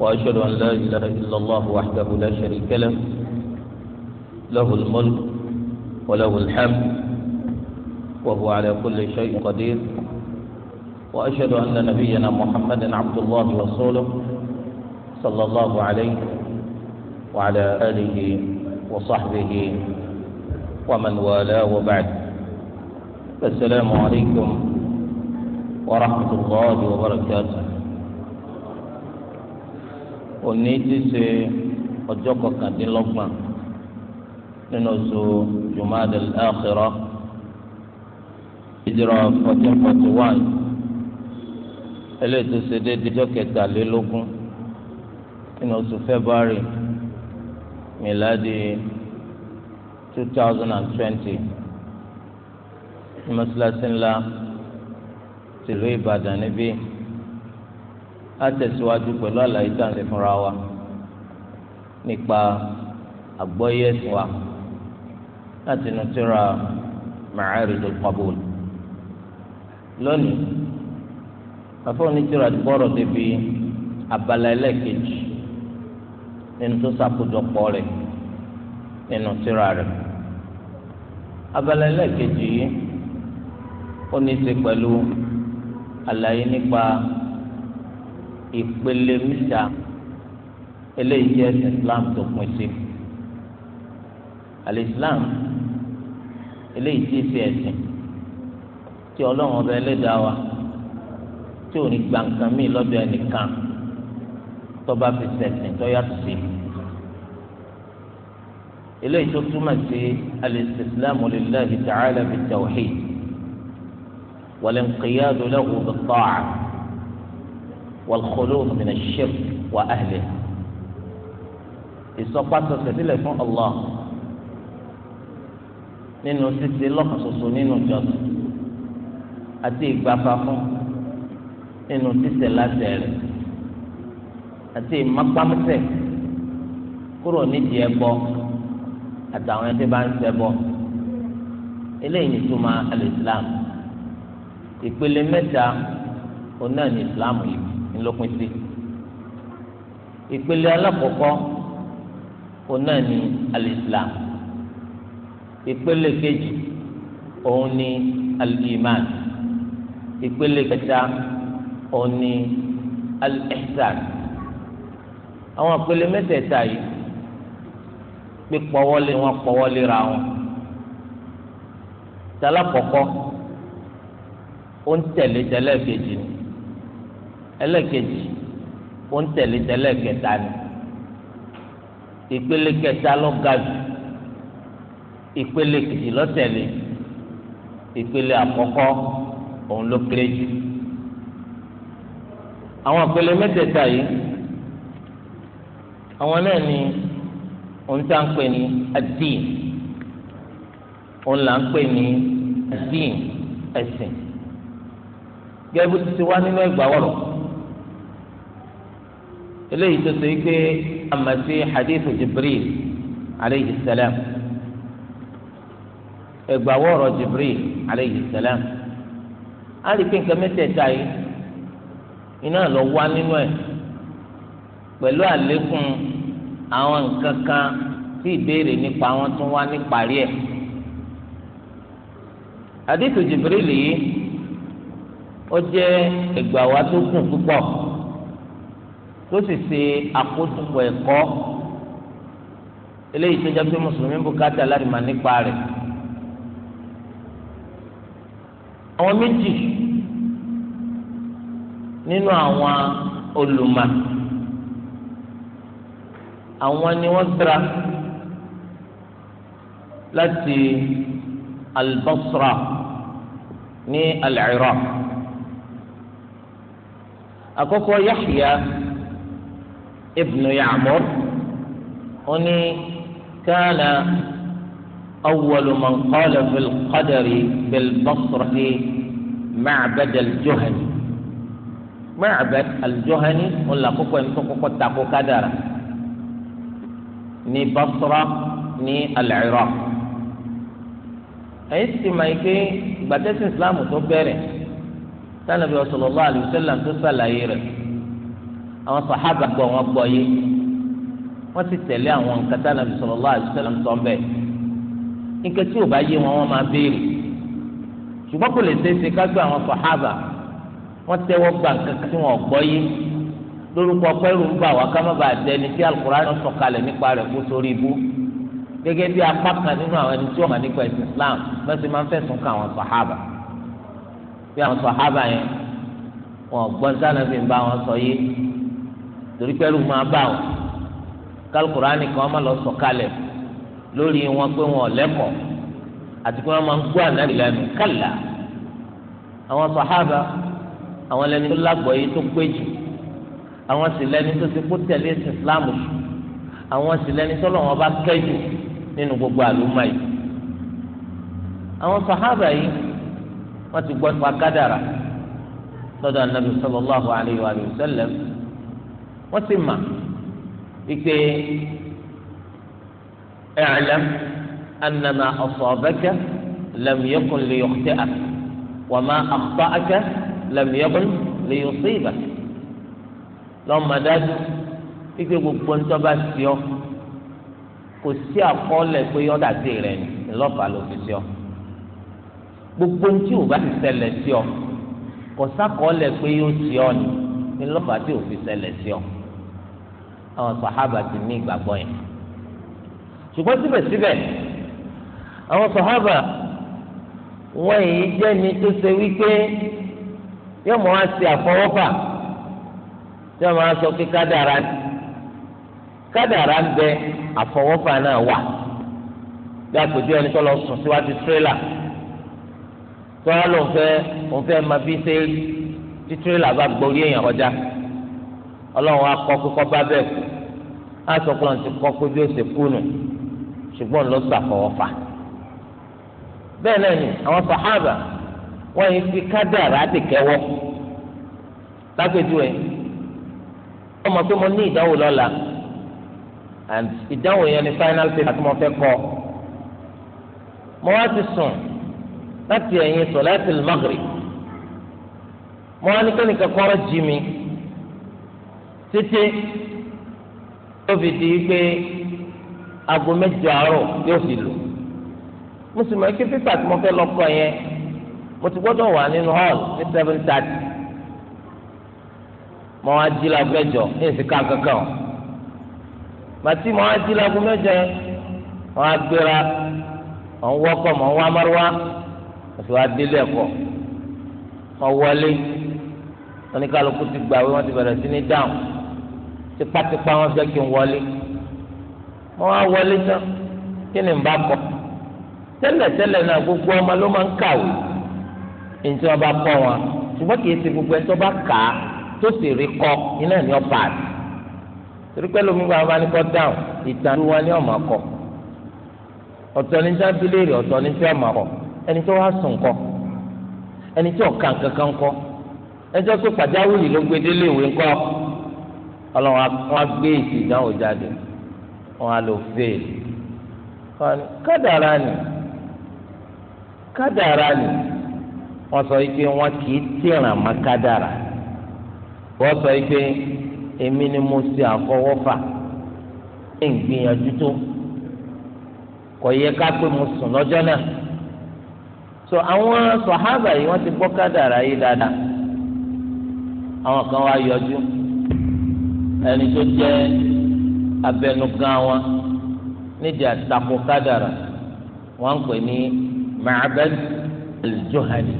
وأشهد أن لا إله إلا الله وحده لا شريك له له الملك وله الحمد وهو على كل شيء قدير وأشهد أن نبينا محمدا عبد الله ورسوله صلى الله عليه وعلى آله وصحبه ومن والاه وبعد السلام عليكم ورحمة الله وبركاته òní ti ṣe ọjọ́ kọkàndínlọ́gbọ̀n nínú oṣù jumada al-akhirah ìdírọ̀ fourteen forty one eléyìí tó ṣe déédéé ọjọ́ kẹtàlélógún nínú oṣù february miladi two thousand and twenty ní mọ́ṣáláṣí ńlá tìlú ìbàdàn níbí àtẹ̀síwájú pẹ̀lú àlàyé tá à ń ṣe fúnra wa nípa àgbọ́yé ẹ̀sìn wa láti inú tírà Ma'arijul Qabul lónìí àfọwọ́n ní tírà gbọ́rọ̀ débi abala ẹlẹ́ẹ̀kejì nínú tó ṣàkójọpọ̀ rẹ̀ nínú tírà rẹ̀ abala ẹlẹ́ẹ̀kejì yìí ó ní í ṣe pẹ̀lú àlàyé nípa ìpele mẹ́ta eléyìí jẹ́ islam tó pín sí alislam eléyìí tí ṣe ẹ̀sìn tí ọlọ́run ọba ẹlẹ́dàá wa tí ò ní gba nǹkan míì lọ́dọ̀ ẹnìkan tó bá fi ṣẹ̀sìn tó yàtọ̀ sí eléyìí tó túmọ̀ sí al-istislamu lillahi ta'ala bit-tawhid wal-inqiyadu lahu bit-ta'ah. والخلوص من الشرك وأهله ìsọpasọ sẹsílẹ fún Allah nínú títí lọ́kàn ṣoṣo nínú ìjọsìn àti ìgbàfà fún nínú títẹ láti rẹ àti ìmápámẹsẹ kúrò nídìí ẹbọ àtàwọn ẹni tí bá eléyìí ni túmọ̀ ìpele mẹ́ta onáà ní islam yìí ńlọpin sí ìpele alákọ̀ọ́kọ́ òun náà ni alìsílám ìpele kejì òun ni alìmán ìpele kẹta òun ni alìsàn àwọn ìpele mẹ́tẹ̀ẹ̀ta yìí pé pọ̀wọ́lé wọn pọ̀wọ́lé ra wọn tala kọ̀kọ́ ó ń tẹ̀lé kejì ni ẹlẹ́kejì ó ń tẹ̀lé tẹ́lẹ̀ kẹta ni ìpele kẹta ló ga jù ìpele kejì ló tẹ̀lé ìpele àkọ́kọ́ òun ló kéré jù àwọn ìpele mẹ́tẹ̀ẹ̀ta yìí àwọn náà ni òun tá ń pè ní adín òun là ń pè ní adín ẹ̀sìn gẹ́gẹ́ bó ti ti wá nínú ẹgbàá wọ̀rọ̀ eléyìí tó ṣe pé amasi hadith jibril aleyhi salam ẹgbàwọrọ jibril aleyhi salam a lè pé nǹkan mẹ́tẹ̀ẹ̀ta yìí iná lọ wá nínú ẹ pẹ̀lú àlékún àwọn nǹkan kan tí ìbéèrè nípa wọn tún wá níparí ẹ hadith jibril yìí ó jẹ́ ẹgbàwá tó kù púpọ̀ tó sì ṣe àkójọpọ̀ ẹ̀kọ́ eléyìí tó jẹ́ pé mùsùlùmí bùkátà láti mà nípa rẹ̀ àwọn méjì nínú àwọn olùmọ̀ àwọn ni wọ́n tira láti albasra ní al-Iraq àkọ́kọ́ Yahya ibnu Ya'mur ó ní kana awwalu man qala fil qadari bil Basrati Ma'bad al-Juhani Ma'bad al-Juhani ó là kókó ẹni tó kọ́kọ́ takò kádàrà ní Basra ní al-Iraq èyí sì máa ń ké gbàtẹ́sí islam tó bẹ̀rẹ̀ sanabi sallallahu alaihi wasallam tó sàlàyé rẹ̀ àwọn sàhábà gbọ́ wọn gbọ́ yé wọ́n sì tẹ̀lé àwọn nǹkan tí Ànábì sallallahu alaihi wasallam sọ bẹ́ẹ̀ nǹkan tí ò bá yé wọn wọ́n máa béèrè ṣùgbọ́n kò lè ṣeéṣe ká gbé àwọn sàhábà wọ́n tẹ́wọ́ gbà nǹkan tí wọ́n gbọ́ yé lórúkọ pẹ́rù ń bà wá ká má bàa dẹni tí Al-Qur'an sọ kalẹ̀ nípa rẹ̀ kó sórí ibú gẹ́gẹ́ bí apá kan nínú àwọn ẹni tí wọ́n mọ̀ nípa ẹ̀sìn Islam mẹ́sìn máa ń fẹ̀sùn kàn àwọn sàhábà bí àwọn sàhábà yẹn wọ́n gbọ́ sànàbí bá wọn sọ yé torí pẹ́ẹ́rù máa bá wọn kálukùránì kan má lọ sọ̀kalẹ̀ lórí wọn pé wọn ò lẹ́kọ̀ọ́ àti pé wọn máa ń gbọ́ ànábì lẹ́nu kálá àwọn sàhábà àwọn lẹ́ni tó lágbọ̀ọ́yé tó pé jù àwọn sì lẹ́ni tó ti kó tẹ̀lé islam jù àwọn sì lẹ́ni tó lọ́wọ́ bá kẹ́ jù nínú gbogbo àlùmọ́ yìí àwọn sàhábà yìí wọ́n ti gbọ́ nípa kádàrà lọ́dọ̀ ànábì sallallahu alayhi wa sallam wọ́n sì mà wípé ẹ̀ẹ́lẹ́m anama ọ̀sọ̀ọ̀bẹ́kẹ́ lẹ́mìíkùn lè yọ̀kẹ́ àk wà má àkpá àkẹ́ lẹ́mìíkùn lè yọ̀sẹ̀ ìbà lọ́mọdájú wípé gbogbo ńtọ́ bá sí ọ kò sí àkọọ́lẹ̀ pé ọ̀dà sí rẹ̀ ni ńlọ́pàá sí ọ gbogbo ntí o bá ti ṣẹlẹ̀ sí ọ kò sákọọ́lẹ̀ pé yóò sí ọ ni ńlọ́pàá tí ò fi sí ọ àwọn sàhábà ti ní ìgbàgbọ́ yẹn ṣùgbọ́n síbẹ̀síbẹ̀ àwọn sàhábà wọ́n yìí jẹ́ ni tó ṣe wípé yóò mọ̀ wá sí àfọwọ́fà tí wọ́n máa sọ pé kádàrá kádàrá ń bẹ àfọwọ́fà náà wà bí àpèjú ẹni tó lọ sùn síwájú tírélà tó wá lóun fẹ́ òun fẹ́ máa fi ṣe tí tírélà bá gborí èèyàn kọjá ọlọ́run akọ kíkọ́ bá bẹ́ẹ̀ kú asọ̀kọ́ náà ti bí ó ṣe kú nù ṣùgbọ́n ló ṣàfọwọ́ fà bẹ́ẹ̀ náà ni àwọn sàhábà wọ́n yìí fi kádàrá ti kẹ́wọ́ lápẹ́jùwẹ̀ ọmọ pé mo ní ìdánwò lọ́la and ìdánwò yẹn ni final paper tí mo fẹ́ kọ́ mo wá ti sùn láti ẹ̀yìn sọ̀láìtì maghrib mo wá ní kẹ́nìkan kọ́rọ́ jí mi títí tó fi di pé aago mẹ́jọ àárọ̀ yóò fi lò mo sì mọ̀ kí pípà tí mo fẹ́ lọ kọ yẹn mo ti gbọ́dọ̀ wà nínú hall ní seven thirty mo wá jí la mẹ́jọ ní ìsìnká kankan o màtí mo wá jí la mẹ́jọ yẹn mo wá gbéra mo ń wọkọ̀ mo ń wá márùwá mo sì wá délé ẹ̀kọ́ mo wọlé oníkàlùkù ti gbà wí wọ́n ti bẹ̀rẹ̀ sí ní dáhùn tipátipá wọn fẹ́ kí n wọlé wọn á wọlé tán kí ni n bá kọ tẹ́lẹ̀tẹ́lẹ̀ náà gbogbo ọmọ ló máa ń kàwé èyí tí wọ́n bá kọ́ wọn ṣùgbọ́n kì í ṣe gbogbo ẹni tó bá kà á tó sì rí kọ́ iná ni ọba àti torí pé lómi bá wọn kọ́ dáhùn ìtàn ló wá ní ọmọ kọ ọ̀tọ̀ ní sábìlérì ọ̀tọ̀ ní sí ọmọ kọ ẹni tó wá sùn kọ ẹni tí ọ̀kan kankan kọ ẹjọ́ pé pàjáwìrì ló gbé délé ìwé ńkọ́. ọlọ́run wọn gbé èsì ìdánwò jáde wọn á lò fail kádàrá ni ni wọn sọ pé wọn kì í tìràn mọ́ kádàrá wọn sọ pé èmi ni mo ṣe àfọwọ́fà ẹ̀ ń gbìyànjú tó kò yẹ ká pé mo sùn lọ́jọ́ náà so àwọn sọ̀hábà wọ́n ti gbọ́ yìí kan wá yọjú. ẹni tó jẹ́ abẹnugan wọn nídìí àtakò kádàrà wọn ń pè ní Ma'bad al-Juhani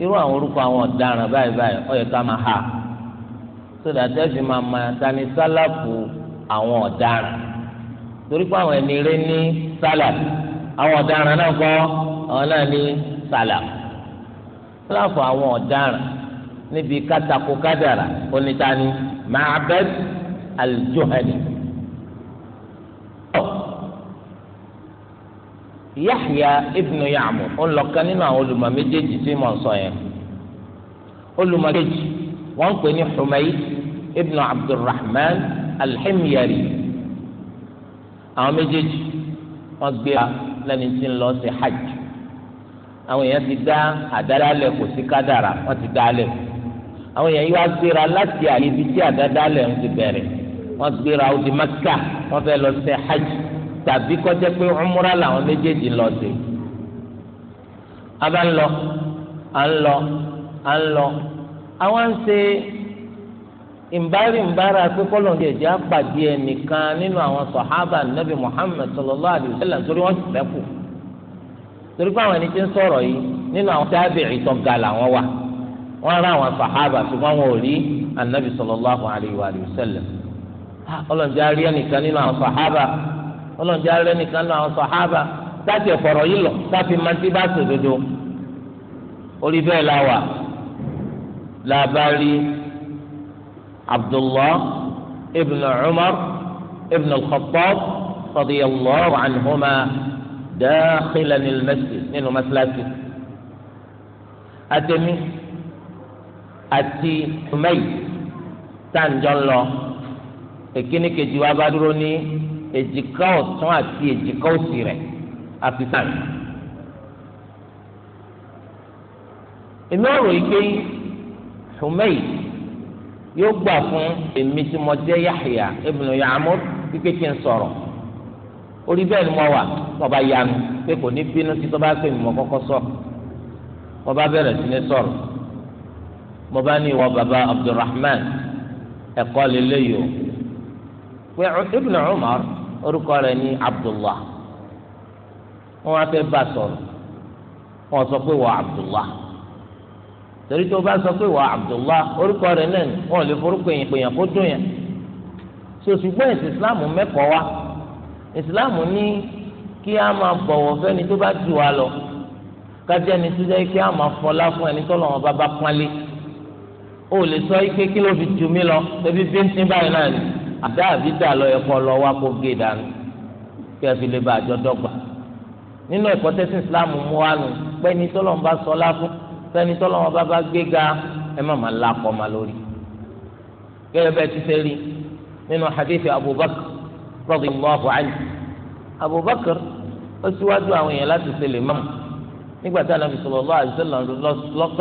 irú àwọn orúkọ àwọn ọ̀daràn báyìí báyìí ó yẹ ká máa ha sódà tẹ́sí máa ma tani sálàfù àwọn ọ̀daràn torí pé àwọn ẹni rí ní sálàfù àwọn ọ̀daràn náà kọ́ àwọn náà ní sálàfù sálàfù àwọn ọ̀daràn níbi kátàkó kádàrà onítàní. Ma'bad al-Juhani. Yahya ibnu Ya'mur ọlọ́kan nínú àwọn olùmọ̀ méjèèjì tí mo sọ yẹn olùmọ̀ méjèèjì wọ́n ń pè ní Humayd ibnu Abdulrahman al-Himyari àwọn méjèèjì wọ́n gbéra lẹ́ni tí ń lọ sí hajj àwọn èèyàn ti dá àdáralẹ̀ kò sí kádàrà wọ́n ti dá alẹ̀ kù àwọn èèyàn yìí wá gbéra láti àyè ibi tí àdádálẹ̀ ń ti bẹ̀rẹ̀ wọ́n gbéra ó di Mẹ́kà wọ́n fẹ́ lọ ṣe hajj tàbí kọjá pé umra làwọn méjèèjì lọ sí. a bá ń lọ à ń lọ à ń lọ àwọn ń ṣe ìbárí ìbára pé kọ́lọ̀ ní ẹ̀jẹ̀ àpàdé ẹnìkan nínú àwọn sọ̀hábà nàbì Muhammad sallallahu alaihi wasallam torí wọ́n sì fẹ́ kù torí pé àwọn ẹni tí ń sọ̀rọ̀ yìí nínú àwọn tábìrì tó ga làwọn wà wọ́n rà àwọn sàhábà ṣùgbọ́n wọn ò rí anabi sallallahu alayhi wa sallam ah, ọlọ́njẹ́ arí ẹnìkan nínú àwọn sàhábà ọlọ́njẹ́ arí ẹnìkan nínú àwọn sàhábà láti ẹ̀fọ̀rọ̀ yìí lọ láti máa ti bá sòdodo orí bẹ́ẹ̀ la wà làbárí abdullah ibn umar ibn al-khattab radiyallahu anhuma dakhilan al nínú masalasi àtẹ̀mí àti Umayi táǹjọ́ ń lọ èkíní kejì wa bá dúró ní èjìká ọ̀tún àti èjìká òsì rẹ̀ àfi sáǹjọ́. èmi ọ̀rọ̀ ike Humayi yóò gbà fún èmi tí mo jẹ́ Yahya ibùnú Ya'mur pípé kí n sọ̀rọ̀ orí bẹ́ẹ̀ ni mo wà mo bá yanu pé kò ní bínú tí bá pè mí mo kọ́kọ́ sọ mo bá bẹ̀rẹ̀ sí ní sọ̀rọ̀ mo bá ní ìwọ baba abdulrahman ẹ̀kọ́ lélẹ́yìí o pé ibn umar orúkọ rẹ̀ ní abdullah wọ́n wá fẹ́ bá sọ̀rọ̀ wọ́n sọ pé wọ́n abdullah torí tó bá sọ pé wọ́n abdullah orúkọ rẹ̀ náà wọ́n lè forúkọ èèyàn pèèyàn kó dùn yẹn so ẹ̀sìn islam mẹ́kọ̀ọ́ wa islam ní kí a máa bọ̀wọ̀ fẹ́ni tó bá jù wá lọ kájẹ́ni tó jẹ́ kí a máa fọlá fún ẹni tó lọ́wọ́ bá bá pálí o lè sọ ike kí ló fi jù mí lọ ẹbí bíntín báyìí náà ni àdá àbí dà lọ ẹ̀kọ́ lọ wá kó gé dànù kí ẹ fi lè bá àjọ dọ́gba nínú ẹ̀kọ́ tẹ́sí islam mú wa nù pẹ́ni tọ́lọ́mù bá sọ láfún pẹ́ni tọ́lọ́mù bá bá gbé ga ẹ má má lakọ́ ma lórí. gẹ́gẹ́ bẹ́ẹ̀ ti sẹ́rí nínú hadithi abubakar radiyallahu anhu abubakar ó síwájú àwọn èèyàn láti ṣe lè mọ́mù nígbà tí anabi sallallahu alaihi wasallam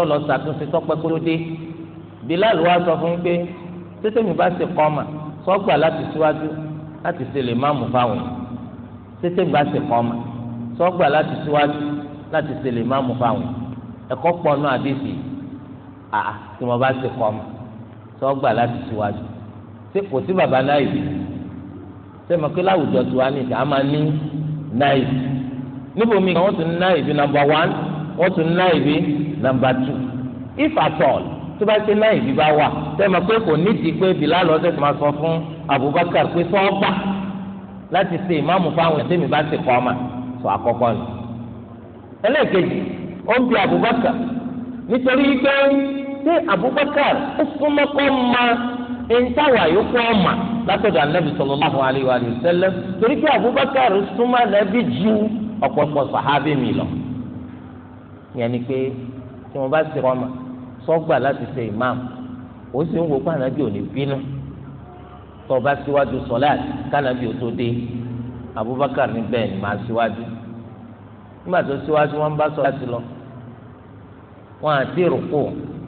lọ́sàkúnṣe tọ́pẹ́ kúrò dé Bilal wa sọ fún pé tètè mi bá ṣe kọ́mà sọ́gbà láti síwájú láti ṣe lè má mú fáwọn tètè mi bá ṣe kọ́mà sọ́gbà láti síwájú láti ṣe lè má mú fáwọn ẹ̀kọ́ pọ̀ náà àdéhìí àá tí mo bá ṣe kọ́mà sọ́gbà láti síwájú ṣé kò sí bàbá náà yìí ṣé mo kí láwùjọ tiwa ní ìdá máa ní náà yìí níbo mi kàn wọ́n tún ní náà yìí nàmbà wán wọ́n tún ní náà yìí nàmbà tù if at all tó bá ṣe láì bí bá wà tẹ́lẹ̀ pé kò nídìí pé bìlá lọ sẹ́sẹ̀ máa sọ fún Abubakar pé sọ́ọ́gbà láti ṣe ìmáàmù fáwọn ẹ̀sẹ̀ mi bá ṣe kọ́ ọmọ sọ àkọ́kọ́ ni. ẹlẹ́ẹ̀kejì ó ń bi Abubakar nítorí pé ṣé Abubakar ó súnmọ́ kọ́ ma ìntàwà yòókù ọ̀mà látọ̀dọ̀ anábì sallallahu alaihi wa sallam torí pé Abubakar súnmọ́ anábì ju ọ̀pọ̀pọ̀ sàhábì mi lọ. ìyẹn ni pé tí wọ́n bá ṣe kọ́ ọmọ sọgbà láti ṣe imam ó sì ń wo pé ànábì ò ní bínú tó o bá síwájú sọláàt kánábì ò tó dé abubakar ní bẹ́ẹ̀ ni màá síwájú nígbà tó síwájú wọn bá sọláàt lọ wọn àti ìrùkù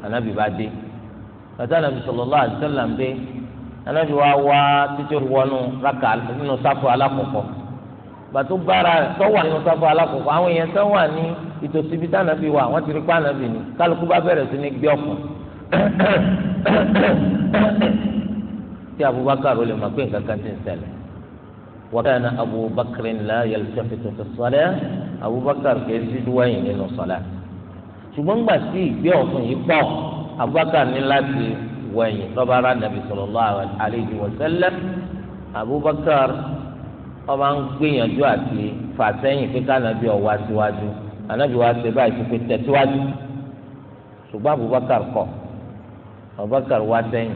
ànábì bá dé bàtà ànábì sallallahu alaihi wasallam dé ànábì wa wá títí wọnú rákà nínú sáfù alákọ̀ọ́kọ́ gbàtó bára tọ́wà nínú sábà alákòókò àwọn èèyàn tó wà ní ìtòsí ibi tá ànábì wà wọ́n ti rí pa ànábì ni kálukú bá bẹ̀rẹ̀ sí ní gbé ọ̀fun tí abubakar olè máa pé nǹkan kan ti ń ṣẹlẹ̀ wọ́n na abubakar ńlá yaltafitu fi sọ́lẹ̀ abubakar kìí sí dúwẹ́yìn nínú sọ́lẹ̀ ṣùgbọ́n gbà sí ìgbé ọ̀fun yìí pọ̀ abubakar ní láti wẹ̀yìn lọ́ba ara nàbì sallallahu alaihi wa sallam abubakar ọba ń gbìyànjú àti fàsẹ́yìn pé kánábì ọ̀wá síwájú ànábì wa ṣe báyìí tó fi tẹ̀síwájú ṣùgbọ́n Abubakar kọ̀ Abubakar wá sẹ́yìn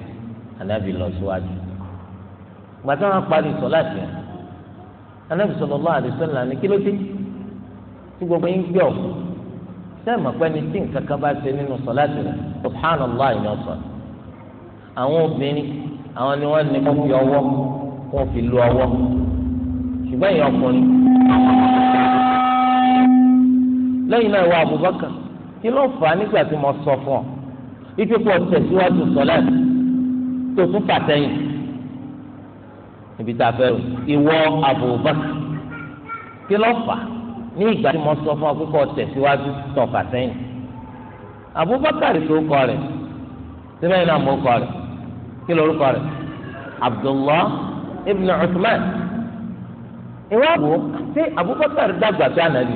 ànábì lọ síwájú. gbàtà wọn parí sọláàtì yẹn ànábì sallallahu alaihi wasallam ní kí ló dé tí gbogbo yín gbé ọ̀kú sẹ́ẹ̀mọ̀ pé ní tí nǹkan kan bá ṣe nínú sọláàtì rẹ̀ subhanallah ni wọ́n sọ àwọn obìnrin àwọn ni wọ́n ní kó fi ọwọ́ kó fi lu ọwọ́ ṣùgbọ́n èèyàn ọkùnrin. lẹ́yìn náà wà Abubakar kí ló fà á nígbà tí mo sọ fún ọ ipe pọ̀ tẹ̀síwájú sọ́lá tó tún fàtẹ́yìn níbi tá a fẹ́ ìwọ Abubakar kí ló fà á ní ìgbà tí mo sọ fún ọ pé kó tẹ̀síwájú tó fàtẹ́yìn Abubakar tó kọ rẹ̀ síbẹ̀ yìí náà mo kọ rẹ̀ kí lórúkọ rẹ̀ Abdullah ibn Uthman ìwọ wò ó ṣé Abubakar dàgbà sí ànábì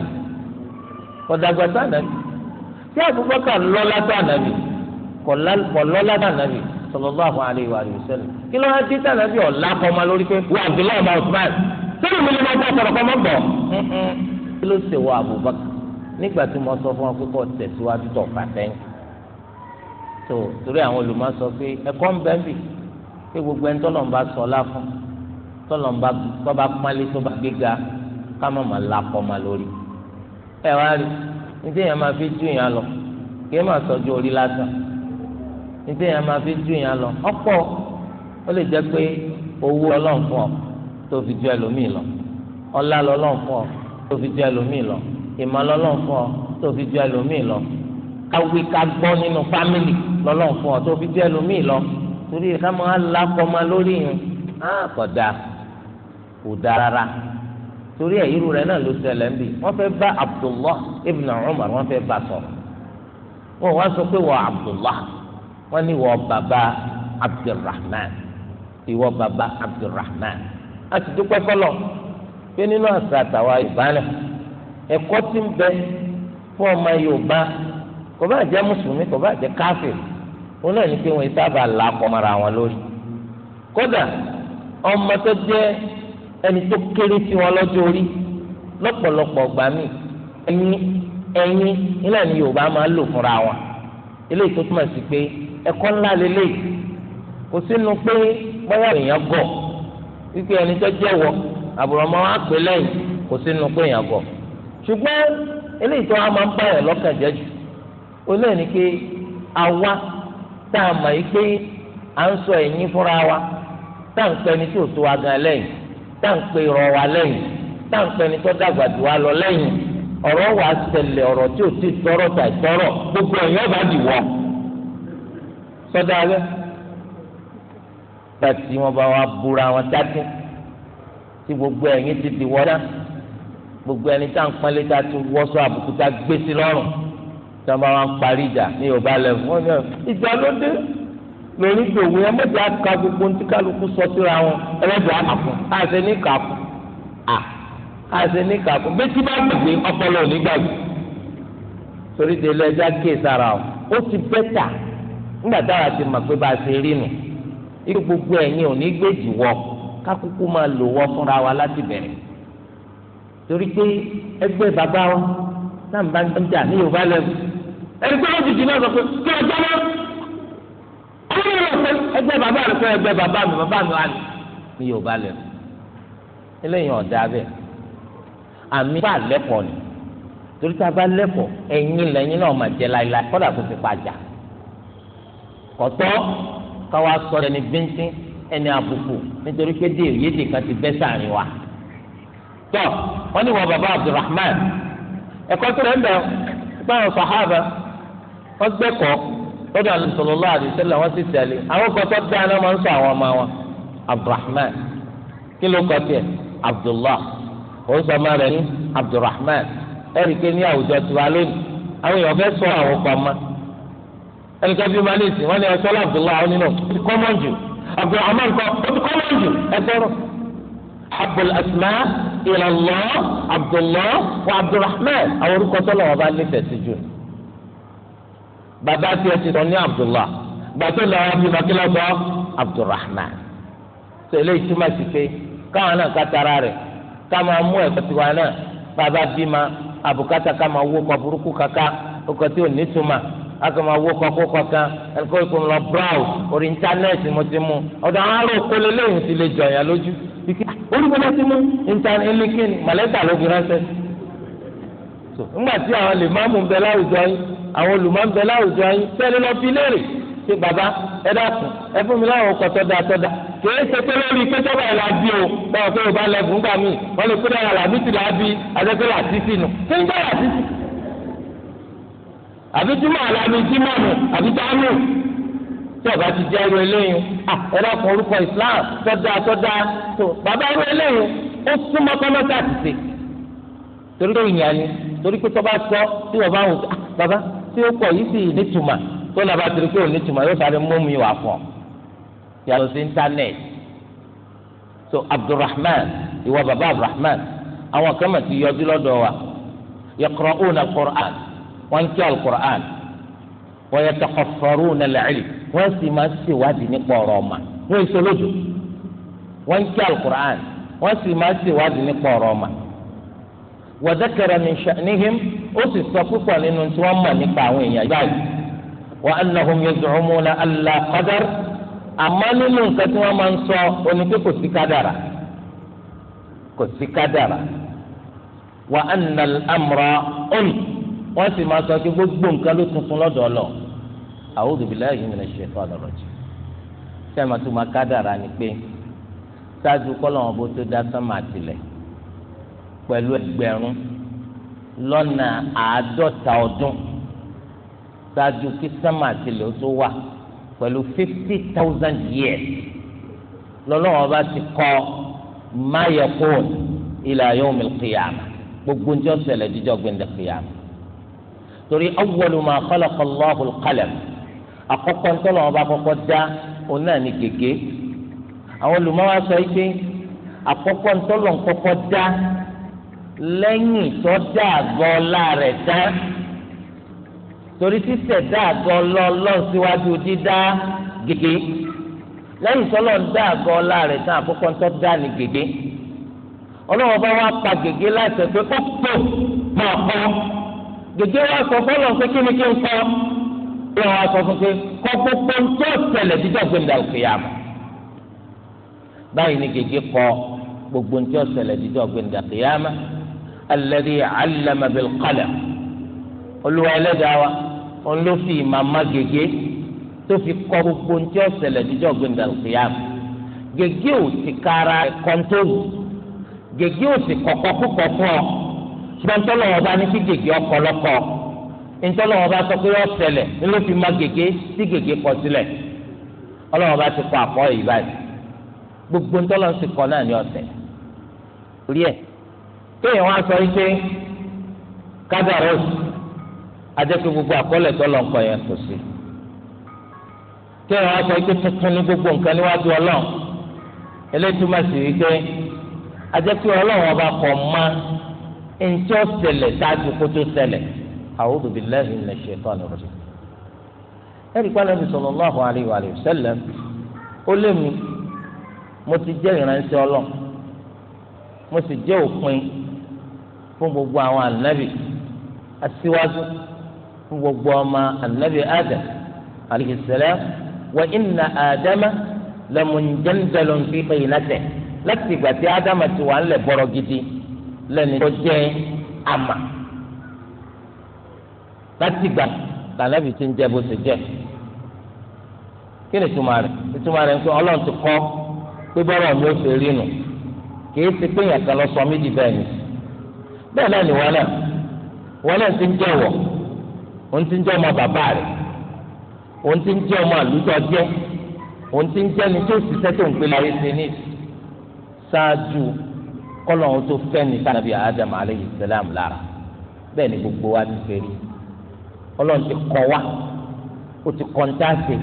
kò dàgbà sí ànábì ṣé Abubakar lọ́lá sí ànábì kò lọ́lá sí ànábì sallallahu alaihi wa sallam kí ló ń ṣe sí ànábì ọ̀la kọ́má lórí pé wà Abdullahi ọmọ Usman sọ́dọ̀ mi ni mo bá sọ̀rọ̀ kọ́mọ́ bọ̀ kí ló ṣe wọ Abubakar nígbà tí mo sọ fún ọ pé kò tẹ̀síwájú tó fà sẹ́yìn tó torí àwọn olùmọ̀ sọ pé ẹ̀kọ́ ń bẹ́ẹ̀ bì pé gbogbo ẹni tọ́lọ́ ń bá sọ ọlá fún un tọ́lọ̀ ń bá tọ́ba pálí tọ́ba gbéga ká má máa la kọ́ máa lórí. ẹ wá rí níta èèyàn máa fi ju èèyàn lọ kí ẹ máa sọjú orí lásán níta èèyàn máa fi ju èèyàn lọ ọ̀pọ̀ ó lè jẹ́ pé owó ọlọ́run fún ọ tó fi ju ẹlòmíì lọ ọlá lọ́lọ́run fún ọ tó fi ju ẹlòmíì lọ ìmọ̀ lọ́lọ́run fún ọ tó fi ju ẹlòmíì lọ káwé ká gbọ́ nínú fámìlì lọ́lọ́run fún ọ tó fi ju ẹlòmíì lọ torí ká máa la kọ́ máa lórí yẹn á kọ̀ dáa kò dáa rárá torí ẹ̀ irú rẹ̀ náà ló ṣẹlẹ̀ ń bì wọ́n fẹ́ bá Abdullah ibn Umar wọ́n fẹ́ bá sọ̀rọ̀ wọ́n wá sọ pé wọ́n Abdullah wọ́n ní wọ́n bàbá Abdulrahman ìwọ bàbá Abdulrahman a ti dúpẹ́ fọlọ́ pé nínú àṣà àtàwà Yorùbá náà ẹ̀kọ́ ti ń bẹ fún ọmọ Yorùbá kò bá jẹ́ mùsùlùmí kò bá jẹ́ káfíìn wọn náà ní pé wọn sábà làákọ̀ mara wọn lórí kódà ọmọ tó jẹ́ ẹni tó kéré sí wọn lọ́jọ́ orí lọ́pọ̀lọpọ̀ ọgbà mi ẹyin ẹyin nílẹ̀ ni Yorùbá máa ń lò fúnra wọn eléyìí tó túmọ̀ sí pé ẹ̀kọ́ ńlá kò sínú pé bóyá èèyàn gọ̀ wípé ẹni tó jẹ́wọ́ wa pè lẹ́yìn kò sínú pé èèyàn gọ̀ ṣùgbọ́n eléyìí tó jẹ́ jù ni pé àwa tá a mọ̀ yìí pé à wa tá à ń tí ò tó táǹpé rọ wa lẹ́yìn táǹpé ẹni tó dàgbà jù wá lọ lẹ́yìn ọ̀rọ̀ wa ṣẹlẹ̀ ọ̀rọ̀ tí o ti tọrọ tà tọrọ gbogbo ẹ̀yìn ọba dì wọ́ sọdọ alẹ́ gbàtí wọn bá wa búra wọn dátí tí gbogbo ẹ̀yìn ti di wọ́n dá gbogbo ẹni tá à ń pọ́nlé tá a ti wọ́sọ àbùkù tá a gbé sí lọ́rùn tí wọ́n bá wa ń parí ìjà ní yorùbá lẹ́fún ọ̀nà ìjà ló dé lórí gbòòwò ẹ mọ̀tí àka gbogbo ní kálukú sọ síra wọn ẹlẹ́dùn àmà fún àṣẹ ní kà fún à àṣẹ ní kà fún bẹ́ẹ̀ tí bá gbàgbé ọpọlọ ò ní gbàgbé torí délé ẹjọ́ kéè sára o ó ti bẹ́tà nígbà táwa ti mọ̀ pé bá a ṣe rí nù irú gbogbo ẹ̀yin ò ní gbèjì wọ kákúkú máa lò wọ fúnra wa láti bẹ̀rẹ̀ torí pé ẹgbẹ́ bàbá wa náà bá ń jà ní Yorùbá lẹ́wọ̀ ẹ̀rí pé ó ti dì náà sọ pé kí ẹgbẹ́ bàbá mi fẹ́ ẹgbẹ́ bàbá mi bàbá mi wà ní ní yorùbá lẹ̀ eléyìí ọ̀dà bẹ́ẹ̀ àmì bá lẹ́kọ̀ọ́ ni torí tá a bá lẹ́kọ̀ọ́ ẹ̀yin lẹ́yìn náà máa jẹ láìláì kọ́dà kó pàjà kọ́tọ́ káwa sọ ẹni bíntín ẹni àbùkù nítorí pé dé kan ti bẹ́ sàárín wa tọ́ wọ́n ní bàbá Abdulrahman ẹ̀kọ́ tó rẹ̀ ń bẹ̀ lọ́dọ̀ sallallahu alaihi wasallam wọ́n sì tẹ̀lé àwọn kan tó dáná máa ń sọ àwọn ọmọ wọn abdulrahman kí ló kọ́ tiẹ̀ abdullah òun sọ ọmọ rẹ̀ ní abdulrahman ẹ̀ríkẹ́ ní àwùjọ tiwa lónìí àwọn èèyàn fẹ́ sọ àwọn ọkọ̀ ọmọ ẹnìkan bí mali sí wọn ni ẹsọ abdullahi àwọn nínú ti kọ́mọ̀ jù abdulrahman kọ́ ó kọ́mọ̀ jù ẹsọ̀rọ̀ abdul asma ilallah abdullah wa abdulrahman àwọn orúkọ tó lọ́wọ́ bá nífẹ̀ẹ́ sí jù bàbá tiẹ̀ ti sọ ní abdullah gbàtọ́ làwọn abimá kí lọ́sọ abdulrahman tó eléyìí sí pé káwọn náà ká tara rẹ̀ ká máa mú ẹ̀kọ́ tiwa náà bàbá bímá àbùkátà ká máa wó kọ burúkú kaka ọkọ̀ tí ò ní túmọ̀ aka ma wo kọkó kọkan ẹnìkan kò lọ brow orí íńtánẹ́ẹ̀tì mo ti mú ọ̀dọ̀ àwọn ará ti lè jọ̀yàn lójú. ti ńgbà tí àwọn lè má mú bẹ láwùjọ yín àwọn olùmọ̀ ń bẹ láwùjọ yín sẹ́ni lọ fi léèrè pé bàbá ẹ dákun ẹ fún mi láwọn ọkọ̀ tọ́da tọ́da kìí ṣe pé lórí pété báyìí la bí o báwo pé o bá lẹ fún gbàmí wọn lè pé dára làbí ti la bí adẹ́gbẹ́ là sísì nù kí n gbọ́ là sísì. àbí túmọ̀ àlàmì túmọ̀ nù àbí dánù tí ọba ti jẹ́ irú eléyìí ẹ dákun orúkọ Islam tọ́da tọ́da tó bàbá irú eléyìí ó súnmọ́ kọ́mọ́tà ti ṣe torí tó ìyàn ni torí pé tọ́ba sọ tí wọ́n bá wù ah, bàbá tí ó pọ̀ yìí sì nítumà tó lọ́ba torí pé ò nítumà yóò sáré mú mi wà fún ọ yàtọ̀ sí íńtánẹ́ẹ̀tì so abdulrahman ìwọ bàbá abdulrahman àwọn kan mà ti yọjú lọ́dọ̀ wa yaqra'una al-Qur'an wọ́n ń kí al-Qur'an wa yatakhaffaruna al-ilm wọ́n sì máa ṣèwádìí nípa ọ̀rọ̀ ọ̀ma wọ́n èso lójú wọ́n kí al-Qur'an wọ́n sì máa ṣèwádìí nípa ọ̀rọ̀ ọ̀ma wa dhakara min sha'nihim ó sì sọ púpọ̀ nínú tí wọ́n mọ̀ nípa àwọn èèyàn báyìí wa annahum yaz'umuna alla qadar àmọ́ nínú nǹkan tí wọ́n máa ń sọ oní pé kò sí kádàrà kò sí kádàrà wa anna al-amra ọ̀nì wọ́n sì máa sọ pé gbogbo nǹkan ló tuntun lọ́dọ̀ Ọlọ́run a'udhu billahi minash shaitanir rajim sẹ́yìn máa tún máa kádàrà ni pé ṣáájú kọ́lọ́wọ́n bó tó dá sánmà tilẹ̀ pẹ̀lú ẹgbẹ̀rún lọ́nà àádọ́ta ọdún ṣáájú kí sámà àtìlẹ̀ ó tó wà pẹ̀lú fifty thousand years lọ́lọ́wọ́ bá ti kọ́ mayekun ila yawmil qiyamah gbogbo ń jọ ṣẹlẹ̀ jíjọ́ gbẹ̀ndẹ̀ qiyamah torí awwalu ma khalaqa Allahu al-qalam àkọ́kọ́ ntọ́lọ́wọ́ bá kọ́kọ́ dá òun náà ní gègé àwọn olùmọ́wá sọ yìí pé àkọ́kọ́ ntọ́lọ́ kọ́kọ́ dá lẹ́yìn tó dá àgọ́ ọlá rẹ̀ tán torí sísẹ̀dá àgọ́ ọlá ọlọ́run síwájú dídá gègé lẹ́yìn tọ́lọ̀ lọ́ọ́ dá àgọ́ ọlá rẹ̀ tán àkókò tó dá ní gègé wá pa gègé láti ẹ̀fẹ́ kó pò gègé wá sọ fọlọ́ pé kí ni kí n kọ́ gbogbo ń tó alladhi 'allama bil qalam olúwa ẹlẹ́dàá wa òun ló fi ìmàmá gègé tó fi kọ́ gbogbo ntí ọ̀sẹ̀lẹ̀ jíjọ́ gbẹ̀ndà òkèèyàn gègé ò ti kára kọ́ńtòrò gègé ò sì kọ̀kọ́ púpọ̀ fún ọ ṣùgbọ́n ntọ́lọ́wọ́ bá ní kí gègé ọkọlọ́kọ́ ntọ́lọ́wọ́ bá sọ pé ọ̀sẹ̀lẹ̀ ló fi má gègé tí gègé kọ sílẹ̀ ọlọ́wọ́ bá ti kọ àkọ́ yìí báyìí gbogbo ntọ́lọ́wọ́ sì kọ náà ní ọ̀sẹ̀ rí ẹ̀ kéèyàn wá sọ yìí pé kádàrós adékun gbogbo àkọọ́lẹ̀ tó lọ nǹkan yẹn tó sí kéèyàn wá sọ yìí pé tuntun ní gbogbo nǹkan níwájú ọlọ́run eléyìí túmọ̀ sí wípé adékun ọlọ́run ọba kọ̀ ma ntí ó ṣẹlẹ̀ dájú kó tó ṣẹlẹ̀ a'udhu billahi minash shaitani rajim ẹ̀rí pálọ̀ ní sallallahu alayhi wa sallam ó lé mi mo ti jẹ́ ìránṣẹ́ ọlọ́run mo sì jẹ́ òpin. fún gbogbo àwọn ànábì asiwaju fún gbogbo ọmọ ànábì adam alayhi wa inna adama lamunjandalun fi qinatihi láti ìgbà tí adama ti wà ńlẹ̀ gidi lẹ́ni tó jẹ́ ama láti ìgbà lànàbì ti ń jẹ bó ti jẹ kí ni ìtumọ̀ rẹ̀ ń pẹ́ ọlọ́run ti kọ́ pé mi ò rí nu kì bẹ́ẹ̀ náà nìwọ náà wọn náà ti ń jẹ́ wọ̀ òun ti ń jẹ́ ọmọ bàbá rẹ̀ òun ti ń jẹ́ ọmọ àlùjọ jẹ́ òun ti ń jẹ́ ni tó ṣiṣẹ́ tó ń pè láyé sí ní ṣáájú kọ́lọ̀ ohun tó fẹ́ ní sànàbí Adam aleyhi salam lára bẹ́ẹ̀ ni gbogbo wa ti fẹ́ rí ọlọ́run ti kọ́ wa ó ti kọ́ńtà ṣe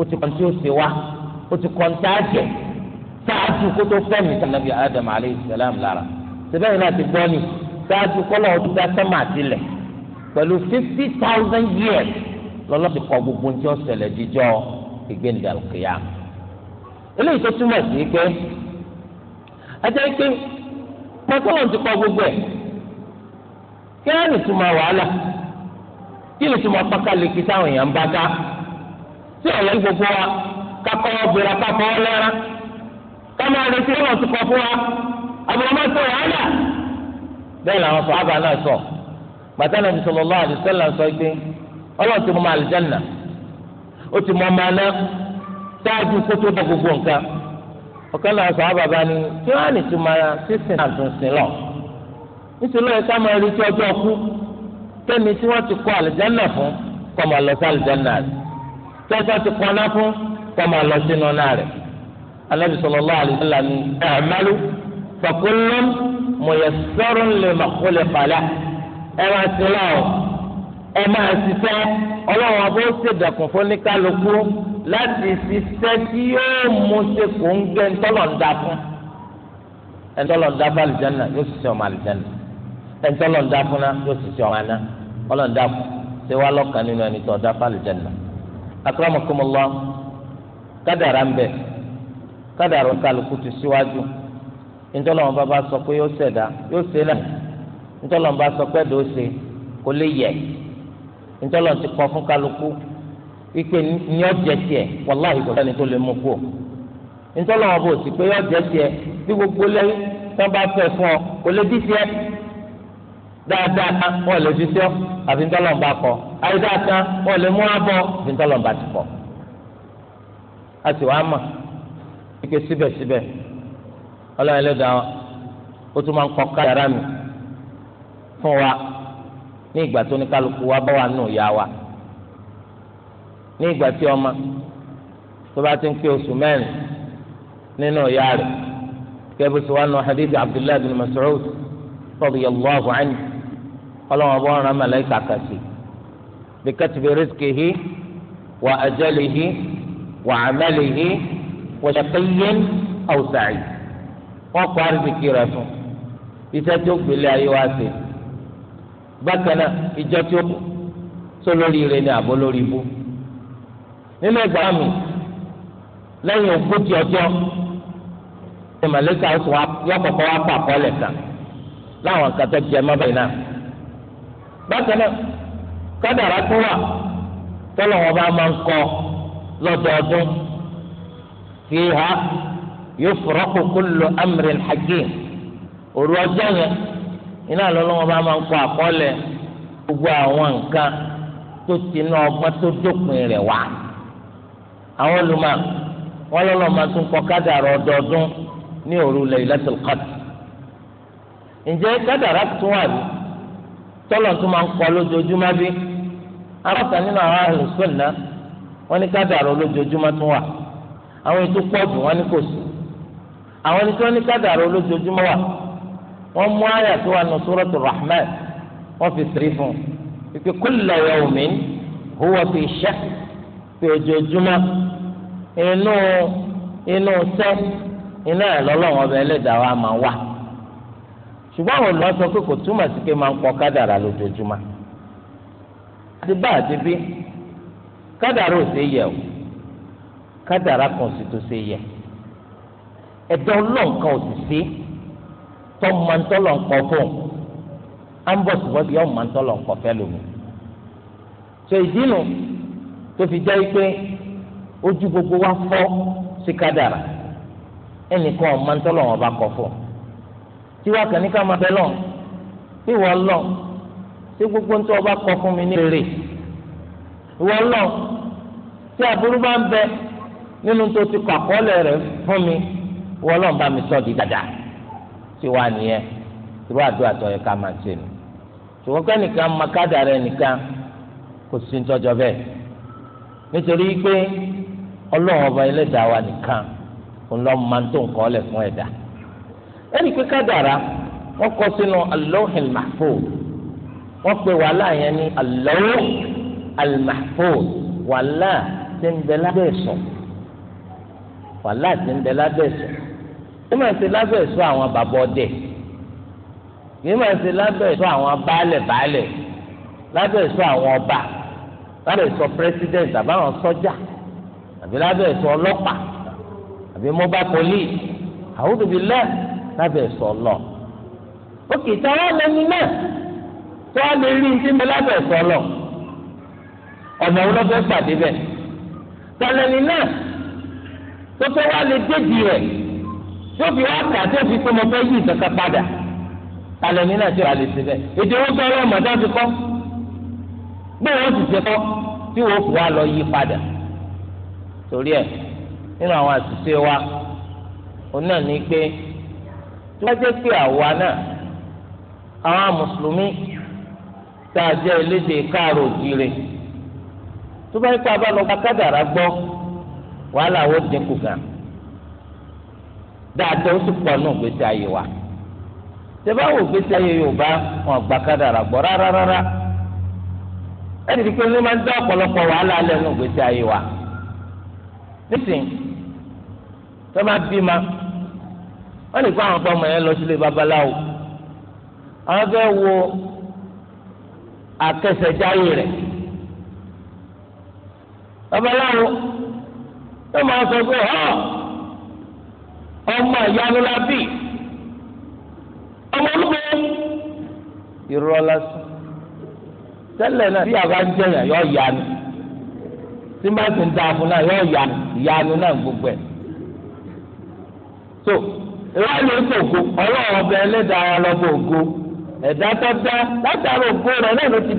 ó ti kọ́ńtà ó ṣe wa ó ti kọ́ńtà jẹ ṣáájú kó tó fẹ́ ní sànàbí Adam aleyhi salam lára ṣe bẹ́ẹ̀ náà ti gbọ́ ni. ṣáájú kọ́lọ̀ ọdún dá sẹ́mà sílẹ̀ pẹ̀lú fifty thousand years lọ́lọ́bì kọ gbogbo ní ọ̀sẹ̀lẹ̀ jíjọ́ ìgbéǹda òkèèyà. eléyìí tó túmọ̀ sí pé ajá pé pọ́tọ́lọ̀ ti kọ gbogbo ẹ̀ kí á lè wàhálà kí lè túmọ̀ èèyàn bá tí gbogbo wa ti fún wa àbúrò wàhálà. bẹ́ẹ̀ làwọn sọ̀hábà náà sọ bàtàlà bí sallallahu alaihi wasallam sọ pé ọlọ́run ti mọ àlùjánnà ó ti mọ ọmọ aná dáájú kó tó bọ gbogbo nǹkan ọ̀kan náà sọ̀hábà bá ní kí wọ́n á lè tún máa sísìn àtúnṣe lọ nítorí ẹ̀ ká máa rí tí ọjọ́ kú tẹ́ni tí wọ́n ti kọ àlùjánnà fún kọ́ lọ sí àlùjánnà rẹ̀ tẹ́sán ti kọ́ fún kọ́ lọ sínú náà rẹ̀ mọ̀yẹ́sọ́rọ̀ lè mà kó lè pàlà ẹ máa sin náà ẹ máa ṣiṣẹ́ ọlọ́run abó ṣèdàkùn fún oníkálukú láti ṣiṣẹ́ tí yóò mú ṣe kó ń gé ńtọ́lọ̀ ń da fún ẹ̀ńtọ́lọ̀ ń da fún àlùjáná yóò ṣiṣẹ́ ọmọ àlùjáná ẹ̀ńtọ́lọ̀ ń da fún náà yóò ṣiṣẹ́ ọmọ àná ọlọ́run fún ṣé wàá lọ́kàn nínú ẹni tó da fún àlùjáná. akramakumullah kádàrá ń bẹ kádàrá kálukú ti síwájú. Si ntọ́lọ́wọ́n bá bá sọ pé yóò ṣẹ̀dá yóò ṣe lẹ́yìn ntọ́lọ́wọ́n bá sọ pé ẹ̀dọ́ ṣe kò lè yẹ ntọ́lọ́wọ́n ti kọ́ fún kálukú wípé ní ọ̀jẹ̀ tiẹ̀ wàláhì kò sẹ́ni tó lè mú kú o ntọ́lọ́wọ́n bò sí pé ọ̀jẹ̀ tiẹ̀ bí gbogbo lẹ́yìn tó bá fẹ́ fún ọ kò lè dí tiẹ̀ dáadáa kan wọ́n lè fi tiọ́ àfi ntọ́lọ́wọ́n kọ àyíká kan wọ́n lè mú abọ́ àfi ntọ́lọ́wọ́n ti kọ ọlọ́run ẹlẹ́dàá wa ó tún máa ń kọ́ kádàrá mi fún wa ní ìgbà tó ní kálukú wa bá wà nù ìyá wa ní ìgbà tí ọmọ tó bá ti ń pé oṣù mẹ́rin nínú ìyá rẹ̀ kẹ́bí sọ wọn nù hadith abdullahi bin mas'ud radiyallahu anhu ọlọ́run ọba ọ̀ràn mẹ́lẹ́kà kàṣì bí katibi rizqihi wa ajalihi wa amalihi wa shaqiyyin aw sa'id. wọ́n kọ́ àrísìkì rẹ̀ fún iṣẹ́ tí gbélé ayé wa ṣe bákan náà ìjọ tí ó kù tó lórí ire ni àbó lórí ibú nínú ẹgbàá mi lẹ́yìn ogójì ọjọ́ ní màlẹ́kà yọkọ̀kọ́ wa pa àkọọ́lẹ̀ kan láwọn kan tó jẹ mọ́bẹ̀ náà bákan náà kádàrá tó wà bá máa ń kọ lọ́dọọdún yufraqu kullu amrin hakim òru ọjọ́ yẹn iná lọ́lọ́wọ́ bá máa ń kọ àkọọ́lẹ̀ gbogbo àwọn nǹkan tó ti ná ọgbọ́n tó dópin rẹ̀ wá àwọn olùmọ̀ wọn lọ́lọ́ máa tún kọ kádàrá ọdọọdún ní òru Laylatul Qadr ǹjẹ́ kádàrá tún wà ní tọ́lọ̀ tún máa ń kọ lójoojúmọ́ bí arákùnrin nínú àwọn ní tún wà àwọn ètò ní kò sí àwọn ẹni tí wọ́n ní kádàrá olójoojúmọ́ wà wọ́n mú àyà tó wà nù Suratu Rahman wọ́n fi sèré fún un ìpè kullu yawmin huwa fi sha'n pé ojoojúmọ́ inú inú sẹ́ iná ẹ̀ lọ́lọ́wọ́ ọbẹ̀ ẹlẹ́dàá wa máa wà ṣùgbọ́n àwọn olùwà sọ pé kò túmọ̀ sí pé máa ń pọ̀ kádàrá lójoojúmọ́ àti bá àti bí kádàrá ò sí yẹ o kádàrá kan tó sí yẹ o ẹ̀dá ọlọ́nkan òṣìṣẹ́ tó máa ń tọ́lọ̀ ń kọ́ fún à ń bọ̀ síbọ̀ yóò máa ń tọ́lọ̀ ń kọ́ fẹ́ lómi. sọ ìdínú tó fi jẹ́ pé ojú gbogbo wa fọ́ sí kádàrà ẹnìkan ọ̀ máa ń tọ́lọ̀ wọn bá kọ́ fún. tiwa kàn ní ká máa bẹ́ lọ́n bí wọ́n lọ́n tí gbogbo ntọ́ ọba kọ́ fún mi ní rere ìwọ lọ́n tí àbúrú bá ń bẹ nínú tó ti kọ́ àkọọ́lẹ̀ rẹ̀ fún mi. wọ́n lọ́n bá mi sọ di tí wàá nìyẹn irú àdúrà tó yẹ ká máa ṣe nù ṣùgbọ́n máa kádà rẹ nìkan kò sí ntọ́jọ́ bẹ́ẹ̀ nítorí pé ọlọ́run ọba ẹlẹ́dàá wa nìkan ńlọ máa ń tó nǹkan ọ̀lẹ̀ fún ẹ̀dá ẹnì pe wàhálà yẹn ní wàhálà ń bẹ lábẹ́ ìsọ̀ wàhálà yìí máa ń ṣe lábẹ́ ẹ̀ṣọ́ àwọn bàbá ọdẹ yìí máa ń ṣe lábẹ́ ẹ̀ṣọ́ àwọn baálẹ̀ baálẹ̀ lábẹ́ ẹ̀ṣọ́ àwọn ọba lábẹ́ ẹ̀ṣọ́ president àbáwọn sọ́jà àbí lábẹ́ ẹ̀ṣọ́ ọlọ́pàá àbí mobile police àwùjọ bíi lẹ́ẹ̀ lábẹ́ ẹ̀ṣọ́ lọ. òkè táwọn lẹni náà tó a lè rí ní mi lábẹ́ ẹ̀ṣọ́ lọ ọ̀nà wo ló fẹ́ pàdé bẹ́ẹ̀ tọ́lẹ́ni náà tó fẹ́ wá lè débi rẹ̀ tó fi wá tà tó fi pé mo fẹ́ yí ìkankan padà alẹ́ ní náà ti rà lè ṣe bẹ́ẹ̀ èdè wọn tọrọ ọmọdé ti kọ́ gbé wọn sì ṣe kọ́ tí wọn fi wá lọ yí padà torí ẹ nínú àwọn àṣìṣe wa òun náà ní pé tó bá jẹ́ pé àwa náà àwọn mùsùlùmí tá a jẹ́ elédè káàrò jíire tó bá yẹ kó a bá lọ bá kádàrá gbọ́ wàhálà ó dínkù gan-an dáadáa ó sì pọ̀ nù gbèsè ayé wa tẹ́bá wò gbèsè ayé yorùbá wọn gbà kádàrà gbọ́ rárá rárá ẹni tí pé ní máa ń dá ọ̀pọ̀lọpọ̀ wàhálà wa ma wọ́n lè kó lọ sílé babaláwo àwọn ọmọ ìyanu la ọmọ olùkọ́ irọ́ lásán tẹ́lẹ̀ náà bí àbá ń jẹyà yọ ìyanu tí bá ti ń da fún náà yọ náà gbogbo ẹ so ìwádìí ń o ọlọ́run ọbẹ̀ ẹlẹ́dàá lọ́bọ̀ ògo ẹ̀dá tó látàrí ògo rẹ̀ náà ló ti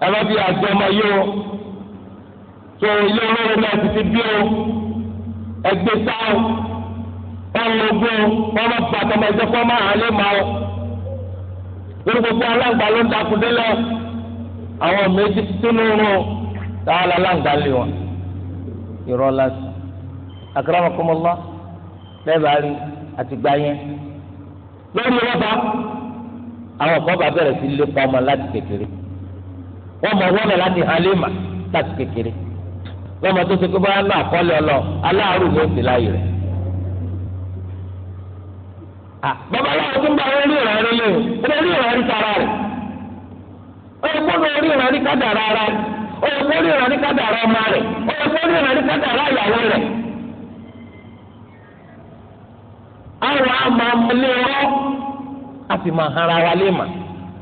ẹ má fi àti ọmọ yìí o tó ilé olóró náà ti ti bí o ẹgbẹ́ sá o ọlọgbọ ọmọ pàtó ọmọ ẹjẹ máa o lórí gbogbo aláǹgbá ló ń takùn délẹ̀ àwọn méjì sínú irun táwọn aláǹgbá lé wọn irọ́ lásán akramakumullah lẹ́bàá rí àtìgbà yẹn lórí rọ́bà àwọn kan bá bẹ̀rẹ̀ sí lépa ọmọ láti kékeré wọ́n mọ wọ́n náà láti halima láti kékeré lọ́mọ tó ṣe pé bá náà kọ́lé ọlọ aláàrú ló ti láyé rẹ̀. bàbá aláwọ̀ tó ń bá wọn rí ìrìn rí lóyún ó rí ìrìn rí sára rẹ̀ ó yẹ kó rí ìrìn rí kádàrá ara rẹ̀ ó yẹ kó rí ìrìn rí kádàrá ọmọ rẹ̀ ó yẹ kó rí ìrìn rí kádàrá ìyàwó rẹ̀. àwọn àmọ́ ọmọlé wọn a sì máa hara wa lé màá.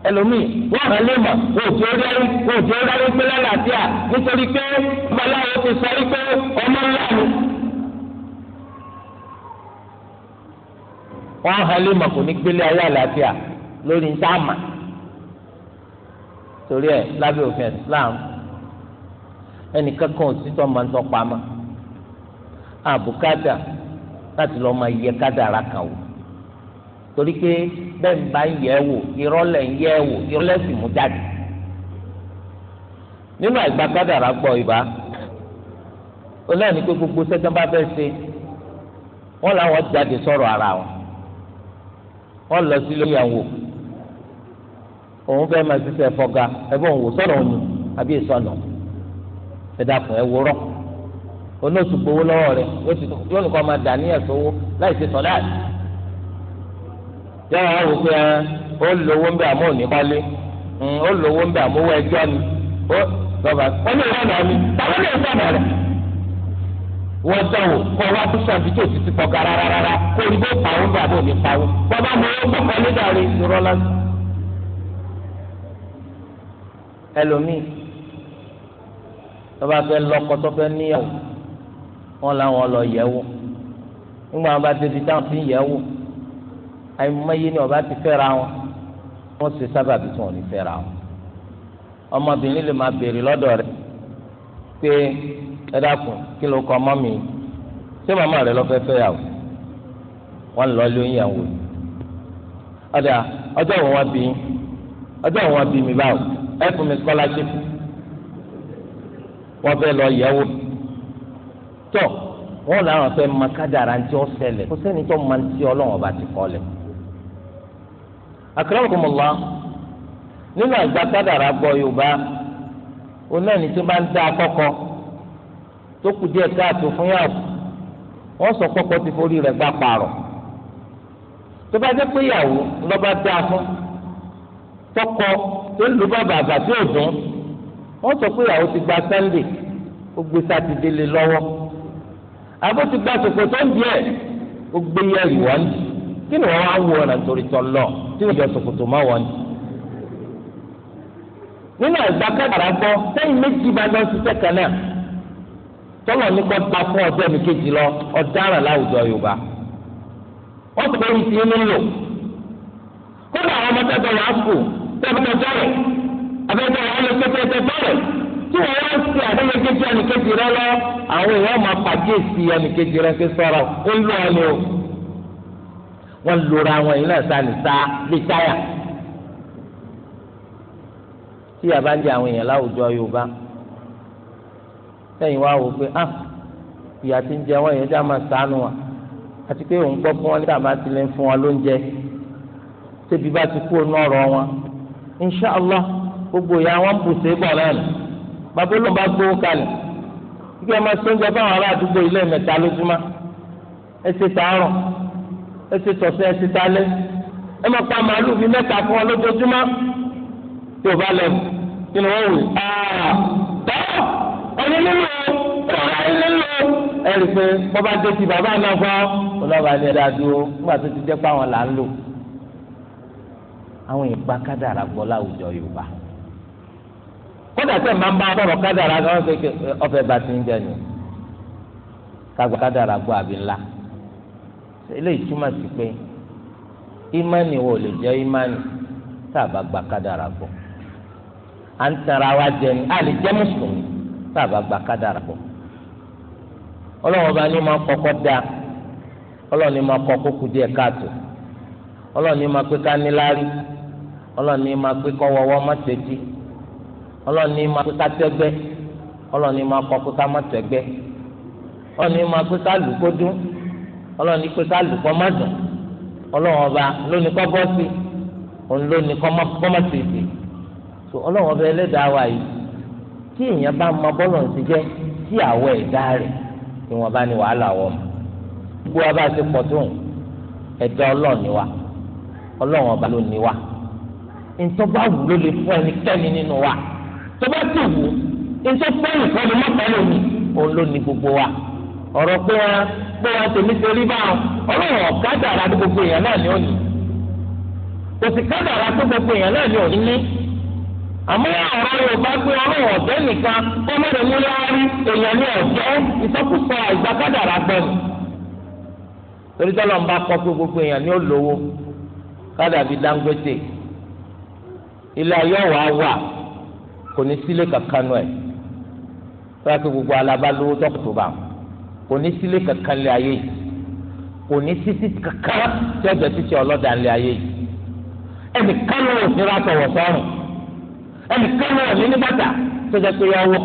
ẹlòmíì wọn hàn lè mọ wọn ò tí ó dárí wọn tí ó dárí pé lálàáfíà nítorí pé babaláwo ti sọ wípé ọmọ ńlá ni. wọn hàn lè mọ kò ní gbélé ayé àlàáfíà lórí ntáàmà torí ẹ lábẹ́ òfin Islam ẹnìkan kan ò sí tó máa ń tọpa mọ́ àbùkádà láti lọ́ọ́ máa yẹ kádàrá kan wò. torí pé bẹ́ẹ̀ ń bá ń yẹ̀ wò irọ́ lẹ̀ ń yẹ̀ wò irọ́ lẹ̀ sì mú jáde nínú àgbà kádàrá gbọ́ ibà ó náà ní pé gbogbo sẹ́tàn bá fẹ́ ṣe wọ́n làwọn jáde sọ̀rọ̀ ara wọn wọ́n lọ sí lórí àwọn òun fẹ́ máa ṣiṣẹ́ fọ́gà ẹ̀fọ́ òun wò sọ̀rọ̀ òun àbí ìsọ̀nà ẹ̀dàkùn ẹ̀ wúrọ̀ onóṣù gbowó lọ́wọ́ rẹ̀ yóò nìkan máa dà ní ẹ̀sọ́wó láì ṣe sọ̀láàtì yàrá wò pé ó lówó ń bẹ àmọ́ òní kọ́lé ó lówó ń bẹ àmọ́ owó ẹjọ́ ni ó lọ́ba ọ̀nà ìlànà mi táwọn lè sọ̀rọ̀ rẹ̀ wọ́n tẹ̀ wò kọ́ wá tó sọ̀tì tó ti ti pọ̀ gara rárá kó o bó pa òun bẹ àmọ́ òní pa òun bọ́bá mo ó kọ́kọ́ lé dàrí ìrọ́ lásán. ẹlòmíì tọ́ba fẹ́ lọ́kọ tó fẹ́ níyàwó wọn làwọn lọ yẹ̀wò nígbà wọn bá débi táwọn fi yẹ̀wò àìmọye ni ọba ti fẹ́ra wọn wọ́n ṣe sábàbí tí wọ́n ní fẹ́ra wọn ọmọbìnrin lè máa béèrè lọ́dọ̀ rẹ̀ pé ẹ dákun kí ló kọ ọmọ mi ṣé màmá rẹ̀ lọ́fẹ́ fẹ́yàwó wọ́n lọ lé oníyàwó yìí ọ̀dà ọjọ́ òun wọn bí ọjọ́ òun wọn bí mi báwo ẹ fún mi scholarship wọ́n fẹ́ lọ yẹ̀wò tọ́ wọ́n làwọn fẹ́ mọ kádàrá ntí ó ṣẹlẹ̀ kó sẹ́ni tó máa ń tí ọlọ́run ọba ti kọ́ lẹ̀ akramakumullah nínú àgbà kádàrà gbọ́ yorùbá òun náà ní tí wọ́n bá ń dá akọkọ tó kù díẹ̀ káàtó fún sọ ti forí rẹ̀ gbá parọ̀ tó bá jẹ́ pé tọkọ tó ń lu bàbà àgbà tí ò dùn ti gba sànńdè ó gbé sátidé lé ti sòkòtò ń bí ó gbé kí ni wọ́n wá wo ọ̀nà torí tọ́lọ̀ tí ìjọ sòkòtò má wọ̀ ni. nínú ẹ̀gbá gbọ́ sẹ́yìn méjì bá lọ sí sẹ́kẹ̀ náà tọ́lọ̀ ní kọ́ fún ọjọ́ mi kejì lọ ọ̀daràn láwùjọ Yorùbá wọ́n ti bẹ́ẹ̀ ti inú lò kódà àwọn ọmọ tẹ́tọ̀ wàá si tẹ́tọ̀ tọ́rẹ̀ abẹ́tọ̀ wàá lọ tẹ́tọ̀ tọ́rẹ̀ tí wọ́n wá sí àdéhùn kejì ẹnìkejì rẹ lọ àwọn èèyàn máa wọ́n lora wọn yìí náà sáà nìta bíi táyà tí a bá ń jẹ àwọn èèyàn láwùjọ Yorùbá lẹ́yìn wá wò pé ah ìyá ti ń jẹ wọn yẹn já máa sànù wa àti pé òun gbọ́ fún wọn níta bá ti lè fún wọn lóúnjẹ tẹ́bi bá ti kú ọ̀nà ọ̀rọ̀ wọn inshàlá gbogbo ìyá wọn bù sí bọ̀ náà nù bàbá olóhùn bá gbówó kalẹ̀ kí ẹ máa sóúnjẹ fáwọn ará ilé mẹ́ta lójúmọ́ ẹ ṣe tààrọ̀ ẹ ti sọ̀sẹ̀ ẹ ti talẹ́ ẹ máa pa màálù bíi mẹ́ta fún ọ lójoojúmọ́ tí o bá lọ kí ni wọ́n wù áà tọ́ ọdún nílò ọ̀rọ̀ ayé nílò ẹ rí i pé bọ́bá dé ti bàbá náà fọ́ ọlọ́ba ni ẹ̀dá dúró nígbà tó ti jẹ́ pé àwọn là ń lò àwọn ìgbà kádàrà gbọ́ láwùjọ Yorùbá kódà tẹ̀ máa ń bá ọ̀rọ̀ kádàrà gan ọ̀fẹ́ bá ti ń jẹ nù kágbà kádàrà gbọ́ àbí ńlá. eléyìí túmọ̀ sí pé ìmánì wo lè jẹ́ ìmánì tá a bá gba kádàrà gbọ́ à ń ni a lè jẹ́ mùsùlùmí tá a bá gba kádàrà gbọ́ ọlọ́wọ́n bá ní máa kọ́kọ́ da ọlọ́wọ́n ní máa kọ́kọ́ kú díẹ̀ káàtó ọlọ́wọ́n ní máa pé ká ọlọ́wọ́n ní máa pé kọ́ wọ́wọ́ ọlọ́wọ́n ní pé ọlọ́wọ́n ní kọ́kọ́ ọlọ́wọ́n ní ma pé ọlọ́run ní pé ká lù kọ́ má dùn ọlọ́run ọba lónìí kọ́ bọ́ sí òun lónìí kọ́ má tètè tó ọlọ́run ọba ẹlẹ́dàá wa yìí tí èèyàn bá mọ bọ́lọ̀ ti jẹ́ sí àwọ̀ ẹ̀dá rẹ̀ ni wọ́n bá ní wàhálà wọ̀ mọ́ gbogbo wa bá ti pọ̀ tó ẹ̀dá ọlọ́run ni wa ọlọ́run ọba ló ní wa ntọ́ba wù ló lè fún ẹnikẹ́ni nínú wa tọ́ba tó wù ntọ́ba yìí kọ́ òun ló ní gbogbo wa ọ̀rọ̀ pé wọn pé wọn tèmi ṣe rí báwọn ọlọ́run ọ̀kadàrà tó gbogbo èèyàn náà ni ó ní kò sì kádàrà tó gbogbo èèyàn náà ni ò ní ní àmọ́ ọ̀rọ̀ yorùbá pé ọlọ́run ọ̀tẹ́ nìkan kó má lè mú láárí èèyàn ní ọ̀tẹ́ ìsọkúsọ àìgbàkádàrà gbẹ̀mù torí tọ́lọ̀ ń bá kọ́ pé gbogbo èèyàn ni ó lówó kádà bíi Dangote ilé ayé ọ̀wá wà kò ní sílé kankan nù ẹ̀ fẹ́ kí gbogbo alábá lówó tọ́kùtù bá wọn kò ní sílé kankan lé ayé yìí kò ní títí kankan tí ọjọ́ títí ọlọ́dà lé ayé yìí ẹnì kánú òfin látọ̀ wọ̀ sọ́run ẹnì kánú òfin ní bàtà tó jẹ́ pé yọ wọ́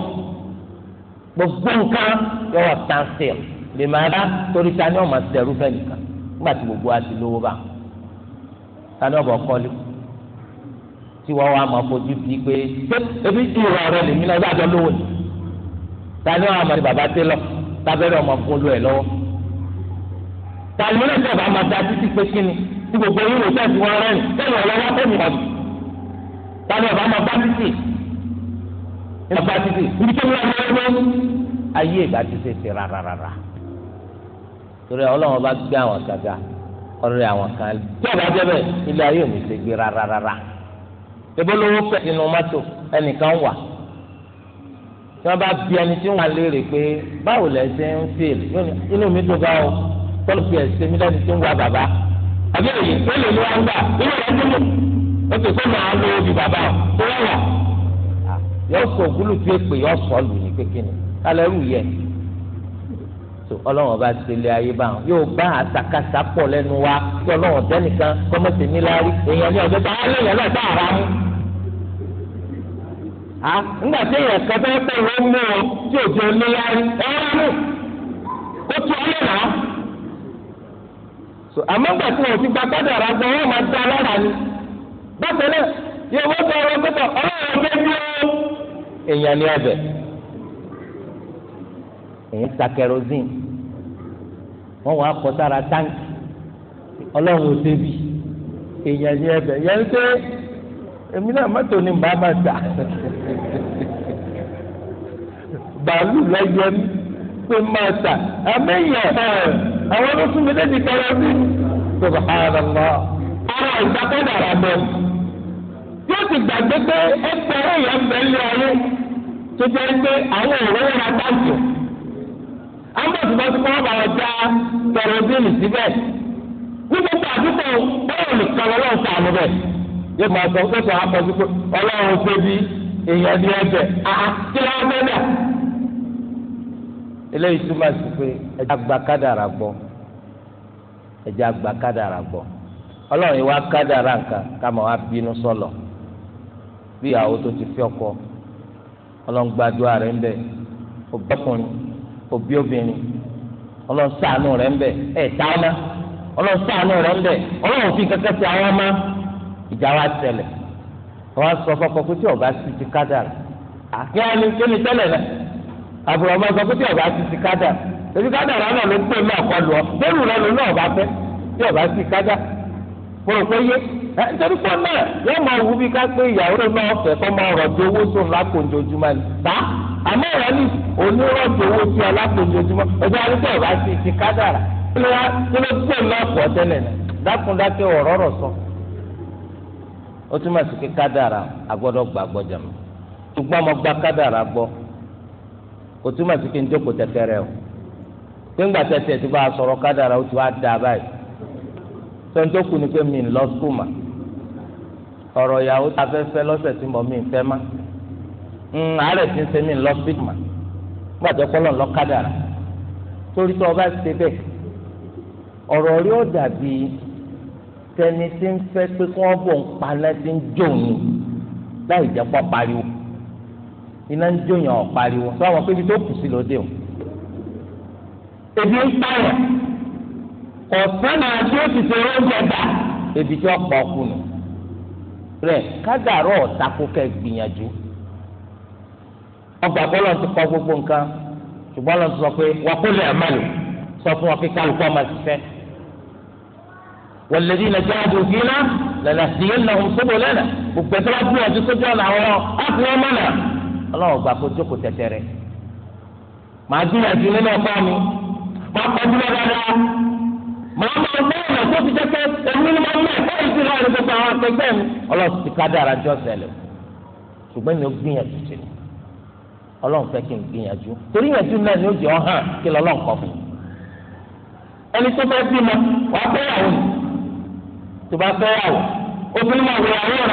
gbogbo nǹkan yọ wọ́ tánṣẹ́l lè máa dá torí ta ni ọmọ sẹ́rú fẹ́ nìkan nígbà tí gbogbo wa ti lówó bá ta ni ọbọ̀ kọ́lé tí wọ́n wá máa fojú bíi pé ebi ìrọ̀ rẹ lèmi náà ó dájọ́ lówó ni ta ọmọ ni bàbá tẹ́lọ̀ tábẹ́rẹ́ ọmọ gbólú ẹ̀ lọ́wọ́. tàlùmọ́lẹ́ ìjọba máa da títí pé kí ni tí gbogbo yìí wò sẹ́ẹ̀sì wọn rẹ́ni sẹ́ẹ̀sì wọn lọ́wọ́ tẹ̀mí ọ̀dù. tàlùmọ́ ọba máa bá títì ní ọba títì níbi tó ń lọ lọ́wọ́ ayé ìgbà títì ti rárára. torí ọlọ́run bá gbé àwọn kàga ọ̀rẹ́ àwọn kan tí ọba jẹ́bẹ̀ ilé ayé òmìnir tí wọ́n bá bí ẹni tí wọ́n léèrè pé báwo lẹ ṣe ń fèl inú mi dùn báwo tọ́lù fi ẹ̀sìn mi lẹ́ni tí ń wá bàbá àbí èyí ó lè lọ́wọ́ ńgbà inú rẹ̀ dùn mọ́ ó ti kó máa lo obì bàbá tó wọ́n wà. Ah, yóò sọ ògúlù tí èpè yóò sọ lù ní kékeré kálẹ̀ rù yẹ tó ọlọ́wọ́n bá tẹ̀lé ayé bá wọn yóò bá àtàkàtà pọ̀ lẹ́nu wa kí ọlọ́wọ́n tẹ́nìkan kọ́mọ́sì níláárí èèyàn ní ọ̀dọ́ à ńgbà tí èèyàn kan fẹ́ ló mú ọ tí ò jẹ́ ní láyé ẹ wá mú ó tún dara lẹ́nà. àmọ́ ma tí wọ́n ti gba kádàrá gan wọ́n máa da lára ni bákan náà yóò wọ́n pípọ̀ ta kerosene wọ́n wàá sára táǹkì ọlọ́run ò débi èèyàn ní èmi náà mọ́tò ni bàá máa tà bàálù lọ́yẹ mi pé máa tà àmẹ́yìn àwọn ló tún mi lẹ́ni tọ́lá sí subhanallah ọ̀rọ̀ ìdákọ́dà rà mọ́ yóò ti gbàgbé pé tó jẹ́ pé àwọn ra báńkì àwọn bá wọn já síbẹ̀ ní gbogbo àdúgbò nìkan lọ́wọ́ fà á níbẹ̀. yóò máa sọ pé sọ àpọ̀ sí pé ọlọ́run ṣe bí èèyàn ní ẹ̀jẹ̀ àá kí eléyìí túmọ̀ sí pé ẹja gba kádàrà gbọ́ ẹja gba kádàrà gbọ́ ọlọ́run yìí wá kádàrà nǹkan wá bínú sọ̀lọ̀ bí ìyàwó tó ti fi ọkọ ọlọ́run gbàdúrà ìjà wa ṣẹlẹ̀ wọ́n sọ fọ́kọ pé tí ọba sì ti kádàrà àti wọn ni kí ni tẹ́lẹ̀ àbúrò sọ pé tí ọba sì ti kádàrà èyí náà ló gbé náà kọ lọ ọba fẹ́ tí ọba sì kádà yé ẹ nítorí pé yóò máa wú bí ká pé ìyàwó náà máa owó tó ni bá àmọ́ ìwọ owó tí ọba sì ti kí ló ó túmọ̀ sí pé kádàrà agbọ́dọ̀ gbà gbọ́jà mọ́ ṣùgbọ́n mo gba kádàrà gbọ́ kò túmọ̀ sí pé ń jókòó tẹ́tẹ́rẹ́ o pé ńgbà tẹ́tẹ́ tí bá a sọ̀rọ̀ kádàrà ó ti wá da báyìí tó ń jókòó ni pé mi ń lọ skul mà ọ̀rọ̀ ìyàwó ta fẹ́ fẹ́ lọ́sẹ̀ tí mo mi ń fẹ́ má ń hmm, àárẹ̀ tí ń mi ń lọ speed kọ́ lọ kádàrà torí tó o bá ṣe bẹ́ẹ̀ ọ̀rọ̀ rí tẹni tí ń fẹ́ pé kí wọ́n bò ń paná tí ń jó yín láì jẹ́ pọ́ pariwo iná ń jó yàn ọ̀ pariwo sọ wọn pé ibi tó kù sí lóde o. ebi ń pààyàn ọ̀sán náà tí ó ti ṣe oúnjẹ gbà ebi tí ó pa ọkùnrin rẹ̀ kádàárọ̀ ọ̀tako kẹ́ gbìyànjú. ọgbà bọ́lọ̀ ti kọ gbogbo nǹkan ṣùgbọ́n lọ́n ti sọ pé wàá kó lè àmàlù sọ fún wọn pé kálukú ọmọ ti fẹ́. والذين جاهدوا فينا لنهدينهم سبلنا gbogbo ẹtọ́ bá bí wọn ti sójú ọ̀nà àwọn ọ̀pọ̀ ọmọ náà ọlọ́run gbà kó jókòó tẹ̀tẹ̀rẹ̀ màá gbìyànjú nínú ọkọ mi màá kọjú lọ dáadáa màá máa gbọ́ ọ̀nà tó fi ṣùgbọ́n gbìyànjú ni ọlọ́run fẹ́ kí n gbìyànjú torí náà ni ó jẹ́ kí lọ́lọ́run kọ fún ẹni tó tó bá fẹ́ yàwó obìnrin máa wọ ìyàwó rẹ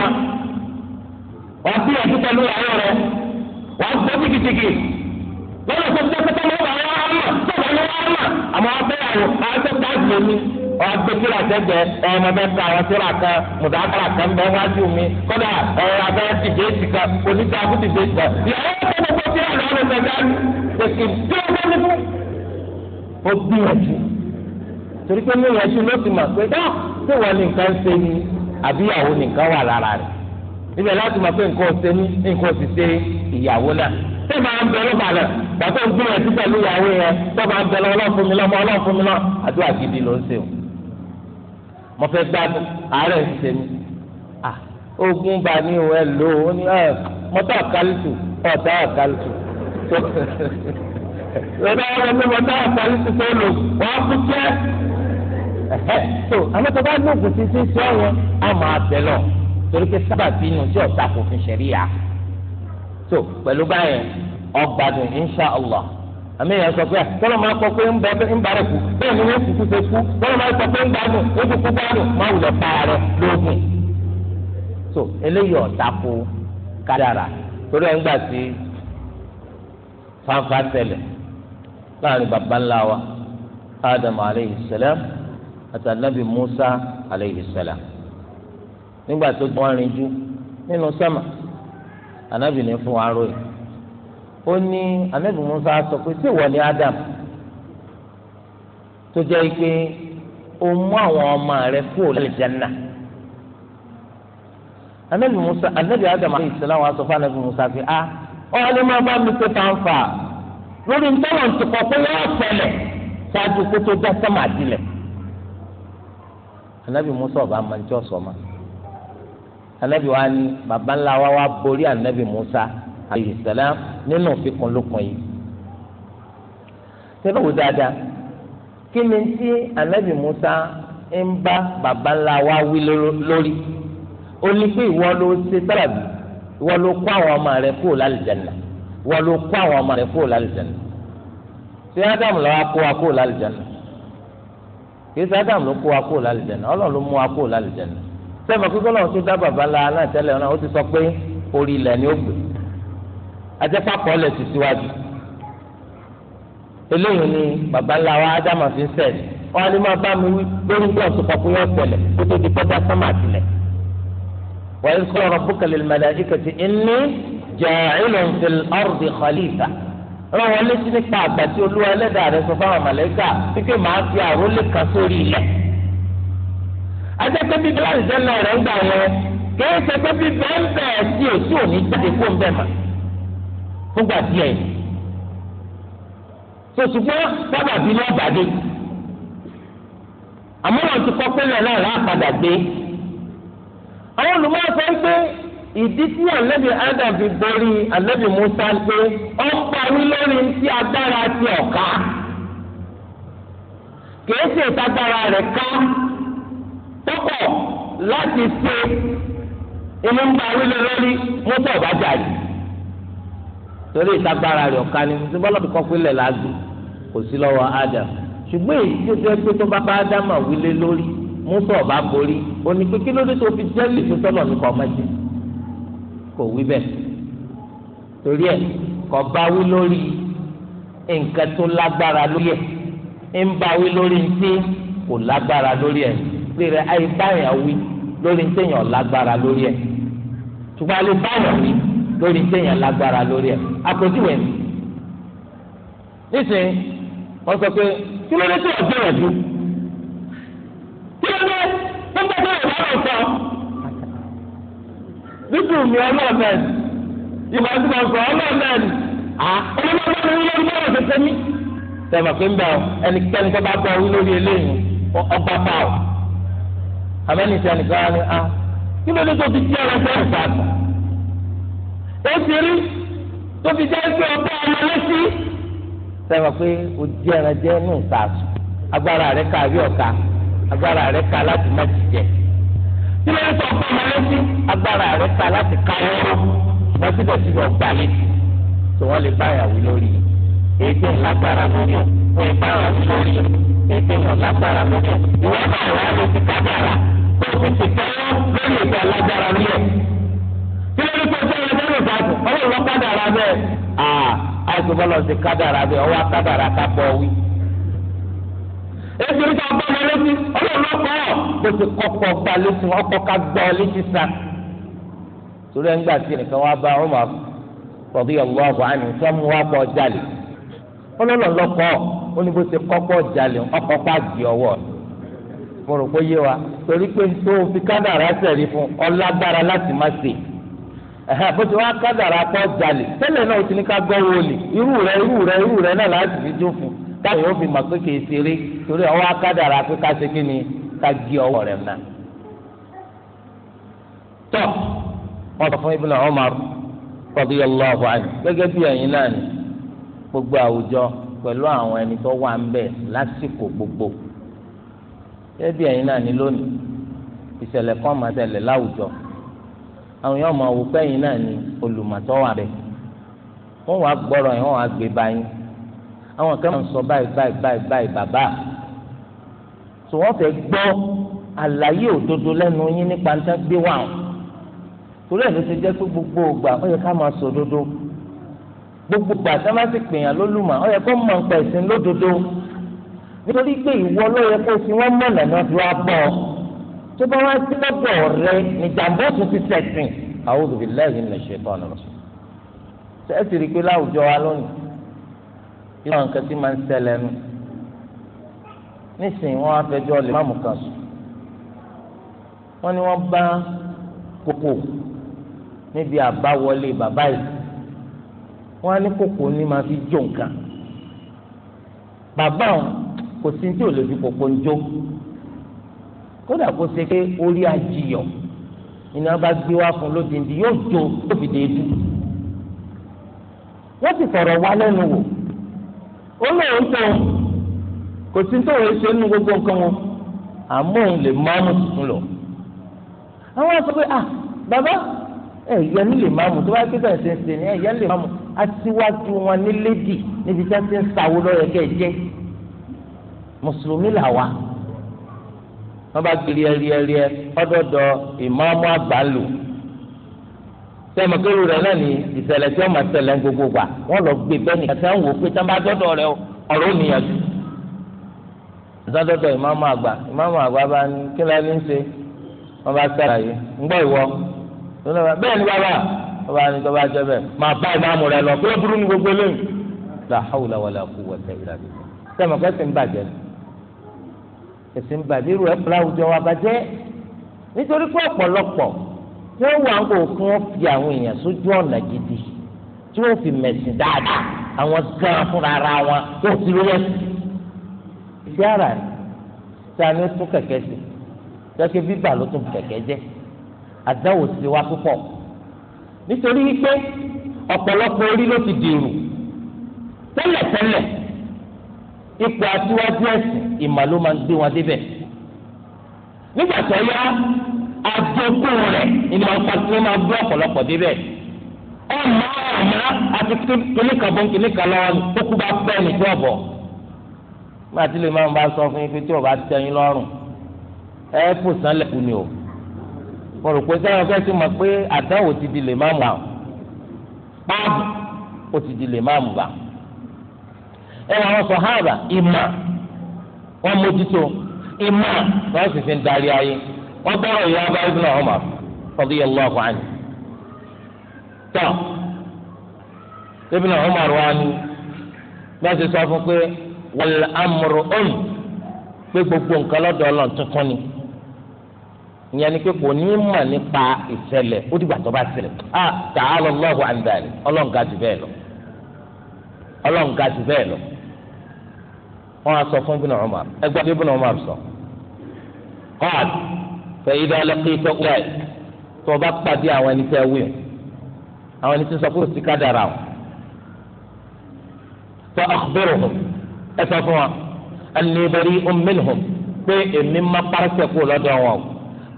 wàá bí ẹ̀sìn pẹ̀lú ìyàwó rẹ wàá gbọ́ tìkìtìkì lọ́nà tó ti dẹ́kẹ́tẹ́ mọ́ bàá wá mà tó bàá wá mà àmọ́ wàá fẹ́ yàwó àwọn tó bá jù mí wàá gbé kíra sẹ́gbẹ́ ẹ̀ ọmọ bẹ́ẹ̀ ka àwọn síra kan mùdàkàrà kan bẹ́ẹ̀ wájú mi kọ́dà ẹ̀ abẹ́ tìbéètì kan oníṣẹ́ abú tìbéètì kan ìyàwó tó gbogbo tí wà lọ́wọ́ lọ́sẹ̀ dání kòkè bí ó bá nípò ó gbìyànjú torí pé ní ìyànjú ló ti mà pé dáà tí wọ́n ní nǹkan ṣe ni àbí ìyàwó nìkan wà lára rẹ̀ ibẹ̀ láti mọ̀ pé nǹkan ṣe ní nǹkan ti ṣe ìyàwó náà tí màá ń bẹ̀rù balẹ̀ pàtó ń gbìyànjú pẹ̀lú ìyàwó yẹn tó máa ń bẹ̀rù ọlọ́fun mi lọ́mọ ọlọ́fun mi lọ́ àdúrà gidi ló ń ṣe o mo fẹ́ gbádùn àárẹ̀ ń ṣe mi à ogun bá ní o ẹ lò ó ní ẹ mọ́tò àkálùtù ọ̀tá àkálùtù tó lọ́dọ̀ ọ̀rọ̀ mi mọ́tò àkálùtù tó lò wọ́n á kú jẹ́ so àwọn tó bá lóògùn títí tí ọ̀wọ́ á máa bẹ̀ lọ torí pé inú fi so pelu báyẹn ọgbàdùn insha allah àmì yẹn sọ pé ah, tọ́lọ́ máa kọ pé ń bẹ kú bẹ́ẹ̀ ni wọ́n kúkú ṣe kú tọ́lọ́ máa pé ń ó máa so eléyìí kádàrà torí ń gbà sí fanfa aleyhi salam àtànàbì Musa alayhi salam nígbà tó gbọ́ arìnjú nínú sámà ànábì ní fún aró yìí ó ní ànábì Musa sọ pé ṣé ìwọ ni Adam tó jẹ́ pé ó mú àwọn ọmọ rẹ̀ kúrò lálẹ́ jẹ́nà Musa ànábì Adam alayhi salam wá sọ fún ànábì Musa pé a ah, ọ̀hálẹ́ máa bá mi pé táǹfà lórí ntọ́wọ̀n ti pé yóò ṣẹlẹ̀ ṣáájú kó tó dá sámà dilẹ̀ anabi musa ọba amantsi ọsọma anabi wa ni baba ńlá wa wa borí anabi musa alayhi salam nínú fikun lukun yìí tẹ́lẹ̀ wò dáadáa kí ni tí anabi musa ń bá baba ńlá wa wí lórí ó ní pé ìwọ ló ṣe sábàbí ìwọ ló kó àwọn ọmọ rẹ kúrò lálùjáná ìwọ ló kó àwọn ọmọ rẹ kúrò lálùjáná ṣé ádámù lọ́wọ́ kó wa kúrò lálùjáná kì í ṣe ádámù ló kó wa kó lálùjáná ọlọ́run ló mú wa kó lálùjáná sẹ́mi akókó lọ́wọ́ tó dá bàbá la náà tẹ́lẹ̀ náà ó ti sọ pé orí ilẹ̀ ni ó gbé ajẹ́pàkọ́ lẹ̀ ti síwájú eléyìí ni bàbá ńlá wa ádámù fi ń sẹ̀lẹ̀ wọn ni máa bá mi wí lórí bí ọ̀sùn kan fún yọ kó tó di pẹ́tà sọ́mà tilẹ̀ wọ́n ń sọ̀rọ̀ bukali mẹ́lẹ́díkẹ̀tì inni rán wọn létí nípa àgbà tí olúwa ẹlẹ́dàá rẹ sọ fáwọn màlẹ́kà wípé màá fi àrólé kan sórí ilẹ̀. ajẹ́pẹ́ bíbí láti sẹ́nu rẹ̀ ń gbà yẹn kìí ṣe pé bíbí ẹ̀ ń bẹ̀ sí òsì òní jáde kó ń bẹ̀ mà fúngbà díẹ̀. sòṣùgbọ́n sábà bí ní ọ̀bàdé àmọ́ wọn ti kọ́ pé náà náà láàpadà gbé àwọn olùmọ̀ sọ pé ìdí tí anabi adam fi borí anabi musa pé ó ń lórí ti agbára ti ọ̀ka kìí ṣe ìtagbára rẹ̀ ká tọkọ̀ láti ṣe inú ń lórí musa ọ̀bá jàdí torí ìtagbára rẹ̀ ọ̀ka ni tí bọ́lá kọ́ ilẹ̀ láàgbé kò sí lọ́wọ́ adam ṣùgbọ́n èyí tó jẹ́ pé tó bá bá adam wílé lórí musa ọ̀bá borí onípe ló tó fi jẹ́ lè fi sọ́lọ̀ nípa kò wí bẹ́ẹ̀ torí ẹ̀ kò bá wí lórí nǹkan tó lágbára lórí ẹ̀ ń bá wí lórí ntí kò lágbára lórí ẹ̀ rírẹ̀ ayé báyà wí lórí ntẹ̀yàn lágbára lórí ẹ̀ ṣùgbọ́n alẹ́ báyà wí lórí ntẹ̀yàn lágbára lórí ẹ̀ àpèjúwe mi nísìnyí wọ́n sọ pé kí ló dé tí o gbìyànjú kí ló dé tó ń bá tó yẹ lọ́wọ́ sọ dídù mi ọlọ́ọ̀bẹ ìgbà tí wọ́n sọ ọlọ́ọ̀bẹ ni ọlọ́ọ̀bẹ ni wọ́n bá ọ̀sẹ̀ sẹ́mi. sẹ́mi pé ń bẹ̀ ẹnikẹ́ni tó bá bọ̀ lórí eléyìí ọgbà bá ọ. àbẹ́ni ìṣẹ́ nìkan ni a kí ló dé tó fi jẹ́ ọ̀sẹ̀ ọ̀sẹ̀ àgbà. ó ti rí tó fi jẹ́ pé ọba ọmọ lẹ́sí. sẹ́mi pé o jẹ́ ẹranjẹ́ nù sàásù agbára rẹ̀ ká àbí ọ̀ka agbára rẹ̀ ká láti má jíjẹ kí ló ń sọ fún ọmọ létí agbára rẹ ta láti káwọ́ ṣùgbọ́n síbẹ̀síbẹ̀ ọgbà létí tí wọ́n lè báyàwó lórí ètò ìlágbára lórí wọn ìbára lórí ètò ìlágbára lórí ìwọ́n bá wà lórí kábàrà kó o ti tẹ́wọ́ lórí ètò ìlágbára lórí kí ló ń sọ fún ọmọ lẹ́yìn ọlọ́run lọ́kadà bẹ́ẹ̀ àìsàn bọ́lọ̀ ti kádàrà bẹ́ẹ̀ ọwọ́ kádàrà ká bọ̀ wí. èsì tó ọgbọ́n mi létí ọlọ́ọ̀lọ́kọ̀ bó ti kọ́kọ́ gba létí ọkọ̀ ká gbọ́ létí sa. torí ẹ̀ ń gbà sí nìkan wá bá Umar radiyallahu anhu sọ́mu wá pọ̀ jalè ọlọ́ọ̀lọ́kọ̀ ó ní bó ti kọ́kọ́ ọkọ̀ ká wa torí pé tó fi kádàrá sẹ̀rí fún ọlágbára láti má bó ti wá kádàrá pọ̀ tẹ́lẹ̀ náà ó ti ní ká gbọ́ wọlé irú rẹ irú rẹ irú rẹ náà láti fi táwọn yóò fi mọ̀ pé kì í ṣeré torí ọwọ́ akádàrà pé ká ṣe kí ni ká gé ọwọ́ rẹ̀ mọ́. tọ́ wọ́n sọ fún Ibn Umar radiyallahu anhu gẹ́gẹ́ bí ẹ̀yin náà ni gbogbo àwùjọ pẹ̀lú àwọn ẹni tó wà ń bẹ̀ gbogbo gẹ́gẹ́ bí ẹ̀yin náà ni lónìí ìṣẹ̀lẹ̀ kan máa ṣẹlẹ̀ láwùjọ àwọn yóò máa wò pẹ́yìn náà ni olùmọ̀tọ́ wà àwọn kan máa ń sọ báyìí báyìí báyìí báyìí bàbá tí wọ́n fẹ́ gbọ́ àlàyé òdodo lẹ́nu yín nípa ń tán gbé wà ó torí ẹ̀ ló ti jẹ́ pé gbogbo ògbà ó yẹ ká máa sọ òdodo gbogbo ògbà tí wọ́n bá sì pèèyàn lólùmọ̀ ó yẹ kó mọ̀ ń pa ẹ̀sìn lódodo nítorí pé ìwọ ló yẹ kó fi wọ́n mọ̀nà náà fi wá bọ̀ tó bá wá sí lọ́dọ̀ rẹ níjàmbá tún ti sẹ̀sìn a'udhu billahi minash shaitanir rajim ẹ sì rí i pé láwùjọ wa lónìí irú àwọn nǹkan tí máa ń ṣẹlẹ̀ nù nísìnyí wọ́n á fẹjọ́ lè má mú kan sùn wọ́n ní wọ́n bá kókó níbi àbáwọlé bàbá yìí wọ́n á ní kókó ní máa fi jó nǹkan bàbá òun kò sí tí ò lè fi kókó ń jó kódà kó ṣe pé orí ajiyọ̀ iná bá gbé wá fún lódìndín yóò jó tó dé dùn wọ́n ti fọ̀rọ̀ wá lẹ́nu wò ó lóun tó kò sí tó wọ́n ṣe nínú gbogbo nǹkan wọn àmọ́ òun lè máa mú tuntun lọ. àwọn sọ pé ah bàbá ẹ̀yẹ ní lè máa mú tó bá kí bẹ́ẹ̀ ṣe ń ṣe ní ẹ̀yẹ lè máa mú aṣíwájú wọn ní lédì níbi tí wọ́n ti ń sàwó lọ́yẹ̀ kẹ́ ẹ̀ jẹ́ mùsùlùmí là wà wọ́n bá gbé rí ẹ rí ẹ rí ẹ ọdọọdọ ìmáàmù àgbà lò sẹ́mi kẹ́lu rẹ̀ náà ní ìṣẹ̀lẹ̀ tí wọ́n máa ṣẹlẹ̀ gbogbo gbà wọ́n lọ gbé bẹ́ẹ̀ nìkan sẹ́wọ́n wò pé tí wọ́n bá dọ́dọ̀ rẹ ọ̀rọ̀ ò níyànjú. àtàdọ́dọ̀ ìmáàmù àgbà ìmáàmù àgbà bá ní kí lẹ́ ní ṣe wọ́n bá sàlàyé ńgbọ́ ìwọ bẹ́ẹ̀ ni bàbá wọ́n bá ní tó bá jẹ́ bẹ́ẹ̀ máa bá ìmáàmù rẹ lọ kúlẹ̀ burú ní gbogbo wọ́n wà ń bò fún wọn fi àwọn èèyàn sójú ọ̀nà gidi tí wọ́n fi mẹ̀sìn dáadáa àwọn gan fúnra ara wọn tó ti rí ẹ̀sìn. ìṣe ara rẹ̀ tí a ní tún kẹ̀kẹ́ sí kẹ́kẹ́ bíbà ló tún kẹ̀kẹ́ jẹ́ àdáwò sí wa púpọ̀ nítorí wípé ọ̀pọ̀lọpọ̀ orí ló ti dèrò tẹ́lẹ̀tẹ́lẹ̀ ipò àtiwájú ẹ̀sìn ìmọ̀ máa ń gbé wọn débẹ̀ nígbà tó yá àjẹkù rẹ̀ ìní ọkọ̀ tí wọ́n máa gbé ọ̀pọ̀lọpọ̀ débẹ̀. ọmọ ọmọ àti kìnìkà bọ́n kìnìkà lọ́wọ́ tó kú bá pẹ́ nìjọ́ ọ̀bọ̀. nígbà tí lè máa ń bá sọ fún yín pé tí ò bá tẹ yín lọ́rùn ẹ kò sánlẹ̀ ni o. mo rò pé sẹ́yìn ọ̀fẹ́ ti mọ̀ pé àdáwò ti di lè má mọ̀ àwọn. páàbù ó ti di lè má mọ̀ bá. ẹ wà wọn sọ háàbà ìmà wọn mójútó ìmà wọn sì fi ń darí ayé. wọ́n gbọ́rọ̀ ìyá bá ibn Umar radiyallahu anhu. tọ́ ibn Umar wa ni bá ṣe sọ fún pé wal amru um pé gbogbo nǹkan lọ́dọ̀ Ọlọ́run tuntun ni ìyẹn ni pé kò ní mọ̀ nípa ìṣẹ̀lẹ̀ ó dìgbà tó bá a bẹ́ẹ̀ lọ bẹ́ẹ̀ lọ á sọ fún fẹ̀yìdá ọlọ́kì tọ́kùlẹ̀ tó o bá pàdé àwọn ẹni tẹ́ wí àwọn ẹni tí sọ pé o ti kádàrà o tó àkùbẹ̀rù hù ẹ sọ fún wa ẹni bẹ̀rẹ̀ ọmọnì hù pé èmi má parẹ́sẹ̀ kú lọ́dọ̀ wọn o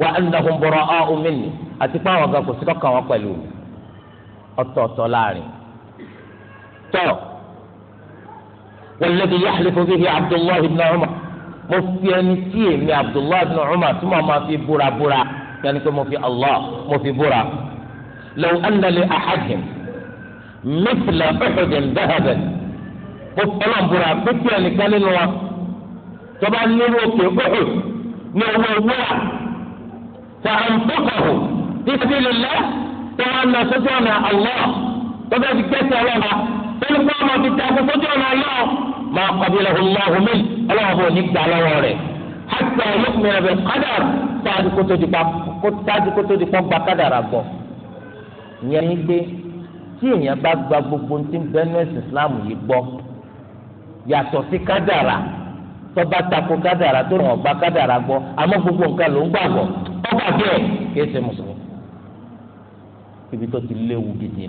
wà á nà hùn bọ̀rọ̀ á ọmọnì àti pé àwọn ọ̀gá kò sí kọ́kàn wọn pẹ̀lú ọ̀tọ̀ọ̀tọ̀ láàrin tọ́ wọ́n lé mo fi ẹni tí èmi abdullahi bin umar tí mo máa fi búra búra yẹn ni pé mo fi allah mo fi búra law anna li ahadin mithla uhudin dahaban mo fọlọ́ búra pé kí ẹnìkan nínú wa tó bá nínú òkè uhud ní owó wúrà fàǹtọ́kọ̀hù fi sabilillah tó wà ní ọ̀sọ́sọ́ ọ̀nà allah tó bá fi kẹ́sì pẹ̀lú pé ọmọ fi ta kókó tó ọ̀nà lọ máa kọ́bí lọ́hùn lọ́hùn mí ọlọ́wọ́ bò ní gbà lọ́wọ́ rẹ̀ hàtà yọkùnrin rẹ̀ kádà táàdì kótó di pọ́n gba kádàrà gbọ́. ìyẹn ní pé tí èèyàn bá gba gbogbo ní bẹ́nẹ́sì Islam yìí gbọ́ yàtọ̀ sí kádàrà tọ́ba tako kádàrà tó ràn ọ̀gbá kádàrà gbọ́ àmọ́ gbogbo nǹkan ló ń gbàgbọ́ ọgbà bẹ́ẹ̀ kí ẹ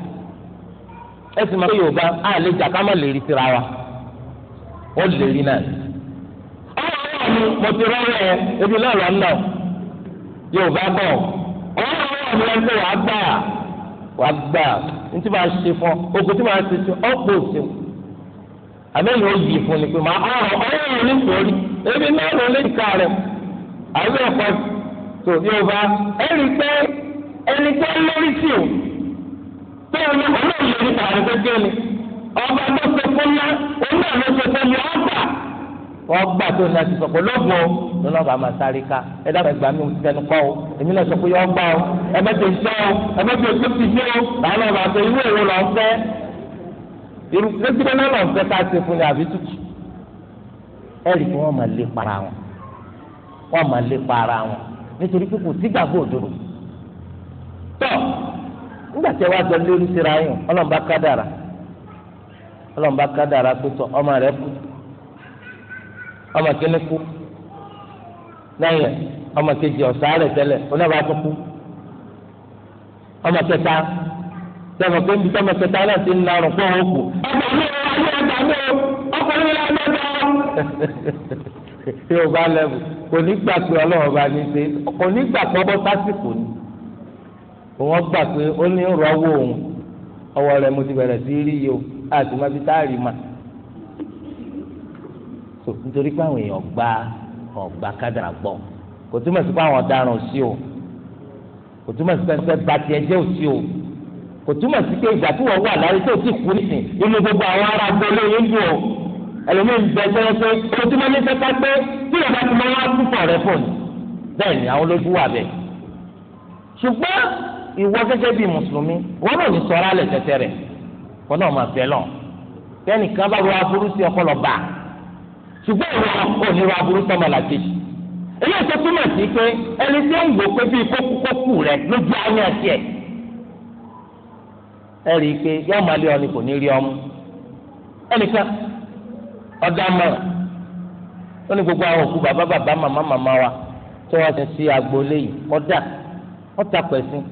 ẹ sì máa pé yorùbá a lè jà ká má lè rí síra wa ó lè rí náà. ọ̀rọ̀ mo ti ẹ ebi náà lọ nà yorùbá bọ̀ ọ̀rọ̀ àwọn mi wàá gbà wàá gbà ní tí ṣe fún ọ tí ṣe fún àbẹ́yìn ó yìí fún ni pé ebi náà lè ká rẹ̀ tó pé bẹ́ẹ̀ ni ọ̀nà ìlú nípa àwọn gbẹ́gbẹ́ ni ọba tó ṣe fún ná ọ̀nà ló ṣe fún ní ọgbà ọgbà tó ní àti sọ̀kò lọ́gbọ̀ lọ́lọ́ba máa sáré ká ẹ dábàá ìgbà mi ò ti tẹnu kọ́ o èmi náà sọ pé ọgbà o ẹ bẹ́ẹ̀ tó ṣe o ẹ bẹ́ẹ̀ tó ṣe ti ṣe o làwọn ọba àti irú èrò lọ fẹ́ irú gbẹ́gbẹ́ náà lọ fẹ́ ká ṣe fún ní àbí tutù ẹ rí i pé wọ́n máa lé para wọn wọ́n máa lé para wọn nítorí pé kò sígbàgbọ́ òdodo tọ́ nígbà tí ẹ wá jọ lórí síra yín ọlọ́mùbá kádàrà ọlọ́mùbá kádàrà pé sọ ọmọ rẹ kú ọmọ kíní kú lẹ́yìn ọmọ kejì ọ̀sán rẹ̀ tẹ́lẹ̀ onáwó àtúkú ọmọ kẹta sọmọ pé níbi sọmọ kẹta náà ti ń narùn fún òun kù. yóò bá lẹ́bù kò ní gbà pé ọlọ́run bá ní í ṣe kò ní gbà pé ọbọ̀ sásìkò ni òun gbà pé ó ní rọwọ òun ọwọ́ rẹ̀ mo ti bẹ̀rẹ̀ sí rí yìí o àti má fi táàrí mà nítorí pé àwọn èèyàn gba ọgbà kádàrà gbọ́ kò túmọ̀ sí pé àwọn ọ̀daràn sí o kò túmọ̀ sí pé ẹsẹ̀ bá tiẹ̀ jẹ́ òsì o kò túmọ̀ sí pé ìgbà tí wọ́n wà láyé tó ti kú nìsín inú gbogbo àwọn ará gbọ́lé yín bù ọ́ ẹlòmíín bẹ sẹ́yìn pé kò túmọ̀ ní sẹ́ká pé tí ìyá bá ti máa wá púpọ̀ rẹ fún un bẹ́ẹ̀ ni àwọn olójú wà bẹ́ẹ̀ ṣùgbọ́n ìwọ gẹ́gẹ́ bíi mùsùlùmí wọn náà ní sọ̀rọ̀ alẹ tẹtẹ rẹ wọn náà máa fẹ lọ kẹ́nìkan bá rọ aburú sí ọpọlọ bá ṣùgbọ́n ìwọ òní rọ aburú sọmọ làkejì eléyìí tó túmọ̀ sí pé ẹni tí ó ń gbò pé bíi kókúkókù rẹ lójú ayé àti ẹ̀ ẹ rí i pé yóò máa lé ọ ni kò ní rí ọmú ẹnìkan ọ̀dà mọ̀ràn ó ní gbogbo àwọn òkú bàbá bàbá màmá màmá wa tí wọ́n ti sí agboolé yìí ọ̀dà ọ̀tà pẹ̀sìn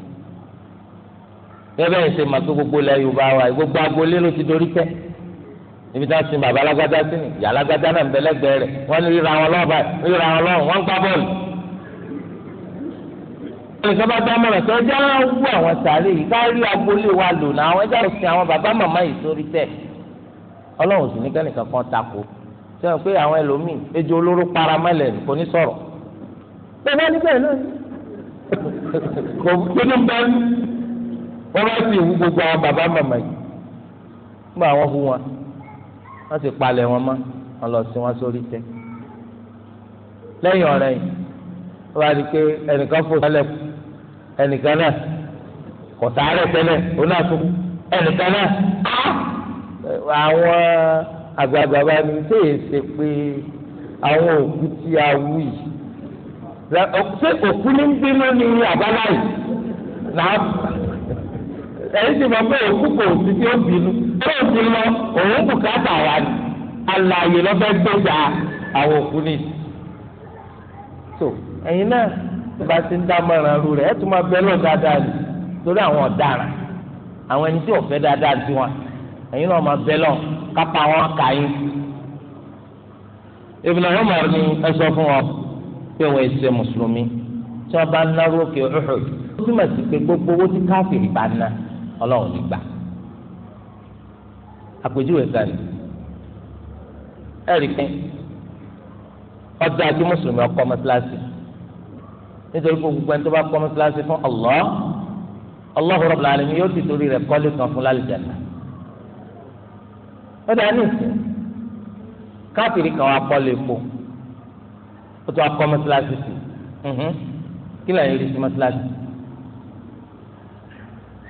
bẹ́ẹ̀ bẹ́ẹ̀ ṣe máa pé gbogbo ilẹ̀ yorùbá wa gbogbo agboolé ló ti dorí tẹ́ níbi tí wọ́n sin bàbá alágbádá sí ni ìyá alágbádá náà ń bẹ lẹ́gbẹ̀ẹ́ rẹ̀ wọ́n ní ríra wọn lọ́ọ̀bà ríra wọn lọ́ọ̀ wọ́n ń gbá bọ́ọ̀lù. ẹnìkan bá dá mọ̀ràn tó ẹjẹ́ á wú àwọn sàárè yìí ká rí agboolé wa lò náà àwọn ẹjẹ́ àti àwọn bàbá màmá yìí sórí tẹ̀. ọlọ́run sì ní kẹ́nìkan kan takò sẹ́wọ̀n pé àwọn ẹlòmíì ejò olóró para mẹ́lẹ̀ kò ní sọ̀rọ̀. bẹ́ẹ̀ wọ́n bá sì hu gbogbo àwọn bàbá màmá yìí nígbà àwọn hu wọn wọ́n sì palẹ̀ wọn mọ́ wọ́n lọ sí wọn sórí tẹ́ lẹ́yìn ọ̀rẹ́ yìí wọ́n bá di pé ẹnìkan fò sálẹ̀ ẹnìkan náà kò sáré tẹ́lẹ̀ òun náà tó ẹnìkan náà ah! àwọn àgbààgbà bá ní tẹ́yẹ̀ ṣe pé àwọn òkú tí a yìí ṣé òkú ní bínú ni àbáláyé náà ẹ̀yin sì mọ̀ pé òkú kò sí tí ó bínú tó o ti lọ òun kò káàtà wá ní alààyè lọ́fẹ́ gbèjà àwọn òkú ni. tó ẹ̀yin náà tó bá ti ń dámọ̀ràn ru rẹ̀ ẹ̀ tún máa bẹ́ẹ̀ lọ dáadáa ni torí àwọn ọ̀daràn àwọn ẹni tí ò fẹ́ dáadáa sí wọn ẹ̀yin náà máa bẹ́ẹ̀ lọ kápá wọn kà yín. Ibn Umar ni ẹ sọ fún wọn pé wọn èsè mùsùlùmí tí wọn bá ń náró òkè Uhud ó túmọ̀ sí pé gbogbo owó tí káfíìn bá ná ọlọ́run ní gbà àpèjúwe kan ẹ̀rí pé ọdọ àti mùsùlùmí ọkọ mọ́sálásí nítorí pé gbogbo ẹni tó bá kọ́ mọ́sálásí fún Allah Allahu Rabbul Alamin yóò ti torí rẹ̀ kọ́lé kan fún lálùjáná ó dáa ní ìsìn káfíìrì kan wá kọ́lé epo ó tún akọ́ mọ́sálásí sí kí lóò yẹ kí mọ́sálásí sí.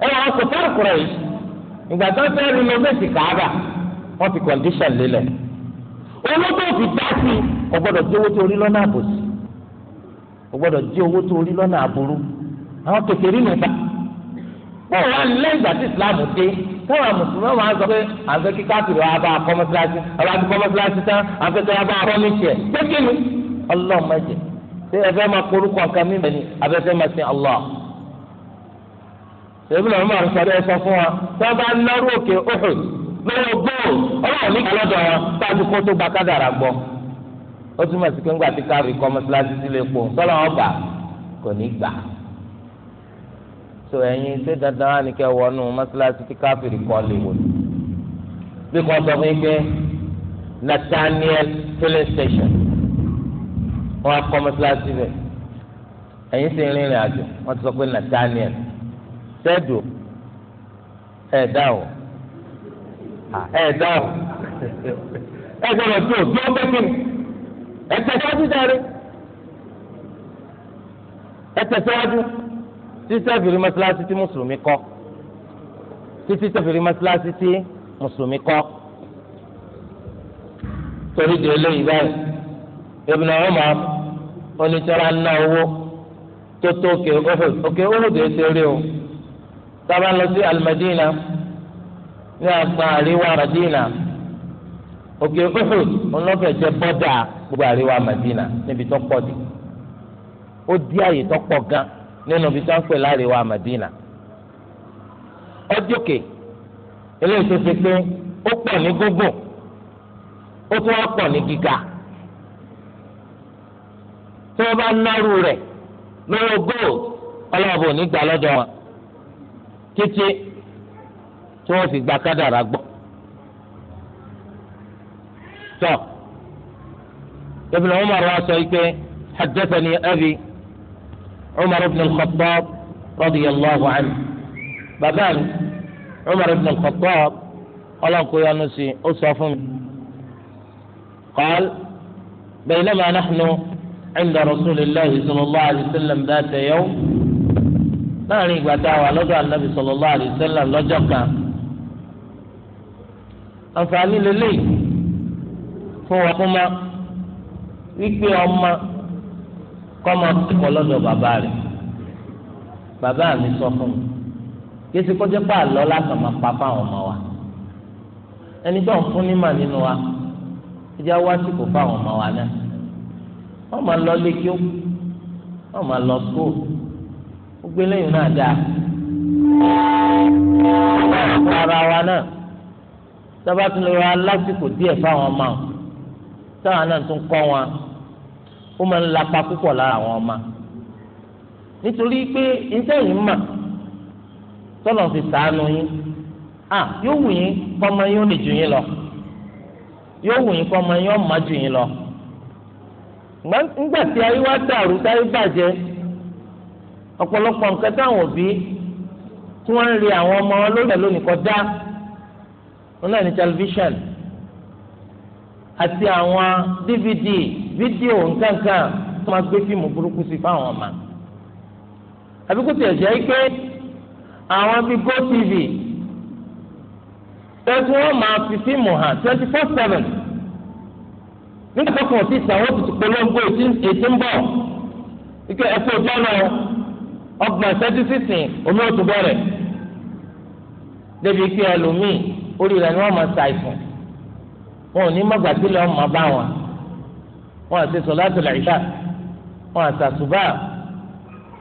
ẹ wọn kò fẹ́ kúrẹ́ yìí ìgbà tó fẹ́ rí lọ́gbẹ̀sì káàbà wọ́n fi condition lélẹ̀ olóògbé òfin dá sí kò gbọ́dọ̀ owó tó rí lọ́nà àbòsí kò gbọ́dọ̀ owó tó rí lọ́nà àbúrú àwọn kékeré nìta wọ́n wá lẹ́yìn ìgbà tí ìsìláàmù dé táwọn mùsùlùmí máa sọ pé àfẹ́ kí káfíìrì wa bá kọ́ ọba ti kọ́ tán bá pé kí ni ìbùnà ọmọ àrùsọdẹ sọ fún wa tí wọn bá náwó òkè òhùn lọ́wọ́ góòlù Ọlọ́run ní kọlọdọ wọn táàbí kó tó gba kádàrà gbọ́ ó túmọ̀ sí pé ńgbà tí káàrí kọ́ mọ́sálásí sílé pọ̀ sọ́lá wọn gbà kò ní gbà so ẹ̀yin ṣé dandan wà ní kẹ́ wọnú mọ́sálásí tí káàfìrí kọ́ lè wò ní. bí kò sọ fún yín pé Nathaniel filling station wọn á kọ́ mọ́sálásí bẹ̀ ẹ̀yin sì ń rìnrìn àjò wọ́n ti sọ pé Nathaniel sẹ́dù ẹ̀ dáhùn ah, ẹ̀ dáhùn ẹ̀ gbọ́dọ̀ tó tó o bẹ́ kí ni ẹ̀ tẹ̀síwájú dáre ẹ̀ tẹ̀síwájú títí tí mùsùlùmí kọ́ títí ẹ̀fìrí mọ́sálásí tí mùsùlùmí kọ́ torí di eléyìí báyìí sábà lọ sí alimadina ní agbọn àríwá madina òkè Uhud ọlọfẹsẹ bọdà gbogbo àríwá madina níbi tó pọ̀ dé ó di àyè tó pọ̀ gan nínú ibi tó ń pè láríwá madina ọjọ́ òkè eléyìí tó ṣe pé ó pọ̀ ní gúngùn ó tún wá pọ̀ ní gíga tí wọ́n bá nárú rẹ̀ lọ́wọ́ gold ọlọ́ọ̀bù nígbà lọ́dọ̀ wọn títí tí wọ́n fi gba kádàrá gbọ́. tọ́ ibn umar wa sọ pé hajjatani abi umar ibn al-khattab radiyallahu anhu bàbá mi umar ibn al-khattab ọlọ́nkóyanu sí ó sọ fún mi. قال بينما نحن عند رسول الله صلى الله عليه وسلم ذات يوم láàrin ìgbà tá a wà lọ́dọ̀ ànábì sallallahu alaihi wasallam lọ́jọ́ kan àǹfààní lélẹ́yìí fún wa fún ma wípé ọmọ kọ́ máa kọ́ lọ́dọ̀ bàbá rẹ̀ bàbá mi sọ fún mi yéésì kọjá pa àlọ́ lásán máa pa fáwọn ọmọ wa ẹni tó ń fún ní mà nínú wa ìjà wá sí kò fáwọn ọmọ wa náà wọ́n máa lọ lé wọ́n máa lọ skóòlù. gbogbo eléyìí náà dáa ara wa náà sábà tún lè ra lásìkò díẹ̀ fáwọn ọmọ táwọn náà tún kọ́ wọn ó máa ń lapa púpọ̀ lára àwọn ọmọ nítorí pé ntẹ́yìn mà tọ́lọ̀ fi sàánú yín ah yóò wù yín kọ́mọ yín ó lè yín lọ yóò wù yín kọ́mọ yín ó má yín lọ ńgbà tí ayé wa ọ̀pọ̀lọpọ̀ nǹkan táwọn òbí tí wọ́n ń rí àwọn ọmọ wọn lórí ẹ̀ lónìí kọjá wọn náà ní tẹlifíṣàn àti àwọn dvd fídíò nǹkankan tó máa gbé fíìmù burúkú sí fáwọn ọmọ àbí kò tiẹ̀ jẹ́ pé àwọn bíi gotv tẹ́tí wọ́n máa fi fíìmù hàn twenty four seven nígbà tó kàn sí ìsàwọ́ tuntun polongo ètí ń bọ̀ ike ẹ̀fọ́ ìjọ́nà ọgbọ̀n ṣẹ́jú sísìn omi ò tún bẹ̀rẹ̀ débi pé ẹlòmíì orí rẹ̀ ni wọ́n máa ṣàìsàn wọn ò ní mọ̀gbà tí lọ́ọ́ máa bá wọn wọn àti sọ̀láàtù làìṣà wọn àtàtúbà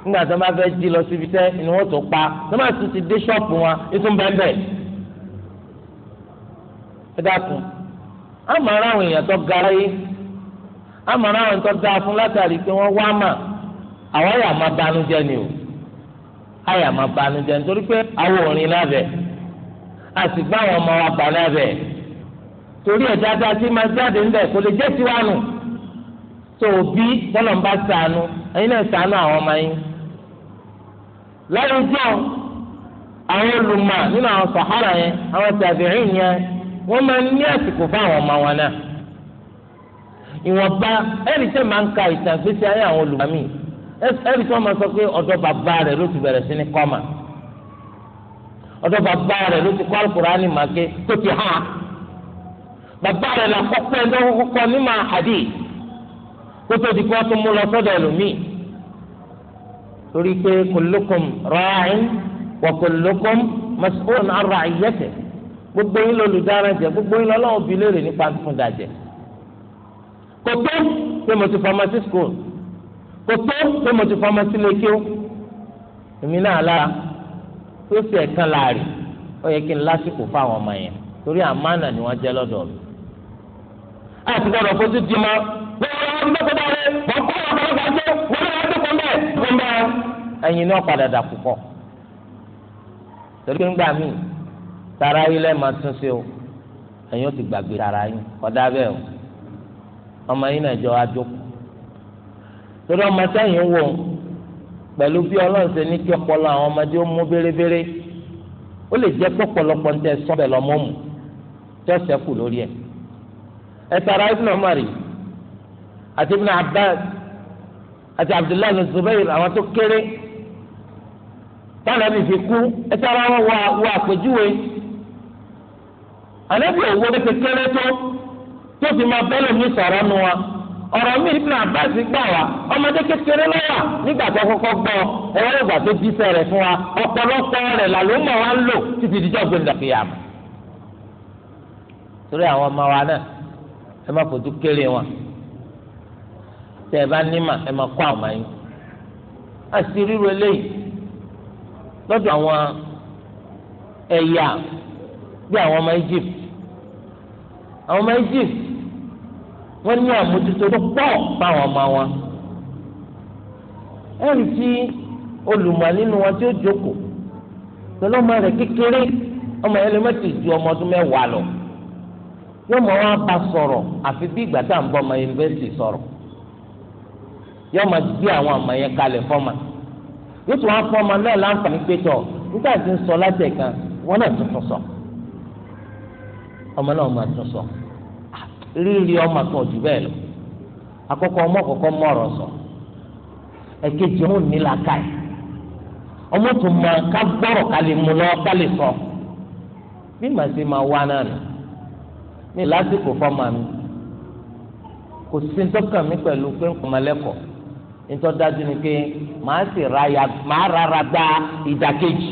nígbà tí bá fẹ́ jí lọ síbi tẹ́ ni wọ́n tó pa tí wọ́n bá tún ti dé ṣọ́ọ̀pù wọn ètò bẹ́ẹ̀ ẹ dákun àmọ́ ara àwọn èèyàn tó ga ayé àmọ́ ara àwọn tó dáa fún látàrí pé wọ́n wá mà àwọn yà máa banú jẹ́ ni o. àyà máa banújẹ́ nítorí pé àwọn òrin lábẹ́ a sì ọmọ wa bà lábẹ́ torí ẹ̀ dáadáa tí máa jáde ńbẹ̀ kò lè jẹ́ tiwa tó o bí ń bá sànù náà sànù àwọn ọmọ yín lẹ́yìn àwọn olùmọ̀ nínú àwọn sàhárà yẹn àwọn tàbíìn yẹn máa ń ní àsìkò ọmọ wọn náà ìwọ̀nba ẹ̀rí máa ń ka ìtàn gbèsè ẹbí tí wọ́n máa sọ pé ọ̀dọ̀ bàbá rẹ̀ ló ti bẹ̀rẹ̀ sí ní kọ́mà ọ̀dọ̀ bàbá rẹ̀ ló ti kọ́ alukurani màgé tó ti hà bàbá rẹ̀ là kọ́kọ́ ẹni tó kọ́kọ́ nímọ̀ àdì kó tó di kí wọ́n tún mú lọ sọ́dọ̀ ẹlòmíì torí pé kullukum ra'in wa kullukum mas'ulun 'an ra'iyyatihi gbogbo yín lọ́lùdára jẹ gbogbo yín lọ́lọ́wọ́ bi léèrè nípa fúnda jẹ kò pé mo ti pharmacy school kò tó pé mo ti fọmọ sílé kí ó èmi náà lára tó sì ẹ̀kan láàrin ó yẹ kí n lásìkò fáwọn ọmọ yẹn torí àmánà ni wọ́n jẹ́ lọ́dọ̀ mi. a ti gbọ́dọ̀ fojú di ma ẹyin náà padà dà púpọ̀ torí pé ńgbà míì tara yín lẹ́ẹ̀ máa tún sí o ẹ̀yin ó ti gbàgbé tara yín kọ́dá bẹ́ẹ̀ o ọmọ yín náà jọ adókòó torí ọmọ sẹ́yìn wò ó pẹ̀lú bí ọlọ́run ṣe ní kí ọpọlọ àwọn ọmọdé ó mú bérebére ó lè jẹ́ pọ̀pọ̀lọpọ̀ ní tẹ sọ́bẹ̀ lọ́mọ mu tí ọ̀sẹ̀ kù lórí ẹ̀ ẹ tara ibn Umar àti ibn Abbas àti Abdullahi ibn Zubair àwọn tó kéré táwọn ẹbí fi kú ẹ tara wọn wọ àpèjúwe àlẹ́ bí òwò ló ti kéré tó tó fi máa bẹ́ẹ̀ lómi sọ̀rọ̀ nu wa ọ̀rọ̀ mi Ibn Abbas gbà wá ọmọdé kékeré lọ́wọ́ nígbà tó kọ́kọ́ gbọ́ ẹ̀rọ ìgbà tó jíṣẹ́ rẹ̀ fún wa ọ̀pọ̀lọpọ̀ rẹ̀ là ló mọ̀ wá ń lò títí ìdíjọ́ gbẹ̀ndà fi yà mọ́. torí àwọn ọmọ wa náà ẹ má fojú kéré wọn tẹ ẹ bá nímà ẹ má kó àwọn yín. àṣírí ro eléyìí lọ́dọ̀ àwọn ẹ̀yà bí àwọn ọmọ Egypt àwọn ọmọ Egypt wọ́n ní àmójútó tó pọ̀ báwọn ọmọ wọn. ẹ̀rì tí olùmọ̀ nínú wọn tí ó jókòó ọmọ rẹ̀ kékeré ọmọ yẹn ọmọ lọ wọn bá sọ̀rọ̀ àfi bí ìgbà tá à ń bọ̀ ọmọ sọ̀rọ̀ gbé àwọn ọmọ yẹn kalẹ̀ fọ́mà yóò tún wọn fọ́mà náà láǹfààní nígbà tí ń sọ sọ. rírì ọmọ kan jù bẹ́ẹ̀ lọ àkọ́kọ́ ọmọ kọ́kọ́ mọ̀rọ̀ sọ ẹ̀kejì ọmọ nílà káì ọmọ tó mọ ká gbọ́rọ̀ ká lè mú lọ ká lè sọ bí màá ṣe máa wá náà nù ní lásìkò fọ́mà mi kò sí ntọ́kàn mi pẹ̀lú pé nkùn mọ́lẹ́kọ̀ọ́ ntọ́ ni pé màá sì máa rárá gba ìdàkejì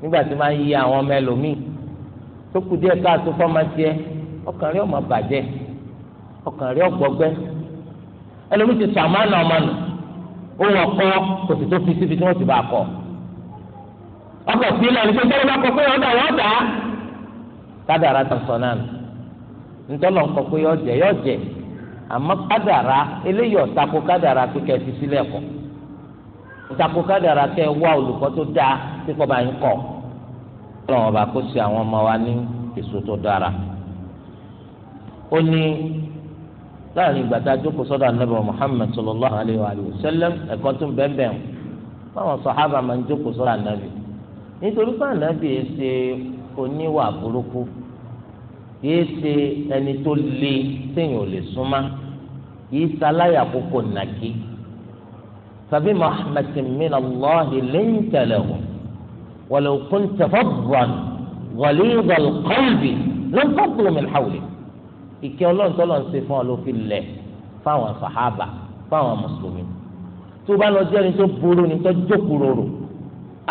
nígbà tí máa yí àwọn ọmọ ẹlòmíì tó kù díẹ̀ káàtó fọ́mà tiẹ̀ ọkàn rẹ ọmọ bàjẹ́ ọkàn rẹ ọgbọgbẹ ẹlòmíì ti sàmánà ọmọnù òun ọkọ kò sì tó fi síbi tí wọn ti bá a kọ ọkọ sí náà ní pé jẹ́rìí bá kọ pé ọ̀dà wọ́n dà á kádàrá tó sọ náà ntọ́lọ̀ nǹkan pé yọ jẹ yọ jẹ àmọ́ kádàrá eléyìí ọ̀tako kádàrá pé kẹ́ ẹ fi sílẹ̀ kọ́ ìtako kádàrá kẹ́ ẹ wá olùkọ́ tó dáa tí bá ń kọ́ ọlọ́run ọba kó ṣe àwọn ọmọ wa ní èso tó dára ó ní láàrin ìgbà tá a jókòó sọ́dọ̀ anabi muhammed sallallahu alayhi wa sallam ẹ̀kọ́ tún bẹ́ẹ̀bẹ́ẹ̀ báwọn sọ̀hábà máa ń jókòó sọ́dọ̀ anabi nítorí pé anabi yìí ṣe oníwà burúkú yìí ṣe ẹni tó le téèyàn ò lè súnmọ́ yìí ṣe aláyàkókò nàkí tàbí muhammed min allah linta lahu walau kunta faddan ghalidha alqalbi lam tadlu min hawlik ìkẹ́ ọlọ́run tọ́lọ̀ ń se fún ọ ló fi lẹ̀ fáwọn sàhábà fáwọn mùsùlùmí tó bá lọ jẹ́ni tó burú ni tó jókòrò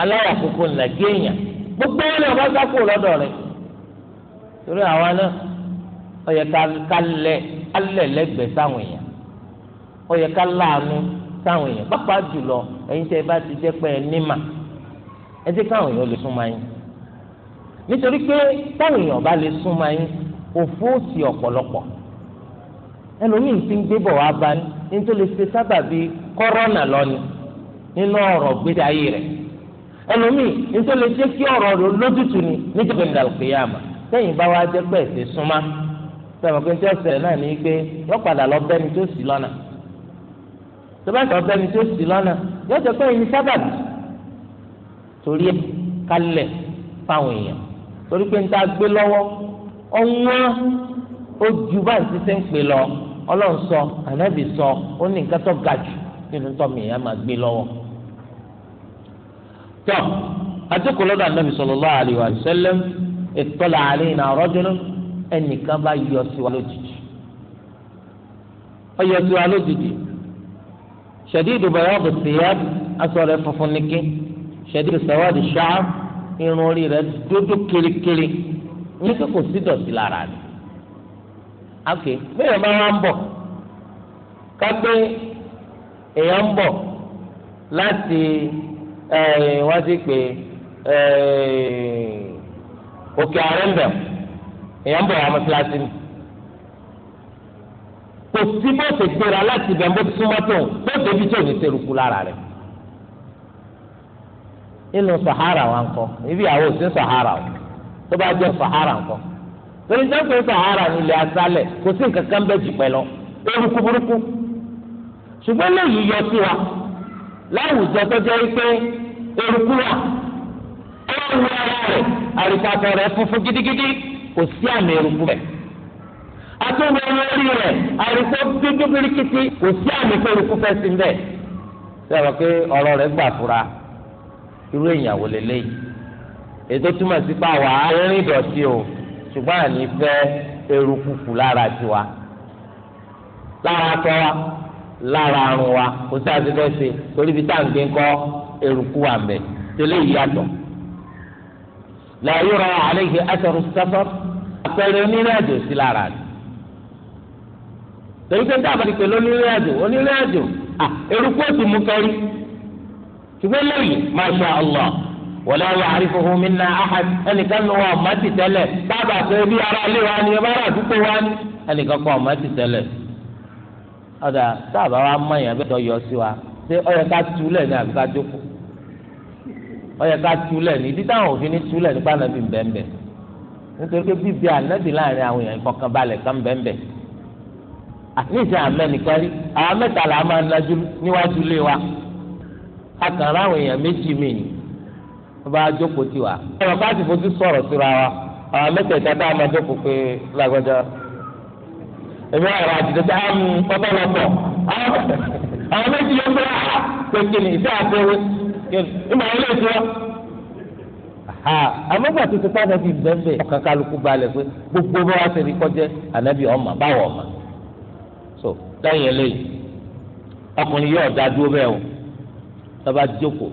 aláwọ̀ kókó ńlá géèyàn gbogbo wọn lọ bá sákò lọ́dọ̀ rẹ̀ torí àwọn náà ó yẹ ká lẹ̀ alẹ̀ lẹ́gbẹ̀ẹ́ sáwọn èèyàn ó yẹ ká láàánú sáwọn èèyàn pápá jùlọ ẹ̀yin tẹ́ ẹ bá ti jẹ́ pé ẹ nímà ẹ jẹ́ káwọn èèyàn lè súnmọ́ yín nítorí pé táwọn èèyàn bá lè súnmọ́ yín òfóòsì ọ̀pọ̀lọpọ̀ ẹlòmíì ti ń gbé wá bá ní nítorí ṣe sábà bíi kọ́rọ́nà lọ́ni nínú ọ̀rọ̀ gbéde ayé rẹ̀ ẹlòmíì nítorí ṣe kí ọ̀rọ̀ rẹ̀ ni níjọba ìdàlùkìyàmà sẹ́yìn bá wá jẹ́ pẹ̀ ṣe súnmá sọ̀rọ̀ pé nítorí ṣẹlẹ̀ náà ní pé yóò padà lọ bẹ́ni tó sì lọ́nà tó bá sọ bẹ́ni tó sì lọ́nà yóò jẹ́ pé Tori torí kálẹ̀ fáwọn èèyàn torí pé ọ̀wọ́n ojú bá ń ṣiṣẹ́ ń pè lọ ọlọ́run sọ ànábì sọ ó ní nǹkan tó ga jù nínú tọ́mì yẹn máa gbé lọ́wọ́. tọ́ àtúkò lọ́dọ̀ ànábì sallallahu alaihi wasallam ittala alaina rajulun ẹnìkan bá yọ sí wa lójijì. ó yọ sí wa lójijì. shadidu bayadu thiyab aṣọ rẹ̀ funfun nìkí shadidu sawadi sha'r irun orí rẹ̀ dúdú kirikiri ní pé kò sí dọ̀tí lára rẹ̀ ok bẹ́ẹ̀ bá wà ń bọ̀ ká pé èèyàn ń bọ̀ láti wọ́n ti pè òkè àrẹ́ńdẹ̀ èèyàn ń bọ̀ wà mọ́sálásí ni kò sí bó ṣe gbéra láti ibẹ̀ bó súnmọ́ tó tó débi tó ní serukú lára rẹ̀ nínú sahara wa ń kọ́ ibi àwọn ò sí sahara o tó bá jẹ́ sahara nǹkan torí jẹ́pẹ́ sahara ní ilẹ̀ asálẹ̀ kò sí nǹkan kan bẹ́ẹ̀ jù pẹ́ lọ eruku burúkú ṣùgbọ́n lẹ́yìn yọ sí wa láwùjọ tó jẹ́ pé eruku wà ẹ̀rù ara rẹ̀ àríkàtọ̀ rẹ̀ funfun gidigidi kò sí àmì eruku rẹ̀ atúwọ̀ lórí rẹ̀ àríkò dúdú birikiti kò sí àmì pé fẹ́ sí bẹ́ẹ̀ sọ̀rọ̀ pé ọ̀rọ̀ rẹ̀ gbà fura irú èèyàn lélẹ́yìí ètò túmọ̀ sí pa wà á rìn o ṣùgbọ́n àní fẹ́ eruku kù lára tiwa lára tọ́ wa lára àrùn wa kò sí àti torí ibi tá ń kọ́ eruku wà mẹ́ tẹ́lẹ̀ yìí yàtọ̀ làyúrọ àlejò àtẹrù sáfọ àpẹẹrẹ onírìnàjò sí lára rẹ torí pé dábàá eruku wala ya'rifuhu minna ahad ẹnìkan ló wà ọ̀má ti tẹ́lẹ̀ bàbá sọ ebi ara ilé wa ni ọba àdúgbò wa ni ẹnìkan kọ́ ọ̀má ti tẹ́lẹ̀ ọ̀dà sábà wa mọ èèyàn bẹ́ẹ̀ tó yọ sí wa ṣé ọyẹ ká túlẹ̀ ní àbí ká jókòó ọyẹ ká túlẹ̀ ní ìdí táwọn òfin ní túlẹ̀ nípa ànábì bẹ́ẹ̀nbẹ́ẹ̀ nítorí pé bíbi ànábì láàrin àwọn èèyàn ìfọkànbalẹ̀ kan bẹ́ẹ̀nbẹ́ẹ̀ àtúnṣe àmẹ́nìkan rí àwọn àwọn èèyàn wọ́n bá jókòó tì wá. bá ti fojú sọ̀rọ̀ síra wa àwọn mẹ́tẹ̀ẹ̀ta tá a máa jókòó pé lágbájá èmi àwọn àtijọ́ tá a mú ọbẹ̀ lọ́pọ̀ àwọn méjì ló ń bẹ̀rẹ̀ á pé kí ni ìfẹ́ àtẹwé ìmọ̀ àwọn ilé ìtura. àmọ́gbà tó ti pàṣẹ fi bẹ́ẹ̀ ọ̀kan kálukú balẹ̀ pé gbogbo bá wa ṣe rí kọjẹ́ ànábì ọmọ báwọ̀ ọmọ. so lẹ́yìn eléyìí ọkùnrin yóò dá dúró bẹ́ẹ̀ o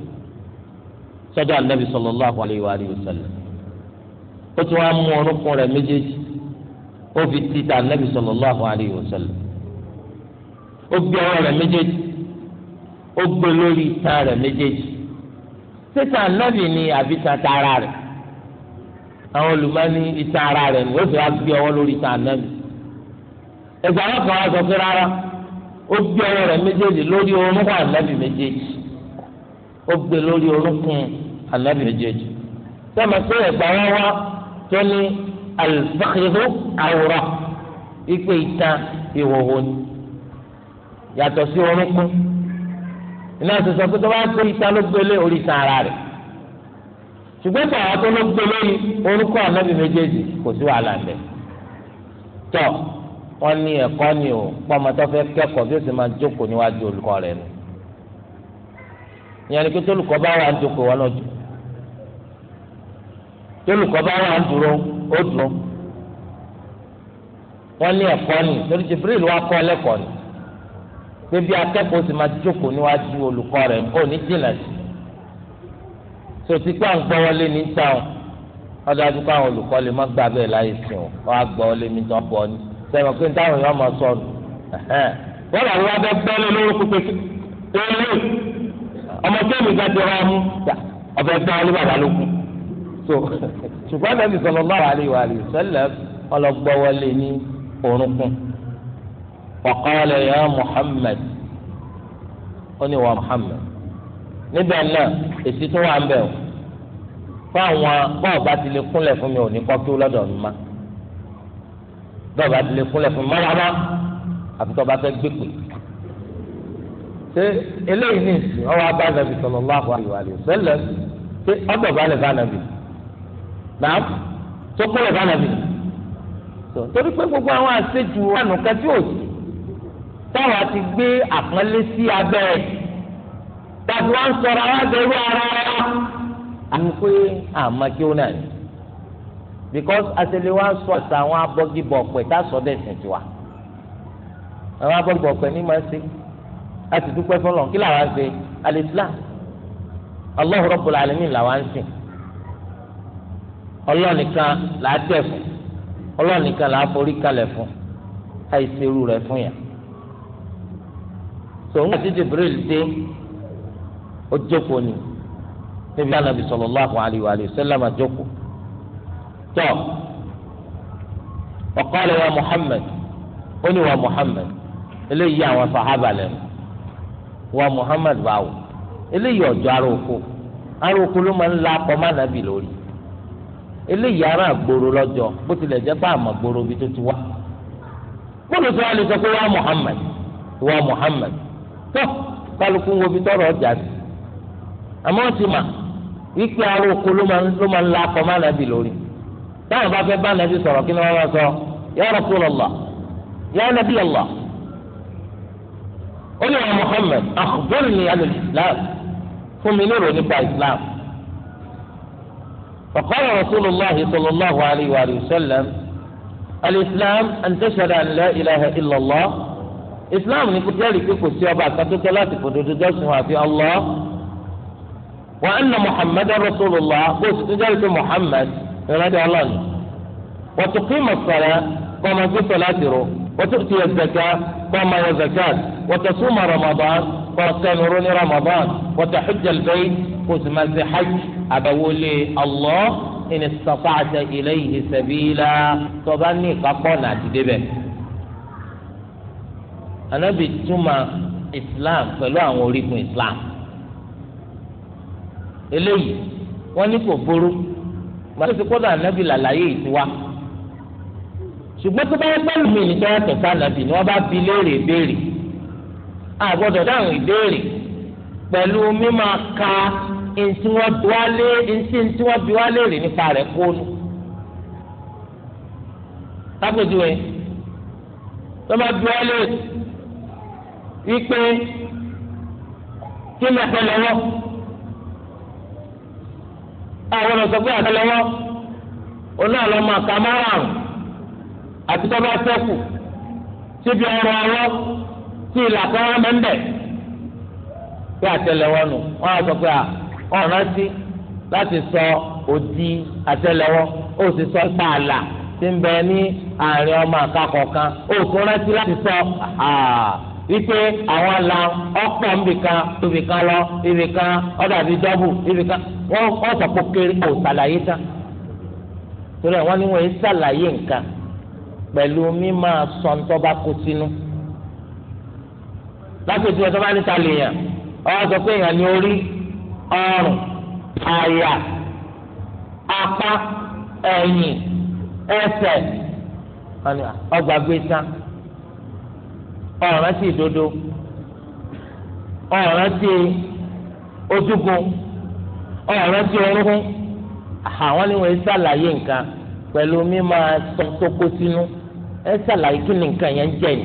sọ́dọ̀ anabi sallallahu alayhi wa sallam ó tún wá mú orúnkún rẹ̀ méjèèjì ó fi ti ta anabi sallallahu alayhi wa sallam ó gbé ọwọ́ rẹ̀ méjèèjì ó gbé lórí ìta rẹ̀ méjèèjì títa anabi ni àbí tata ara rẹ̀ àwọn olùmọ́ni ìta ara rẹ̀ ni ó fi wá gbé ọwọ́ lórí ìta anabi ẹgbẹ́ àwọn kan wá rárá ó gbé ọwọ́ rẹ̀ méjèèjì lórí orúnkún anabi méjèèjì ó gbé lórí orúnkún anabi méjèèjì sẹ́mi pé ẹ̀gbà wọn wá tó ní alifakirihu awurọ ipe ìtàn ìhòhò ni yàtọ̀ sí orúnkún iná sísọ pé tó bá ń pè ìtàn ló gbélé orí ìtàn ara rẹ̀ ṣùgbọ́n tàwa tó ló gbélé orúnkún anabi méjèèjì kò sí wàhálà ń bẹ tọ́ wọ́n ní ẹ̀kọ́ ni o pọ́nmọ́tò fẹ́ kẹ́kọ̀ọ́ bí ó sì máa jókòó níwájú olùkọ́ rẹ̀ nù ìyẹn ni pé tó olùkọ́ bá wà ń jókòó wọn lọ́jọ́ tólùkọ́ bá wà ń dúró ó dúró wọ́n ní ẹ̀kọ́ ni lórí jibril wa kọ́ lẹ́kọ̀ọ́ ni pé bí akẹ́kọ̀ọ́ sì máa jókòó níwájú olùkọ́ rẹ̀ ó ní jìnnà sí sòtí pé à ń gbọ́ wọlé ní sáwọn ọdájú pé àwọn olùkọ́ lè má gbà bẹ́ẹ̀ láyé sìn o wọ́n á gbọ́ wọlé mi tán bọ́ ni sẹ́yìn pé táwọn èèyàn máa sọnù wọ́n làwọn wá bẹ́ gbẹ́lẹ̀ lórúkú pé kéèlè ọmọ kéèlè gbàdúrà mú ọbẹ̀ gbà wọlé bàbá lókun so ṣùgbọ́n Ànábì sallallahu alaihi wa alihi wasallam ọlọ́gbọ́wọlé ní orúnkún wa qala ya Muhammad ó ní wa Muhammad níbẹ̀ náà èsì tó wà ń bẹ̀ o fáwọn bọ́ọ̀ bá ti lè kúnlẹ̀ fún mi ò ní kọ́ kí ó lọ́dọ̀ mi má bọ́ọ̀ bá ti lè kúnlẹ̀ fún mi má rárá àfi tó bá fẹ́ gbé ṣé eléyìí ní ìsìn ọwọ́ abá Ànábì sallallahu alaihi wa alihi wasallam ṣé ọ̀dọ̀ bá lè bá Ànábì nàá tó kúrò bá nàbì torí pé gbogbo àwọn àṣejù ànùkẹ́ tí ò sí táwa ti gbé àpọ́nlé sí abẹ́ ẹ̀ tàbí wọ́n ń sọ̀rọ̀ àwọn àgbẹ̀rú ara wa àmì pé àmọ́ kí ó náà ní because àtẹlẹ wa sọ àṣà àwọn abọ́gibọ̀ pẹ̀ tá a sọ bẹ́ẹ̀ sìn tiwa àwọn abọ́gibọ̀ pẹ̀ ní máa ń ṣe a ti dúpẹ́ fọlọ́n kí làwọn ṣe alẹ́ islam Allahu Rabbul Alamin làwọn ṣe ọlọ́nìkan là á tẹ̀ fún ọlọ́nìkan là á forí kalẹ̀ fún àìsèrú rẹ̀ fún yà. sòun àti Jibril dé ó jókòó ni níbi tí anabi sallallahu alayhi wa sallam jókòó tọ́ ọ̀kọ́ lè wa Muhammad ó ní wa Muhammad eléyìí àwọn sàhábà lẹ́nu wa Muhammad báwo eléyìí ọjọ́ aróko aróko ló máa ń la apọ̀ nàbì lórí eléyìí yara gboro lọ́jọ́ bó tilẹ̀ jẹ́ bá àmọ̀ gbòrò bí tó ti wá bóòlù tí wọ́n sọ pé wá Muhammad wá tọrọ ọjà sí àmọ́ ti mà wípé aró oko ló máa ń la akọ má nàbì lórí táwọn bá fẹ́ bá sọ̀rọ̀ kí sọ ya Rasulullah ya nàbì ó ní wa Muhammad akhbirni anil Islam fún mi ní ìròyìn nípa Islam. فقال رسول الله صلى الله عليه وآله وسلم الإسلام أن تشهد أن لا إله إلا الله إسلام نكتالي يقول سيابا كتوكالاتي فدودوسن في الله وأن محمد رسول الله قلت تجلس محمد رضى الله وتقيم الصلاة قام في صلاته وتؤتي الزكاة قام وزكاة وتصوم رمضان kọ́ sẹ́nuró ní Ramadan wọ́tà hujjal bayt kó sì máa ṣe hajj àbẹ̀wọlé Allah in istata'ta ilayhi sabila tọ́ba ní ìkápọ̀ náà ti débẹ̀. anabi túmọ̀ islam pẹ̀lú àwọn orígun islam eléyìí wọ́n ní kò burú gbàtí ti kọ́ da anabi làlàyé ìtura ṣùgbọ́n tó bá yẹ pẹ́lú mi nìkan yàtọ̀ sí anabi ni wọ́n bá bi léèrè béèrè àgbọ̀dọ̀ dáhùn ìbéèrè pẹ̀lú mímọ̀ ka ntí wọ́n bí wá lé ntí ntí wọ́n bí wá léèrè nípa rẹ̀ kónú. lápẹ̀jù ẹ̀ lọ́mọ bí wá léèrè wípé kí ni ọ̀pẹ lọ́wọ́ àwọn ọ̀sọ̀ pé àtẹ lọ́wọ́ oná lọ́mọ àkàmọ́ àti tọ́ba sẹ́kù síbi ọrọ̀ ọrọ̀ tí ìlà kan wá máa ń bẹ̀ pé àtẹ́lẹwọ́ nù wọ́n á sọ pé ọ̀ràn sí láti sọ òdi àtẹ́lẹwọ́ ó sì sọ ipa tí ń bẹ ní àárín ọmọ àkàkọ̀ kan ó tún rántí láti sọ wípé àwọn la ọ̀pọ̀ nbìkan ibìkan lọ ibìkan ọ̀dàbí dọ́bù ibìkan wọ́n sọ̀kò kéré kò sàlàyé tán torí àwọn ni wọ́n yé sàlàyé nǹkan pẹ̀lú mímọ́ sọ̀ńtọ́ kó sínú. lápẹjù ọjọ́ bá níta lè yàn ọwọ́ sọ pé èèyàn ní orí ọrùn àyà apá ẹ̀yìn ẹsẹ̀ ọgbàgbé sí ìdodo sí sí orúkún àwọn ni wọ́n ṣàlàyé nǹkan pẹ̀lú mímọ́ tó kó sínú ẹ ṣàlàyé kí ni nǹkan yẹn ń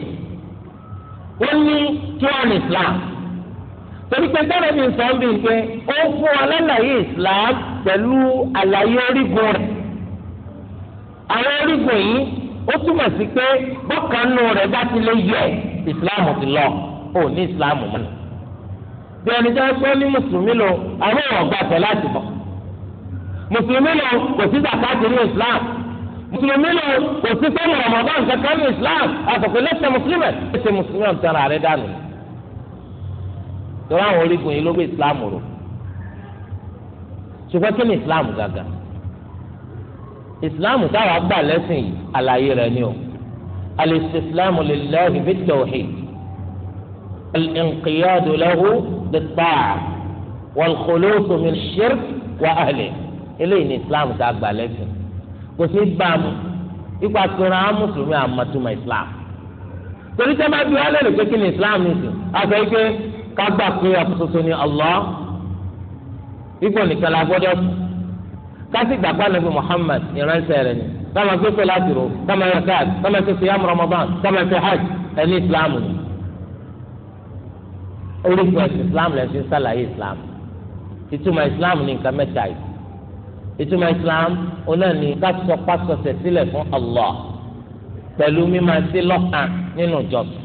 wọ́n ní kí islam torí pé bẹ́ẹ̀ ni sọ́n bí pé ó fún alálàyé islam pẹ̀lú àlàyé orígun rẹ̀ àwọn orígun yìí ó túmọ̀ sí pé bọ́kànnù rẹ̀ bá ti lè yẹ islam ti lọ ò ní islam mọ́nà bí ẹni tó ń pẹ́ ní mùsùlùmí lò àwọn ọ̀gbà tẹ̀ láti bọ̀ mùsùlùmí lò kò sí zakati ní islam mùsùlùmí lò kò sí sẹ́nu ramadan kankan ní islam àtọ̀pẹ́ lẹ́sẹ̀ mùsùlùmí lẹ́sẹ̀ mùsùlùmí àti ara rẹ̀ dànù. tọ́lá àwọn orígun yìí ló gbé islam rò ṣùgbọ́n kí ni islam gàgà islam táwa gbà lẹ́sìn yìí àlàyé rẹ̀ ni o al-istislamu lillahi bit-tawhid al-inqiyadu lahu bit-ta'a wal-khulusu min ash-shirk wa ahlihi eléyìí ni islam tá a gbà lẹ́sìn. kò sí bàmù ipa pẹ̀lú àwọn mùsùlùmí àmọ̀túmọ̀ islam torí sẹ́ máa bí wọ́n lérò pé kí ni islam ní sùn àgbà yìí pé ká gbà pé ọkùnrin ni Allah ipò nìkan la gbọ́dọ̀ sùn kásì gbàgbọ́ nàbí Muhammad ìránṣẹ́ rẹ̀ ni kama gbẹ́sẹ̀ láti rò kama yakat kama kama ṣe hajj ẹni islam ni orí ìgbà islam lẹ́sìn sálàyé islam ìtumọ̀ islam nǹkan mẹ́ta yìí. ìtumọ̀ islam onáni kásọpásọsẹ̀ sílẹ̀ fún allah pẹ̀lú mímá sí lọ́kàn nínú ìjọsìn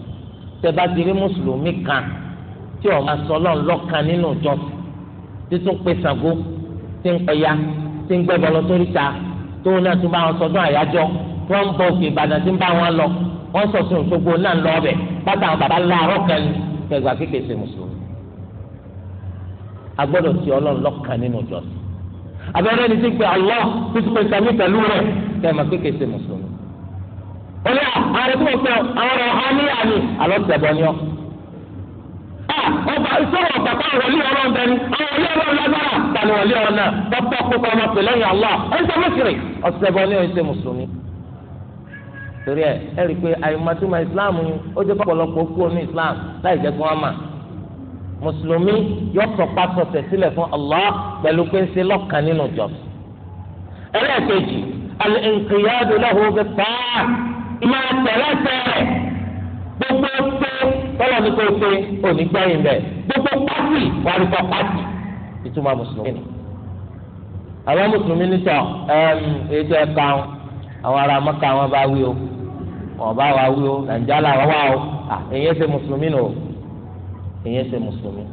tẹ́bá ti rí mùsùlùmí kan tí ó máa sọ Ọlọ́run lọ́kàn nínú ìjọsìn títún pé Ṣàngó tí ń pẹ̀yà tí ń gbẹ́bọ̀ lọ sórí ta tóun náà tún bá wọn sọdún àyájọ́ wọ́n ń bọ òkè ìbàdàn tí ń bá wọn lọ wọ́n sọ̀tún ìṣògbó náà ń lọ ọbẹ̀ pátá àwọn bàbá láàárọ̀ kan ní kẹgbà kékeré mùsùlùmí a gbọ́dọ̀ ti Ọlọ́run lọ́kàn nínú ìjọsìn abẹ́rẹ́ ni ti pe Allah tó ti pe sami pẹ̀lú rẹ̀ kẹ́ ẹ máa pé kèsè mùsùlùmí. ó ní ah, àwọn tó ń pẹ́ àwọn ọ̀rọ̀ ọ̀hán ní àmì àlọ́ tẹ̀bọ̀ ni ọ́. Ah, ọba ìṣòro ọ̀pàpá ìwọlé ọlọ́run bẹni àwọn ìwọlé ọlọ́run lágbára tani ìwọlé ọ̀run náà tọ́pọ̀ kókó ọmọ pè lẹ́yìn Allah ẹ̀ṣẹ̀ mùsùlùmí ọ̀ṣẹ̀bọ̀ ni ọ̀ṣẹ̀ mùsùlùmí. torí ẹ ẹ rí i pé àyùmọ̀túmọ̀ ìsìláàmù ó jẹ́ pọ̀lọpọ̀ kú omi ìsìláàmù láì jẹ́ kí wọ́n máa mùsùlùmí yóò sọpá sọsẹ sílẹ̀ fún Allah pẹ̀lú pé ń ṣe lọ́kàn nínú ìjọsìn. ẹlẹ́ẹ̀kejì al-inqiyadu lahu bit-ta'ah ìmọ̀ àtẹ̀lẹ́sẹ̀ gbogbo pé tọ́lọ̀ ní kò pé òní gbẹ̀yìn bẹ́ẹ̀ gbogbo pátì wàá rí kọ́ pátì ìtumọ̀ mùsùlùmí ni. àwọn mùsùlùmí nítọ̀ ètò ẹ̀ka àwọn ará mọ́ka wọn bá wí o wọn bá wá wí o nàìjíríà làwọn wá o èyí ṣe mùsùlùmí o ìyẹn ṣe mùsùlùmí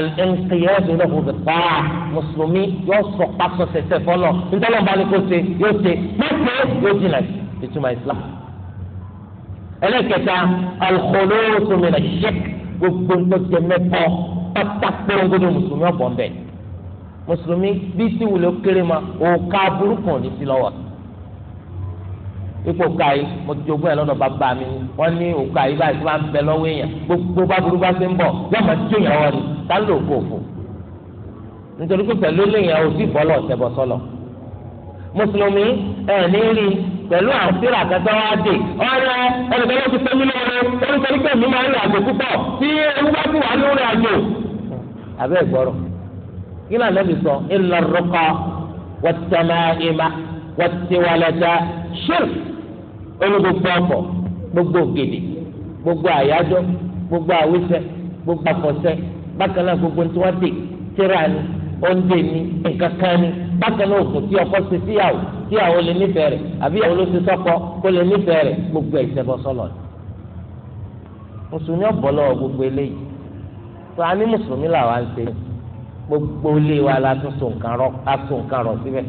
al-inqiyadu lahu bit-ta'a mùsùlùmí yóò sọ pásọ sẹsẹ fọlọ nítorí ọba ni kò ṣe yóò ṣe mẹsẹ yóò jìnà ìtumọ̀ islam ẹlẹ́kẹta al-khulusu min ash-shirk gbogbo ńlọtẹ mẹpọ pátá pẹrẹngodo mùsùlùmí ọbọ mbẹ mùsùlùmí bí tí wùlé kéré ma òkà burúkú ní sí ipò kàyí mo ti jogún ẹ lọ́dọ̀ bàbá mi wọ́n ní òkú àyè báyìí tó máa ń bẹ lọ́wọ́ èèyàn gbogbo bá burú bá ṣe ń bọ̀ yóò máa jó yàn wọ́n ká ló kó òfò nítorí pé pẹ̀lú lèèyàn ò sì bọ́lọ̀ ṣẹbọ sọlọ mùsùlùmí ẹ̀ ní rí pẹ̀lú àṣírà kẹtọ́ wá dé ọ̀rẹ́ ẹnìkan ti pẹ́mí lọ́wọ́ ó ń sọ pé mi máa ń rìn àjò púpọ̀ tí ewu bá ti ní rìn àjò. àbẹ́ ìgbọ́rọ̀ olú gbogbo ọkọ̀ gbogbo ògèdè gbogbo àyájọ́ gbogbo àwísẹ́ gbogbo àfọ̀sẹ́ bákan náà gbogbo tí wọ́n dè tíra ni oúnjẹ ni nǹkan kan ni bákan náà òkú tí ọkọ ṣe síyàwó síyàwó lè nífẹ̀ẹ́ rẹ̀ àbí ìyàwó ló ṣe sọ́kọ kó lè nífẹ̀ẹ́ rẹ̀ gbogbo ẹ̀ṣẹ̀ bọ́ sọ́lọ̀ ni. mùsùlùmí ọ̀bọ̀ gbogbo eléyìí tó a ní mùsùlùmí làwa ń ṣe gbogbo ilé wa la tún so nǹkan rọ síbẹ̀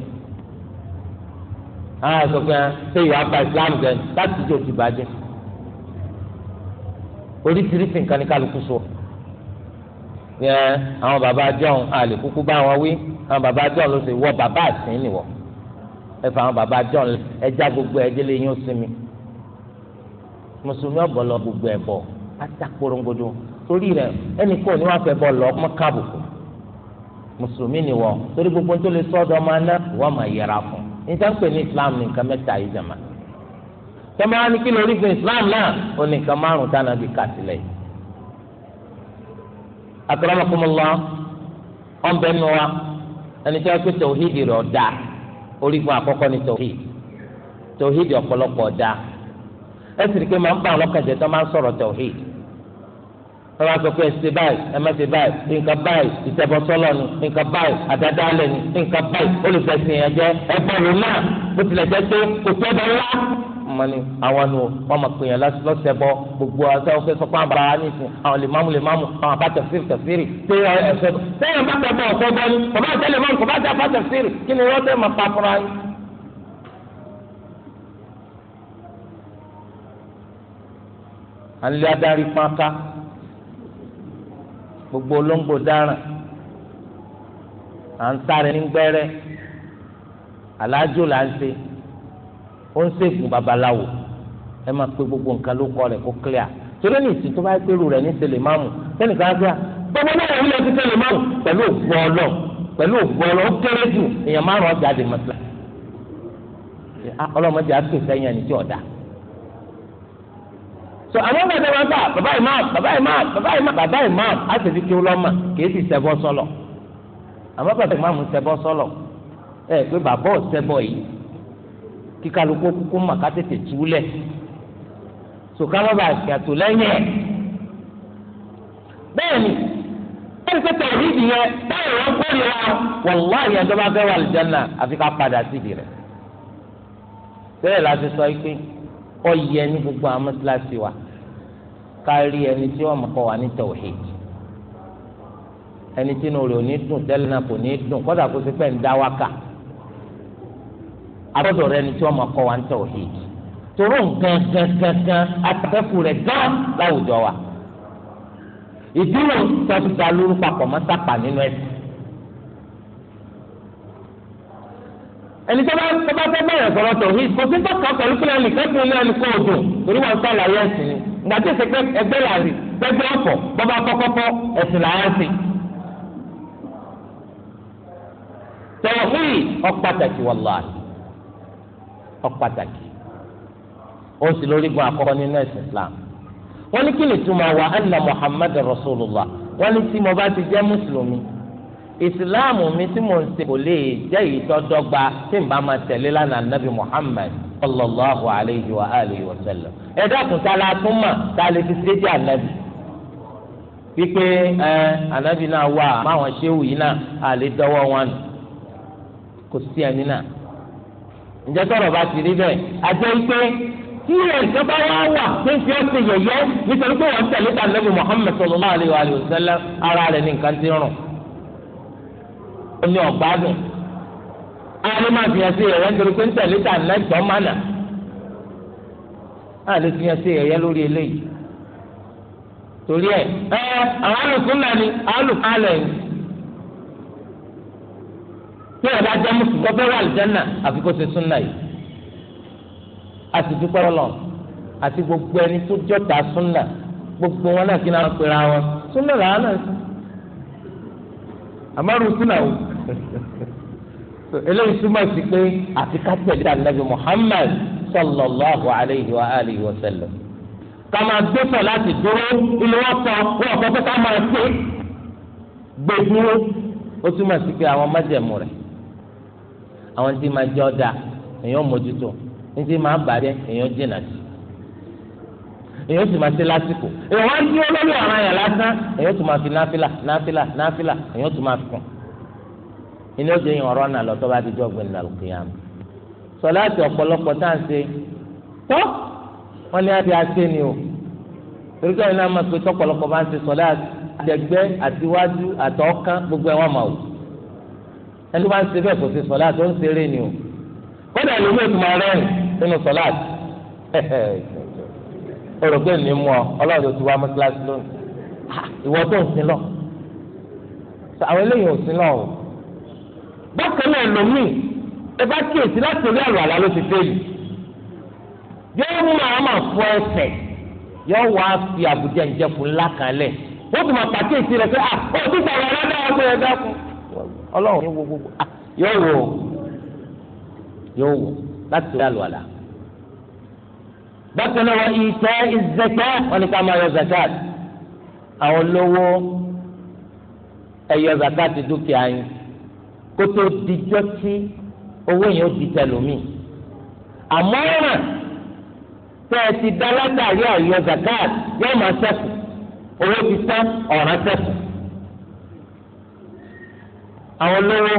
àwọn àsọ̀kẹ́ ṣé ìyá bá islam jẹ láti jẹ́ òtí bàjẹ́ oríṣiríṣi nǹkan ní kálukú sọ ẹ àwọn bàbá john àlè kúkú bá wọn wí àwọn bàbá john ló sì wọ bàbá àsìn nìwọ ẹ fà àwọn bàbá john ẹja gbogbo ẹjẹ lè yín ó sinmi mùsùlùmí ọ̀bọ̀lọ gbogbo ẹ̀ bọ̀ atakorongodo torí rẹ ẹnì kò ní wọn fẹ́ bọ̀ lọ ọmọ káàbùkù mùsùlùmí nìwọ torí gbogbo tó lè sọ ọdọ ọmọ aná wọn máa yẹra fún níta ń pè ní islam ní nǹkan mẹ́ta yìí na tọ́mọ wa ní kí lórí fún islam náà ó ní nǹkan márùn-ún tá nàbí kà sílẹ̀ akramakumullah ọ̀nbẹ nù wa ẹni tí wọ́n pè tòhídì rẹ̀ ọ̀dà orígun àkọ́kọ́ ní tòhídì tòhídì ọ̀pọ̀lọpọ̀ ọ̀dà ẹ̀sìn kí máa ń bá tó wọ́n máa sọ pé ẹsẹ báyìí ẹ má ṣe báyìí nǹkan báyìí ìtẹ̀bọ̀sọ́lọ̀ ni nǹkan báyìí àdádálẹ̀ ni nǹkan báyìí olùfẹ̀sìn ẹ̀jẹ̀ ẹ̀bọ̀n ló náà bó tilẹ̀ jẹ́ pé kò tó ẹ̀bọ̀ ńlá. wọ́n ní àwọn nù wọ́n máa pè yàn lọ́sẹ̀ bọ gbogbo ọ̀sẹ̀ ọ̀fẹ́ sọ pé àwọn bàbá ní ìsìn àwọn lè máàmù lè máàmù àwọn àbá tẹ̀síìrì tẹ̀síìrì ṣé ẹ̀sẹ̀ sẹ́yìn bá tẹ̀ bọ̀ ọ̀sẹ̀ bọ́ni kò bá tẹ̀lé mọ́ni kò bá tẹ̀ bá tẹ̀síìrì kí ni wọ́n tẹ̀ máa pa fúnra yín. à ń lé gbogbo olóńgbò dáràn à ń sáré ní gbẹ́rẹ́ aláàjò là ń ṣe ó ń ṣègùn babaláwo ẹ máa pe gbogbo nǹkan ló kọ rẹ̀ kó clear torí ní ìsìn tó bá pérù rẹ̀ ní tẹlẹ máàmù tẹnìkan á gbà gbogbo náà wọlé ti tẹlẹ máàmù pẹ̀lú òkú ọlọ pẹ̀lú òkú ọlọ ó kéré jù èèyàn márùn ọjà dè mọ́tò ọlọ́mọdé á pèsè ẹ̀yàn ní tí ọ̀dà tó àwọn ọgbà tó wọn gbà bàbá imam bàbá imam bàbá imam bàbá imam á sì fi kí wọn lọ́mà kìí sì sẹ́bọ́ sọ́lọ̀ àmọ́ bàbá imam sẹ́bọ́ sọ́lọ̀ ẹ pé bàbá ò sẹ́bọ̀ yìí kí kálukú kúkú mà ká tètè túlẹ̀ sòkàmọ́ bá yàtò lẹ́yìn ẹ̀ bẹ́ẹ̀ ni wọ́n ti tẹ̀lé ìdí yẹn báyìí wọ́n kọ́ ni wa wàlúwà yẹn tó bá fẹ́ wà lìjánà àfi ká padà síbi rẹ̀ bẹ́ẹ̀ la ti sọ pé ọyẹ ní gbogbo àwọn mọ́tíláṣí wa kárí ẹni tí wọ́n kọ́ wa ní tawhid ẹni tí inú rẹ̀ ò ní dùn tẹ́lẹ̀ náà kò ní dùn kódà kó sì pẹ́ ń dá wákà àtọ́dọ̀ rẹ̀ ẹni tí wọ́n kọ́ wa ní tawhid toró nǹkan gangan atẹ́kù rẹ̀ gán láwùjọ wa ìdílé sọ́túta lórúkọ àpọ̀mọ́sápà nínú ẹ̀sìn. ẹni tó bá tó bá fẹ́ bẹ̀rẹ̀ sọ̀rọ̀ tòhí kò sí tó kàn pẹ̀lú kílẹ̀ nìkan tó ní ẹnì kan òdùn torí wọn sọ àlàyé ẹ̀sìn ni gbàtí ìsèpé ẹgbẹ́ làrí gbẹgbẹ́ ọ̀pọ̀ bọ́bá kọ́kọ́kọ́ ẹ̀sìn làwọn sìn. tẹ̀wọ̀fíì ọ̀pàtàkì wàláhì ọ̀pàtàkì ó sì lórí gun àkọ́kọ́ nínú ẹ̀sìn Islam wọ́n ní kí ni túmọ̀ wa anna Muhammad rasulullah wọ́n ní tí mo bá ti jẹ́ mùsùlùmí ìsìláàmù mi tí mo ń ṣe kò lè jẹ́ ìtọ́dọ́gba tí n bá máa tẹ̀lé lánàá nàbì Muhammad sallallahu alayhi wa alihi wa sallam ẹ dákun tá a la tún mà tá a lè fi sédí ànábì wípé ẹ ànábì náà wà máwọn ṣéwù yìí náà a lè dọwọ́ wọn nù kò sí ẹni náà ǹjẹ́ sọ̀rọ̀ bá ti rí bẹ́ẹ̀ àjẹ́ wípé tí ẹ̀sẹ̀ bá wá wà pé fi ọ́ ṣe nítorí pé wọ́n tẹ̀lé tànábì Muhammad sallallahu alayhi wa sallam ara rẹ̀ ní nǹkan ti rùn ó ní ọ̀gbádùn àti máa fi hàn sí ẹ̀yẹ́ nítorí pé ń tẹ̀lé tà lẹ́tọ̀ọ́ mánà àlè fi hàn sí ẹ̀yẹ́ lórí eléyìí torí ẹ ẹ àwọn alùpùpù náà ni alùpùpù alẹ̀ yìí tí ọ̀dà jẹ́ mùsùlùmí ọ̀fẹ́ wà lìjánà àfi kó ṣe súnà yìí a sì dúpẹ́ ọlọ́ àti gbogbo ẹni tó jọ́ta súnà gbogbo wọn náà kí náà pera wọn súnà làwọn náà sí àmọ́ rú súnà o. eléyìí túmọ̀ sí pé àti ká tẹ̀lé ànábì Muhammad sallallahu alayhi wa alihi wa sallam ká máa gbé pọ̀ láti dúró ilé wọn sọ wọn kọ́ pé ká máa ṣe gbé dúró ó túmọ̀ sí pé àwọn májẹ̀mú rẹ̀ àwọn tí máa jẹ́ ọ̀dà èèyàn mójútó ní tí máa bàjẹ́ èèyàn jìnnà sí èyàn sì máa ṣe lásìkò dúró lórí ọ̀ràn yẹn lásán máa fi náfìlà náfìlà náfìlà máa fi kàn inú ó jẹyìn ọ̀rọ̀ náà lọ́tọ́ bá ti jọ gbìn ní alùpùpù sọláàtì ọ̀pọ̀lọpọ̀ tá à ń ṣe tọ́ wọ́n ní àti àṣẹ ni o torí káyọ̀ náà máa pe tọ́pọ̀lọpọ̀ bá ń ṣe sọláàtì àtẹ̀gbẹ́ àtiwájú àtọ̀ọ́kán gbogbo ẹ̀ wọ́n máa wò ẹni tó bá ń ṣe bẹ́ẹ̀ kò ṣe sọláàtì ó ń ṣeré ni o kódà ló lóòtú máa rẹ́rìn nínú sọláàtì olùgbé ní mú ọ ọlọ́run ti wá mọ́ṣáláṣí lónìí ìwọ tó ń sin lọ àwọn eléyìí ò sin lọ o ẹlòmíì ẹ bá kíyèsí láti orí àlọ́ àlá ló ti fẹ́ yìí yóò mú àwọn máa fọ ẹsẹ̀ yóò wá fi àbújá ìjẹkù ńlá kan lẹ̀ ó sì máa pàkíyèsí rẹ̀ pé ah ó ti sọ̀rọ̀ ọlọ́dọ̀ ọgbẹ́ ẹ̀dá kù ọlọ́run ní wo gbogbo ah yóò wò yóò wò láti orí àlọ́ àlá bákan náà wọ ìtẹ́ ìzẹ̀kẹ́ wọn ni ká máa yọ zakat àwọn olówó ẹ̀yọ zakat dúkìá yín kótó dijọ́ tí owó yẹn ó di tẹlómi àmọ́ ọ̀ràn tẹ́ ẹ ti dá látàrí àyọ zakat yóò máa ṣẹ́kù owó ti tán ọ̀ràn ṣẹ́kù àwọn olówó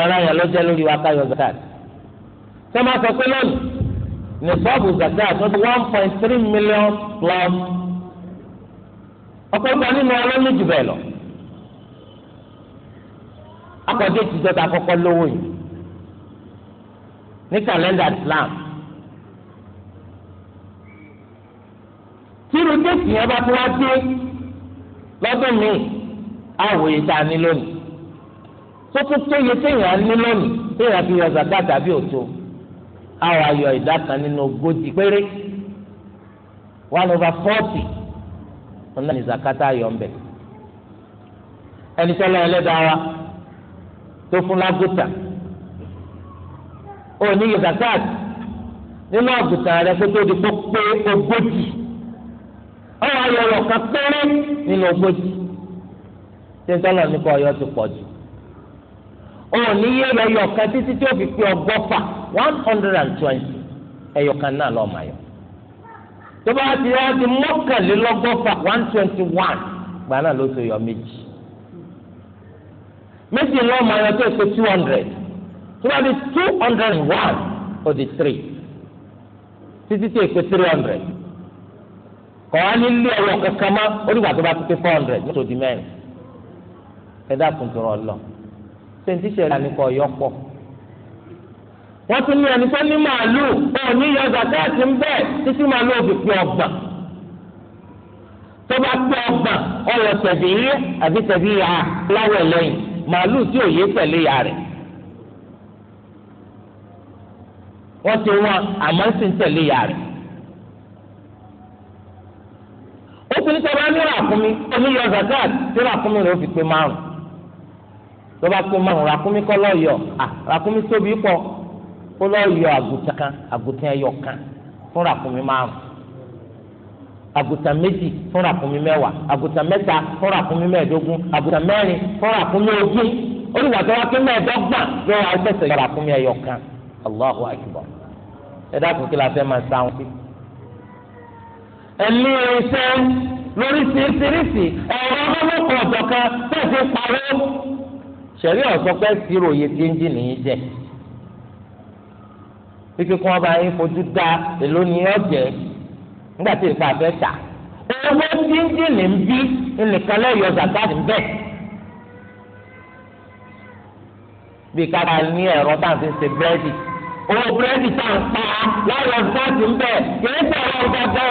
ọ̀ràn yẹn lọ́jọ́ lórí wa káyọ zakat tẹ́ máa sọ pé lónìí ní sọ́ọ̀bù zakat ó di one point three million plus ọ̀pọ̀ ìgbà nínú ọlọ́mí jù bẹ́ẹ̀ lọ akọ̀dé ìtìjọ́ ta kọ́kọ́ lówó yìí ní kàlẹ́ndà Islam tírú déètì yẹn bá tún wá dé lọ́dún míì àwò yìí tá a ní lónìí tó tún tó yẹ téèyàn ní lónìí téèyàn fi yọ zaka tàbí òtó àwọ̀ ayọ̀ ìdá kan nínú ogójì péré one over forty ọ̀nà ní zaka tá a yọ ń bẹ̀ ẹni tọ́lọ́ ẹlẹ́dàá wa tó fún lágùtà ó ní yọ zakat nínú àgùtà rẹ kó tó di kó pé ogójì ọwọ́ ayọ̀rọ̀ kan péré nínú ogójì tí sọlọ ní kó ọyọ ti pọ̀ jù ó ní yé ẹyọ kan títí tí ó fi pé ọgọ́fà one hundred and twenty ẹyọ kan náà lọ́ọ́ máa yọ tó bá ti yọ ti mọ́kànlélọ́gọ́fà one twenty one gbà ló so yọ méjì méjì ní ọmọ ayọ̀ tó èso two hundred tó bá di two hundred one ó di three títí tó èso three hundred kọ́ á ní ilé ọwọ́ kankan mọ́ onígbà tó bá ti pé four hundred yóò tó di mẹ́rin ẹ dákun tó rọ lọ sèǹtì sẹ̀rẹ̀ àníkọ̀ ọ̀yọ́ pọ̀ wọ́n tún ní ẹni tó ní màálù ọ̀ ní yọ zakati ń bẹ́ẹ̀ títí màálù òbí pé ọgbà tó bá pé ọgbà ọ̀rọ̀ tẹ̀bí àbí tẹ̀bí yà láwọ̀ lẹ́yìn màálùú tí òye pẹ̀lú ìyá rẹ̀ wọ́n ti wọn àmọ́ sì ń tẹ̀lé ìyá rẹ̀ ó sì ní sọ́ba ní ràkúnmí omi yọ zakat tí ràkúnmí rẹ̀ ó fi pé márùn tó bá pé márùn ràkúnmí kọ́ lọ́ọ̀yọ̀ ràkúnmí tóbi pọ̀ kó lọ́ọ̀yọ̀ àgùntàn kan àgùntàn kan fún ràkúnmí márùn àgùtàn méjì fún ràkúnmí mẹ́wàá àgùtàn mẹ́ta fún ràkúnmí mẹ́ẹ̀ẹ́dógún àgùtàn mẹ́rin fún ràkúnmí ogún olùwà tó wá pé mẹ́ẹ̀ẹ́dọ́gbọ̀n ló wà tẹ̀sẹ̀ yọ ràkúnmí ẹyọ Allahu akbar ẹ dákun kí la fẹ́ máa sá wọn sí. ẹ̀mí irinṣẹ́ lórí ṣiríṣiríṣi ẹ̀rọ ọlọ́kọ̀ ọ̀dọ̀kan tẹ̀sí parọ́. sẹ̀rí ọ̀sọ́pẹ́ sírò yẹ tí ń dín nìyí jẹ́ nígbà tí ìfà fẹ́ tà owó díndínlẹ̀ ń bí nìkan lẹ́yọ zakati bẹ́ẹ̀. bí kára ní ẹ̀rọ tá à ń fi ṣe búrẹ́dì owó búrẹ́dì tá à ń pa láyọ̀ zakati bẹ́ẹ̀ kìí sọ̀rọ̀ gbọ́dọ̀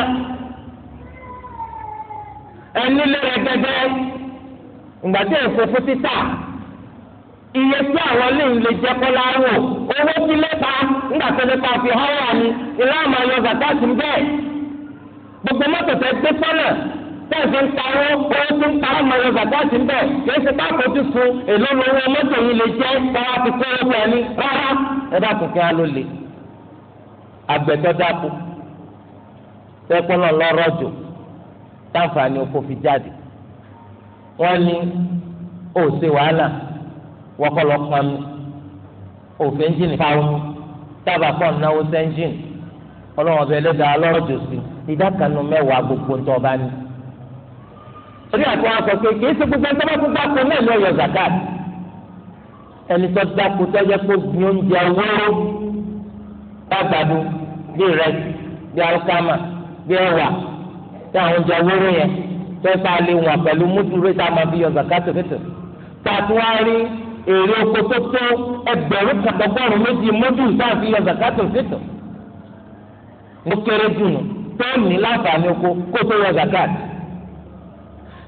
ẹni lẹ́rẹ̀ gẹ́gẹ́ ìgbà tí èso fún títà iye tí àwọn léyìn lè jẹ kó láwò owó tí lẹ́ta ńgbà tó lè pa fi hàn wà ní ìlànà ayọ̀ zakati bẹ́ẹ̀ gbogbo mọ́tò tẹ gbé sọ́nà bẹ́ẹ̀ fi ń parọ́ owó tí ń parọ́ mọ̀ lọ́sà gáàsì ń bẹ̀ kì í ṣe bá kó ti fún èló lówó mọ́tò yìí lè jẹ́ báwa ti kó owó ẹni rárá ẹ bá kò kí á ló le àgbẹ̀tọ́ dáko tẹ́kọ́nà lọ́rọ̀ oko fi jáde wọ́n ní ó wàhálà wọ́kọ́ lọ́ pọn òfin jìnnì fáwọn tábà pọ̀ náwó sẹ́ńjìnnì ọlọ́wọ́n bẹ lẹ́dàá lọ́rọ̀jò sí ìdákanu mẹ́wàá gbogbo ń tọ́ba ni. torí àti wọn sọ pé kìí ṣe gbogbo ẹgbẹ́ gbogbo àpò náà ní ọ̀yọ́ zakat ẹni tó dáko tó yẹ kó gbin oúnjẹ wóró gbàgbàdo bí ìrẹsì bí alukama bí ẹwà tí àwọn oúnjẹ wóró yẹn tó bá lè wọn pẹ̀lú múdúró tá a máa fi yọ zakat fẹ́tẹ̀ tààtú èrè oko ẹgbẹ̀rún kàtàkọ́rùn méjì múdúró tá a fi yọ zakat fẹ́tẹ̀ ní kéré dùnú tóòní láǹfààní oko kó tó wọ zakat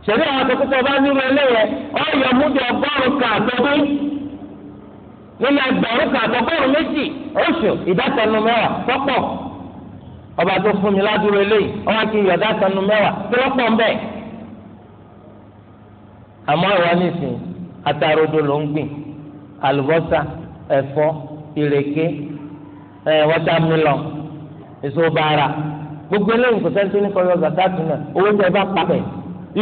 ṣẹlẹ̀ àwọn akẹ́kọ̀ọ́ bá nínú ẹlẹyẹ ọyọ múdi ọgọ́rùn kan àtọdún nínú ẹgbẹ̀rún kan àtọgọ́rùn méjì oṣù ìdákanu mẹ́wàá tọpọ ọba tó fún mi ládùúró eléyìí ọba kì í yọ ìdákanu mẹ́wàá tọpọ ń bẹ àmọ́ ìwọ nísìnyí atarodo ló ń gbìn àlùbọ́sà ẹ̀fọ́ ìrèké ẹ wọtamilọn èso bàrà gbogbo eléyìí kò sẹ́ni tó ní kọ́yọ́ zakatu náà owó tẹ bá pàpẹ́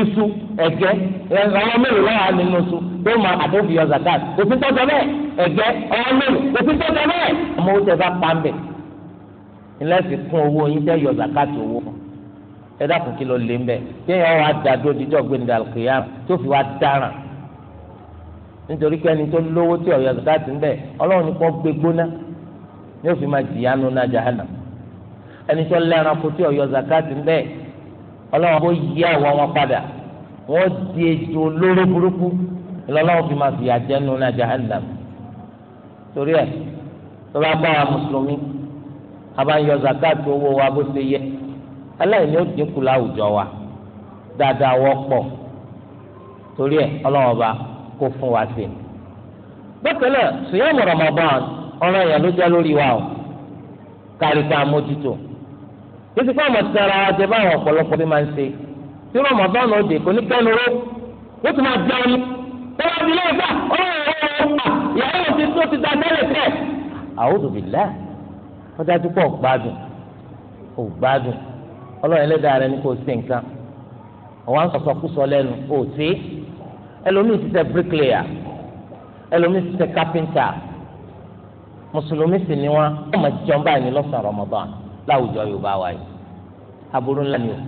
iṣu ẹ̀gẹ́ ọmọ mélòó lọ́wọ́ nínú iṣu tó máa àdóbi yọ zakatu kò sí tọ́jọ́ bẹ́ẹ̀ ẹ̀gẹ́ ọmọ mélòó kò sí tọ́jọ́ bẹ́ẹ̀ ọmọ owó tẹ bá pa ń bẹ̀ ńlẹ́sìn kún owó yín tẹ́ yọ zakatu owó fún ẹ dákun kí ló lé ń bẹ kéèyàn wá dàdó dídọ́ gbẹ̀ndà kìyàm tó fi wá dáràn nítorí pé ẹni tó lówó tí ọ̀yọ́ zakatu ń ọlọ́run ni kò gbégbóná ni ó fi máa jìyà nù jahannam ẹni tó lẹ́ran kó tí ọ̀yọ́ zakati ń bẹ́ẹ̀ ọlọ́wọ́n bó yí àwọ̀ wọn padà wọ́n di ejò olóró burúkú ìlọ́lọ́wọ́ fi máa fìyà jẹ́ nínú náà jahannam torí ẹ̀ tó bá bá wa mùsùlùmí a bá ń yọ zakati owó wa bó ṣe yẹ aláìní ó dínkù láwùjọ wa dáadáa wọ́pọ̀ torí ẹ̀ ọlọ́wọ́n bá kó fún wa sí i bákan náà sùyàmù Ramadan ọ̀rọ̀ yẹn ló jẹ́ lórí wa o kárí mójútó títí fún àwọn tẹ̀ra ajẹ́ báwọn ọ̀pọ̀lọpọ̀ bí máa ń ṣe tí rọmọdọ́nù òde kò ní kẹ́nu ró yóò tún máa jẹun ní tọ́lá ti lé ìgbà ìyàwó ti tó ti da tẹ́lẹ̀ tẹ́ àwòdù bìlá wọ́n dájú pọ̀ gbádùn ò gbádùn ọlọ́run ẹlẹ́dàá rẹ ní kò sí nǹkan ọ̀wá ń sọ̀sọ̀ kú sọ lẹ́nu ò sí ẹlòmíì ti ṣe bíríkìlìyà ẹlòmíì ti ṣe kápẹ́ńtà mùsùlùmí sì ni wọn ọmọ jíjọba ẹni lọ́sàn-án rọmọdọ́nù láwùjọ yorùbá wa yìí aburú ńlá ni o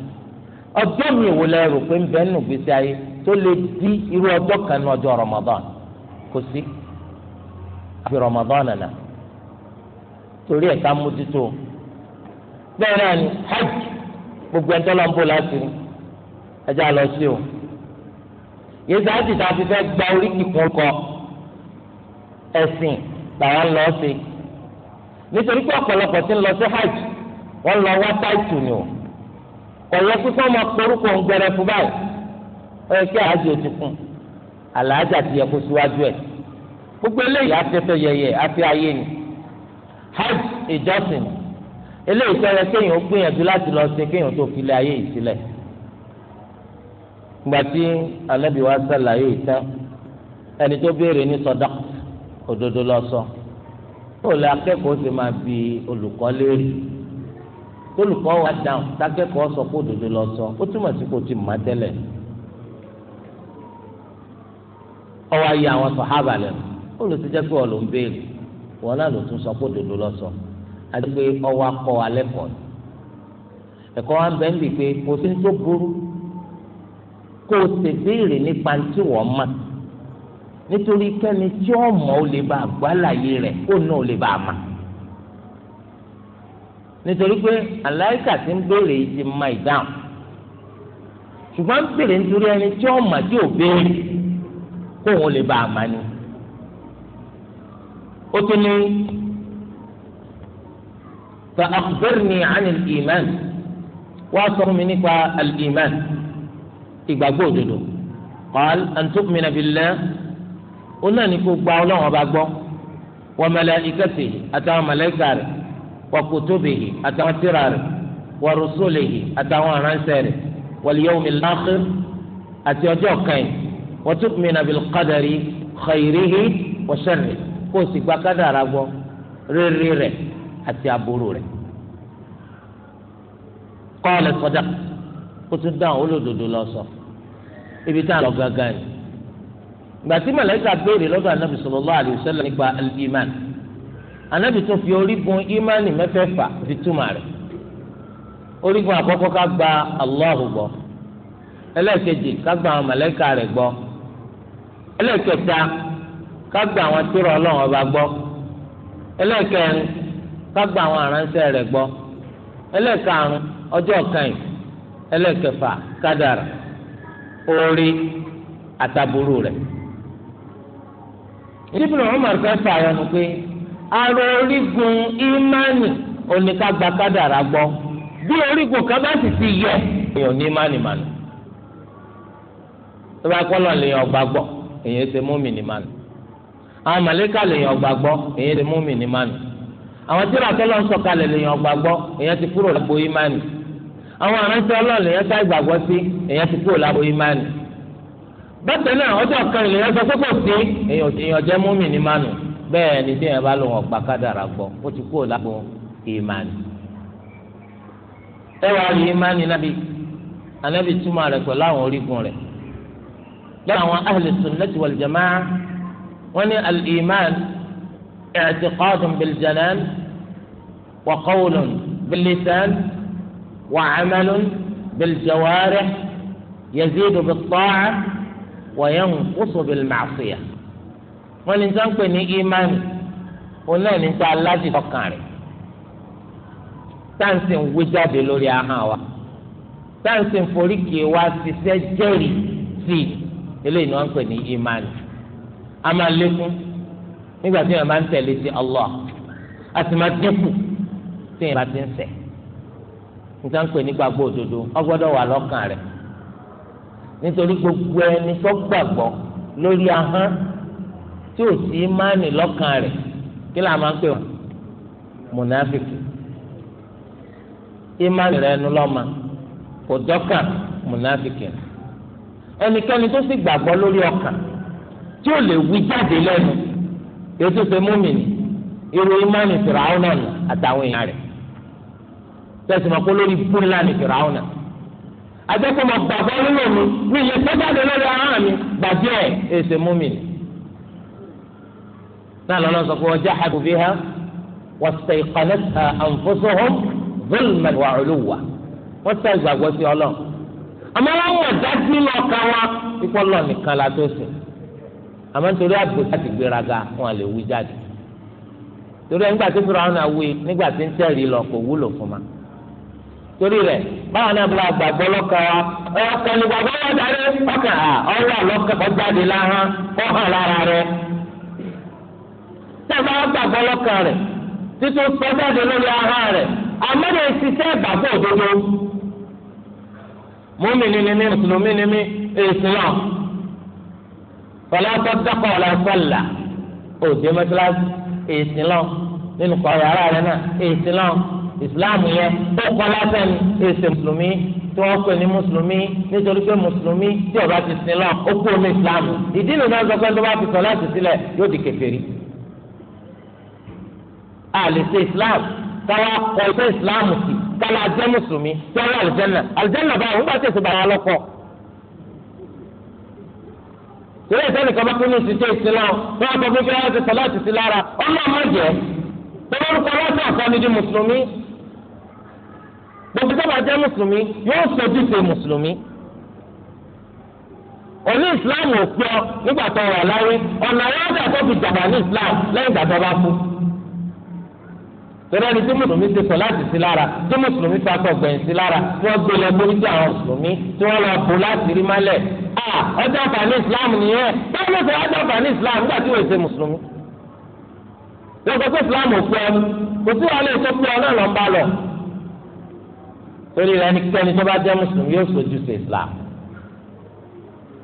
ọjọ́ mi wò lẹ rò pé nbẹ nù gbèsè ayé tó lè di irú ọjọ́ kan ní ọjọ́ rọmọdán kò sí àfi rọmọdán nana torí ẹ̀ka mójútó bẹ́ẹ̀ náà ni hajj gbogbo ẹ̀ ń ń bò láti rí ẹja lọ sí o yéé sáájì tá a fi gba oríkì kún kọ ẹ̀sìn làwọn lọ sí nítorí pé ọ̀pọ̀lọpọ̀ ti ń lọ sí hajj. wọ́n lọ wá táìtù ni o kọ̀yẹ́ pípọ́ máa porúkọ ń gbẹrẹ fún báyìí ó yẹ kí àájò ti kún àlàájà ti yẹ kó síwájú gbogbo eléyìí yẹyẹ ayé ni hajj ìjọsìn eléyìí kéèyàn ó gbìyànjú lọ sí kéèyàn tó fi lé ayé yìí sílẹ̀ gbàtí wa sàlàyé ìtàn ẹni tó béèrè ní sọdọ òdodo lọ sọ ó lè akẹ́kọ̀ọ́ sì máa bi olùkọ́ tólùkọ́ wa dáhùn takẹ́kọ̀ọ́ sọ kó òdodo lọ sọ ó túmọ̀ sí kó ti mọ̀ tẹ́lẹ̀ ọwọ́ ayé àwọn sọ̀hábà lẹ́nu ó lọ sí jẹ́ pé ọ̀lọ́ ń béèrè wọn náà ló tún sọ kó òdodo lọ sọ àti pé ọwọ́ akọ alẹ́ kọ̀ ẹ̀kọ́ wa ń bẹ́ẹ̀ bì pé kò sí tó burú kó o sì béèrè nípa tí wọ́n mọ̀ nítorí kẹ́ni tí ó mọ̀ ó lè bá àgbálàyé rẹ̀ kó náà ó lè bá a mọ̀ nítorí pé aláìsà ti ń béèrè yìí ti máa ìdáhùn ṣùgbọ́n ń béèrè nítorí ẹni tí ó mà tí ò béèrè kó òun lè bá a mà ni. ó tún ní fa akhbirni an al-iman wá sọ fún mi nípa al-iman ìgbàgbọ́ òdodo qal an tu'mina ó náà ní kó gba ọlọ́run ọba gbọ́ wa malaikatihi àtàwọn màláìkà rẹ̀ wa kutubihi àtàwọn tírà rẹ̀ wa rusulihi àtàwọn aránṣẹ́ rẹ̀ wal yawmil akhir àti ọjọ́ kan wa tu'mina bil qadari khayrihi wa sharrihi kó o sì gba kádàrá gbọ́ rere rẹ̀ àti aburú rẹ̀ qala sadaq kó tún dáhùn olódodo lọ ibi tá a lọ gángan yìí gbàtí màláíkà béèrè lọ́dọ̀ anábì sallallahu alaihi wasallam nípa al-iman. anabi tún fi orígun imani mẹ́fẹ̀ẹ̀fà fi túmọ̀ rẹ̀ orígun àkọ́kọ́ ká gba Allahu gbọ́ ẹlẹ́ẹ̀kejì ká gba àwọn màláíkà rẹ̀ gbọ́ ẹlẹ́ẹ̀kẹta ká gba àwọn tírà Ọlọ́run ọba gbọ́ ẹlẹ́ẹ̀kẹrin ká gba àwọn aránṣẹ́ rẹ̀ gbọ́ ẹlẹ́ẹ̀karùn ọjọ́ kẹyìn ẹlẹ́ẹ̀kẹfà kádàrà orí àtàbúrú rẹ̀. Ibn Umar fẹ́ fà yọnu pé. ara orígun ìmánì oníkàgbà kádàrà gbọ́ bí orígun kan sì ti yẹ èèyàn ní ìmánì mànà tó bá kọ́ lọ́n lèèyàn ọgbà gbọ́ èèyàn àwọn màlẹ́kà lèèyàn ọgbà gbọ́ èèyàn àwọn tí lọ́n lèèyàn ọgbà gbọ́ èèyàn ti kúrò ìmánì àwọn ká ìgbàgbọ́ sí èèyàn ti kúrò ìmánì bẹ́ẹ̀ ọjọ́ kan sọ pé kò sí èèyàn jẹ́ bẹ́ẹ̀ ni tí yẹn bá lò wọ́n gba kádàrà gbọ́ ó ti kúrò lágbo ìmánì. ẹ wàá rí ìmánì nábì anábì túmọ̀ rẹ̀ pẹ̀lú àwọn orígun rẹ̀ lọ́wọ́ àwọn ahlu sunnati wal jamaa wọ́n ní al-iman i'tiqadun bil janan wa qawlun bil lisan yazidu bit ta'ah wa yanqusu bil wọ́n ní sọ́n pè ní ìmánì òun náà ní sọ aláṣẹ ọkàn rẹ̀ táǹsì ń wé jáde lórí ahọ́n wa táǹsì ń foríkì wa ṣiṣẹ́ jẹ́rìí sí i eléyìí ni wọ́n ń pè ní ìmánì a máa lékún nígbà tí yàrá máa ń tẹ̀lé sí Allah a sì máa dínkù tí yàrá ti ń ṣẹ̀ níta ń pè ní gbàgbọ́ òdodo ọgbọ́dọ̀ wà lọ́kàn rẹ̀ nítorí gbogbo ẹni tó gbàgbọ́ lórí ahọ́n tí ò sí ìmánì lọ́kàn rẹ̀ kí là máa ń pè wọ́n mùnàfíkì ìmánì rẹ̀ nu lọ́mọ kò dọ́kà ẹnikẹ́ni tó sì gbàgbọ́ lórí ọkàn tí ò lè wí jáde lẹ́nu ètò ìpè múmìnì irú ìmánì fìràwọ́nà àtàwọn èèyàn rẹ̀ tẹ̀sí ma kó lórí búrẹ́lá fìràwọ́nà àjẹkùn ma gbàgbọ́ náà lọ́nà sọ ha torí tí nígbà tí ń lọ kò wúlò fún ma torí rẹ báwọn náà bá gbàgbọ́ lọ́kàn wa ọ̀rọ̀ kọ́ tẹ́lẹ̀ wọn gbàgbọ́ lọ́kàn rẹ̀ títún sọ́jáde lórí ara rẹ̀ àmọ́lẹ̀ ìṣiṣẹ́ ìgbàgbọ́ òdodo. mùmínì ni mí mùsùlùmí ni mí èsì náà fọláṣọ dákọ̀ ọ̀làṣọ́là òde mẹ́tíláṣí èsì náà nínú kọ̀ọ̀yà ara rẹ̀ náà èsì náà ìsìláàmù yẹn ó kọ́ lásán èsì mùsùlùmí tí wọ́n pè ní mùsùlùmí nítorí pé mùsùlùmí tí ó ti sin náà ó kú omi ìsìláàmù ìdí nìyẹn sọ pé tó bá fi sọ láti sílẹ̀ yóò di kèfèrí a lè ṣe islam káwa kọ ẹgbẹ́ islam sí káwa jẹ́ mùsùlùmí káwa àlùjẹ́nà àlùjẹ́nà báyìí wọ́n bá tẹ̀sí bàrà lọ́kọ̀. torí ìtẹ́ni kan bá tún ní ìṣiṣẹ́ ìsinlá wọn á sọ fún fẹ́ẹ́ ṣe sọlá ti sí lára ọmọ ọmọ jẹ́ tọ́wọ́ ń kọ́ lọ́sàn àkọ́ ni di mùsùlùmí gbogbo tó bá jẹ́ mùsùlùmí yóò sojú ṣe mùsùlùmí òní ìsìláàmù ò pẹ́ ọ nígbà tó wà láyé ọ̀nà àwọn àgbà fi jàmbá ní ìsìláàmù lẹ́yìn ìgbà tó bá kú torí ẹni tí mùsùlùmí ti sọ láti sí lára tí mùsùlùmí ti akọ gbẹ̀yìn sí lára tí wọ́n gbé lọ borí tí àwọn mùsùlùmí tí wọ́n lọ bò láti rí mọ́lẹ̀ ọjọ́ àǹfààní islam nìyẹn báwo ló sọ ọjọ́ àǹfààní islam nígbà tí wọ́n ṣe mùsùlùmí. lọ́sọ̀ pé islam ò pẹ́ kò sí wàhálà ètò pé ọ náà lọ ń bá lọ. torí ẹni kẹ́ni tó bá jẹ́ mùsùlùmí yóò sojú sí islam.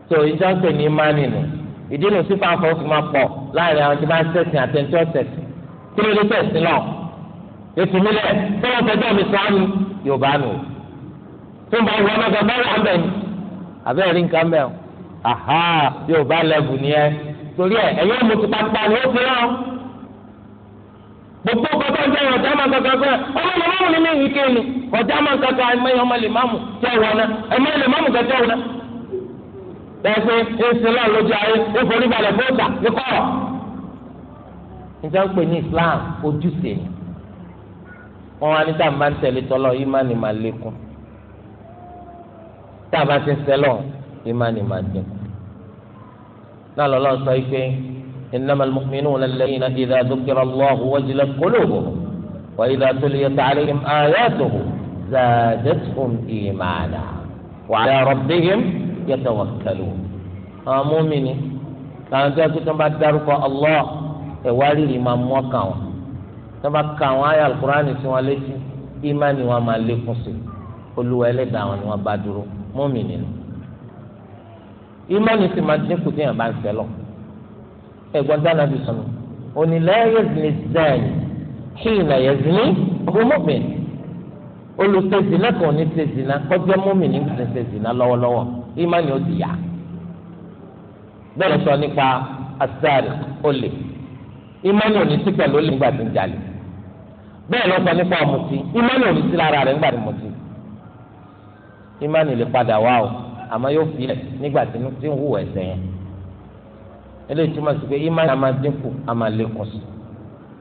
tó ìjọ ń pè ní imánìnù ìdí nù sífà fọ́ọ̀fù máa pọ̀ láàrin àwọn tí wọ́n ń ṣẹ̀sìn àtẹ̀ntẹ́ ọ̀sẹ̀sìn kí ló dé tẹ̀sìn ètò mi lẹ tọ́lọ́ fẹjọ́ mi sọ àmì yorùbá nù tó ń bá wọn náà gbọ́ báwọn àbẹ̀ ni àbẹ̀ rí nǹkan bẹ́ẹ̀ o aha yorùbá lẹ́bù ni ẹ torí ẹ ẹ̀yọ́ mo ti pàpà ni ó fi hàn gbogbo kọ́kọ́ ń jẹ́ ọ̀já máa kankan fẹ́ ọmọ lè máàmù nínú ìwíkẹ́ ni ọ̀já máa kankan ẹ̀mẹ́yìn ọmọ lè máàmù jẹ́ wọn náà ẹ̀mẹ́yìn lè máàmù kẹ́kẹ́ wọn náà lẹ́sẹ̀ ìsìnlá lójú ayé ìforíbalẹ̀ fóòtà ní kọ́ ọ̀ níta pè ní Islam ojúṣe ni wọn wá ní tá à ń bá ń tẹ̀lé tọ́lọ́ ìmánì máa lékún tá a bá ti ń sẹ́lọ̀ ìmánì máa dín náà lọ́lọ́ sọ pé إنما المؤمنون الذين إذا ذكر الله وجلت قلوبهم وإذا تليت عليهم آياته زادتهم إيمانا وعلى ربهم يتوكلون آمين كان ذلك ما دارك الله ẹ wá rírì máa mú ọkàn wọn tọ́ba ka àwọn ayé alukurani tí wọ́n létí ìmánì wọn máa lékún sí olúwa ẹlẹ́dàá wọn ni wọ́n bá dúró mọ́mì nínú ìmánì sì máa dínkù tí yẹn bá ń sẹ́lọ̀ ẹ̀gbọ́n dáná fi sọ̀nù onílẹ̀ yẹ́zìnì zẹ́ẹ̀nì kí ìlà yẹ́zìnì ọ̀gbọ́n mọ́mì olùtẹ̀sìnà kan ní tẹ̀sìnà kọjá mọ́mì ní tẹ̀sìnà lọ́wọ́lọ́wọ́ ìmánì ó ti yá bẹ́ẹ̀ sọ nípa asáàlì olè ìmánì ò ní sí pẹ̀lú olè nígbà tí ń jalè bẹ́ẹ̀ lọ́kọ̀ nípa ọ̀mùtí ìmánì ò ní sí lára rẹ̀ nígbà tí mo ti lè padà wá o àmọ́ yóò fi ilẹ̀ nígbà tí ń hùwà ẹ̀ṣẹ̀ yẹn eléyìí túmọ̀ sí pé ìmánì àmà dínkù sí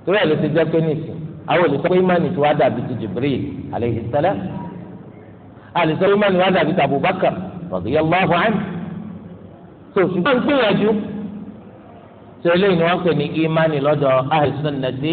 torí ẹ̀ ló ti jẹ́ pé nìsín àwọn olùsọ pé ìmánì tí wàá dàbí ti Jibril alayhi salam pé wàá dàbí ti Abubakar ń gbìyànjú eléyìí ni wọ́n pè ní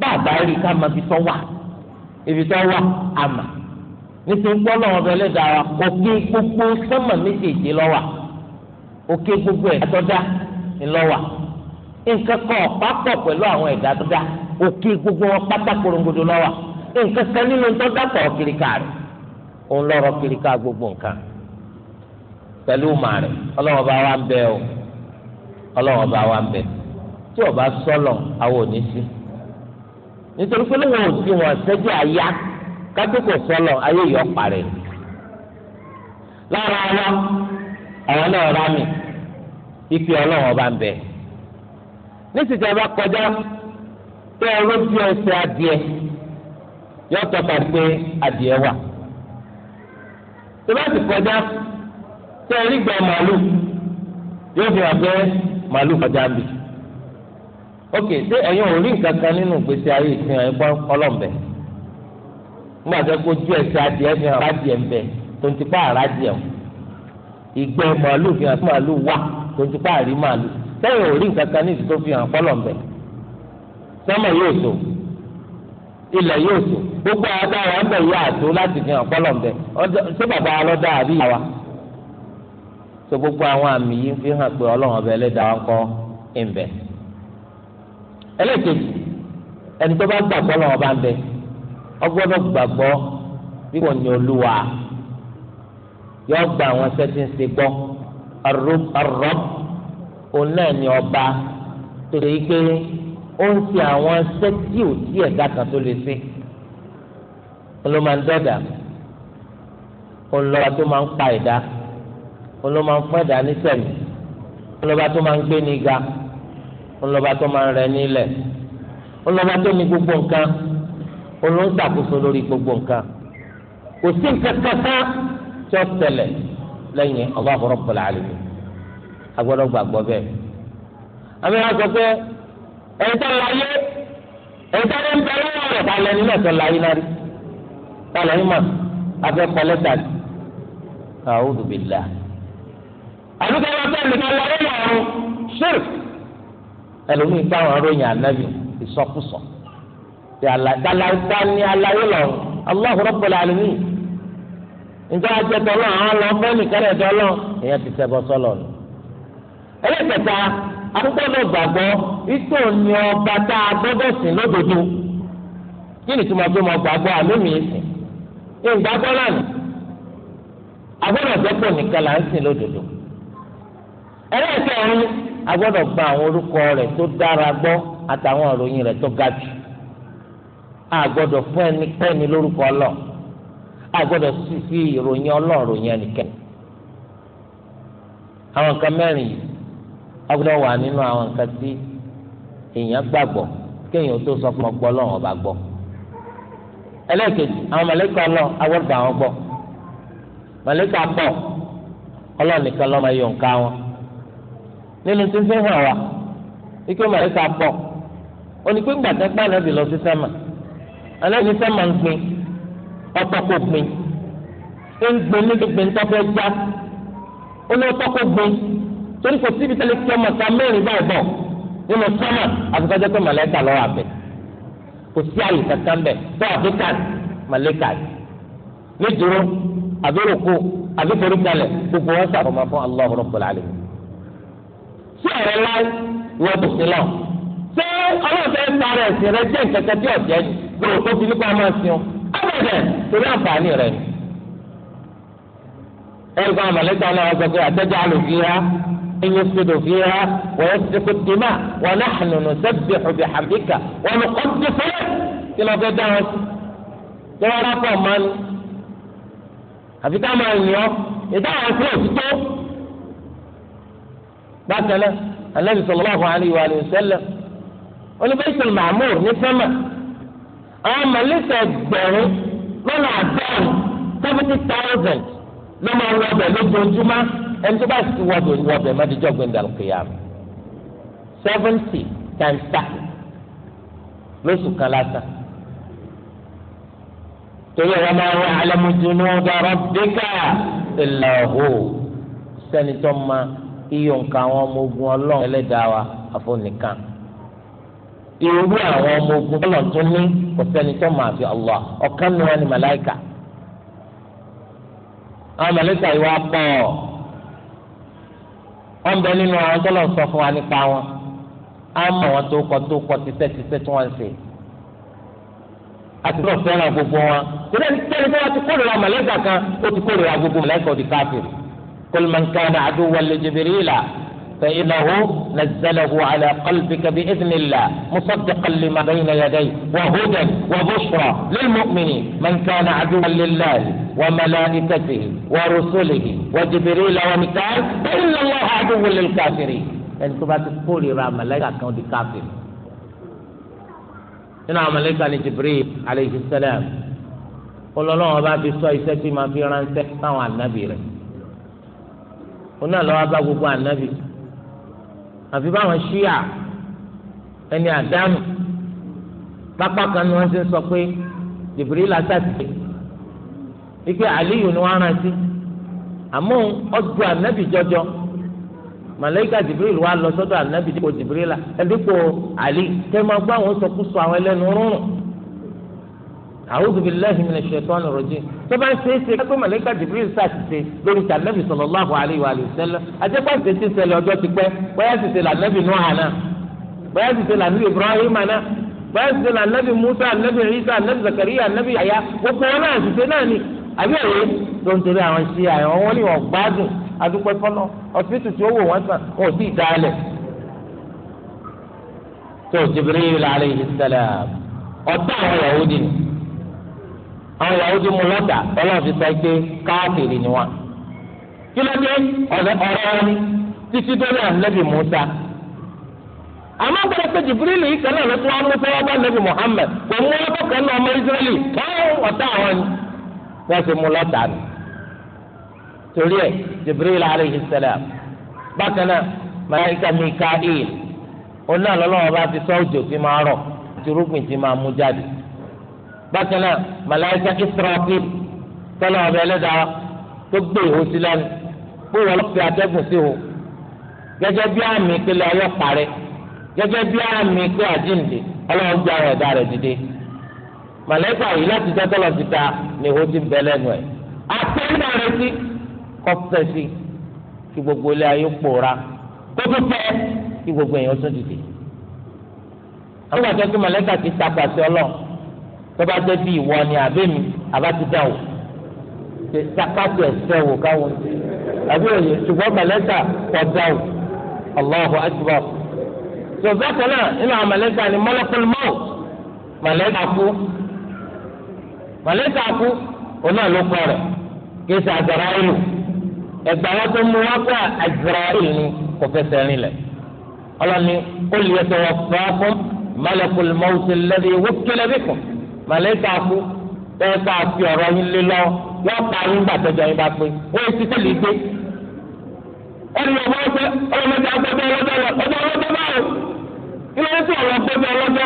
bàbá rí ká máa fi tọ́ wà ibi tọ́ wà àmà nítorí gbọ́dọ̀ ọ̀bẹ lẹ́dàá òkè gbogbo sánmà méjèèjì lọ́wà òkè gbogbo ẹ̀ àtọ́dá ńlọ́wà nǹkan kan ọ̀pá pọ̀ pẹ̀lú àwọn ẹ̀dá tó dá òkè gbogbo wọn pátá korongodo lọ́wà nǹkan kan nínú tó dàpọ̀ kìrìkà rẹ̀ òun lọ́rọ̀ kìrìkà gbogbo nǹkan pẹ̀lú màrẹ̀ ọlọ́wọ́n bá wa ń bẹ o ọlọ́wọ́n bá wa ń bẹ tí ọba sọ́lọ̀ àwọn ò sí nítorí pé lóun ò sí wọn ṣẹ́jú àyà kátókò sọlọ ayé yọ parẹ́ lára wa àwọn náà rà mí ife ọlọ́run ọba ń bẹ nísìsiyẹ bá kọjá tẹ ẹ lójú ẹsẹ̀ adìẹ yọ tọ́ka pé adìẹ wà tó bá ti kọjá tẹ ẹ gbà màálù yóò fi hàn pé màálù kọjá bì ok ṣé ẹ̀yin ò rí nǹkan kan nínú ìgbésí ayé ìfihàn ẹ̀gbọ́n ọlọ́m̀bẹ nígbà tó kó ojú ẹsẹ̀ adìẹ fi hàn adìẹ ń tó ń tipa àrà adìẹ o ìgbẹ́ màálù fi hàn màálù wà tó ń tipa àrí màálù sẹ́yìn ò rí nǹkan kan níbi tó fi hàn ọlọ́m̀bẹ yóò tó ilẹ̀ yóò tó gbogbo ń bẹ̀ yá ẹlẹ́kejì ẹni tó bá gbàgbọ́ lọ́wọ́ bá ń bẹ ọgbọ́dọ̀ gbàgbọ́ wíwọ ní olúwa yọ gba àwọn sẹ́tíǹsì gbọ́ ọ̀rọ̀ òun náà ni ọba tó lè gbé ó ń ti àwọn sẹ́tí ò ẹ̀dá kan tó lè ṣe ló máa ń dọ́dà olùlọ́ba tó máa ń pa ẹ̀dá olùlọ́ba tó máa ń fún ẹ̀dá nísẹ̀mí olùlọ́ba tó máa ń gbé ní ga ńlọba tó máa ń rẹ nílẹ̀ ńlọba tó ní gbogbo nǹkan olóńsàkóso lórí gbogbo nǹkan kò sí nǹkan kankan tí ó tẹ̀lẹ̀ lẹ́yìn Allah Rabbul Alamin agbọ́dọ̀ gbàgbọ́ bẹ́ẹ̀ àmì wọn sọ pé ẹni tó láyé ẹni tó ń bẹ lọ́wọ́ rẹ̀ balẹ̀ nínú ẹ̀tọ́ láyé náà rí balẹ̀ ní mà afẹ́ kọ́lẹ́tà ni a'udhu billah àdúgbò wọn sọ ẹni tó láyé náà rú ẹlòmíì táwọn aróyìn ànábì ìsọkúsọ dàlàdàní alayé lọ Allahu Rabbul Alamin njẹ ajẹtọ lọ àwọn lọ fẹmi kẹrẹ tọ lọ èèyàn ti ṣẹbọ sọlọ nù. ẹlẹ́kẹta akúgbọ́dọ̀ gbàgbọ́ ìtò ní ọba tá a gbọ́dọ̀ sìn lódodo kí ni túmọ̀ pé mo gbàgbọ́ àlómi náà agbọ́dọ̀ nìkan là ń sìn lódodo. Agbọdọ gba àwọn orúkọ rẹ tó dára gbọ́ àtàwọn ìròyìn rẹ̀ tó ga jù Agbọdọ gbọ́dọ̀ fún ẹnikẹ́ni lórúkọ Ọlọ́run a sì fi ìròyìn Ọlọ́run ròyìn nka àwọn nǹkan mẹ́rin yìí a wà nínú àwọn nǹkan tí èèyàn gbàgbọ́ kéèyàn tó sọ fún ọgbọ ọba gbọ́ ẹlẹ́ẹ̀kejì àwọn a gbọ́dọ̀ gbà nínú tó fẹ́ hàn wá ike màlẹ́kà pọ̀ onípe gbàtẹ́ gbà nàbì lọ sí sẹ́mà aláìní sẹ́mà ń gbin ọ̀pọ̀ kò gbin ó ń gbin ní gbin tó fẹ́ já ó ní ọ̀pọ̀ kò gbin torí kò síbi tẹ́lẹ̀ kí ọmọ ká mẹ́rin bá bọ̀ nínú sẹ́mà àfikọ́jọ́ pé màlẹ́kà lọ́wọ́ àbẹ̀ kò sí àyè kankan bẹ̀ tó àfikà màlẹ́kà ní dúró àbí rúkú àbí forí sí ọ̀rẹ́ láì wọ bùsùn náà ṣé ọlọ́ọ̀fẹ́ sáré ẹ̀sìn rẹ jẹ́ ìkẹ́kẹ́ tí ọ̀jẹ́ gbòòrò tó fi nípa máa sin ọ̀bẹ̀dẹ̀ torí àǹfààní rẹ ni. ẹ̀rọ náà sọ pé àtẹ́jọ́ àlòfíà يفسد فيها ويسفك الدماء ونحن نسبح بحمدك ونقدس لك كما في الدعوة كما رأى فهمان àfi ká máa yàn ìdáhùn sí òtítọ́ bákan náà anabi sallallahu alayhi wa sallam olùbẹ́sẹ̀ mahmud ní sẹ́mà àwọn màlẹ́sẹ̀ gbẹ̀rún lọ́nà àdáhùn seventy thousand ló máa ń wọbẹ̀ lójoojúmọ́ ẹni tó bá sì wọbẹ̀ wọbẹ̀ mẹ́tẹ́jọ́ gbẹ̀ndà kìyàm seventy times thirty lóṣù kan lásán torí ẹ̀rọ máa ń wọ alamu junuda rabbika illa hu sẹ́ni tó máa iye nǹkan àwọn ọmọ ogun ọlọ́run ẹlẹ́dàá wa àfọ̀nìkan irú àwọn ọmọ ogun ọlọ́run tó ní kò sẹ́ni tó máa fi Allah ọ̀kan ní wọn ni màláìkà àwọn màláìkà yìí wá pọ̀ wọ́n bẹ nínú àwọn tó lọ sọ fún wa nípa wọn á mọ àwọn tó kọ tó kọ títẹ́ títẹ́ tí wọ́n ń ṣe àti lọ́ọ̀ fẹ́ràn gbogbo wọn kò sẹ́ni tó wá ti kórìíra màláìkà kan ó ti kórìíra gbogbo màláìkà ó di كل من كان عدوا لجبريل فإنه نزله على قلبك بإذن الله مصدقا لما بين يديه وهدى وبشرى للمؤمنين من كان عدوا لله وملائكته ورسله وجبريل ومثال فإن الله عدو للكافرين ẹnití bá ti kórè ra mẹlẹka kan di káfíìn nínú àwọn mẹlẹka ni jibril aleyhi salam ọlọlọ́wọ́n bá fi sọ oná lọ́wọ́ bá gbogbo ànábì àfi báwọn ṣíà ẹni àdánù pápá kan ni wọ́n ti sọ pé la làtàtì wípé àlíyù ni wọ́n rántí àmọ́ ọjọ́ ànábì jọjọ màlẹ́kà jìbìrì wa lọ sọ́dọ̀ ànábì dípò jìbìrì la ẹ̀ eh, dípò àlí kẹ́ máa gbọ́ àwọn sọkúsọ àwọn ẹlẹ́nu rúnrún a'udhu billahi minash shaitani rajim tó bá ń ṣe é ṣe kí mọ̀lẹ́kà jibril ṣàṣìṣe lórí tànẹ́bì sallallahu alaihi wa sallam àjẹpọ̀ ṣe ti ṣẹlẹ̀ ọjọ́ ti pẹ́ bóyá ṣiṣẹ́ lànẹ́bì Nuh náà bóyá ṣiṣẹ́ lànẹ́bì Ibrahim náà bóyá ṣiṣẹ́ lànẹ́bì Musa lànẹ́bì Isa lànẹ́bì Zakariya lànẹ́bì àyà gbogbo wọn náà ṣiṣẹ́ náà ni àbí ẹ̀rọ tó ń torí àwọn ṣí àyàn wọn ni wọn gbádùn adúpẹ́ fọlọ ọ̀fíìsì tí ó wò wọ́n sàn wọn ò sì dálẹ̀. tó Jibril alayhi salam ọ̀tá àwọn Yahudi ni àwọn Yahudi mú lọ́tà ọlọ́run fi sọ pé káàkiri ni wọn. kí ló dé ọ̀rẹ́ ọ̀rẹ́ wọn títí Musa. àmọ́ gbọ́dọ̀ pé Jibril yìí kan náà ló wá mú sọ́wọ́ bá lẹ́bi Muhammad kò mú ọkọ̀ kan náà ọmọ Israẹli wọ́n ọ̀tá àwọn ni wọ́n ti Jibril bákan náà lọ́lọ́wọ́ bá bákan náà màláíkà Israfil tọ́lá ọ̀bẹ ẹlẹ́dàá tó gbé ìhó sí lẹ́nu pé wọ́n lọ́ọ́ fi atẹ́gùn sí o gẹ́gẹ́ bí àmì ìpele ayọ́ parẹ́ gẹ́gẹ́ bí àmì ìpè àjíǹde ọlọ́run gbé àwọn ẹ̀dá rẹ̀ dìde màláíkà yìí láti jẹ́ tọ́lọ̀ ti ta ni ìhó ti bẹ lẹ́nu ẹ̀ àtẹ́yìnà rẹ̀ sí kọ́fẹ́ sí kí gbogbo ilé ayé pòórá kótó fẹ́ kí gbogbo èèyàn tún dìde àwọn àjọ kí tọ́ba jẹ́ bí ìwọ ni àbẹ́mi àbátidá o ṣe sàkàtù ẹ̀sẹ̀ wò káwọn àbí òye ṣùgbọ́n mẹlẹ́ta kọjá o Allahu akbar ṣùgbọ́n kan náà nínú àwọn mẹlẹ́ta ni malakul maut mẹlẹ́ta kú mẹlẹ́ta kú òun náà ló kọ́ rẹ̀ kí ṣe àjọra ìlú ẹgbẹ́ wọn tó mú wọn kọ́ àjọra ìlú ni kò fẹsẹ̀ rìn lẹ̀ ọlọ́ni qul yatawaffākum malakul maut alladhī wukkila bikum màlẹ́kà kú bẹ́ẹ̀ ká fi ọ̀rọ̀ yín lé lọ wọ́n pa yín gbà tọ́jọ́ yín bá pé ó yẹ ti tẹ́lẹ̀ gbé. ẹni ọmọ ọgbẹ ọlọmọdé agbẹbẹ ọlọjọ lọ ọjọ́ ọlọjọ báwo ilé tí ọ̀rọ̀ gbẹbẹ ọlọjọ.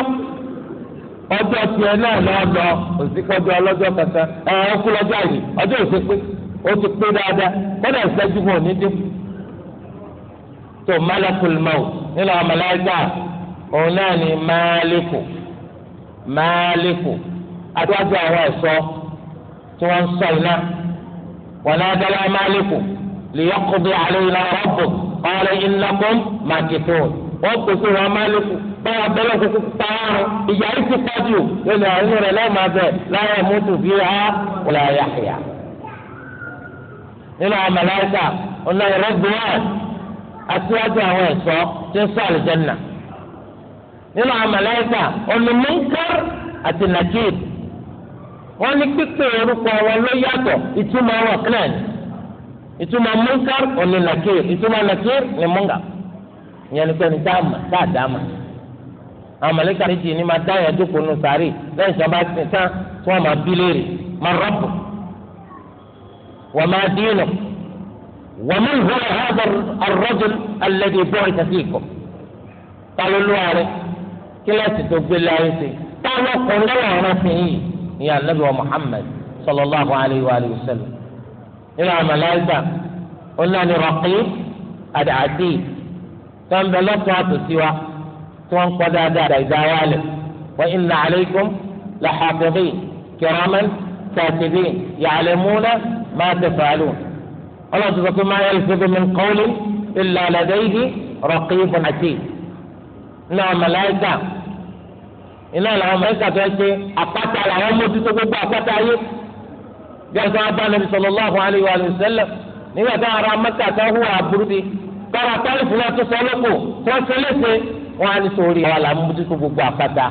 ọjọ́ tiẹ̀ náà lọ́dọ̀ òsìkọjọ ọlọ́jọ́ kankan ẹ ọkú lọ́jọ́ àyè ọjọ́ òsèpé ó ti pé dáadáa kọ́dà ìṣẹ́jú àtúwájú àwọn ẹ̀ṣọ́ tí wọ́n ń sọ iná wọn náà dáná máàlíkù lìyọ́kùnrin àlẹ́ iná rọ́bù ọ̀rẹ́ ìnákùn màkìtò wọ́n kò sí wọn máàlíkù báwa bẹ́lẹ̀ kúkú pààrọ̀ ìyá yìí ti pàjù lónìí àwọn inú rẹ̀ náà máa bẹ̀ láyé mútu fi ha wọlé ayé àyà. nínú àwọn ọ̀nà ìrọ́bù náà àtúwájú àwọn ẹ̀ṣọ́ tí ń sọ nínú àwọn ọ̀nà mọ́ńkà àti nàkíyèsí wọ́n ní pípé orúkọ wọn ló yàtọ̀ ìtumọ̀ wọn kílẹ̀ ni ìtumọ̀ munkar òní nàkír ìtumọ̀ nàkír ni munga ìyẹn ni pẹ́ni tá a mà tá a dá a mà àwọn mọ̀lẹ́kà méjì ni máa dáhùn ẹjọ́ kò nù sáré lẹ́yìn tí wọ́n bá sin tán tí wọ́n máa bí léèrè máa rọ́pù wọ́n máa dínú wọ́n mú ìhó ọ̀hádọ̀ arọ́jò alẹ́dẹ̀ bọ́ ìtàkì ìkọ̀ ta ló lù ààrẹ kílẹ̀sì tó gbé láyé sí táwọn ọkùnrin náà ìyá anabi wa muhammed sallallahu alayhi wa sallam nínú àmàlẹ́gbà onáni raqib àdàdì tó ń bẹ lọ́tọ̀ àtòsí wa tí wọ́n ń kọ́ dáadáa ìdáwálẹ̀ wa inna alaykum la xaafidin kiraman kaatibin yaclamuuna ma tafaaluun ọlọ́run sọ pé máa yalfidu min qawlin illa ladayhi raqibun àti nínú àmàlẹ́gbà iná làwọn mẹ́ta tó ń pé àpáta làwọn mójútó gbogbo àpáta ayé gẹ́gẹ́ bá nàbì sallallahu alaihi wa sallam nígbà táwọn ará mẹ́ta tó ń hùwà àbúrúdi tọ́ra tálífù náà tó sọ lóko tó ń sẹlẹ̀sẹ̀ wọn á ní sórí àwọn làwọn mójútó gbogbo àpáta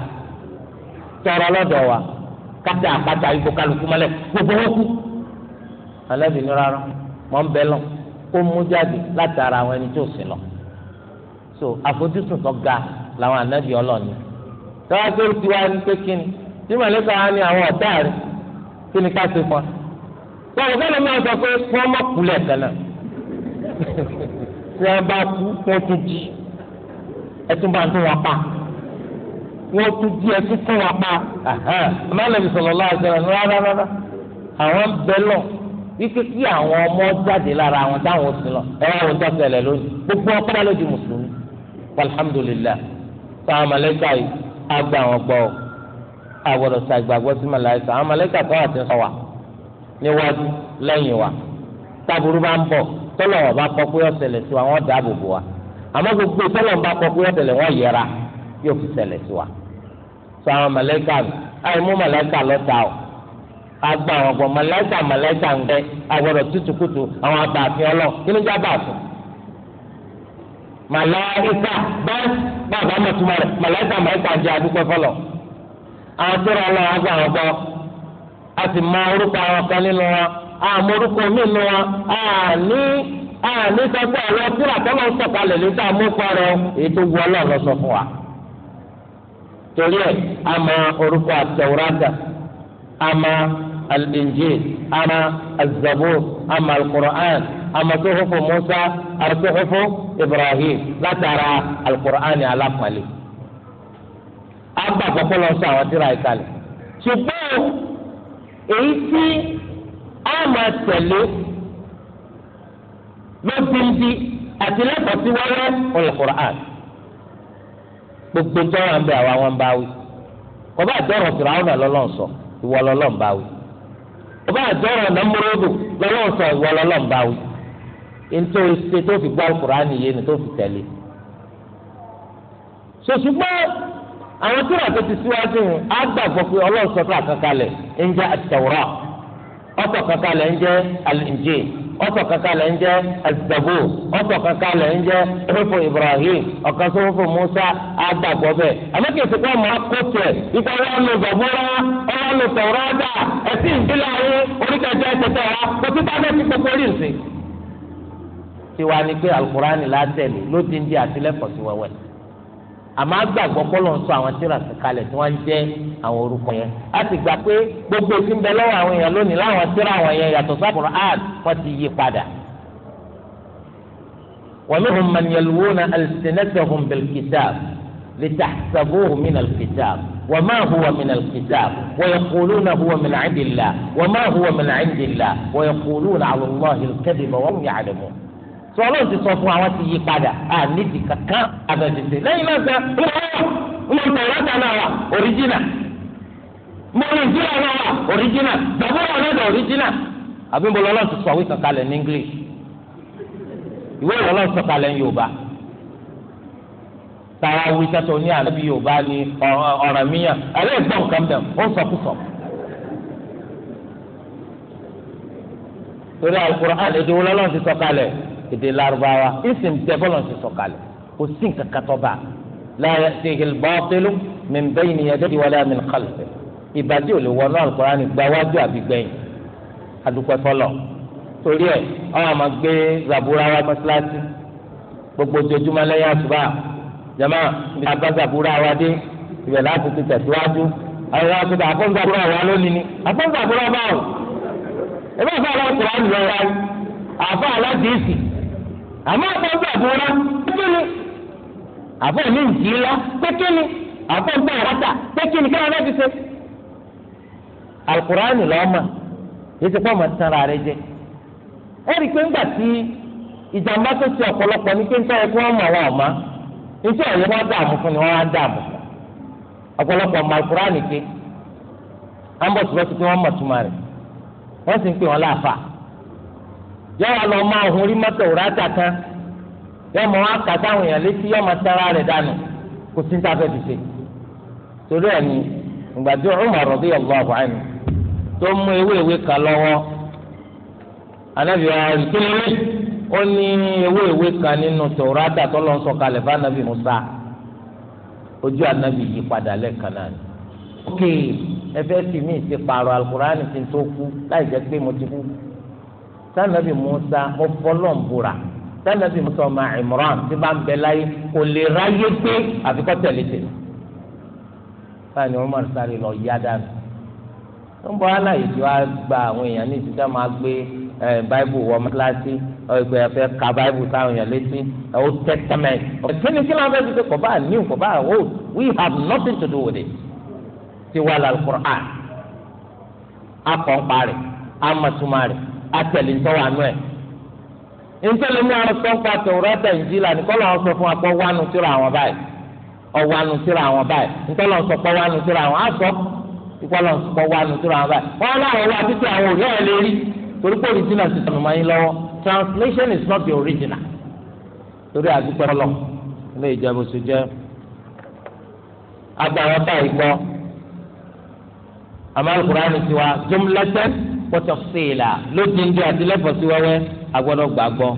tọrọ lọ́dọ̀ wa kátà àpáta ikú kálukú mọ́lẹ̀ gbogbo wọn kú alábìnrin rárá mọ́ ń bẹ́ lọ kó mú jáde látara so àfojúsùn tó ga làwọn tọ́wọ́ pé ti wá ní pé kí ni tí màlẹ́kà á ní àwọn ọ̀tá rẹ̀ kí ni ká ṣe fún wa. sọ̀rọ̀ sọ́dọ̀ mi sọ pé wọ́n mọ̀ kú lẹ́ẹ̀kan náà tí wọ́n bá kú wọ́n tún jí ẹtún bá tún wọn pa wọ́n tún jí ẹtún fún wọn pa mọ́lẹ́bí sọ̀rọ̀ láàṣẹ rẹ̀ rárá àwọn bẹ́lọ̀ wípé kí àwọn ọmọ jáde lára àwọn táwọn sí lọ ẹ wọn tó ṣẹlẹ̀ lónìí gbogbo ọpọlọ ló mùsùlùmí alhamdulilayi sọ yìí agba wọn gbọ́ ọ àwọ̀dọ̀ sàgbàgbọ́ sí màláìka àwọn màláìka kan àti sọ wa níwájú lẹ́yìn wa taburu bá ń bọ̀ tọ́lọ̀ wọn bá kọ́ pé ọ̀sẹ̀lẹ̀ sí wa wọ́n dáàbò bò wa àmọ́ gbogbo tọ́lọ̀ bá kọ́ pé wọ́n yẹra yóò fi ṣẹlẹ̀ sí wa sọ àwọn màláìka àyè mú màláìka lọ́ta o agbá wọn ń gbẹ àwọn abàfin màláìka bẹ́ẹ̀ bàbá mọ̀túmọ̀ rẹ̀ màláìka màláìka jẹ́ àdúgbò fọlọ̀. àwọn tó ra lọ àgbà wọn gbọ́ a sì mọ orúkọ àwọn kan nínú wọn àmọ́ orúkọ mi nínú wọn àní àní sọgbà ọ̀rọ̀ tíra tọ́lọ̀ ń sọ̀kalẹ̀ lóta àmúkọ rẹ̀ èyí tó wù ọlọ́ọ̀ lọ sọ fún wa. torí ẹ̀ àmọ́ orúkọ àtẹ̀wúrátà àmọ́ al-Injil àmọ́ az-Zabur àmọ́ al-Qur'an àmọ́ suhufu Musa àti Ibrahim látara alukur'ani alápàlẹ agba àkọ́kọ́ sọ àwọn tíra ìkàlẹ̀ ṣùgbọ́n èyí tí a máa tẹ̀lé lódindi àti lẹ́kọ̀ọ́ sí wẹ́wẹ́ al-Qur'an gbogbo jọ́wọ́ àwọn bẹ́ẹ̀ àwọn bá wí ọba àjọrò fìràwọ́nà lọ́lọ́n sọ ìwọ lọ́lọ́n bá wí ọba àjọrò nàmúròdù lọ́lọ́n sọ ìwọ lọ́lọ́n bá wí ntọ́ ìṣe tó fi gbọ́ alukur'ani yé ni tó fi tẹ̀lé sòṣùgbọ́n àwọn tí wàá tó ti síwájú yìí á gbàgbọ́ pé ọlọ́run sọ fún àkàkalẹ̀ ń jẹ́ àtẹ̀wọ́rọ́ ọ̀tọ̀ kankalẹ̀ ń jẹ́ alìjẹ́ ọ̀tọ̀ kankalẹ̀ ń jẹ́ azabó ọ̀tọ̀ kankalẹ̀ ń jẹ́ ẹ̀fọ́ Ibrahim ọ̀kan sọ́fọ́ Musa àgbàgbọ́ bẹ́ẹ̀ àmọ́kèsì kọ́ ọmọ akótẹ̀ ikọ̀ wọn lò zabura wọn lò tẹ̀wọ́rọ́dà ẹ̀sìn tiwa ni pé alukurani la tẹ̀lé ló ti ń di àtìlẹ́kọ̀ọ́ sí wẹ́wẹ́ àmọ́ agbàgbọ́ kọ́lọ̀ ń sọ àwọn tírasì kalẹ̀ tí wọ́n ń jẹ́ àwọn orúkọ yẹn a ti gbà pé gbogbo èsì ń bẹ lọ́wọ́ àwọn èèyàn lónìí láwọn tíra àwọn yẹn yàtọ̀ sábùrù áàd wọ́n ti yí padà. ومنهم من يلوون ألسنتهم بالكتاب لتحسبوه من الكتاب وما هو من الكتاب ويقولون هو من عند الله وما هو من عند الله ويقولون على الله الكذب وهم يعلمون sọ ti sọ fún àwọn ti yí padà àníbi kankan àbẹ̀fẹ̀sẹ̀ lẹ́yìn náà sọ ọlọ́run ọlọ́run tẹ̀lé ọ̀tá náà wà òríjìnà mọ̀lẹ́ ìjìnà náà wà òríjìnà bàbá wà lọ́dọ̀ òríjìnà àbí mo lọ́lọ́run ti sọ ìwé kankalẹ̀ ní English ìwé ìrọ̀lọ́run sọ kalẹ̀ Yorùbá tàwa wí sẹ́tọ̀ ní àlẹ́bí Yorùbá ní ọ̀ràn míyàn ìgbọ́n kan bẹ̀ ó ti sọ èdè Lárúbáwá ìsìn tẹ bọ́lọ̀ ti sọ̀kalẹ̀ kò sí nǹkan kan tó bá la ya'tihi al-batilu min bayni yadihi wala min khalfi ìbàdí ò lè wọ náà Al-Qur'ani gba wájú àbí gbẹ̀yìn adúpẹ́ fọlọ́ torí ẹ̀ ọ̀hún àmọ́ gbé zabura wa mọ́sálásí gbogbo ojoojúmọ́ lẹ́yìn àsùbá jama ibi tá a bá zabura wa dé ibẹ̀ láti ti tẹ̀síwájú àwọn ọmọ akpẹ́tà àfọ́nzàbúrò àwọn alónìí ni àfọ́nzàbúrò báwò ẹ̀fọ́ àfọ́ àlọ́ àmọ́ àtọ́jú àbúrò pékéle àbọ̀ ní ìjìlá pékéle àbọ̀ ń bá ọrụ pékéle kí wọ́n bá ti ṣe. alukur'ani lọ́mọ yìí ti kọ́ ọmọ tán ra rẹ jẹ ẹ rí i pé ńgbà tí ìjàmbá tó ti ọ̀pọ̀lọpọ̀ ní pé ń kí wọ́n mọ̀ ọ̀ma ní tí ọ̀yẹ́ wọn dààmú fún ni wọ́n wá dààmú ọ̀pọ̀lọpọ̀ ọmọ alukur'ani ké pé wọ́n mọ̀ rẹ̀ wọ́n yọ wà lọ máa hun rí mọ́tò ràtà kan yọ mọ wá kà ya èèyàn létí yọ mọ sára rẹ̀ dànù kò sí níta fẹ́ẹ́ fi ṣe torí ẹni ìgbà tí Umar radiyallahu anhu tó mú ewé ìwé kan lọ́wọ́ anabi ọ̀rọ̀ ìkíni ó ní ewé ìwé kan nínú Tawrata tó lọ́n sọ Musa ojú anabi yí padà lẹ́ẹ̀kan náà ni ókè ẹ fẹ́ fi mí fi tó kú láì pé mo sanabi musa mo fọlọ́n búra sanabi musa ọmọ imran tí bá ń bẹ láyé kò lè ráyé pé àfikọ́ tẹ̀lé tẹ̀lé báyìí umar sáré lọ yá dànù ń bọ aláyè tí wàá gba àwọn èèyàn ní ìtúta máa gbé báíbù wọ mọ́tíláṣí ọ̀gbẹ́ ẹ̀fẹ́ ka báíbù sáwọn èèyàn létí old testament kíni kí láwọn fẹ́ fi ṣe kò bá new kò bá old we have nothing to do with it ti wà lálùkùrọ̀ àn akọ̀ ń parí rẹ̀. A ń tọ́wọ́ àánú ẹ̀. ntẹ́lẹ̀ ní àwọn sọ́ńpà tòwúrọ̀ tẹ̀yìnjìlá ní kọ́lọ́ sọ fún akpọ̀ wánu àwọn báyìí ọ̀wánu àwọn báyìí ntọ́lọ̀ sọ wánu àwọn sọ wánu àwọn báyìí wọ́n wá títí àwọn òní ẹ̀ lérí torí pé original ti pọtọ fèèlà lódìndín àti lẹfọsí wẹwẹ agbọ́dọ̀ gbàgbọ́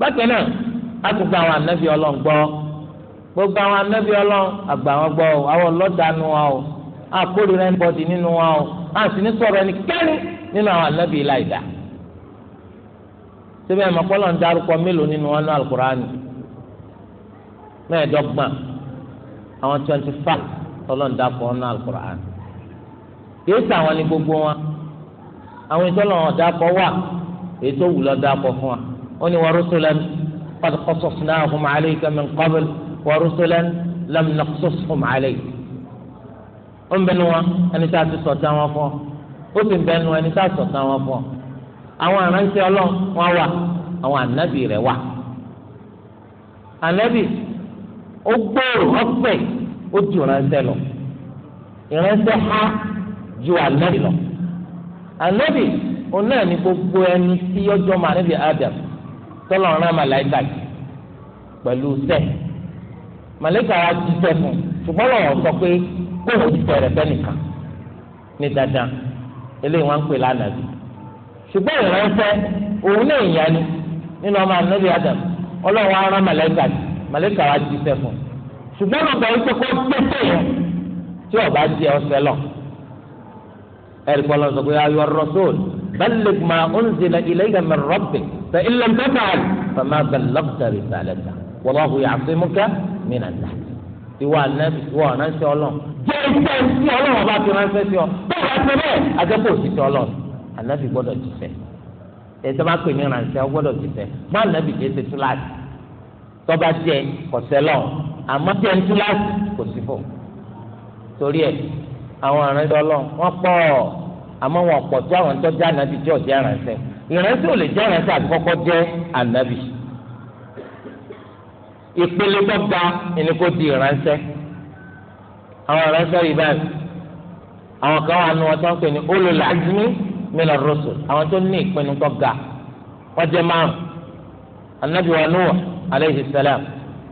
bákan náà àtúgbà àwọn anabi Ọlọ́run gbọ́ gbogbo àwọn anabi Ọlọ́run àgbà wọn gbọ́ o àwọn ọlọdàánu wa o àkórìíra ẹnìbọdì nínú wa o àti ní sọ̀rọ̀ ẹnikẹ́ni nínú àwọn anabi ilà ìdá síbẹ̀ ẹ̀mọ́ kọ́lọ̀ ń darúkọ mélòó nínú wọn ní alukurani mẹ́ẹ̀ẹ́dọ́gbọ̀n àwọn twenty five kọ́lọ̀ ń darúkọ wọn ní alukurani kìí sàwọn ní gbogbo wọn àwọn ìtọ́lọ̀ ọ̀dàpọ̀ wà ètò òwúlọ̀ ọ̀dàpọ̀ fún wa ó ní wa rusulan qad qasasnahum alayka min qabl wa rusulan lam naqsushum alayk ó ń bẹnu wọn ẹni tá a ti sọ̀tà wọn fún ọ ó sì ń bẹnu ẹni tá a sọ̀tà wọn fún àwọn aránṣẹ́ Ọlọ́run wọn wà àwọn ànábì rẹ̀ wà ànábì ó gbòòrò ọ̀pẹ̀ ó ju ìránṣẹ́ lọ ìránṣẹ́ ha ju ànábì lọ. ànábì òun gbogbo ẹni tí ma níbi adam tọlọ ọ̀ràn màláìkà pẹ̀lú sẹ́ẹ̀ màláìkà wa ti sẹ́ fún ṣùgbọ́n lọ́wọ́ sọ pé kóòwò ti tẹ̀rẹ̀ fẹ́nìkan ní dandan eléyìí wọ́n ń pè lánàá bí ṣùgbọ́n ìránṣẹ́ òun náà adam ọlọ́wọ́ ti fún ṣùgbọ́n pé ọba di ọsẹ lọ́wọ́ ẹ̀rí kọ́ lọ́sọ̀ pé ayọ̀ rọ́sọ́l balẹ̀ ma ń zilẹ̀ ilẹ̀ yìí mi rọ́bì tẹ ilẹ̀ ntẹ́fàl fama balọ̀tà risalata wàlọ́hu yàtúmùkà mìíràn dà ìwọ anabi ìwọ ọ̀nàṣẹ́ ọlọ́n jẹ́ ìfẹ́ sí ọlọ́run ọba tó ránṣẹ́ sí ọ bẹ́ẹ̀ wá sí bẹ́ẹ̀ àjẹpọ̀ òṣìṣẹ́ ọlọ́run anabi gbọ́dọ̀ ti fẹ́ ẹ̀sẹ̀ bá pè ní àwọn aránṣẹ́ Ọlọ́run wọ́n pọ̀ àmọ́ wọn pọ̀ tó àwọn tó jẹ́ ànábì tí ò jẹ́ aránṣẹ́ ìránṣẹ́ ò lè jẹ́ aránṣẹ́ àti kọ́kọ́ jẹ́ ànábì ìpele tó ga ẹni kò di ìránṣẹ́ àwọn aránṣẹ́ yìí báyìí àwọn kan wà nù wọn tó ń pè ní ulul azmi minar rusul àwọn tó ní ìpinnu tó ga wọ́n jẹ́ márùn anabi wa nuwa aleyhi salam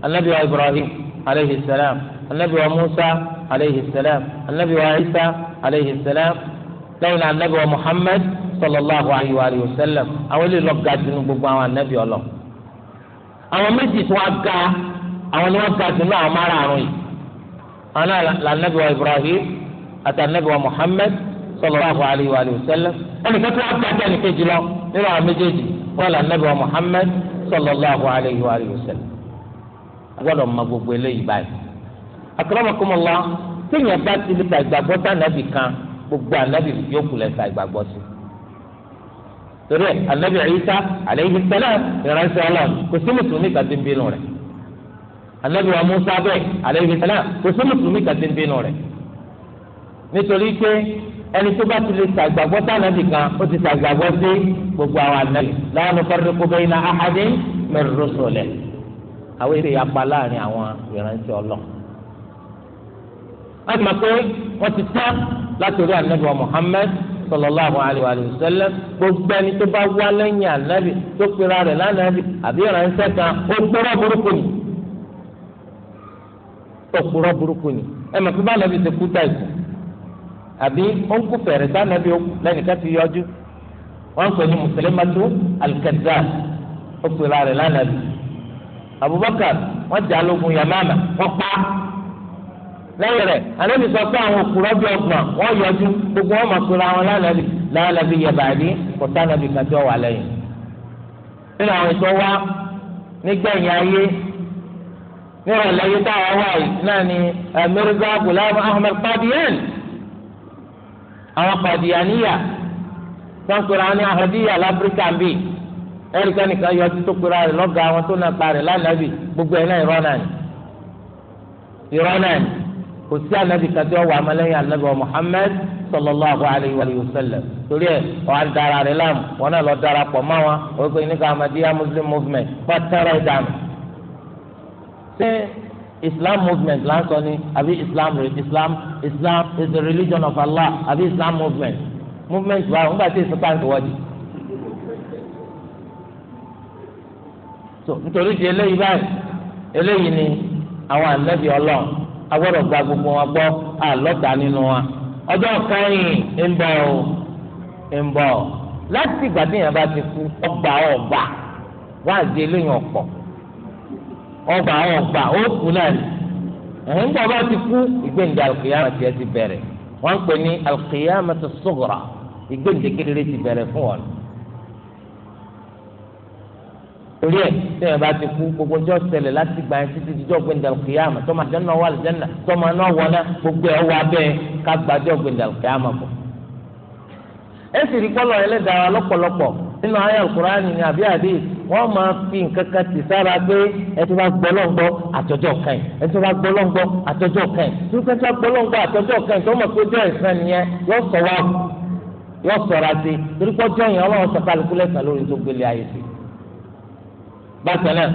anabi wa ibrahim aleyhi salam anabi wa musa aleyhi salam anabi wa isa aleyhi salam lẹ́yìn náà anabi wa muhammad sallallahu alayhi wa sallam àwọn ilé lọ́ọ́ ga sínú gbogbo àwọn anabi ọlọ. àwọn méjì tí wọ́n ga àwọn ni wọ́n ga sínú àwọn márààrún yìí. àwọn náà la anabi wa ibrahim àti anabi wa muhammad sallallahu alayhi wa sallam ẹnì kan tí wọ́n ga jẹ́ nìkejì lọ nínú àwọn méjèèjì wọ́n la anabi wa muhammad sallallahu alayhi wa sallam. a gbọ́dọ̀ mọ gbogbo eléyìí báyìí akramakumullah téèyàn bá ti lè ta ìgbàgbọ́ tá ànábì kan gbogbo ànábì yòókù lè ta ìgbàgbọ́ sí torí ànábì Ìsá alayhi salam ìránṣẹ́ Ọlọ́run kò sí mùsùlùmí kàtí ń bínú rẹ̀ ànábì wa Mùsá bẹ́ẹ̀ alayhi salam kò sí mùsùlùmí kàtí ń bínú rẹ̀ nítorí pé ẹni tó bá ti lè ta ìgbàgbọ́ tá ànábì kan ó ti ta ìgbàgbọ́ sí gbogbo àwọn ànábì la nufarriqu bayna ahadin min rusulihi àwọn èrè yapa láàrin àwọn ìránṣẹ́ Ọlọ́run wọ́n ti mọ̀ pé wọ́n ti tán láti orí ànábì wa Muhammad sallallahu alayhi wa gbogbo ẹni tó bá wá lẹ́yìn ànábì tó pera rẹ̀ lánàbì àbí ìránṣẹ́ kan ó purọ́ burúkú ni ó purọ́ burúkú ni ẹ mọ̀ pé bá ànábì ti kú táì kù àbí ó ń kú fẹ̀rẹ̀ sí ànábì ó ti yọjú wọ́n ní ó pera rẹ̀ Abubakar wọ́n jà lógun lẹ́yìn rẹ̀ ànábì sọ pé àwọn òkú rọ́bì ọgbọ̀n wọ́n yọjú gbogbo wọn mọ̀kúra wọn lánàbì lánàbì yabàdí kọ̀tà nàbì kàtí ọ̀wà lẹ́yìn. nínú àwọn ètò wa nígbẹ̀yìn ayé nírọ̀lẹ́ yìí táwa wà yìí náà ni Mirza Ghulam Ahmad Qadian àwọn Qadianiya tó ń pera wọn ní ahadiya láfíríkà ń bì ẹnìkanìkan yọjú tó pera rẹ̀ lọ́gàá kò sí anabi kàtí ọwọ amalẹyìn anabi wa muhammed sallallahu alayhi wa sallam torí ẹ ọ̀hà ń dara rẹ láàmú wọn náà lọ dara pọ̀ mọ́ wọn wọ́n pe ní ká amadiya muslim movement bá tẹ́rọ ìdánù. ṣé islam movement là ń ni àbí islam islam islam is the religion of allah àbí islam movement movement wa ń gbà tí ìsìnká ń tọ́wọ́ di. so nítorí di eléyìí báyìí eléyìí ni àwọn anabi ọlọ́run. agbọ́dọ̀ gba gbogbo wọn gbọ́ àlọ́ta nínú wa ọjọ́ kẹrin ń bọ̀ o ń bọ̀ láti ìgbà tí èèyàn bá ti kú ọgbà ọgbà wá àti eléyìn ọ̀pọ̀ ọgbà ọgbà ó kú náà ni ẹ̀yìn gbọ́ bá ti kú ìgbéǹde alùkìyàmà tiẹ̀ ti bẹ̀rẹ̀ wọ́n ń pè ní alùkìyàmà tó sọ̀rọ̀ ìgbéǹde kékeré ti bẹ̀rẹ̀ fún wọn torí ẹ tẹ́yìn bá ti kú gbogbo ọjọ́ ṣẹlẹ̀ láti gbà yẹn títí díjọ́ gbẹ̀ndàlù kìyàmù tọ́mọ àjẹ́nà wà lẹ́nà tọ́mọ náà wọná gbogbo ẹ̀ wà bẹ́ẹ̀ ká gbàjọ́ gbẹ̀ndàlù kìyàmù bọ̀. ẹ sì rí pọ́lọ̀ ẹlẹ́dàá wa lọ́pọ̀lọpọ̀ nínú ayé alukur'ani ni àbí àdé wọ́n máa fi nǹkan kan tì sára pé ẹ ti bá gbọ́ lọ́ngbọ́ àtọ́jọ́ kan ẹ ti bá gbọ́ lọ́ngbọ́ àtọ́jọ́ kan tí wọ́n ti bá gbọ́ lọ́ngbọ́ àtọ́jọ́ kan tó mọ̀ pé ọjọ́ ẹ̀san nìyẹn yọ sọ wá yọ sọ̀rọ̀ àti torí pé ọjọ́ yẹn ọlọ́run sọ kálukú lẹ́sàn lórí tó gbélé ayé sí i bákan náà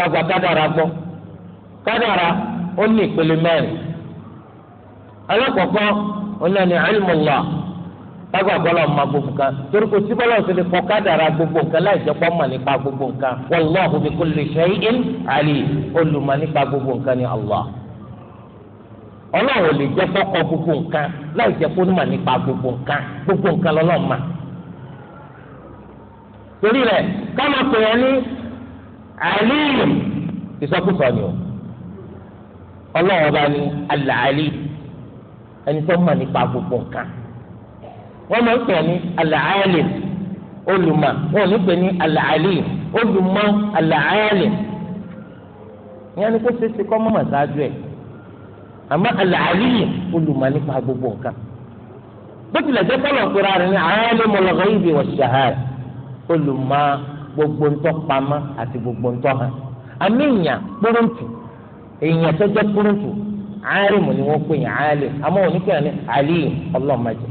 kagbà kádàrà gbọ́ kádàrà ó ní ìpele mẹ́rin alákọ̀ọ́kọ́ ọ̀nà ni ilmullah kagbà bọ́lá ọ̀ma gbogbo kan torí kò sí bọ́lá ọ̀sẹ̀ lè kọ́ kádàrà gbogbo nǹkan láì jẹ́ pọ́ mọ̀ nípa gbogbo nǹkan wallahu bi kulli shay'in alim olùmọ̀ nípa gbogbo nǹkan ni Allah ọlọ́run ò lè jẹ́ pọ́ kọ́ gbogbo nǹkan láì jẹ́ pọ́ nípa gbogbo nǹkan gbogbo nǹkan lọ́lọ́ọ̀ torí rẹ̀ káma pè é ní aliyu ìsọkúsọ ni o ọlọ́run bá ní alàálì ẹni tó mọ̀ nípa gbogbo nǹkan wọ́n máa ń pè é ní alàálì olùmọ̀ wọn ò ní pè é ní alàálì olùmọ̀ alàálì ìyẹn ni kó ṣeéṣe kọ́ mọ̀ ṣáájú ẹ̀ àmọ́ alàálì olùmọ̀ nípa gbogbo nǹkan bó tilẹ̀ jẹ́ kọ́lọ̀ pera rẹ̀ ní alàálì mọ̀lọ́gọ́ ìbí wọ̀ ṣàhárẹ̀. olùmọ̀ gbogbo ńtọ́ pamọ́ àti gbogbo ntọ hàn àmì ìyàn kúrúntù èèyàn tó jẹ́ kúrúntù ni wọ́n pè yàn àálẹ̀ àmọ́ oníkẹ́yàn ní àlíyìn ọlọ́mọdé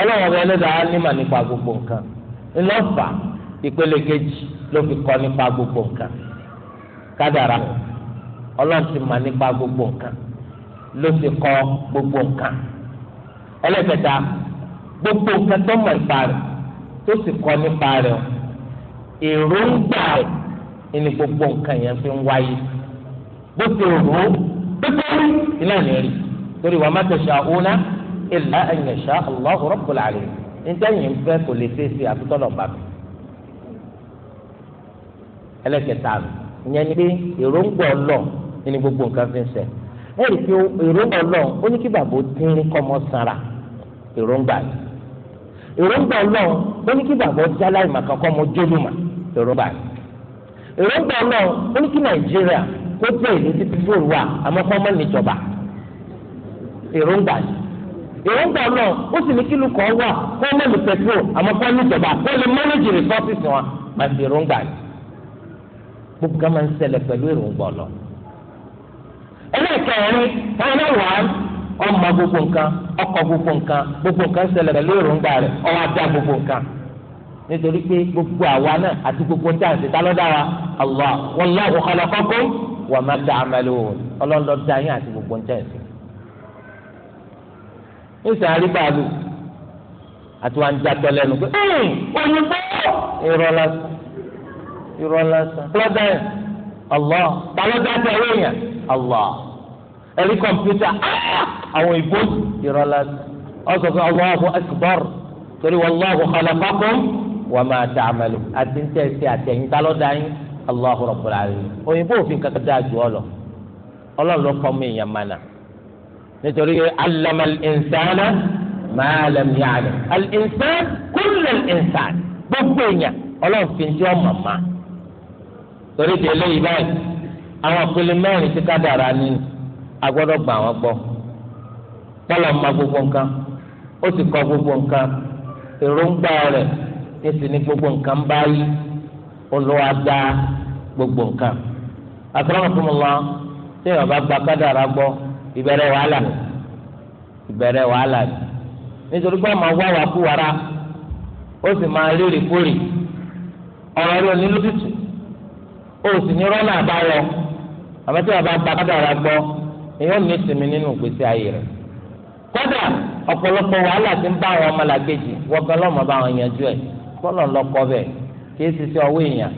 ọlọ́wọ́n bẹ lọ́dọ̀ á nímọ̀ gbogbo nǹkan ńlọ́fà ìpele kejì ló fi kọ nípa gbogbo nǹkan kádàrà gbogbo nǹkan ló ti kọ gbogbo nǹkan ẹlẹ́kẹta gbogbo nǹkan tó mọ̀ tó sì kọ́ nípa rẹ̀ èròǹgbà rẹ̀ ni gbogbo nǹkan yẹn fi ń wáyé bó ti rò ó pípẹ́rú iná ní rí torí wa ma tasha'una illa an yasha Allahu rabbul alamin níta yìí ń fẹ́ kò lè ṣe é ṣe àtúntọ́lọ̀ bàbá ẹlẹ́kẹta ìyẹn ni pé èròǹgbà ọlọ́ ni gbogbo nǹkan fi ń ṣe ẹ̀rí pé èròǹgbà ọlọ́ ó ní kí bàbá ó dín kọ́mọ sára èròǹgbà yìí èròǹgbà ọlọ́run ó bụ kí bàbá ọjà láì màkà jólùmọ̀ èròǹgbà èròǹgbà ọlọ́run ó nàìjíríà kó tẹ̀ ìlú títí fóònù wa àmọ́ kọ́ níjọba èròǹgbà èròǹgbà ó sì ní kí wà ní níjọba kó lè mọ́nẹ́jì wọn máa fi èròǹgbà gbogbo kan máa ń pẹ̀lú èròǹgbà ọmọ gbogbo nǹkan ọkọ gbogbo nǹkan gbogbo nǹkan ṣẹlẹ̀ pẹ̀lú èròǹgbà rẹ̀ ọwọ́ adá gbogbo nǹkan nítorí pé gbogbo àwa náà àti gbogbo táǹsì tá ló dá wa Allah wallahu khalaqakum wa ma ta'malun ọlọ́lọ́ dá yín àti gbogbo táǹsì. nísìnyí arígbàlù àti wọn jàtọ̀ lẹ́nu pé òyìnbó irọ́ lásán irọ́ lásán lọ́dọ̀ yẹn Allah ẹ̀rí kọ̀mpútà ah! àwọn ìbò ìrọ̀lá ọ̀sọ̀ fún Allahu akbar torí wallahu khalaqakum wa ma ta'malu àti ń tẹ̀sí àtẹ̀yìntà lọ́dà yín Allahu rabbul alamin òyìnbó òfin kankan dáa ju ọ lọ ọlọ́run ló kọ́ mi ìyàn mana nítorí allamal insana ma lam ya'lam al insan kullal insan gbogbo èèyàn ọlọ́run fi ń jẹ́ ọmọ máa torí ti eléyìí báyìí àwọn a gbọ́dọ̀ gbà wọ́n gbọ́ ma gbogbo nǹkan ó sì kọ gbogbo nǹkan èròǹgbà rẹ̀ ní sì ní gbogbo nǹkan báyìí olùwà dá gbogbo nǹkan akramakumullah tí èèyàn bá gba kádàrá gbọ́ ìbẹ̀rẹ̀ wàhálà w'ala, wàhálà nítorí pé ọmọ wá kú wàrà ó sì máa rírì kórì ó sì ní tí bá èèyàn ní sinmi nínú ìgbésí ayé rẹ̀ kódà ọ̀pọ̀lọpọ̀ wàhálà ti ń bá àwọn ọmọlàkejì wọ́gán lọ́mọ bá wọn yanjú ẹ̀ bọ́lọ̀ lọ́kọ́ bẹ̀ kí esi sí ọwọ́ èèyàn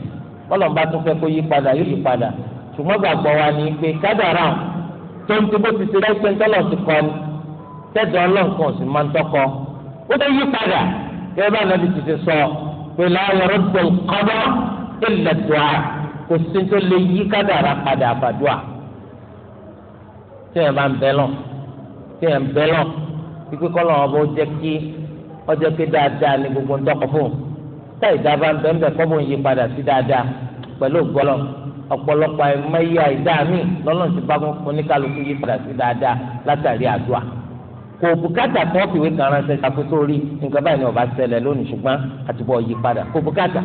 bọ́lọ̀ bá tún fẹ́ kó yí padà yóò yí padà ṣùgbọ́n gbàgbọ́ wa ni pé kádàrà ti bó ti ṣe ńtọ́lọ̀ ti kọ́ ni tẹ́jọ́ sì máa ń ó dé yí padà bá téèyàn bá ń bẹ lọ téèyàn bẹ lọ ikú kọ́ lọ́wọ́ bó jẹ́ kí ọjọ́ pé dáadáa ní gbogbo ń tọkọ̀ fún un tá ìdá bá ń bẹ ń bẹ kọ́ bó ń yí padà sí dáadáa pẹ̀lú ògbọ́lọ́ ọ̀pọ̀lọpọ̀ àìmọye àìdá mi lọ́lọ́run ti bá fún ní kálukú yí padà sí dáadáa látàrí àdúrà kò bùkátà tó fìwé kan ránṣẹ́ ṣàkóso rí nǹkan báyìí ni ọba ṣẹlẹ̀ lónìí ṣùgbọ́n àtibọ̀ yí padà kò bùkátà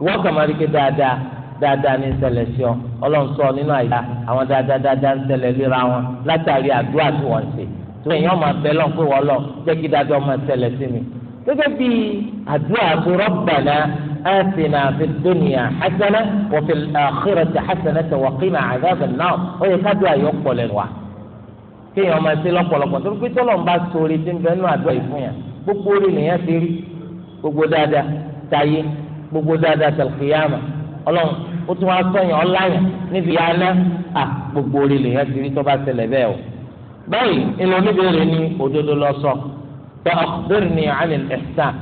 ìwọ́n kàn máa rí pé dáadáa dáadáa ní ṣẹlẹ̀ sí ọ Ọlọ́run sọ nínú àyà àwọn dáadáa dáadáa ń ṣẹlẹ̀ léra wọn látàrí àdúrà tí wọ́n ṣe tó èèyàn máa bẹ lọ́n pé wọ́n lọ jẹ́ kí dáadáa máa ṣẹlẹ̀ sí mi. gẹ́gẹ́ bí àdúrà tó Rabbana atina fid dunya hasana wa fil akhirati hasanatan wa qina adhaban nar ó yẹ káàdùn àyọ̀ pọ̀ lẹ́nu wa. kéèyàn máa ṣe lọ́pọ̀lọpọ̀ torí pé tọ́lọ̀ ń bá sori tí ń bẹ nínú àdúrà yìí fún gbogbo orí nìyẹn ti rí gbogbo dáadáa tayé gbogbo dáadáa tàlùkìyàmà ọlọ́run ó tún wá sọ̀yàn ọláyàn níbi yaná à gbogbo orí lè yẹn ti rí tó bá ṣẹlẹ̀ bẹ́ẹ̀ o. báyìí ìlú oníbèrè ni òdodo lọ sọ pé ọ̀bẹ̀rẹ̀ ni àlẹ́ ẹ̀sán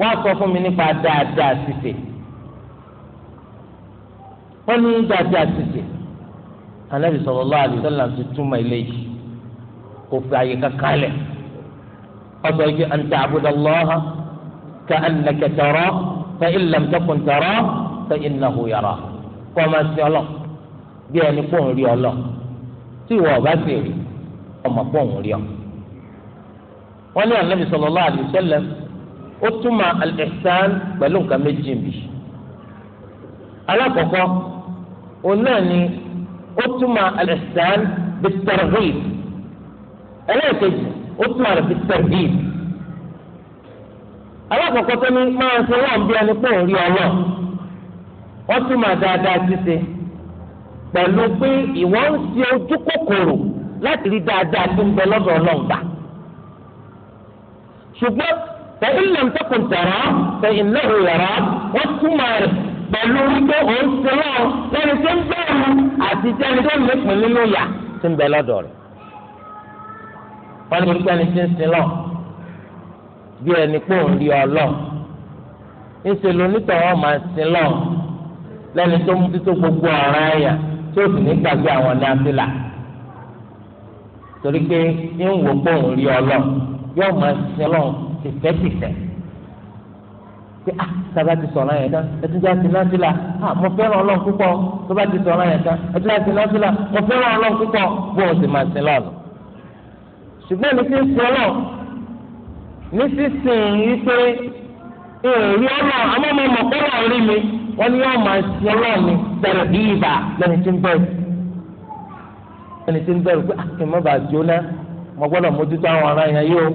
wọ́n sọ fún mi nípa dáadáa ṣiṣẹ́ wọ́n ní dáadáa ṣiṣẹ́ anabi sallallahu alaihi wasallam ti túmọ̀ ilé yìí kò fi àyè kankan lẹ̀ ọ̀sọ̀ yìí an ta'budallaha ka'annaka tarahu fa in lam takun tarahu fa innahu yara kọ́ ọ máa sin ọlọ́ bí ẹni pọ̀ ń rí ọlọ́ tí ìwọ ọba sì rí ọmọ pọ̀ ń rí ọ. wọ́n ní Ànábì sallallahu alaihi wasallam ó túmọ̀ al-ihsan pẹ̀lú nǹkan méjì bì. alákọ̀ọ́kọ́ òun náà ni ó túmọ̀ al-ihsan bit-targhib ẹlẹ́ẹ̀kejì ó túmọ̀ rẹ̀ bit-tarhib. alákọ̀ọ́kọ́ tó ní máa ń sin wọ́n bí ẹni pọ̀ ń rí ọlọ́ọ̀ wọ́n ma dáadáa ṣíṣe pẹ̀lú pé ìwọ ń ṣe ojú kòkòrò láti rí dáadáa tó ń bẹ lọ́dọ̀ ọlọ́run gbà ṣùgbọ́n tẹ̀yìn lẹ́nu tẹkùn tẹ̀rọ tẹ̀yìn lẹ́hùn yàrá wọ́n túmọ̀ rẹ̀ pẹ̀lú wípé òun ṣe náà lẹ́ni tó ń bẹ̀rù àti tẹ́ni tó ń lékun nínú yà tó ń bẹ lọ́dọ̀ rẹ̀ wọ́n ní pẹ́ni tí ń sin lọ bí ẹni pé òun rí ọ lọ ń lonítọ̀ máa sin lẹ́ni tó mú títí gbogbo ọ̀ràn ẹ̀yà tí ó sì ní gbàgbé àwọn náfìlà torí pé ń wò pé òun rí ọlọ́ yóò máa ṣe ọlọ́run tìfẹ́tìfẹ́ pé ah sábà ti sọ̀rọ̀ yẹn tán ẹtí já sí náfìlà ah mo fẹ́ràn ọlọ́run púpọ̀ tó bá ti sọ̀rọ̀ yẹn tán ẹtí já sí náfìlà mo fẹ́ràn ọlọ́run púpọ̀ bó o sì máa ṣe lọ́ọ̀lù ṣùgbọ́n ní ti ń ṣe ọlọ́run ní sísìn yìí pé èrè ọlọ́run àmọ́ mo mọ̀ pé ọlọ́run rí mi wọ́n ní wọ́n máa ṣe ọlọ́run ní bẹ̀rẹ̀ bí ibà lẹ́ni tí ń bẹ̀rù lẹ́ni tí ń bẹ̀rù pé àkìmọ́ ah, bá jóná mo gbọ́dọ̀ mójútó àwọn ará yẹn yóò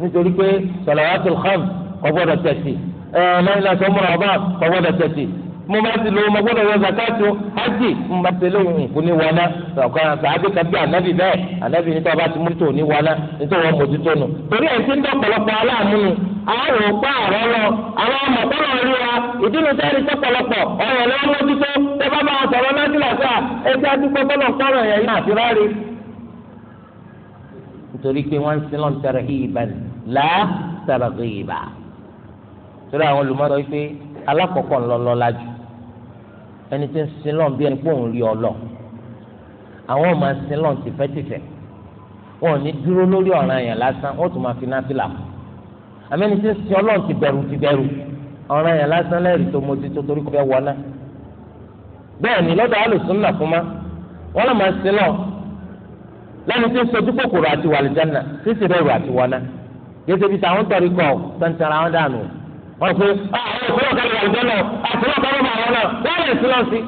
nítorí pé salawatul khams kò gbọ́dọ̀ tẹ̀sí ẹ̀ẹ́dẹ́gbẹ̀rún mo bá ti lówó mo gbọ́dọ̀ yọ zakati o hajj mo bá ti lówó nkú ní wọná ọkọ sàábì kan bí anabi bẹ́ẹ̀ anabi nítorí ọba ti múlítò ní wọná nítorí wọn mójútó nù torí ẹ̀ ti ń dọ̀pọ̀lọpọ̀ aláàmú nu àwọn òpá àrọ́ lọ àwọn ọmọ kọ́lọ̀ rí wa ìdílé sẹ́ni tọ́pọ̀lọpọ̀ ọ̀rọ̀ ló ń mójútó ẹ bá máa sọ̀rọ̀ nájìláṣà ẹ ti àdúgbò kọ́lọ̀ kọ́lọ̀ yẹn ní àfiráre. nítorí pé wọ́n ń sin lọ́n tẹ̀rẹ̀ ìbá là tẹ̀rẹ̀ ẹni tí ń sin lọ́n bí ẹni pé òun rí ọ lọ àwọn máa ń sin lọ́n tìfẹ́tìfẹ́ wọn ò ní dúró lórí ọ̀ràn yẹn lásán wọn tún máa fi náà fìlà àmẹ́ni tí ń sin ọlọ́run ti bẹ̀rù ti bẹ̀rù ọ̀ràn yẹn lásán lẹ́rìí tó mọtí tó torí kò fẹ́ wọná bẹ́ẹ̀ ni lọ́dọ̀ alùsùn nà fún ma wọn lọ́ máa ń sin lọ́n lẹ́ni tí ń sojú kòkòrò àti wàlìjánà tí ń sin bẹ̀rù àti gẹ́gẹ́ bí táwọn wọn dànù wọ́n pe ah, àwọn òkúrò kan lè àjọ náà àti wọ́n kọ́ lọ́mọ àwọn náà wọ́n lè sí lọ sí.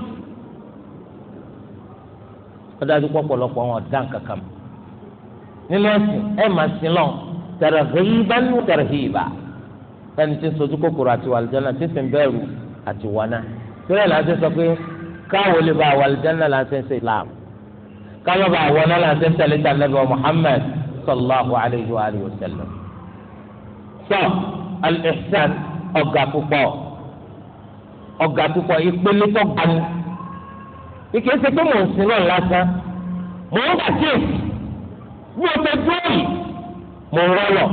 wọ́n dájú pọ̀pọ̀lọpọ̀ wọn dán kankan nínú ẹ̀sìn ẹ̀ máa sin lọ tẹ̀rẹ̀hìbá ní tẹ̀rẹ̀hìbá ẹni tí ń sojú kòkòrò àti wàlìjánà tí ń sìn bẹ́ẹ̀rù àti wọnà tẹ́lẹ̀ láti sọ pé káwọn lè ba wàlìjánà láti ń sìn Islam káwọn bá wọnà láti ń tẹ̀lé tànàbẹ̀ Muhammad ọ̀gá púpọ̀ ọ̀gá púpọ̀ ìpele tó ga ni ìkè ṣe pé mò ń sin náà lásán mò ń gbàgbé bí o ti dúró yìí mò ń rọlọ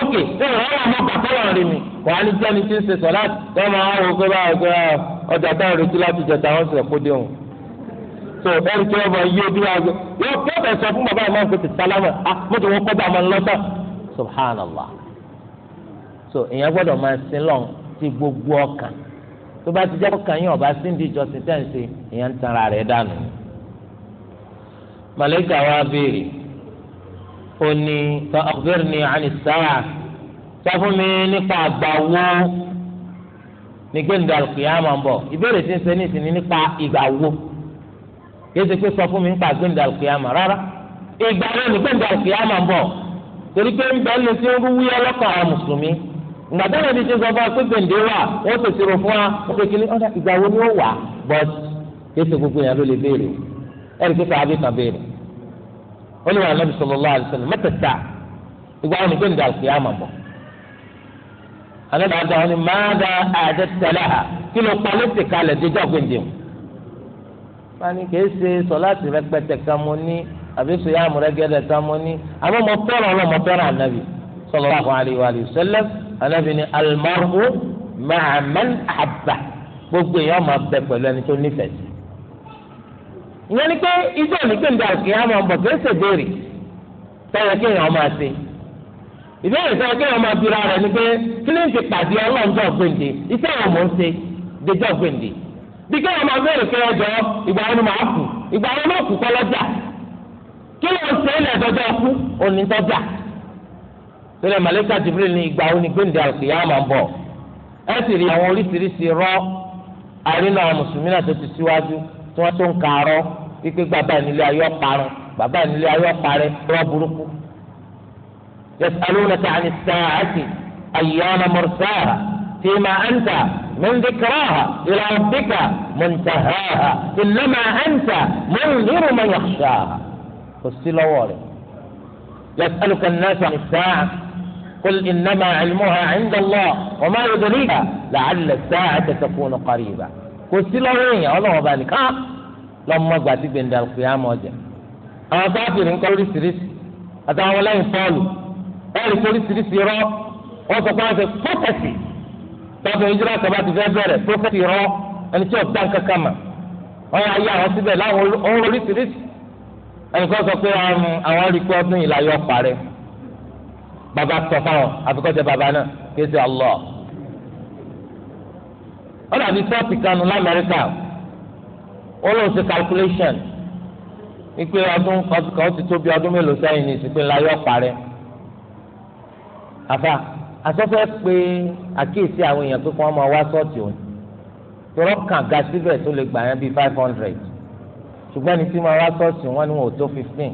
ókè ṣé ìrọ̀lọ́ ọmọ bàbá wọn rí mi wàá ní jẹ́ni tí ń ṣe sọ láti tọ́ ma wọ́n wọ́n gbé báyìí gbé ah, ọjà táwọn retí láti jẹta wọ́n sì kó dé wọn. tó ẹni tí wọ́n bá yí ojú wa yóò kí ọ̀bẹ sọ fún bàbá yìí máa ah, ń pèsè sálámà á mọ́tò wọn kọ́ bá a máa ń subhanallah. so èèyàn gbọdọ máa sin lọ́n ti gbogbo ọkàn tó bá ti jẹ ọkàn ọba sindi ìjọsìn tẹ̀sí èèyàn ń tanra rẹ̀ dànù. màlẹ́kà wa béèrè ó ní àní sọ fún mi nípa àgbà wo ní gbẹ̀ndà ń bọ̀ ìbéèrè tí ń ṣe ní ìsìn nípa ìgbà wo pé sọ fún mi nípa gbẹ̀ndà kìyàmà rárá ìgbà wo ní gbẹ̀ndà ń bọ̀ torí pé ti ìgbàdá náà ti ṣe sọ fún wa pé gbèǹde wà wọ́n tètè rò fún wa wọ́n tètè ní ọ̀dà ìgbà wo ni ó wà but kéṣe gbogbo yẹn ló lè béèrè ẹ̀rí kéṣe àbí kan béèrè ó ní wàhálà nàbì sallallahu alaihi wasallam mẹ́tẹ̀ẹ̀ta ìgbà wọn ni gbèǹde àlùkìyàmà bọ̀ àlọ́dà àdá wọn ni máadà àdá tẹ̀lé ha kí ló pa lóṣè kalẹ̀ déjọ́ gbèǹde o fani kéṣe sọ láti rẹpẹtẹ kan mo ní àbí sọyàmù rẹgẹdẹ kan mo ní àmọ́ mo fẹ́ràn ọlọ́mọ fẹ́ràn ànábì sallallahu alaihi wa sallam Ànábì ní almaru ma'a man ahabba gbogbo èèyàn máa bẹ pẹ̀lú ẹni tó nífẹ̀ẹ́ sí. ìyẹn ni pé ijó onígbèǹda òkè àmọ́ ọ̀bọ̀ kìí ṣe béèrè tẹ́lẹ̀ kí èèyàn máa ṣe. ìbéèrè tẹ́lẹ̀ kí èèyàn máa bira rẹ̀ ni pé kí ló ń ti pàdé ọlọ́ọ̀dọ́ gbèǹde iṣẹ́ àwọn mò ń ṣe déjọ́ gbèǹde. bí kí èèyàn máa béèrè pé ọjọ́ ìgbà wọn máa kù ìgbà wọn máa kù kọ́ lọ́jà kí ló ń ṣe é tẹ́lẹ̀ màlẹ́kà jibril ní ìgbà òní gbẹ̀ǹdé àlùkìyámà ń bọ̀ ẹ sì rí àwọn oríṣiríṣi rọ́ àrínà mùsùlùmí náà tó ti síwájú tí wọ́n tó ń kàárọ̀ wípé bàbá nílé ayọ́ parun bàbá nílé ayọ́ parẹ́ rọ́ burúkú. yasalunaka ani saacati ayyana mursaha fima anta min dikraha ila rabbika muntahaha innama anta mundiru man kò sí lọ́wọ́ rẹ̀ yasaluka nasa ani saacati. قل إنما علمها عند الله وما يدريك لعل الساعة تكون قريبة kò sí lọ́wọ́ èèyàn ọlọ́wọ́ bá nìkan lọ́mọ gbà tí gbèǹda àlùkìyàmọ̀ ọjà àwọn káfíìrì ń kọ́ oríṣiríṣi àtàwọn ọlọ́yin fọ́ọ̀lù ẹ̀rì kọ́ oríṣiríṣi rọ́ wọ́n sọ pé wọ́n ṣe pọ́tẹ̀sì tọ́pọ̀ ìjírà kaba ti fẹ́ bẹ̀rẹ̀ pọ́tẹ̀sì rọ́ ẹni tí ọ̀gbá kankan mà wọ́n yà yà wọ́n síbẹ̀ láwọn oríṣiríṣi ẹnì kan sọ pé um, àwọn rí pé ọdún ìlà yọ parẹ́ bàbá tọ́ fáwọn àfikọ́jẹ bàbá náà kí ṣe Allah. ó dàbí sọ́ọ̀tì kanu lamẹ́ríkà ó lóun ṣe calculation wípé ọdún kan ó ti tó bí ọdún mélòó sẹ́yìn ní ìsìnkú ńlá yọ̀ parẹ́ àfa asọ́fẹ́ pé àkíyèsí àwọn èèyàn pé kí wọ́n máa wá sọ́ọ̀tì òun tọrọ kàn ga síbẹ̀ tó lè gbà yẹn bíi five hundred ṣùgbọ́n ní tí máa wá sọ́ọ̀tì wọn ni wọn ò tó fifteen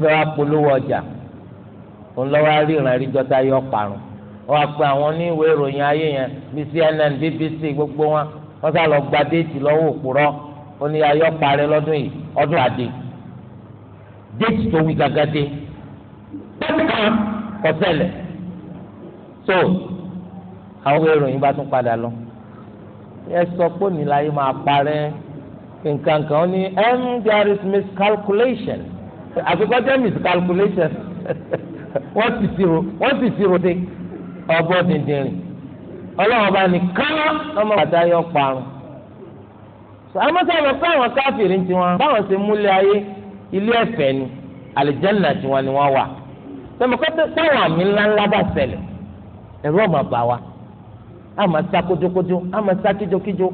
bẹ́ẹ̀ wá polówó ọjà ńlọ́wọ́ aríran àríjọta yọ parun wọ́n á pe àwọn oníwèé ìròyìn ayé yẹn bíi CNN BBC gbogbo wọn wọ́n sá lọ gba déètì lọ́wọ́ òpùrọ́ ó ní ayọ́ parẹ́ lọ́dún yìí ọdún àdé déètì tó wí gàgàdé kọsẹ̀lẹ̀ so àwọn oníwèé ìròyìn bá tún padà lọ ẹ sọ pé òní láyé máa parẹ́ nǹkan kan ó ní there is miscalculation àfikọ́jẹ́ miscalculation. wọ́n sì ti ro wọ́n sì ti ro dé ọbọ̀ dìndìnrìn ọlọ́run bá ní ká ọmọ bàtà yọ parun. àmọ́sọ̀rọ̀ káwọn káfíìrì ń tiwọn báwọn ṣe múlẹ̀ ayé ilé ẹ̀fẹ̀ ni àlìjẹ́nà tiwọn ni wọ́n wà. sọmọkọ́tẹ́ táwọn àmì ńláńlá bá ṣẹlẹ̀ ẹ̀rọ ọ̀mà bá wa àmọ́ sá kójókójó àmọ́ sá kíjokíjo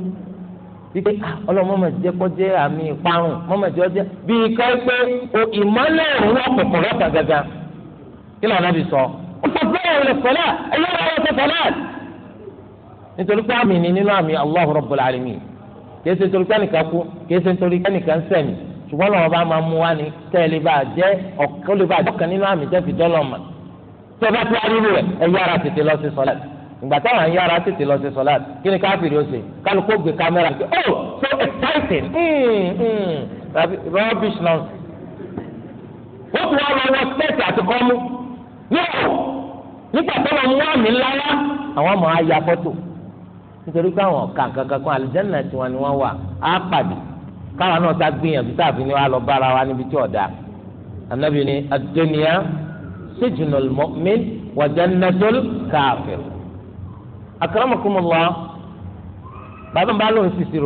wípé ọlọ́run mọ̀mọ́ jẹ́ kọ́jẹ́ àmì ìparun mọ̀mọ́ jẹ́ bíi ká pé ìmọ́lẹ̀ òun ọ̀pọ̀pọ̀ lọ́tà gàgà kí lọ́nà bí sọ nítorí pé àmì ni nínú àmì Allahu Rabbul Alamin kìí ṣe nítorí kánìkan kú kìí ṣe nítorí kánìkan sẹ̀mí ṣùgbọ́n lọ́wọ́ bá máa mú wa ni kẹ́lẹ́ bá jẹ́ ọ̀kọ́ lè bá jọ́kan nínú àmì tẹ́ fi dọ́lọ̀ mọ̀ tẹ́ bá tó arírò rẹ̀ ẹ yára tètè lọ sí sọ́lá ìgbà táwọn yára tètè lọ sí sọ́lá kí ni káfíìrì ó ṣe kálukó gbé kámẹ́rà ṣe oh so exciting hmm, hmm. rubbish nonsense ó ti wá lọ wọ spẹ́ẹ̀tì àti kọ́mú. yóò nígbà tó máa mú àmì ńlá wá àwọn máa nítorí pé àwọn ọ̀ka kankan kan ni wọ́n wà á pàdé káwọn náà ta gbìyànjú tàbí ni wọ́n á lọ bára wa níbi tí ọ̀dà ni ad-dunya sijnul mu'min wa jannatul bàbá bá lóun sisi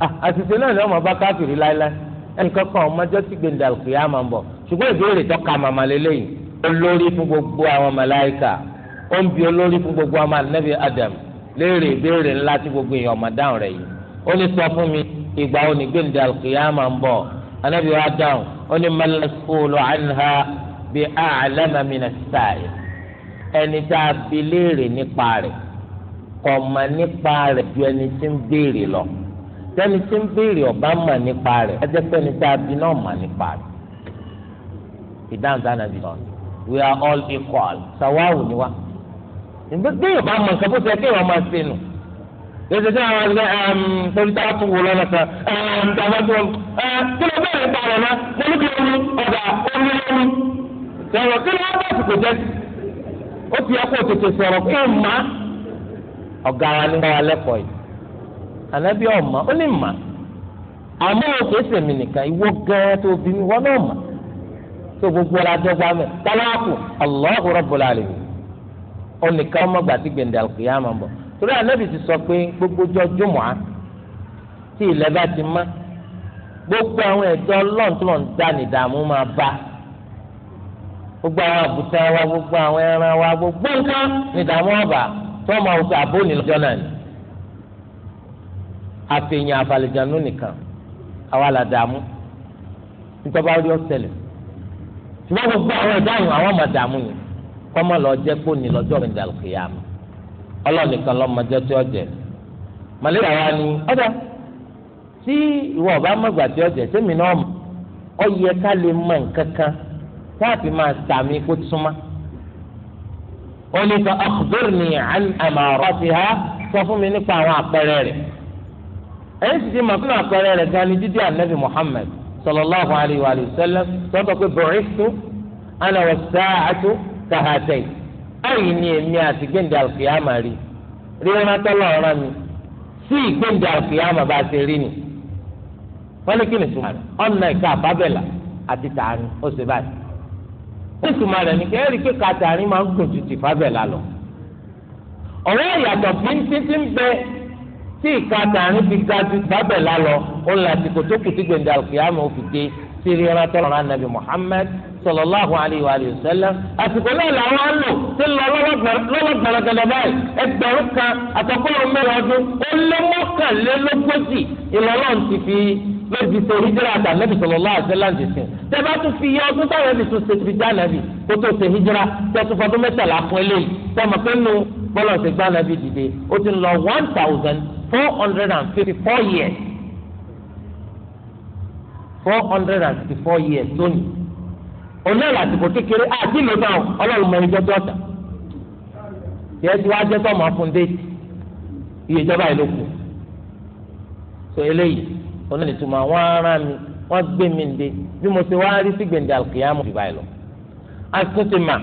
ah, àṣìṣe náà ni bá láéláé ẹnì kankan máa ń bọ̀ ṣùgbọ́n ka màmá olórí fún gbogbo àwọn màláíkà ó ń bi olórí fún gbogbo àwọn ànábì Adam léèrè ìbéèrè ńlá tí gbogbo èèyàn máa dáhùn rẹ̀ yìí ó ní sọ fún mi ìgbà òní gbẹ̀ǹdà al-qiyama ń bọ̀ ànábì wa dáhùn ó ní mal-mas'ulu anha bi a'lama mina as-sa'il ẹni tá a bi léèrè nípa rẹ̀ kò mọ̀ nípa rẹ̀ ju ẹni tí ń béèrè lọ tẹni tí ń béèrè ọba mọ̀ nípa rẹ̀ ẹjẹ́ pẹ́ni tá a bi náà mọ̀ nípa rẹ̀ ìdáhùn tá a nàbì we are all equal sàwáwù ni wa gbẹ̀yìn bá mọ̀ nǹkan bó ṣe kéèyàn máa ṣe nù lẹ́sẹ̀ tí àwọn ẹgbẹ́ torí tá a tún wò lọ́nà kan um, tá a bá tún wọn um, kí ló bẹ̀rẹ̀ ń parọ̀ náà lẹ́nu kí ló ní ọ̀gá omi lẹ́nu sọ̀rọ̀ kí ló bá àsìkò jẹ́ ó ti yẹ kó sọ̀rọ̀ kí n má ọ̀gá wa ní wa lẹ́kọ̀ọ́ yìí ànábì ọ̀ma ó lè má àmọ́ òkè sèmi nìkan ìwọ gẹ́ẹ́ tó bí mi wọ́n náà mọ̀ tó gbogbo la dọ́gba mẹ́ tálákù Allahu Rabbul Alamin ọ̀nìkan ọmọgbà tí gbẹ̀ndẹ̀ àlùkìyàmọ̀ bọ̀ torí ànábì ti sọ pé gbogbo jọ jùmọ̀ á tí ilẹ̀ bá ti mọ́ gbogbo àwọn ẹ̀jọ́ lọ́ntọ́n dání dààmú máa bá gbogbo àwọn àbùtá wa gbogbo àwọn ẹran wa gbogbo nǹkan ní dààmú ọ̀bà tó ọmọ òkè àbó nílọ́jọ́ náà ni àfihàn àfàlẹ̀jànú nìkan àwa là dààmú nítorí ọ̀sẹ̀ lẹ̀ ṣùgbọ́n gbogbo àwọn ìdáhùn àwọn màdàmú ni kọ́mọ lọ jẹ́ gbóni lọ́jọ́ ìdá kìyàm ọlọ́nìkan lọ́mọdé tí ó jẹ màlẹ́kà wa ni ọ̀dà tí ìwọ ọba mọ̀gbà tí ó jẹ sẹ́mi náà ọ yẹ ká lè mọ nǹkan kan táàbì máa sàmì kó túmá ó ní sọ akhbirni an sọ fún mi nípa àwọn àpẹẹrẹ ẹ̀yìn sì ti mọ̀ fún àpẹẹrẹ gan ni Muhammad sallallahu alayhi wa sallam tọ́tọ̀ pé bu'ithtu ana was-sa'atu kahatayn báyìí ni èmi àti gbẹ̀ǹdà àlùkìyàmà rí ríran tọ́lọ̀ ọ̀ràn mi sí ìgbẹ̀ǹdà àlùkìyàmà bá a ṣe rí ni wọ́n ní kí ni tùmọ̀ rẹ̀ ọ̀nà ìka àbábẹ̀là àti tààrí ó ṣe báyìí ní tùmọ̀ rẹ̀ ní kẹ́rì pé kàtàrí máa ń gùn ju tìfábẹ̀là lọ ọ̀rẹ́ ìyàtọ̀ pínpín ti ń bẹ tí ìka tààrin fi ga ju bábẹ̀ la lọ ó ń láti kò tó kù tí gbèǹda òkèèyàmù òfin dé sí rí ẹran tọrọ náà nàbì Muhammad sallallahu alayhi wa sallam àsìkò náà làwọn á lò tí ń lọ lọ́wọ́ gbọ̀nàgbọ̀nà báyìí ẹgbẹ̀rún kan àtọ́kọ́rọ̀ mẹ́rin ọdún ó lé mọ́kànlélógójì ìlọ́lọ́run ti fi lójú tó hijira àtà nàbì sallallahu alayhi wa sallam ti sìn tẹ́bá one thousand four hundred and fifty-four years four hundred and fifty-four years lónìí òun náà lásìkò kékeré àti ìlú náà ọlọ́run iye ìjọba yìí ló kù so eléyìí òun nìtumọ̀ wọ́n ara mi wọ́n gbé mi ǹde bí mo ṣe wá rí sí gbèǹde àlùkìyàmù jù báyìí lọ asún mà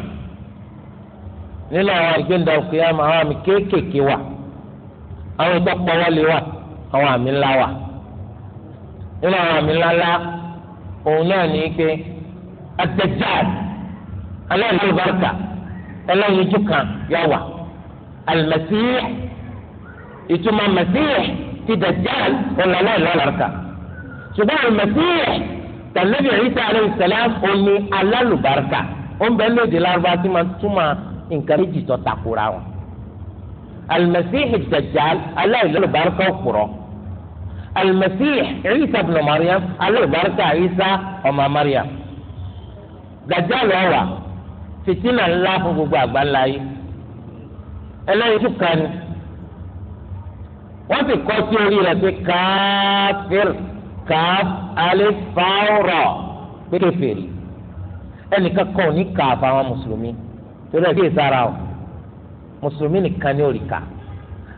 àwọn àlùkìyàmù àwọn àmì kéékèèké wà. àwọn ìgbà pọ́wọ́lé wà àwọn àmì ńlá wà nínú àwọn àmì ńlá ńlá òun náà ní pé àtẹ̀jáde aláìlú barika ẹlẹ́yinjú kan yà wà alimẹsíyẹ ìtumọ̀ mẹsíyẹ ti dajjal ọ̀nà aláìlú barika ṣùgbọ́n alimẹsíyẹ tàlẹ́bí ẹ̀ríṣà aláìsẹ̀lẹ̀ ọ̀nì alálùbáríkà ó lóde lárúbá tí máa túmọ̀ nǹkan méjì tó takora wọn alimasihi dajjal aláìlọ́lùbáríkà òkùrọ̀ alimasihi isa ibn mariam aláìlọ́lùbáríkà isa ọmọ mariam dajjal ọ̀wà fìtínà ńlá fún gbogbo àgbáńlá yìí ẹlẹ́yìn tó kàn ní wọ́n sì kọ́ sí orí rẹ̀ pé káfíìr káf alifáwọ̀rọ̀ pé kèfèrí ẹnìkan kọ́ ò ní kàf àwọn mùsùlùmí torí ẹ̀ kí èsì ara o mùsùlùmí nìkan ni ó rí ka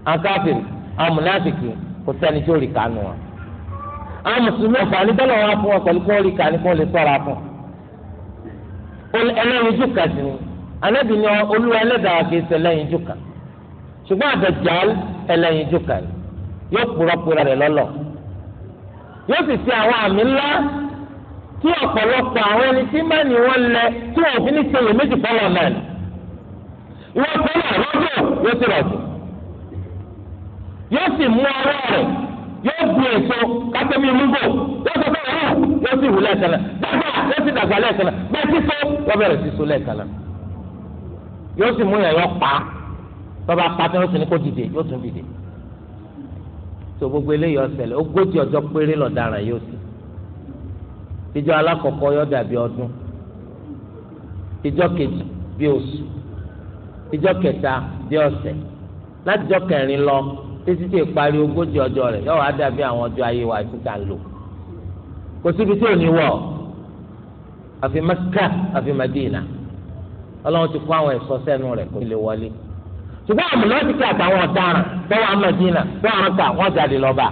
àwọn káfíìn àwọn mùnáfìkì kò sẹ́ni tí ó rí ka nù wọn. àwọn mùsùlùmí àǹfààní tọ́lọ̀ wọn fún wọn pẹ̀lú kí wọ́n rí ka ní kí wọ́n lè sọ́ra fún. ẹlẹ́yin jù kan sí ni anábì ni olúwa ẹlẹ́dàá kì í ṣe ẹlẹ́yin jù kan ṣùgbọ́n àdàjàl ẹlẹ́yin jù kan yóò purọ́pura rẹ̀ lọ́lọ́ yóò sì ṣe àwọn àmì ńlá tí ọ̀pọ̀lọpọ̀ àwọn ẹni tí mẹ́ni wọn lẹ tí wọn ò fi ní ṣe iyèméjì fọlọ́ náà wọ́n sọ́nà lọ́dọ̀ yóò sì rọ̀ fún yóò sì mú ọwọ́ rẹ̀ yóò bu èso kátẹ́mi múgò yóò sọ fún ọ̀hún ah, yóò sì wù lẹ́ẹ̀kan náà dàgbà yóò sì dàgbà lẹ́ẹ̀kan náà bẹ́ẹ̀ sì so wọ́n bẹ̀rẹ̀ sí so lẹ́ẹ̀kan náà yóò sì mú yẹn yọ pa tọ́ba pàtẹ́ yóò sì ní kó dìde yóò tún dìde tó gbogbo eléyìí ọ̀sẹ̀lẹ̀ ogójì ọjọ́ péré lọ̀daràn yóò sì ìjọ alákọ̀ọ́kọ́ yóò dàbí ọdún ìjọ kejì bí oṣù ìjọ kẹta di ọ̀sẹ̀ láti jọ kẹrin lọ títí tí ìparí ogójì ọjọ́ rẹ̀ yóò wá dàbí àwọn ọjọ́ ayé wa tí ká lò kò síbi tí ò ní wọ̀ àfi Mẹ́kà àfi Mẹ́dínà Ọlọ́run ti kó àwọn ẹ̀ṣọ́ sẹ́nu rẹ̀ kó lè wọlé ṣùgbọ́n àmì náà ti kí àtàwọn ọ̀daràn bẹ́ẹ̀ wà Mẹ́dínà bẹ́ẹ̀ wà ká wọ́n jáde lọ́ba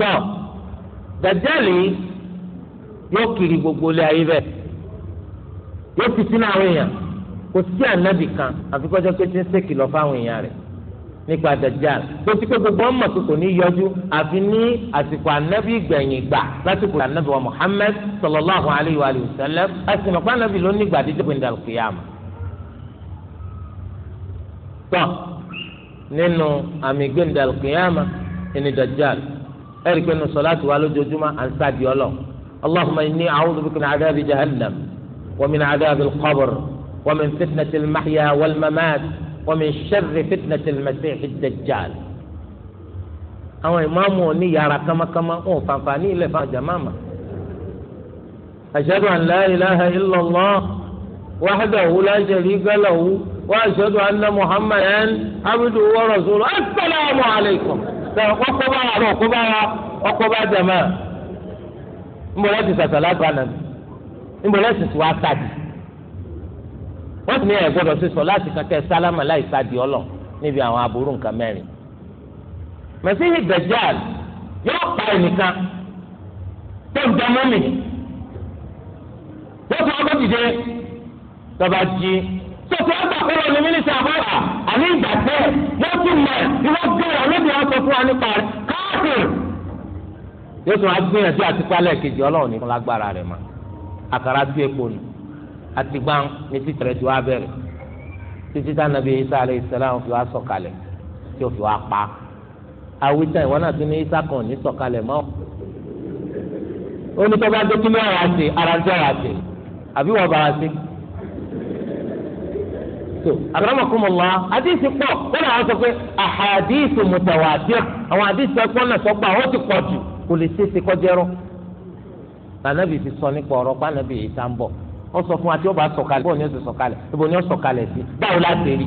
tọ́ Dàjálì yóò kiri gbogbo ilé ayé bẹ́ẹ̀ yóò fi sínú àwọn èèyàn kò sí ànábì kan àfi kọjá pé tí ń ṣèkì lọ fáwọn èèyàn rẹ̀ nípa dajjal tó ti pé gbogbo ọmọ tó kò ní yọjú àfi ní àsìkò ànábì gbẹ̀yìn gbà lásìkò ànábì wa Muhammad sallallahu alayhi wa sallam àsìkò àpá ànábì ló ní gbàdéjọ pé ndàlù kìyàmù. tọ́ nínú àmì gbẹ̀ndàlù kìyàmù ẹni dajjal ẹ̀rí pé nù sọ́láàtì wa lójoojúmọ́ à ń sáàdì ọlọ́ ومن عذاب القبر ومن فتنة المحيا والممات ومن شر فتنة المسيح الدجال أو إمام ونية كما كما أو فانفاني لفاجة ماما أشهد أن لا إله إلا الله وحده لا شريك له وأشهد أن محمدا عبده ورسوله السلام عليكم وقبا وقبا وقبا جماعة مراتي ستلاقى نبي níbo lẹ́sìn tí wàá sáàdì wọ́n ti ní ẹ̀ gbọ́dọ̀ sísọ láti kankẹ́ sálámà láì sáàdì ọlọ níbi àwọn aburú nǹkan mẹ́rin mẹsíhì dajjal yóò pa ẹnìkan tó ń dá mọ́mì wọ́n fi ọkọ̀ dìde tọba jí sọ̀tù ọgbà kúrò ní mínísítà àbúrò àní ìgbà tẹ́ wọ́n ti mọ̀ ìwọ́ gbé wọn lóbi wọn sọ fún wa nípa rẹ̀ káàkiri yóò tún wá gbìyànjú àti pálẹ̀ kejì ọlọ́run ní lágbára rẹ̀ mọ́ àkàrà sí epo nù àti gbá ní títẹ̀rẹ̀ tí wàá bẹ̀rẹ̀ títí tánàbí isa alẹ́ ìsẹ̀láhùn fi wá sọ̀kalẹ̀ tí ó fi wá pa awíta ìwọ náà tún ní isa kan ní sọ̀kalẹ̀ mọ́ onítọ́ba dókínà ọ̀rọ̀ àti aráńtí ọ̀rọ̀ àti àbí wọ́n bá wa sí so akramakumullah hadisi pọ̀ wọn àwọn sọ pé ahadisi mutawatir àwọn hadisi ẹ̀kọ́ náà sọ pé àwọn ti pọ̀ jù kò lè ṣeé ṣe kọjá ẹrọ lànàbì ti sọ nípa ọ̀rọ̀ pànàbì yìí tá ń bọ̀ ó sọ fún wa tí ó bá sọ̀kalẹ̀ bóun ni ó ti sọ̀kalẹ̀ ibo ni ó sọ̀kalẹ̀ sí báwo la ṣe rí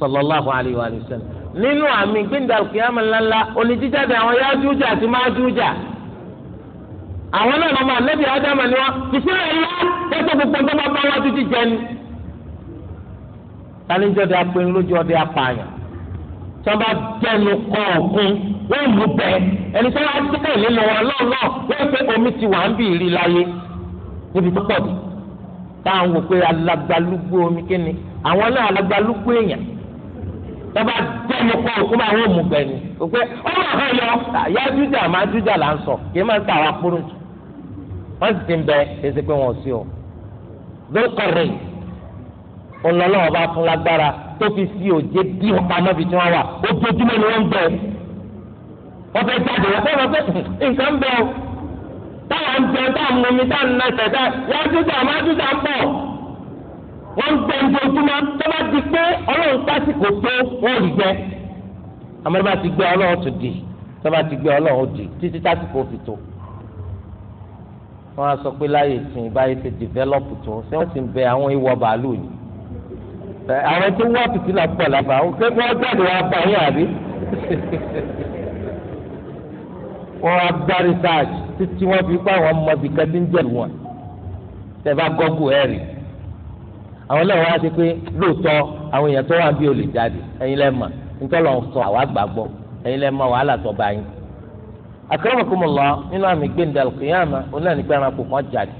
sallallahu alayhi wa nínú àmì gbẹndàkìyàmù ńláńlá oníjíjáde àwọn Yájújà àti Májújà àwọn náà lọ́mọ ànábì ádámà ni wọ́n ìṣúra ńlá tẹ́tọ́ gbogbo tó bá bá wá títí jẹni. tani jọ́dẹ apẹ̀rin lójú ọdẹ apààyàn tó bá bẹnu kọ òkun wọ́n mú bẹ ẹni tó bá tẹ̀lé nínú wọn náà náà wọ́n pé omi ti wà ń bì rí láyé níbi tó pọ̀ dé táwọn wò pé alágbálúgbó omi kíni àwọn náà alágbálúgbó èèyàn tó bá bẹnu kọ òkun máa wọ́n mú bẹ ni òpè ọmọ àwọn yọ yá jújà máa jújà là ń sọ kì í máa ń ta àwọn akpọ̀rọ̀ wọ́n sì ti ń bẹ ẹ ṣe pé wọ́n ò sí o lókọ̀ ọlọ́lọ́wọ́ bá fún lágbára tó fi sí òjé bí wọn pamọ́ ibi tí wọ́n wà ojoojúmọ́ ni wọ́n ń bẹ̀. wọ́n fẹ́ jáde wọ́n fẹ́ wọ́n fẹ́ hmm, nǹkan bẹ̀ o. táwọn ń bẹ táwọn mú mi táwọn ń nẹsẹ̀ táwọn wọ́n dúdú àmọ́ dúdú à ń bọ̀. wọ́n ń bẹ ojoojúmọ́ tó bá di pé ọlọ́run pásìkò tó wọ́n rí gbẹ. àmọ́ bá ti gbé ọlọ́run tó di tó bá ti gbé ọlọ́run di títí pásìkò fi tó wọ́n á sọ pé láyé ìsìn ìbáyé ti dìvẹ́lọ́pù tó ṣé wọ́n sì bẹ àwọn ìwọ bàálù yìí àwọn tó wá fìtílà pọ̀ láfa wọ́n jáde wá pa yín àbí wọ́n wá gbá research títí wọ́n fi pa àwọn ọmọbì kan ní jẹ̀lú wọn tẹ̀ bá gọ́gù ẹ̀ rí àwọn náà wá sí pé lóòótọ́ àwọn èèyàn tó wà bí olè jáde ẹ̀yin lẹ́ẹ̀ mọ̀ nítorí wọn sọ àwa gbàgbọ́ ẹ̀yin lẹ́ẹ̀ mọ̀ wàhálà tó bá yín. akramakumullah nínú àmì gbẹ̀ndàlùkìyàmà onáà nígbà ẹranko kan jáde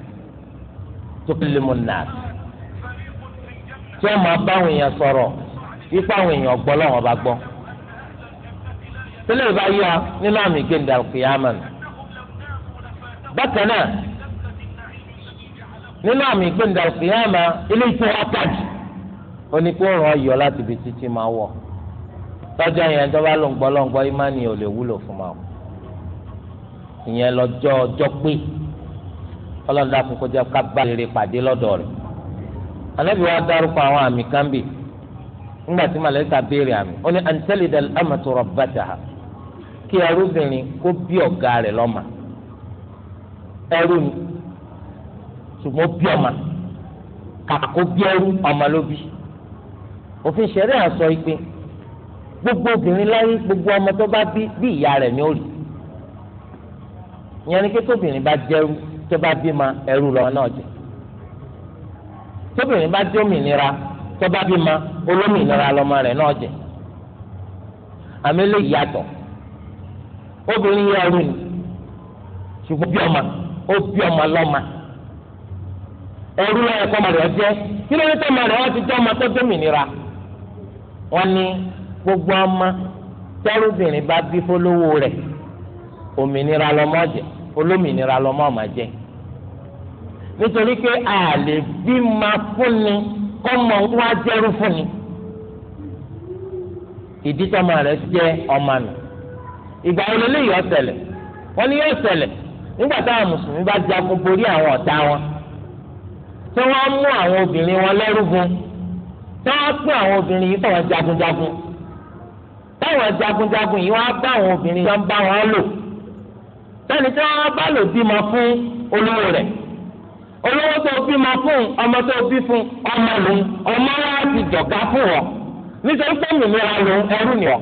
tó kí lè mọ̀ nàá tí wọ́n máa bá àwọn èèyàn sọ̀rọ̀ wípé àwọn èèyàn gbọ́ lọ́wọ́ bá gbọ́ tẹ́lẹ̀ bá yá nínú àmì gbẹ̀ndà kìyàmà bákan náà nínú àmì gbẹ̀ndà kìyàmà ilé ìtura kájì oníkóòrùn ọyọ láti ibi títí máa wọ̀ tọ́jú ẹ̀yàn tó bá lò ń gbọ́ lọ́n gbọ́ ìmánì ò lè wúlò fún ma o ìyẹn lọ́jọ́ ọjọ́ pé ọlọ́dà kúkú jẹ́ ká bá rere pàdé lọ́dọ̀ rẹ̀ anabi wa dárúkọ àwọn àmì kan bì ńgbà tí màlẹ́ta béèrè àmì ó ní antalida al-amatu kí ẹrúbìnrin kó bí ọ̀gá rẹ̀ lọ́mà ẹrú ni ṣùgbọ́n bí ọmọ kàkó bí ẹrú ọmọ ló bí òfin ṣẹ̀rẹ́ àsọ ìpè gbogbo obìnrin láyé gbogbo ọmọ tó bá bí bí ìyá rẹ̀ ni ó rí ìyẹn ni kí tóbìnrin bá jẹ́rú tó bá bí ma ẹrú lọ́wọ́ náà jẹ́ tóbìnrin bá jẹ́ òmìnira tọ́ba bí ma olómìnira lọ́mọ rẹ̀ náà àmì yàtọ̀ obìnrin yẹ ọrùn ni ṣùgbọ́n bí ọmọ ó bí ọmọ lọ́mọ ẹrú lọ́yẹ kọ́ ọmọ rẹ̀ jẹ́ kí ló dé tó ọmọ rẹ̀ wọ́n ti jẹ́ ọmọ tó dómìnira wọ́n ní gbogbo ọmọ bá bí rẹ̀ òmìnira lọ́mọ olómìnira lọ́mọ ọmọ nítorí pé a lè bí ma fúnni kọ́mọ wá jẹ́rú fúnni. ìdí tọ́mọ rẹ̀ jẹ́ ọmọ nù. ìgbà wo lélẹ́yìí ọ̀sẹ̀lẹ̀ wọ́n ní yóò ṣẹlẹ̀ nígbà táwọn mùsùlùmí bá jagun borí àwọn ọ̀tá wọn. tí wọ́n mú àwọn obìnrin wọn lẹ́rú fún tí wọ́n pín àwọn obìnrin yìí fáwọn jagunjagun. táwọn jagunjagun yìí wọ́n á bá àwọn obìnrin yìí wọ́n bá wọn lò. sẹ́ni tí wọ́n bá lò bímọ fún olówó rẹ̀ olówó tó bí ma fún ọmọ tó bí fún ọmọ lòun ọmọ wa ti jọ̀gá fún ọ nítorí pé mìíràn lòun ẹrú ni ọ.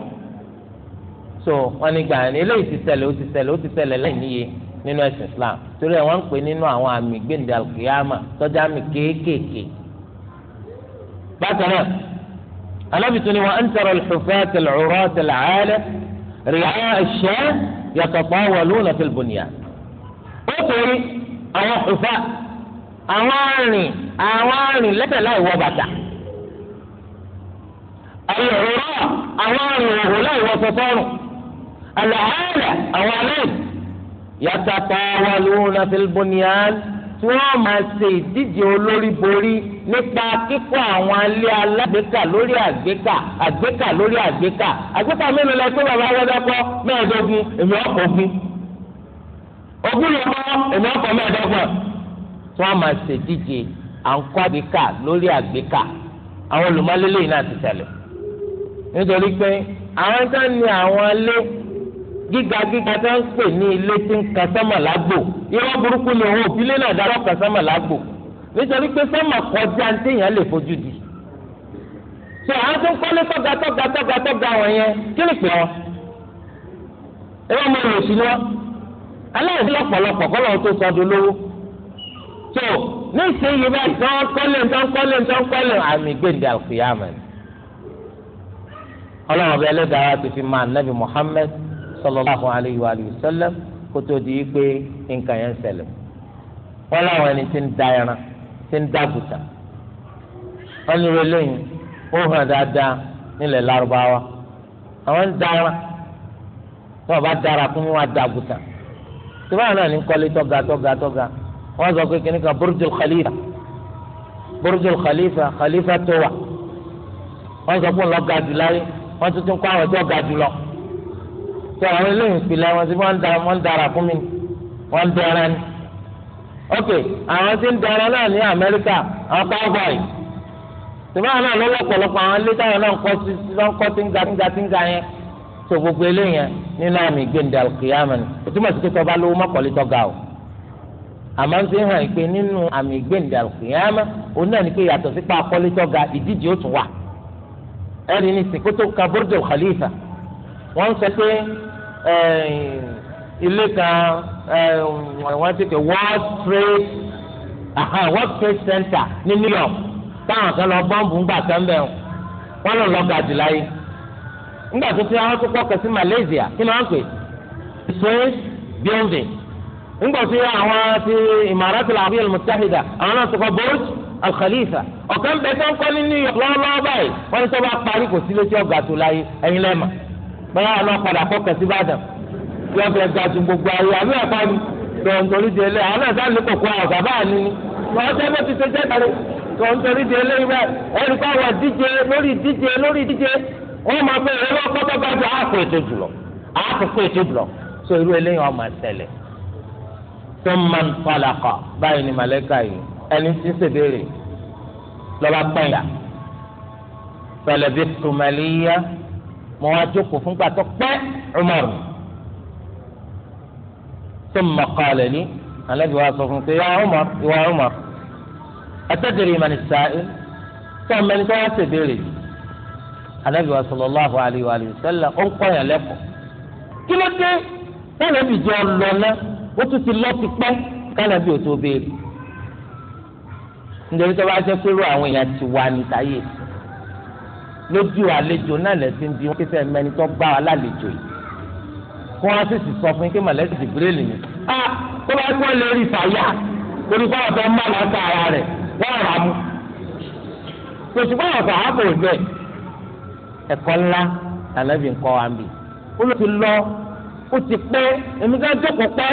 so wọn ní gbà ní eléyìí ti ṣẹlẹ̀ ó ti ṣẹlẹ̀ ó ti ṣẹlẹ̀ láì níye nínú ẹ̀sìn Islam torí ẹ̀ wọ́n ń pè nínú àwọn àmì gbèǹdé alkiyama tọ́jà àmì kéékèèké. bákan náà alábìtú ni wọn ń tọrọ lùfẹ́ tẹlẹ ọ̀rọ̀ tẹlẹ ààlẹ rìhá ẹ̀ṣẹ́ yàtọ̀ àwọn arìn àwọn arìn lẹ́tẹ̀ láì wọ bàtà àlọ́rọ̀ àwọn arìn òhò láì wọ sọ́sọ́rùn àlàáfíà àwọn aláìsí yàtàtà wà lóhùn àfẹlẹ́bọ̀nìyàn tí wọ́n máa ṣe ìdíje olórí borí nípa kíkọ́ àwọn alẹ́ alágbèéká lórí àgbéká àgbéká lórí àgbéká àgbéká mélòó lẹ pé bàbá wọ́dọ́kọ́ mẹ́ẹ̀ẹ́dógún èmi ọkọ̀ ogun ogun lọ́kọ́ èmi ọkọ̀ mẹ́ẹ̀ẹ́dọ́gbọ̀n tí wọ́n máa ṣèdíje à ń kọ́ àgbékà lórí àgbékà àwọn olùmọ́lélẹ́ yìí náà ti tẹ̀lé nítorí pé àwọn tó ń ní àwọn ilé gíga gíga tó ń pè ní ilé tí ń kan sọ́mọ̀ lágbo irọ́ burúkú ni òun òbí lé náà dárọ́ kan sọ́mọ̀ lágbo nítorí pé sọ́mọ̀ kọjá ní téèyàn lè fojú di ṣe àwọn tó ń kọ́lé tọ́ga tọ́ga tọ́ga tọ́ga wọn yẹn kí lè pè wọn ẹ wọ́n mọ ìròsì ni wọ́n aláìsí lọ́pọ̀lọpọ̀ kọ́lọ́wọ́ tó sọdún lówó so nísìnyí bá tọ́ kọ́lé tọ́ kọ́lé tọ́ kọ́lé àmì gbèǹde àlùkìyàmẹ́ ọlọ́run ọba ẹlẹ́dàá ti fi máa nàbì Muhammad sallallahu alayhi wa sallam kó tó di pé nǹkan yẹn ń wọ́n láwọn ẹni tí ń da ẹran tí ń da wọ́n ní relóyìn ó hàn dáadáa nílẹ̀ lárúbáwá àwọn ń da ẹran tí wọ́n bá wọn tí wọ́n sọ pé kíní kan burjul khalifa burjul khalifa khalifa tó wà wọ́n sọ pé ńlọ ga jù láyé wọ́n tún tún kọ́ àwọn tó ga jù lọ tó àwọn eléyìí ìpìlẹ̀ wọn sí wọ́n ń dara fún mi wọ́n ń dara ni ok àwọn tí ń dara náà ní Amẹ́ríkà àwọn cowboy tòmáà náà lọ́wọ́ ọ̀pọ̀lọpọ̀ àwọn ilé táwọn náà ń kọ́ sí ń kọ́ sí ń ga yẹn tó gbogbo eléyìí yẹn nínú àmì gbẹ̀ndàlùkìyàmẹ́ni òtún mọ̀ sí pé tọ́ba lówó mọ́kànlélọ́gà o àmọ́ ń fi hàn pé nínú àmì ìgbéǹde àlùkìyàmá òun náà ni pé yàtọ̀ sípa akọ́létọ́ ga ìdíje ó tún wà ẹ̀rí ni sìnkótó ka Burj Khalifa wọ́n sọ pé eh, ilé kan eh, wọ́n ti pè World Trade World Trade Center ní New York táwọn kan lọ bọ́ǹbù ńgbà kan bẹ́ẹ̀ wọ́n lọ lọ gàdì láyé ńgbà tó ti wọ́n tó kọ́ Malaysia kí ni wọ́n pè Swiss building ńgbọ̀sí àwọn ti Imarat al-Arabia al-Muttahida àwọn náà sọkọ Burj al-Khalifa ọ̀kan bẹ tó ń kọ́ ní New York lọ́wọ́lọ́wọ́ báyìí wọ́n ní sọ́ba parí kò sí létí ọ̀gá tó láyé ẹ̀yin lẹ́mà báyà àwọn náà padà kọ́ kẹ̀sí bàdàn yọ bẹ ga ju gbogbo ayé àbí ẹ̀fọ́ ni tọ̀ nítorí di ẹlẹ́ àwọn náà sá lè kókó àwọn bàbá àní ni wọ́n sẹ́ thumma ntalaqa báyìí ni màlẹ́kà yìí ẹni tí ń ṣèbéèrè lọ́ba pẹ́yà falabistu maliya mo wá jókòó fún gbàtọ́ pẹ́ Umar thumma qala li alẹ́ bí wàá sọ fún pé ìwà Umar ìwà Umar atadri man as-sa'il tọ́ mẹ́ni tó wá ṣèbéèrè yìí anabi wa sallallahu alayhi wa sallam ó ń kọ́ ó tún ti lọ ti pẹ́ kánàbí ò tó béèrè nítorí tó bá jẹ́ pé irú àwọn èèyàn ti wà nítayé lójú àlejò náà lẹ́sìn bí wọ́n kéfẹ́ mẹ́ni tó gbá wa lálejò yìí kó wọ́n sì sì sọ fún kí màlẹ́sì Jibril ni a ah, kó bá kó lè rí fàyà torí báwọn fẹ́ má lọ sí ara rẹ̀ wọ́n rà mú kò sí báwọn fà á bò ẹ̀kọ́ ńlá làlẹ́bí ńkọ́ wa ń bì ó ló ti lọ ó ti pẹ́ èmi ká jókòó pẹ́.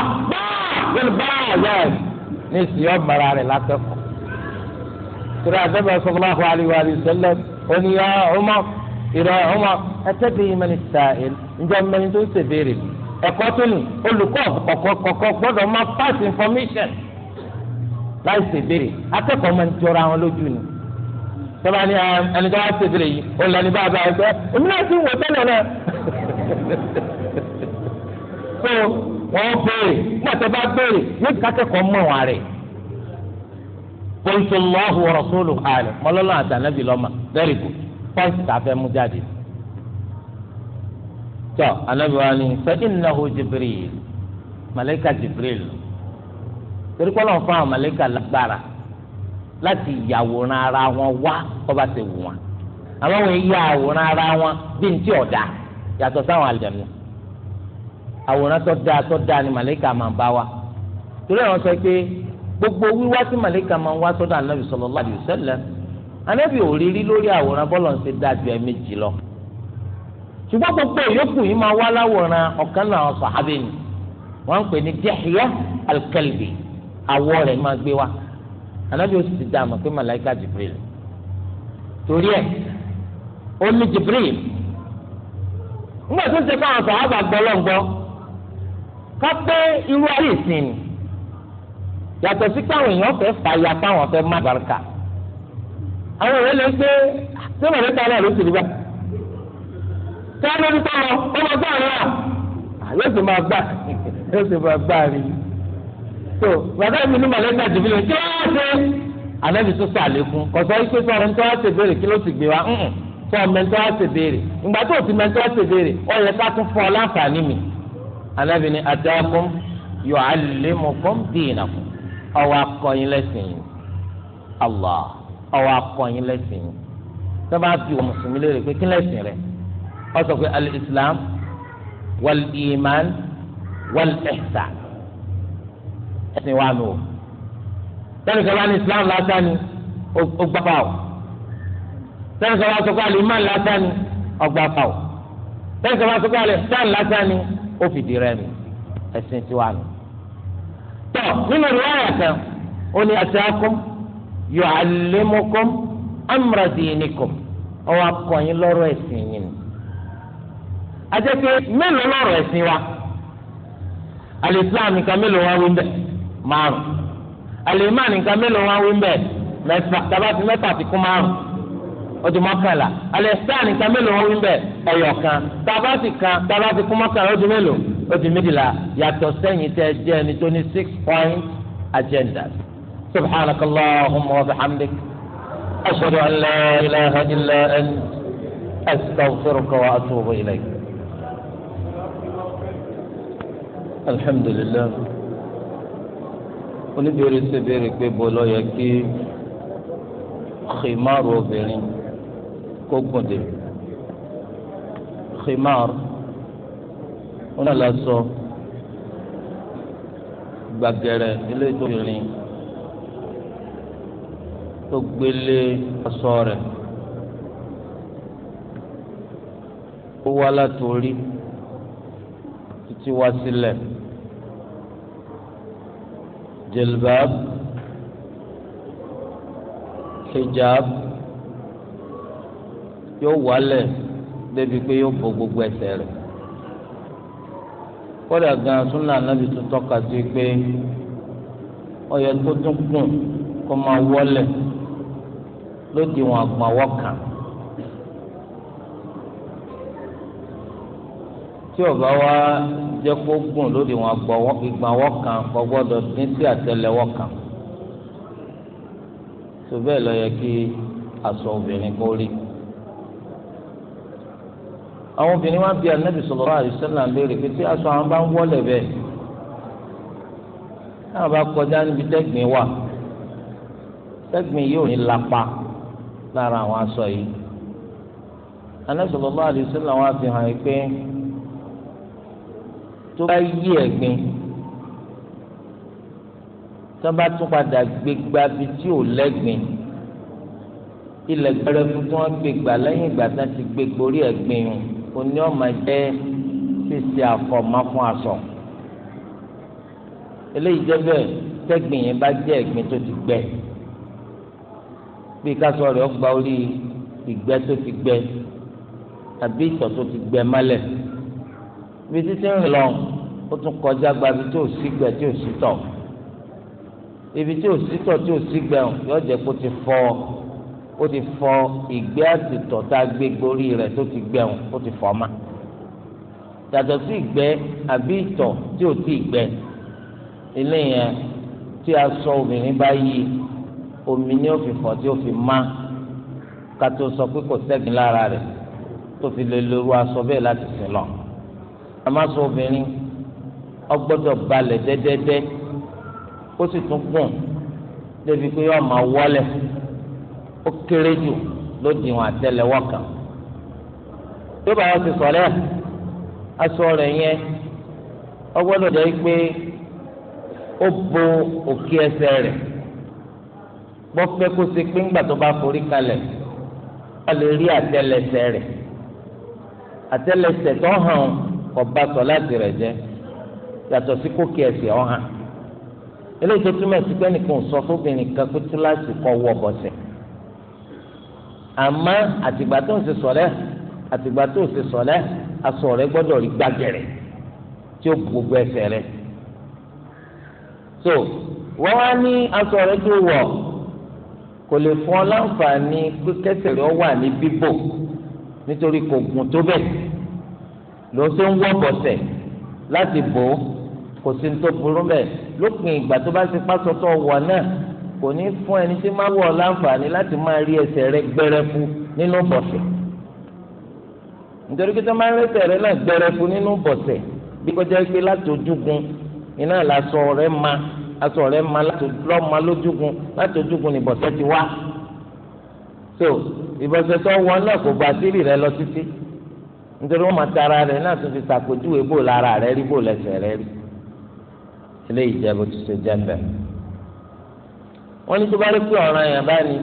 báà báà báà ní ìsìn yọ mara rẹ̀ látẹ̀kọ̀. Tìrọ àdébẹ̀ sallallahu alaihi wa sallam oníyà ọmọ ìrọ̀ ọmọ ẹtẹ́bí mẹni sàáìl njẹ́ mẹni tó ń ṣèbéèrè ẹ̀kọ́ tó ní olùkọ́ kọ̀kọ́ gbọ́dọ̀ máa pass information láì ṣèbéèrè akẹ́kọ̀ọ́ máa ń jọra wọn lójú ni tọ́ba ni ah, ẹni tó wá ṣèbéèrè yìí òun bá bá a sọ wọ́n béèrè nígbà tó bá béèrè yóò kákẹ́kọ̀ọ́ mọ̀ wá rẹ̀. Qultullahu wa rasuluhu àlẹ́ mọ́lọ́lọ́ àtànábì lọ́mà very good point tàfẹ́ mú jáde. tọ́ anábì wa ni fa innahu Jibril màlẹ́kà Jibril torí pé Ọlọ́run fún àwọn màlẹ́kà lágbára láti yàwòrán ara wọn wá kó ti wù wọn àwọn èèyàn yàwòrán ara wọn bí n tí ọ̀dà yàtọ̀ sáwọn àlùjànnú àwòrán tó dáa tó dáa ni màlẹ́kà máa bá wa torí àwọn sọ pé gbogbo wíwá tí màlẹ́kà máa wá sọ́dọ̀ ànábì sallallahu alaihi wasallam ànábì ò rí rí lórí àwòrán bọ́lọ̀ ń ṣe dáa ju ẹ̀mejì lọ ṣùgbọ́n gbogbo ìyókù yìí máa wá láwòrán ọ̀kan náà àwọn sàhábẹ́ ni wọ́n ń pè ní Dihya al-Kalbi àwọ̀ rẹ̀ máa gbé wa ànábì ó sì ti dáa mọ̀ pé màlẹ́kà Jibril torí ẹ̀ ó ní Jibril ńgbà tó ń ṣe fáwọn sàhábà gbọ́ lọ́ngbọ́n kápẹ́ irú ayé ìsìn ni yàtọ̀ sí káwọn èèyàn fẹ́ fàyà káwọn fẹ́ má barika àwọn èèyàn lè gbé tí wọn lè tọ́lọ̀ ló sì rí bá tí wọn lè tọ́lọ̀ ó lọ gbà rẹ yóò sì máa gbà yóò sì máa gbà rí tó bàbá mi ní màlẹ́kà jù mí lè kí wọ́n ṣe ànábì tó sàlékún kọ̀sọ́ yìí pé sọ̀rọ̀ ń tọ́ ṣe béèrè kí ló sì gbé wa sọ̀rọ̀ mẹ́ntọ́ ṣe béèrè ìgbà tó ti mẹ́ntọ́ ṣe béèrè ó yẹ anábì ni ataakum yu'allimukum dinakum ọwọ́ akọyin lẹ́sìn yìí allah ọwọ́ akọyin lẹ́sìn yìí sábà bí wọn mùsùlùmí léèrè pé kí lẹ́sìn rẹ̀ ó sọ pé al-islam wal-iman wal-ihsan ẹ̀sìn wa nù o sẹ́ni sọ́ba islam lásán ni ó gbà pa o sẹ́ni sọ́ba sọ́kọ́ àlè iman lásán ni ó gbà pa o sẹ́ni sọ́ba sọ́kọ́ àlè ihsan lásán ni ó fìdí rẹ̀ mi ẹ̀sìn tiwa nù. tọ́ nínú ìwádìí kan ó ní atakum yu'allimukum amra dinikum ọwọ́ akọ̀yìn lọ́rọ̀ ẹ̀sìn yìí ni. àjẹpẹ́ mélòó lọ́rọ̀ ẹ̀sìn wa alìsílámù nìkan mélòó wá wí ń bẹ̀ márùn-ún alìmá nìkan mélòó wá wí ń bẹ̀ mẹ́fà tàbá mẹ́fà ti kún márùn ọdún mọ́kànlá alẹ́ sáà nìkan mélòó wọn wíńbẹ̀ ẹ̀yọ̀ kan tábà sì kan tábà sì kún mọ́kànlá ọdún mélòó ọdún méjìlá yàtọ̀ sẹ́yìn tẹ́ jẹ́ ẹni tó ní six point agenda subhanaka allahumma wa bihamdik ashhadu an la ilaha illa anta astaghfiruka wa atubu ilayk. alhamdulillah oníbèrè ṣe béèrè pé bọ́lá yẹ kí ximaru obìnrin kó gùn dé khimar wọn náà lọ sọ gbàgẹrẹ eléyìí tó rìn tó gbélé aṣọ ó wá látòrí títí wá sílẹ̀ jilbab hijab yóò wálẹ̀ débi pé yóò fọ gbogbo ẹsẹ̀ rẹ̀ kódà gan súnà anábì tó tọ́ka sí pé ọyẹ tó tún kùn kó máa wọlẹ̀ lóde wọn àgbọ̀nwọ́ kan tí ọba wa jẹ́ kó gùn lóde wọn àgbọ̀nwọ́ kan kò gbọ́dọ̀ dín sí àtẹlẹwọ́ kan tó bẹ́ẹ̀ lọ yẹ kí aṣọ obìnrin kó rí i àwọn obìnrin wá bí anabi sallallahu alaihi wasallam léèrè pé tí aṣọ àwọn bá ń wọlé bẹ́ẹ̀ náà bá kọjá níbi tẹ́gbìn wà tẹ́gbìn yóò ní lápá lára àwọn aṣọ yìí anabi sallallahu alaihi wasallam wá fi hàn pé tó bá yí ẹ̀gbin tó bá tún padà gbégbá bi tí ò lẹ́gbin ilẹ̀ gbẹrẹfu tí wọ́n gbégbá lẹ́yìn ìgbà tí wọ́n ti gbégbórí ẹ̀gbin yìí oní ọmọ jẹ́ ṣíṣe àfọ̀mọ́ fún aṣọ eléyìí jẹ́ bẹ́ẹ̀ tẹ́gbìn yẹn bá jẹ́ ẹ̀gbin tó ti gbẹ bí kásọ rẹ̀ ọgbà orí ìgbẹ́ tó ti gbẹ àbí ìtọ̀ tó ti gbẹ mọ́lẹ̀ bí títí ń lọ ó tún kọjá gba ibi tí ò sí gbẹ tí ò sí tọ̀ ibi tí ò sí tọ̀ tí ò sí gbẹ yóò jẹ́ kó ti fọ́ ọ ó ti fọ ìgbẹ́ àtìtọ̀ tá a gbé gborí rẹ̀ tó ti gbẹ̀hùn ó ti fọ́ ma yàtọ̀ sí ìgbẹ́ àbí ìtọ̀ tí ò tí ì gbẹ ilé yẹn tí a sọ obìnrin bá yí omi ni ó fi fọ tí ó fi má ká tó sọ pé kò sẹ́gun lára rẹ̀ tó fi lè lóru aṣọ bẹ́ẹ̀ láti sìn lọ àmọ́ aṣọ obìnrin ọgbọ́dọ̀ balẹ̀ dẹ́dẹ́dẹ́ ó sì tún gùn débi pé yóò máa wọlé fún ó kéré jù ló di wọn àtẹ́lẹwọ́ kan tó bá wọn ti sọlẹ aṣọ rẹ̀ yẹn ọgbọ́dọ̀ jẹ́ pé ó bo òkè ẹsẹ̀ rẹ̀ gbọfẹ kó ṣe pé ńgbà tó bá forí kalẹ̀ wọn lè rí àtẹ́lẹsẹ̀ rẹ̀ àtẹ́lẹsẹ̀ tó hàn ọba sọ láti rẹ̀ jẹ́ yàtọ̀ sí kókè ọ ọhàn eléyìí tó túmọ̀ sí pé nìkan sọ fóbìnrin kan àmọ́ àtìgbà tó ń ṣe sọ̀lẹ́ àtìgbà tó ń ṣe sọ̀lẹ́ aṣọ rẹ gbọ́dọ̀ rí gbàgẹ̀rẹ̀ tí ó bu gbogbo ẹsẹ̀ rẹ. so wọ́n wá ní aṣọ rẹ tó wọ̀ kò lè fún ọ láǹfààní pé kẹsẹ̀ rẹ wà ní bíbò nítorí kò gùn tó bẹ̀ ló ṣe ń wọ́ bọ̀sẹ̀ láti bò ó kò sí ní tó burú bẹ́ẹ̀ lópin ìgbà tó bá ti pásọ tó wọ̀ náà kò ní fún ẹni tí máa wọ̀ láǹfààní láti máa rí ẹsẹ̀ rẹ gbẹrẹfu nínú bọ̀sẹ̀ nítorí pé tó máa ń rẹsẹ̀ rẹ náà gbẹrẹfu nínú bọ̀sẹ̀ bí kọjá pé láti ojúgun iná làásọ rẹ ma aṣọ rẹ ma láti lọ́ọ́ ma lójúgun láti ojúgun ní bọ̀sẹ̀ ti wá so ìbọ̀sẹ̀ tó wọ náà kò gba sílì rẹ lọ títí nítorí wọn máa tara rẹ náà tún fi ṣàpèjúwe bò lára rẹ rí bò lẹ́sẹ̀ rẹ rí eléyìí jẹ bó ti ṣe jẹ bẹ́ẹ̀. wọ́n ní tó bá rí pé ọ̀ràn yẹn bá ní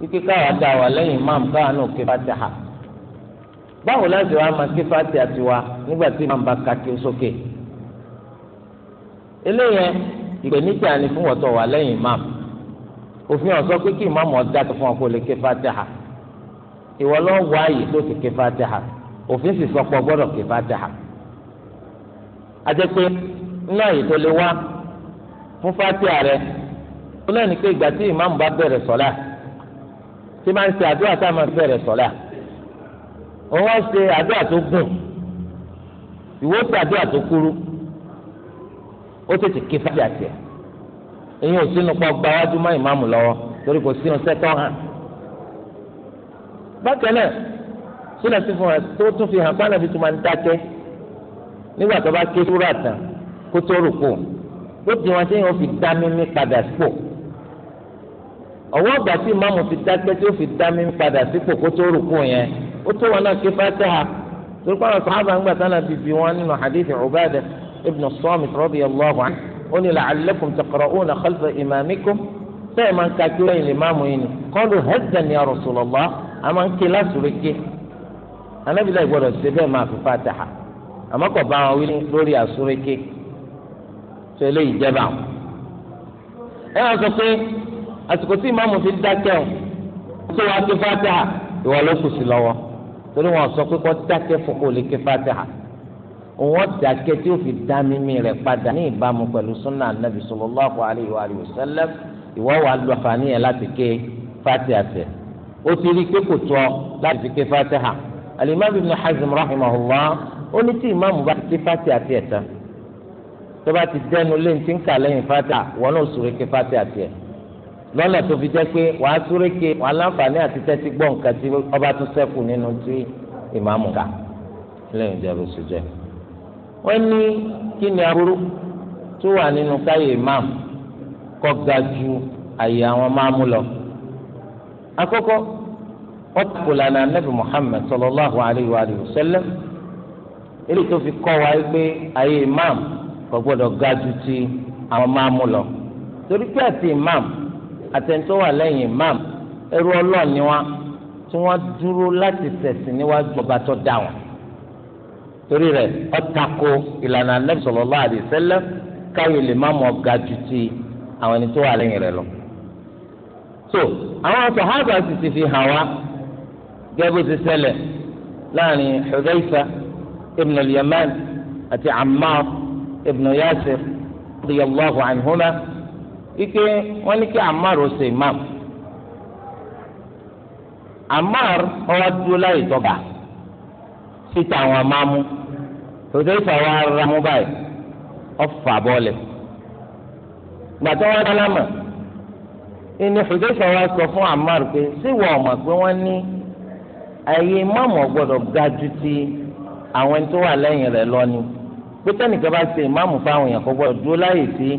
wípé káwa dá wà lẹ́yìn imam káwa náà ké fatiha báwo láti wá máa ké fatiha tiwa nígbà tí imam bá ka ké sókè eléyẹn ìpèníjà ni fún wọ́tọ̀ wà lẹ́yìn imam òfin ọ̀sọ́ pé kí imam ọ lè ké fatiha ìwọ wá tó ti ké fatiha òfin sì gbọ́dọ̀ ké fatiha àti pé nínú tó lè ó lẹ́nu pé ìgbà tí ìmáàmù bá bẹ̀rẹ̀ sọ́lá tí máa ń ṣe àdúrà tá a máa bẹ̀rẹ̀ sọ́lá òun wá ṣe àdúrà tó gùn ìwọ ṣe àdúrà tó kúrú ó tètè ké fàájì àtìẹ èyí ò sínú pọ gba wájú mọ́ ìmáàmù lọ́wọ́ torí kò sínú sẹtọ hàn bákan náà sílẹ̀ tí fún ẹ tó tún fi hàn pánàbí tó máa ń dákẹ́ nígbà tó bá ké súrà tán kó tó rò kó ó di wọn tí yóò fi dá mímí padà sípò ọwọ́ ọgbà tí ìmáàmù fi dákẹ́ tí ó fi dá mi padà sípò kó tó rúkú yẹn ó tó wọn náà ké fatiha torí pàrọ̀ sàhábà ń gbà sánà bìbí wọn nínú hadith Ubadah ibn Samit radiyallahu anhu ó ní la'allakum taqra'una khalfa imamikum bẹ́ẹ̀ máa ń ka kí lẹ́yìn ìmáàmù yìí ni qalu haddan ya Rasulullah máa ń ké lásùrèké anábìlẹ̀ gbọ́dọ̀ ṣe bẹ́ẹ̀ máa fi fatiha àmọ́ kò bá àsìkò tí ìmáàmù fi dákẹ́ o tó wàá ké fatiha ìwà ló kù sí lọ́wọ́ torí wọn sọ pé kó dákẹ́ fún kó lè ké fatiha wọn dákẹ́ tí ó fi dá mímí rẹ̀ padà ní ìbámu pẹ̀lú sunnah anabi sallallahu alayhi wa sallam ìwọ wà lọ àǹfààní yẹn láti ké fatiha tẹ ó ti rí i pé kò tọ́ láti fi ké fatiha alimami ibn hazm rahimahullah ó ní tí ìmáàmù bá ti ké tẹ tán tó ti dẹnu lé ní ti ń kà lẹ́yìn fatiha wọn náà sùn ké fatiha tẹ lọ́nà tó fi jẹ́ pé wàá súrékè wàá láǹfààní àti tẹ́tí gbọ́ nǹkan tí ọba tó sẹ́kù nínú tí ìmáàmù kà lẹ́yìn ìjẹ́bù sùjẹ́. wọ́n ní kí ni aburú tó wà nínú káyé ìmáàmù kọ́ ga ju àyè àwọn máàmù lọ. àkọ́kọ́ ọ̀tàkùlànà anabi Muhammad sallallahu alayhi wa sallam èyí tó fi kọ́ wa pé àyè ìmáàmù kò gbọ́dọ̀ ga ju ti àwọn máàmù lọ torí pé àti ìmáàmù àtẹ̀ntọ́ wà lẹ́yìn imam ẹrú ọlọ́ọ̀ ni wọn tí wọ́n dúró láti ṣẹ̀sìn níwájú ọba tó dá wọn torí rẹ̀ ọ̀tako ìlànà anabi sallallahu alaihi wasallam káyọ̀ lè má mọ̀ ga ju ti àwọn ẹni tó wà lẹ́yìn rẹ̀ lọ. so àwọn sàhábà sì ti fi hàn wá gẹ́gẹ́ ti ṣẹlẹ̀ láàrin Hudhayfa ibn al-Yaman àti Ammar ibn Yasir radiyallahu anhuma ike wọ́n ní kí amar ó ṣe imam amar ọwọ́ dúró láyé tọ́gà síta àwọn amámú tòtò ìfọwọ́ ara mú báyìí ọ̀fà bọ́ọ̀lẹ̀ gbàtọ́ wọn dálámà ìní Hudayfa wa sọ fún Ammar pé síwọ ọmọ pé wọ́n ní ayé mọ́mọ́ gbọ́dọ̀ ga ju ti àwọn tó wà lẹ́yìn rẹ̀ lọ ni pé tẹ́nìkan bá ṣe ìmáàmù fáwọn èèyàn kò gbọ́dọ̀ dúró láyè sí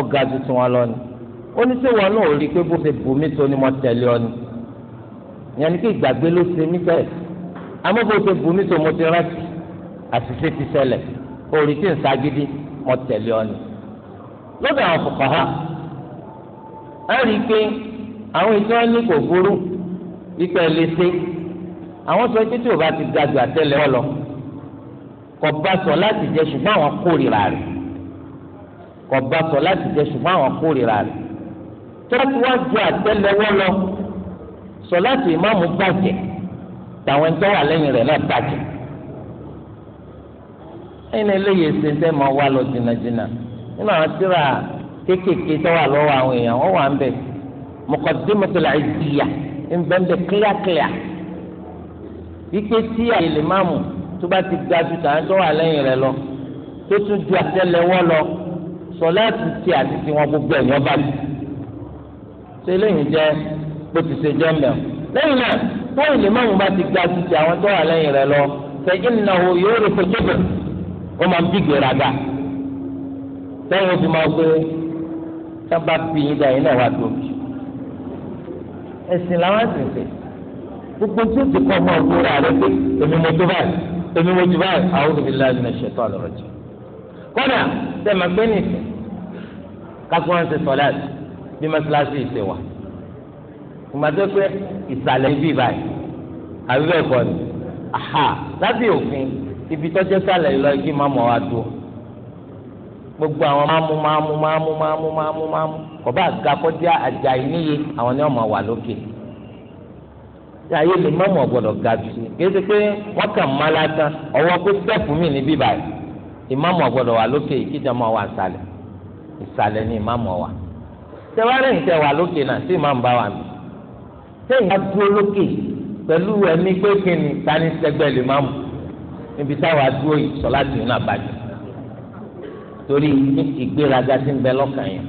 ọ̀gá tuntun wa lọ́ni oníṣèwọ náà ò rí i pé bó ṣe bù mí tó ni mo tẹ̀lé ọ ni ìyẹn ni kí ìgbàgbé ló ṣe mí bẹ́ẹ̀ àmọ́ bó ṣe bù mí tó mo ti rántí àṣìṣe ti ṣẹlẹ̀ ò rí tí ń ṣagídí mo tẹ̀lé ọ ni lọ́dọ̀ àwọn fuqaha á rí i pé àwọn ìtọ́ ní kò burú ipa ẹ̀ lè àwọn sọ pé tí o bá ti ga jù ọ lọ kò bá sọ láti jẹ ṣùgbọ́n àwọn kórìíra rẹ̀ ọba sọ láti jẹ ṣùgbọ́n àwọn kórìíra rẹ̀ tọ́lá tí wọ́n ju àtẹ́lẹwọ́ lọ sọ láti ìmáàmù bàjẹ́ tàwọn ẹni tó wà lẹ́yìn rẹ̀ náà bàjẹ́ ẹ̀yin eléyìí ṣe ń tẹ́ máa wá lọ jìnnàjìnnà nínú àwọn tíra kéékèèké tó wà lọ́wọ́ àwọn èèyàn wọ́n wà ń bẹ̀ mọ̀kàndínmọ̀tòlá ìdíyà ń bẹ́ ń bẹ̀ kíákíá wípé tí àyè máàmù tó bá ti ga ju tàwọn tó wà lẹ́yìn rẹ̀ lọ tó tún ju àtẹ́lẹwọ́ lọ sọláàtì tí àti tiwọn gbogbo ẹ̀yàn bá ti ṣe lẹ́yìn jẹ́ bó ti ṣe jẹ́ mẹ́rin lẹ́yìn náà báyìí lè máa ń bá ti gba títí àwọn tó wà lẹ́yìn rẹ̀ lọ fẹ̀yìn náà o yóò rí fojúbẹ̀ ó máa ń bí gbèrágà lẹ́yìn o fi máa gbé sábà bí yín dá yín náà wá tó ẹ̀sìn làwọn sì ń sè gbogbo tí ó ti kọ́ ọmọ ọgbó rẹ pé èmi mo tó báyìí èmi mo tó báyìí àwọn òbí láti ṣètò àlọ́ kọ́dà tẹ̀ máa gbé nìsín kákó wọn ṣe sọ̀lá bí mọ́ṣáláṣí ìṣe wà ìgbàdo pé ìsàlẹ̀ ibi báyìí àbí bẹ́ẹ̀ kọ́ ni aha lábẹ́ òfin ibi tọ́jú sàlẹ̀ lọ kí máàmù wa tó gbogbo àwọn máàmù máàmù máàmù máàmù máàmù máàmù kọ̀bá àga kọjá àjà ìníye àwọn ni wọ́n máa wà lókè tí ayé lè máàmù ọ̀gbọ́dọ̀ ga jù kí ẹ ṣe pé wọ́n kàn má lásán ọwọ́ pé sẹ́ẹ̀fù mi ní bíbáyìí Imamu ọ̀gbọ́dọ̀ wa lókè ìkíjà máa wà ìsàlẹ̀ ìsàlẹ̀ ni ìmáàmù ọ̀wà tẹwárẹ̀ ń tẹ wà lókè náà sí ìmáàmù bá wà mí sẹ́yìn bá dúró lókè pẹ̀lú ẹ̀mí pé kí ni tani sẹ́gbẹ́ lè máàmù níbi táwa dúró yìí sọ láti inú àbájá torí ìgbéraga ti ń bẹ lọ́kàn yẹn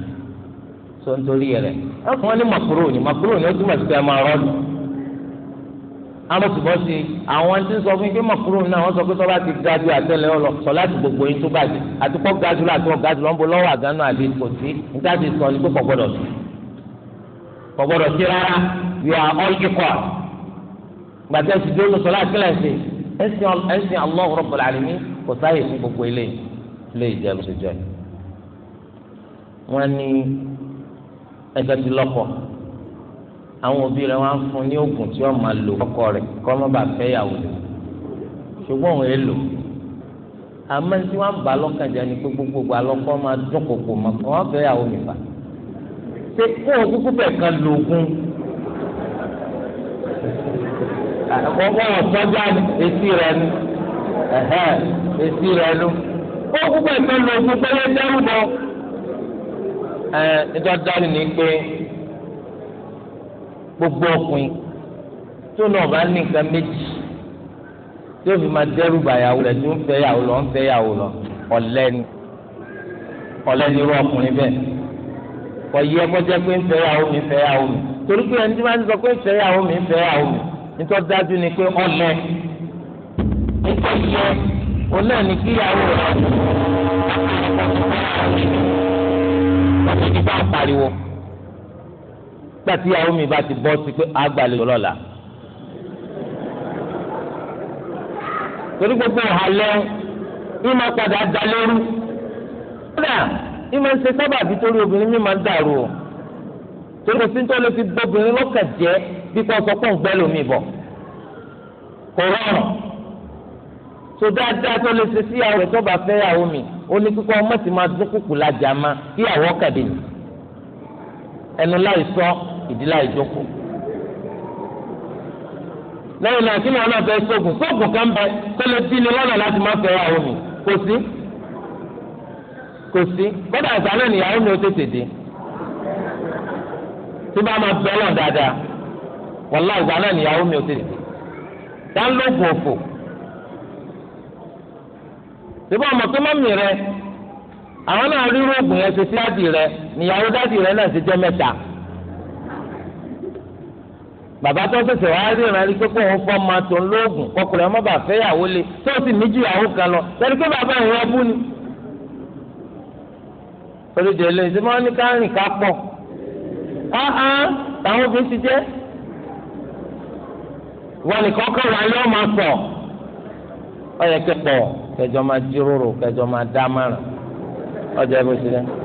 tó ń torí rẹ̀ fún wọn ní màkúrò ní màkúrò ní ó sí pé ẹ máa rọ́ọ̀dù amọ̀sibọ́sí àwọn tí ń sọ fún yín pé mọ̀kúrò náà wọ́n sọ pé sọ́lá ti ga ju àtẹlẹ ọlọ sọ láti gbogbo yín tó bàjẹ́ àtikọ́ ga jùlọ àti ọ̀gá jùlọ ń bọ lọ́wọ́ àgánú àbí kò sí nígbà tí sọ ni pé kò gbọdọ̀ sí kò gbọdọ̀ sí rárá you are all equal. gbàtẹ́ ẹ̀sìn tó lọ sọ́lá àti ẹ̀sìn ẹ̀sìn Allah Rabbul Alamin kò sáyè fún gbogbo ilé ilé ìjẹun ṣèjọ àwọn òbí rẹ̀ wọ́n á fún ní oògùn tí wọ́n máa lò ọkọ rẹ̀ kọ́ má bàa fẹ́ yàwó lò ṣùgbọ́n òun èlò àmọ́ tí wọ́n bá lọ́kàn jẹ́ ni pé gbogbo alọ́kọ́ máa dún kòkò mọ́ wọ́n fẹ́ yàwó mi fà ṣé kó o kúkú bẹ̀ kan lò oògùn àkọ́kọ́ ọ̀tọ́jà etí rẹ̀ ni etí rẹ̀ ló kó o kúkú bẹ̀ kan lò oògùn pẹ́lẹ́ dẹ́rù bọ́ ẹ̀ ẹ̀ nítorí ni pé gbogbo ọkùnrin tó náà bá ní nǹkan méjì tí ó fi máa dẹ́rù bàyàwó rẹ̀ tó ń fẹ́ yàwó lọ ń fẹ́ yàwó lọ ọ̀lẹ́ni ọ̀lẹ́ni irú ọkùnrin bẹ́ẹ̀ kò yẹ kó jẹ́ pé ń fẹ́ yàwó mi fẹ́ yàwó mi torí pé ẹni tí wọ́n ti sọ pé ń fẹ́ yàwó mi ń fẹ́ yàwó mi nítorí dájú ni pé ọ̀lẹ́ nítorí yẹ ọ̀lẹ́ ni kí yàwó rẹ̀ ọ̀lẹ́ ni kó bá ń pariwo gbàtí ìyàwó mi bá ti bọ́ sí pé àgbàlejò lọ́la. torí gbogbo ìhàlẹ́ ìmọ̀ padà da lóru. kódà ìmọ̀ ń ṣe sábàbí torí obìnrin mi máa ń dàrú o. torí kò sí ní tó lè fi gbóbìnrin lọ́kàn jẹ́ bí kò sọ pé ń gbẹ́ lómi bọ̀. kò rọrùn. so dáadáa tó lè ṣe sí ìyàwó rẹ̀ tó bá fẹ́ ìyàwó mi ó ní kíkọ́ ọmọ sì máa dúnkùkù lájà máa kí ìyàwó kàdé ni. ẹnu láì sọ. ìdílé àìjókòó lẹ́yìn náà kí na náà fẹ́ sóògùn sóògùn kan bẹ dín ní láti má àwọn kò sí kò sí kódà nìyàwó mi tètè dé tí bá máa bẹ lọ dáadáa wàlá nìyàwó mi rẹ àwọn náà rí oògùn yẹn ṣe sí àdì rẹ nìyàwó rẹ náà bàbá tó ṣẹ̀ṣẹ̀ wá rí ìrìn àríkẹ́ pé òun fọ́ tó ń lóògùn kọkùnrin ọmọ bàbá fẹ́yàwó lé tó sì méjì ìyàwó kan lọ lẹ́nu pé bàbá òun ọbú ni. lè ṣe máa ní ká rìn ká pọ̀ áhán táwọn obìnrin ti jẹ́ wọn nìkan kọ́ yóò máa sọ ọ yẹ pọ̀ kẹjọ máa jíròrò kẹjọ máa dá márùn ọjọ́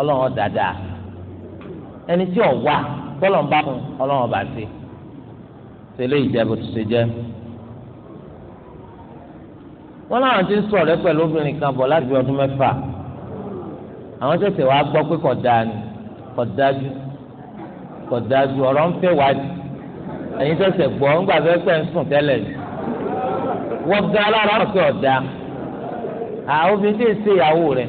ọlọ́run dáadáa ẹni tí ò wá tọ́lọ̀ ń bá fún ọlọ́run bá sí tẹ́lẹ̀ ìjẹ́bù tó ṣe jẹ́ wọ́n láwọn ti ń sọ̀rọ̀ pẹ̀lú obìnrin kan bọ̀ láti bí ọdún mẹ́fà àwọn ṣẹ̀ṣẹ̀ wàá gbọ́ pé kò dáa ni kò dájú kò dájú ọ̀rọ̀ ń fẹ́ wájú ẹ̀yin ṣẹ̀ṣẹ̀ gbọ́ ńgbà fẹ́ pẹ́ ń sùn tẹ́lẹ̀ ni wọ́n ga alára ọ̀sẹ̀ ọ̀dà àwọn obìnrin tí ì ṣe ìyàwó rẹ̀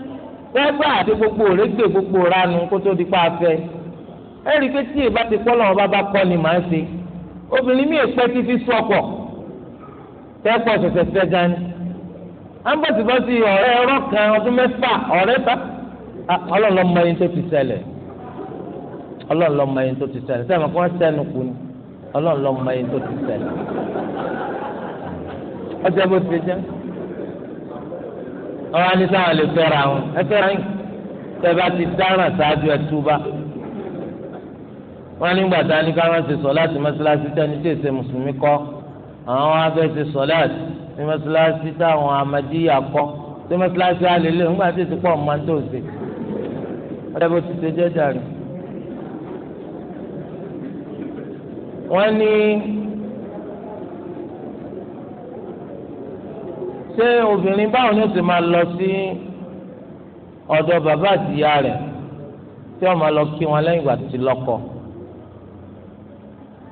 gbẹgbẹ àti gbogbo òrégbè gbogbo ranu kótó di pàfẹ ẹrí pé tí ìbá ti kọ́ lọ́wọ́ bàbá kọ́ ni màá ṣe obìnrin mi èpẹ́ ti fi sọ́kọ̀ tẹ́pọ̀ ṣẹ̀ṣẹ̀ fẹ́ gani ambọ̀sibọ́sì ọ̀rẹ́ ẹ̀rọ kan ọdún mẹ́fà ọ̀rẹ́ ta ọlọ́ọ̀lọ́ mọ ẹni tó ti ṣẹlẹ̀ ọlọ́ọ̀lọ́ mọ ẹni tó ti ṣẹlẹ̀ sẹ́mi kọ́ sẹ́nu kù ni ọlọ́ọ̀lọ́ mọ ẹni tó ti ṣẹlẹ̀ ọjọ́ wọn á ní sáwọn lè fẹ́ra wọn ẹ fẹ́ra yín tẹ́lá ti dáràn ṣáájú ẹ túbá wọn nígbà tá a ní ká wọn ṣe sọ láti mọ́ṣáláṣí tẹ́ni tí èsè mùsùlùmí kọ́ àwọn wọn á fẹ́ ṣe sọ láti ní mọ́ṣáláṣí táwọn amadíyà kọ́ ṣé mọ́ṣáláṣí á lè lé nígbà tí èsì pọ̀ máa ń tó ṣe ọ̀rẹ́ bó ti ṣe jẹ́jà rẹ̀ wọ́n ní. ṣé obìnrin báwọn ni o máa lọ sí ọ̀dọ̀ bàbá rẹ̀ tí ọ máa lọ kí wọn lẹ́yìn ìgbà ti lọ́kọ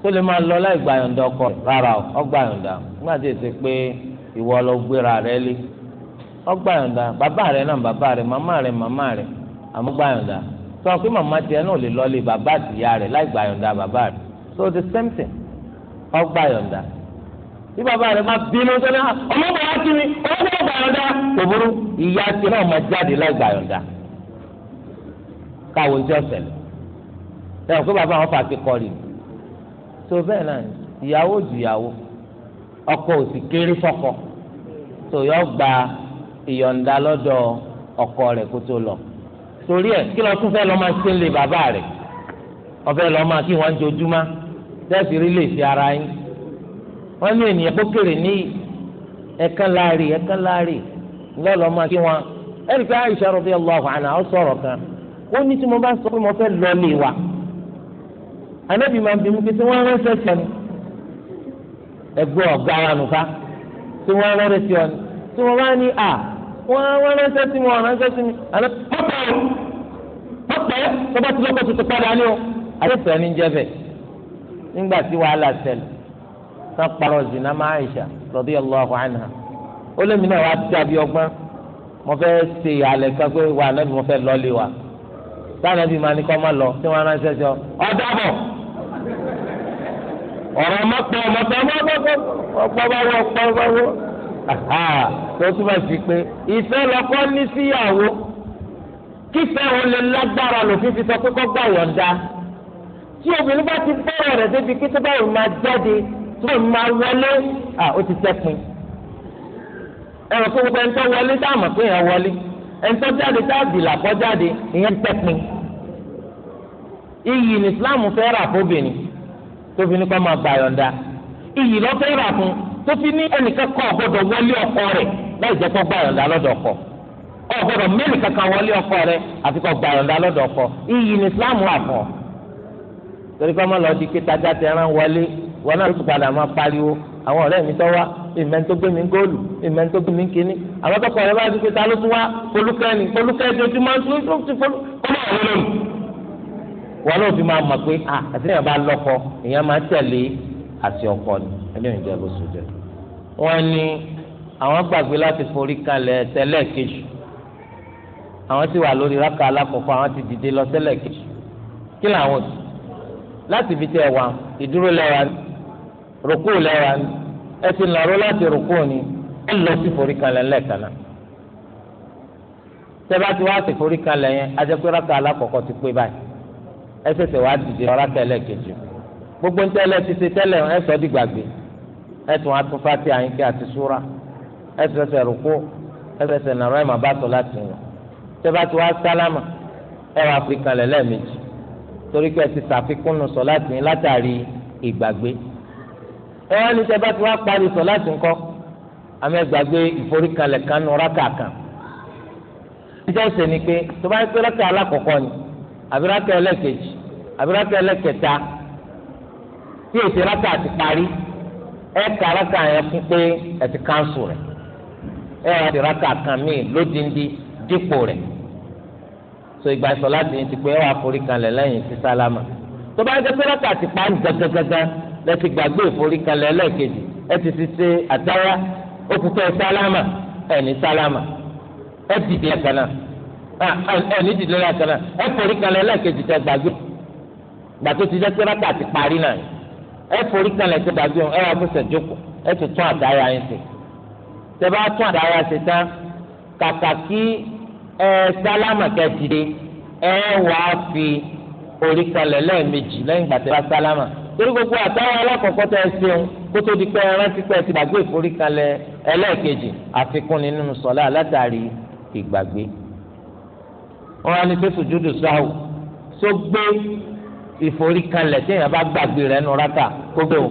tó lè máa lọ láì ọkọ rárá o ọgbà àyọ̀ǹda nígbà pé ìwọ lọ gbéra rẹ lé bàbá rẹ náà bàbá rẹ màmá rẹ màmá rẹ sọ lè lọ lé bí bàbá rẹ̀ máa bínú tó ní ah, ọmọ bàbá wa kí ni ọmọ bàbá gbà yọ̀ǹda kò burú ìyá ti náà máa jáde láì gbà yọ̀ǹda káwọn ojú ọ̀sẹ̀ lọ sẹ́wọ̀n pé bàbá wọn fà ti kọ́ rí tó bẹ́ẹ̀ náà ìyàwó ju ìyàwó ọkọ òsì kéré fọkọ tó yọ gba ìyọ̀ǹda lọ́dọ̀ ọkọ rẹ̀ kó tó lọ torí ẹ̀ kí lọ tún fẹ́ lọ máa ṣe ń lè bàbá rẹ̀ ọ̀fẹ́ wọ́n ní ènìyàn kókèrè ní ẹ̀kan láàrì ẹ̀kan láàrì lọ́lọ́ máa kí wọn. ẹ̀rí pé Aisha radiyallahu anha ó sọ̀rọ̀ kan ó ní tí mo bá sọ mo lọ lè wa anábì máa ń bí pé tí wọ́n rẹ́sẹ̀ sí ọ́ni ẹgbẹ́ ọ̀gá wa nùfà tí wọ́n rẹ́sẹ̀ sí ọ́ni tí wọ́n bá ní à wọ́n rẹ́sẹ̀ sí mi wọ́n rẹ́sẹ̀ sí mi pọ́pẹ́ tó tuntun padà ní o àti ìfẹ́ tán parọ́ zina máa Aisha radiyallahu anha ó lé mi náà wá dàbí ọgbọ́n mo fẹ́ ṣe ìhàlẹ̀ kan pé wà náà mo fẹ́ lọ́ọ́lé wa táwọn ẹbí máa ní kọ́ máa lọ tí wọ́n ránṣẹ́ sí ọ ọ̀dàbọ̀ ọ̀rọ̀ mọ́pẹ́ mọ́pẹ́ mọ́pẹ́ mọ́pẹ́ mọ́pẹ́ tó túmọ̀ sí pé ìfẹ́ lọ́kọ́ ní síyàwó kífẹ́ òun lè lágbára lòfin fi sọ pé kọ́ gbà yọ̀ǹda tí obìnrin bá ti bẹ̀rẹ̀ rẹ̀ débi kí tó báyìí máa jáde tó ń ma wọlé à ó ti wọlé tá a mọ̀ pé wọlé ẹni jáde tá a làkọ́ jáde ìyẹn iyì ní Islam fẹ́ rà fóbìnrin tó fi kọ́ máa gbà yọ̀ǹda iyì lọ́ fẹ́ rà fún tó fi ní ẹnìkan ọ̀gbọ́dọ̀ wọlé ọkọ rẹ̀ láì jẹ́ kó gbà yọ̀ǹda ọkọ ọ̀gbọ́dọ̀ kankan wọlé ọkọ rẹ̀ gbà yọ̀ǹda ọkọ iyì ní Islam wà fún ọ torí wọn náà tún padà máa pariwo àwọn ọ̀rẹ́ mi tó wá ìmẹ̀ tó gbé mi góòlù ìmẹ̀ tó gbé mi kínní àwọn tọkọ rẹ bá ti pé ta ló tún wá polúkẹ́ni polúkẹ́ni ojoojúmọ́ tó tó ti polú kọ́mọ àwọn olóòlù. wọn náà fi máa mọ̀ pé à àti èèyàn bá lọ́kọ èèyàn máa tẹ̀lé àti ọkọ ni ẹlẹ́yìn jẹ́ bó so jẹ́. wọ́n ní àwọn gbàgbé láti forí kalẹ̀ tẹ́lẹ̀ kejì àwọn ti wà lórí rákà alákọ̀ọ́kọ́ àwọn ti dìde lọ tẹ́lẹ̀ kejì kí làwọn láti fi tẹ̀ wá ìdúró lẹ́wàá rúkú lẹ́wà ni ẹ ti nàró láti rúkú ni ẹ lọ sí foríkalẹ̀ lẹ́ẹ̀kan náà tẹ́bá ti wá sí foríkalẹ̀ yẹn ajẹ́pẹ́rẹ́ ká alákọ̀ọ́kọ́ ti pé báyìí ẹ ṣẹ̀ṣẹ̀ wá dìde ọ̀rá tẹ́lẹ̀ kejì gbogbo ń tẹ́lẹ̀ ti ṣe tẹ́lẹ̀ ẹ sọ di gbàgbé ẹ tún wá tún fati àyìnkí àti súra ẹ ṣẹ̀ṣẹ̀ rúkú ẹ ṣẹ̀ṣẹ̀ nàró ẹ̀ má bá sọ láti yàn tẹ́bá wá sálámà ẹ wá foríkalẹ̀ lẹ́ẹ̀mejì torí pé ẹ ti ṣàfikún sọ láti yín látàrí ìgbàgbé ẹ wá ní sẹba tí wàá parí sọ láti ńkọ amẹgbàgbé ìforíkalẹ̀ kanu rákà kan ìjọ ṣe ni pé tó bá yẹ pé rákà alákọ̀ọ́kọ́ ni àbí rákà ẹlẹ́kejì àbí rákà ẹlẹ́kẹta tí èsì rákà ti parí ẹ kà rákà yẹn fún pé ẹ ti kánṣu rẹ ẹ wá ti rákà kan míì lódindi dípò rẹ so ìgbà sọ láti yẹn ti pé ẹ wá foríkalẹ̀ lẹ́yìn sí sálámà tó bá yẹ rákà ti parí gàgàgàgà lẹ́tì gbàgbé ìforíkalẹ̀ ẹlẹ́ẹ̀kejì ẹ ti ti ṣe àtàyà ó ti tẹ́ sálámà ẹni sálámà ẹ dìde ẹ̀kánná ẹni dìde ẹ̀kánná ẹ foríkalẹ̀ ẹlẹ́ẹ̀kejì tẹ gbàgbé gbàtó ti jẹ́ sẹ́ráka àti parí náà ẹ foríkalẹ̀ tẹ gbàgbé ẹ wà fún sẹ̀jókòó ẹ ti tún àtàyà yín sí tẹ bá tún àtàyà sí tán kàkà kí ẹ sálámà kẹ dìde ẹ wàá fi oríkalẹ̀ lẹ́ẹ̀mejì lẹ́yìn gbàtẹ́ bá sálámà torí gbogbo àtàwọn alákọ̀ọ́kọ́ tẹ ẹ ṣeun kó tó di pé rántí pé ẹ ti gbàgbé ìforíkalẹ̀ ẹlẹ́ẹ̀kejì àfikún ni nínú sọ̀lá látàrí ìgbàgbé. wọn á ní pé sùjúdù sáwù tó gbé ìforíkalẹ̀ téèyàn bá gbàgbé rẹ̀ nù rákà kó gbé o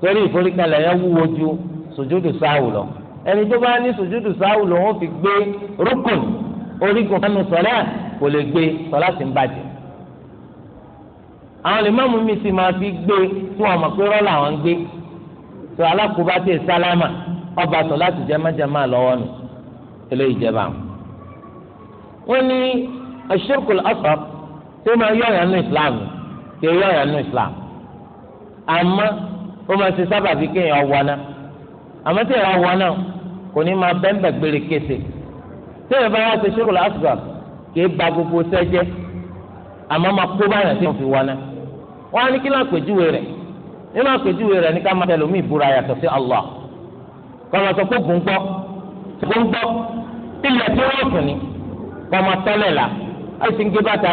torí ìforíkalẹ̀ yẹn wúwo ju sùjúdù sáwù lọ ẹni tó bá ní sùjúdù sáwù lòun fi gbé rúkùn orígun kánú sọ̀lá kò lè gbé sọ̀lá sì ń bàjẹ́ àwọn ìmáàmù mi sì máa fi gbé tí wọn mọ̀ pé rọ́lá àwọn ń gbé tó alákòóbá tẹ̀ sálámà ọba tó láti jẹ́májẹ́má lọ́wọ́ nù eléyìí jẹba. wọ́n ní aṣirkul asghar tó máa yọ ọ̀yàn nù islam kì í yọ ọ̀yàn nù islam àmọ́ ó máa ṣe sábà fi kéèyàn wọná àmọ́ tí èèyàn wọná kò ní máa bẹ́ńbẹ̀ gbére kése tí èèyàn bá yà ṣe aṣirkul asghar kì í ba gbogbo sẹ́jẹ́ àmọ́ máa kó báyà tí wọ́n fi wọná. wọn á ní kí ló àpèjúwe rẹ̀ nínú àpèjúwe rẹ̀ ní ká máa tẹ̀lé omi ìbúra sí Allah kọ́mọ sọ pé ògùn gbọ́ ilẹ̀ wọ́n ni kọ́mọ tọ́lẹ̀ la ń gé bàtà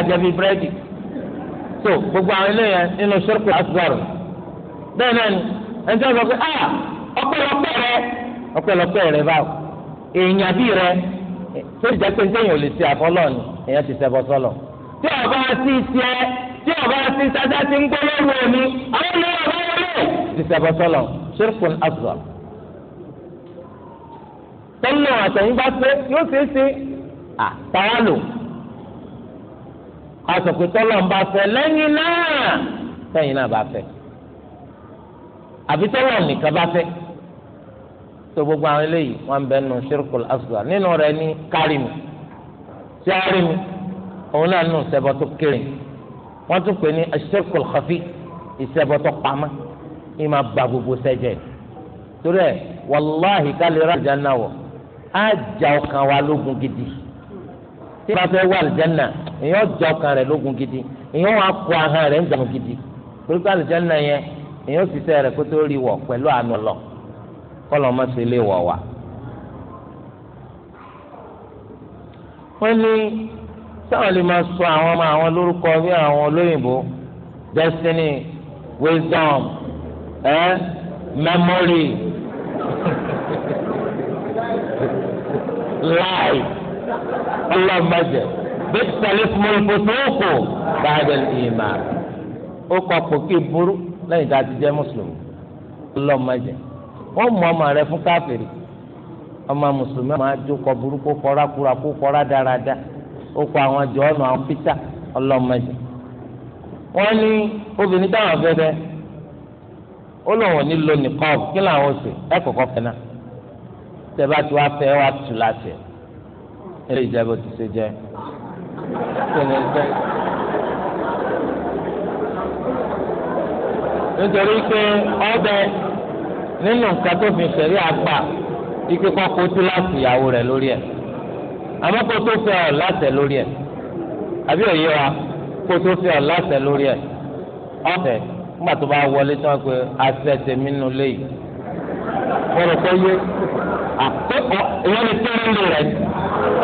so gbogbo àwọn eléyẹn nínú sọ́kù asgọ́rù bẹ́ẹ̀ náà ni ẹni tí wọ́n sọ pé ah ọpẹ́lọpẹ́ rẹ ọpẹ́lọpẹ́ rẹ báwo èèyàn bí rẹ tó pé ò lè àfọlọ́ọ̀ni èèyàn ti sọ́lọ̀ tí ọba ti sáta ti ń gbọ́ lọ́wọ́ omi àwọn ọmọ ọba wọlé ti sẹ́bọ̀ sọ́lọ̀ ṣírkùn àtúbọ̀. tọ́lọ̀ àtẹ̀yìn bá pé yóò ṣeé ṣe àtàwọn lò àsọ̀kù tọ́lọ̀ ń bá fẹ́ lẹ́yìn náà sẹ́yìn náà bá fẹ́ àbí tọ́lọ̀ nìkan bá fẹ́ tó gbogbo àwọn eléyìí wọn bẹ nù ṣírkùl asghar nínú rẹ̀ ní kárìmù sí àrìmù òun náà nù sẹ́bọ̀ tó kéré wọ́n tún pè ní ashirkul khafi ìṣẹ́bọ̀tọ̀ pamọ́ ní ma ba gbogbo sẹ́jẹ̀ torí ẹ̀ wàláhì kálí ra àlùjáná wọ̀ á jà ọkàn wa lógun gidi tí wọ́n fẹ́ wà àlùjáná èèyàn jà ọkàn rẹ̀ lógun gidi èèyàn wà kó ahọ́n rẹ̀ ń jà gidi torí pé àlùjáná yẹn èèyàn sì sẹ́ kó tó rí wọ̀ pẹ̀lú àánú lọ kọ́lọ́ mọ́ sí ilé wọ̀ wá. wọ́n ní sáwọn lè máa sọ àwọn ọmọ àwọn lórúkọ bí àwọn olóyìnbó destiny wisdom eh? memory life ọlọ́mọdé bẹ́ẹ̀ tẹ̀lé fúnmọ́lùfọ́ sóòkò báyìí ìmà ó kọ́ pòkì burú lẹ́yìn tá a ti jẹ́ mùsùlùmí ọlọ́mọdé wọ́n mú ọmọ rẹ fún káfíìrì ọmọ mùsùlùmí ọmọ adókọ̀ burúkú kọ́ra kúra kó kọ́ra dáradára ó kọ àwọn jọ́ọ̀nù àwọn pítà ọlọ́mọdé wọ́n ní obìnrin táwọn fẹ́fẹ́ ó lóun ní nìkan kí làwọn ṣe ẹ kọ̀kọ́ fẹ́ tẹ́bá tí wàá fẹ́ wàá tù láṣẹ eré ìjẹ́bù ti ṣe jẹ́ nítorí pé ọbẹ̀ nínú nǹkan tó fi ṣẹ̀rí àgbà ikú kọ́kọ́ tú láti ìyàwó rẹ̀ lórí ẹ̀ àmọ́ kó tó fẹ́ ọ láṣẹ lórí ẹ̀ àbí òye wa kó tó fẹ́ ọ láṣẹ lórí ẹ̀ ọ̀fẹ́ nígbà tó bá wọlé tí wọ́n pe àṣẹ tèmi nù léyìí wọ́n rò pé yé àpékọ̀ ìwọ́n ni tó ń rẹ̀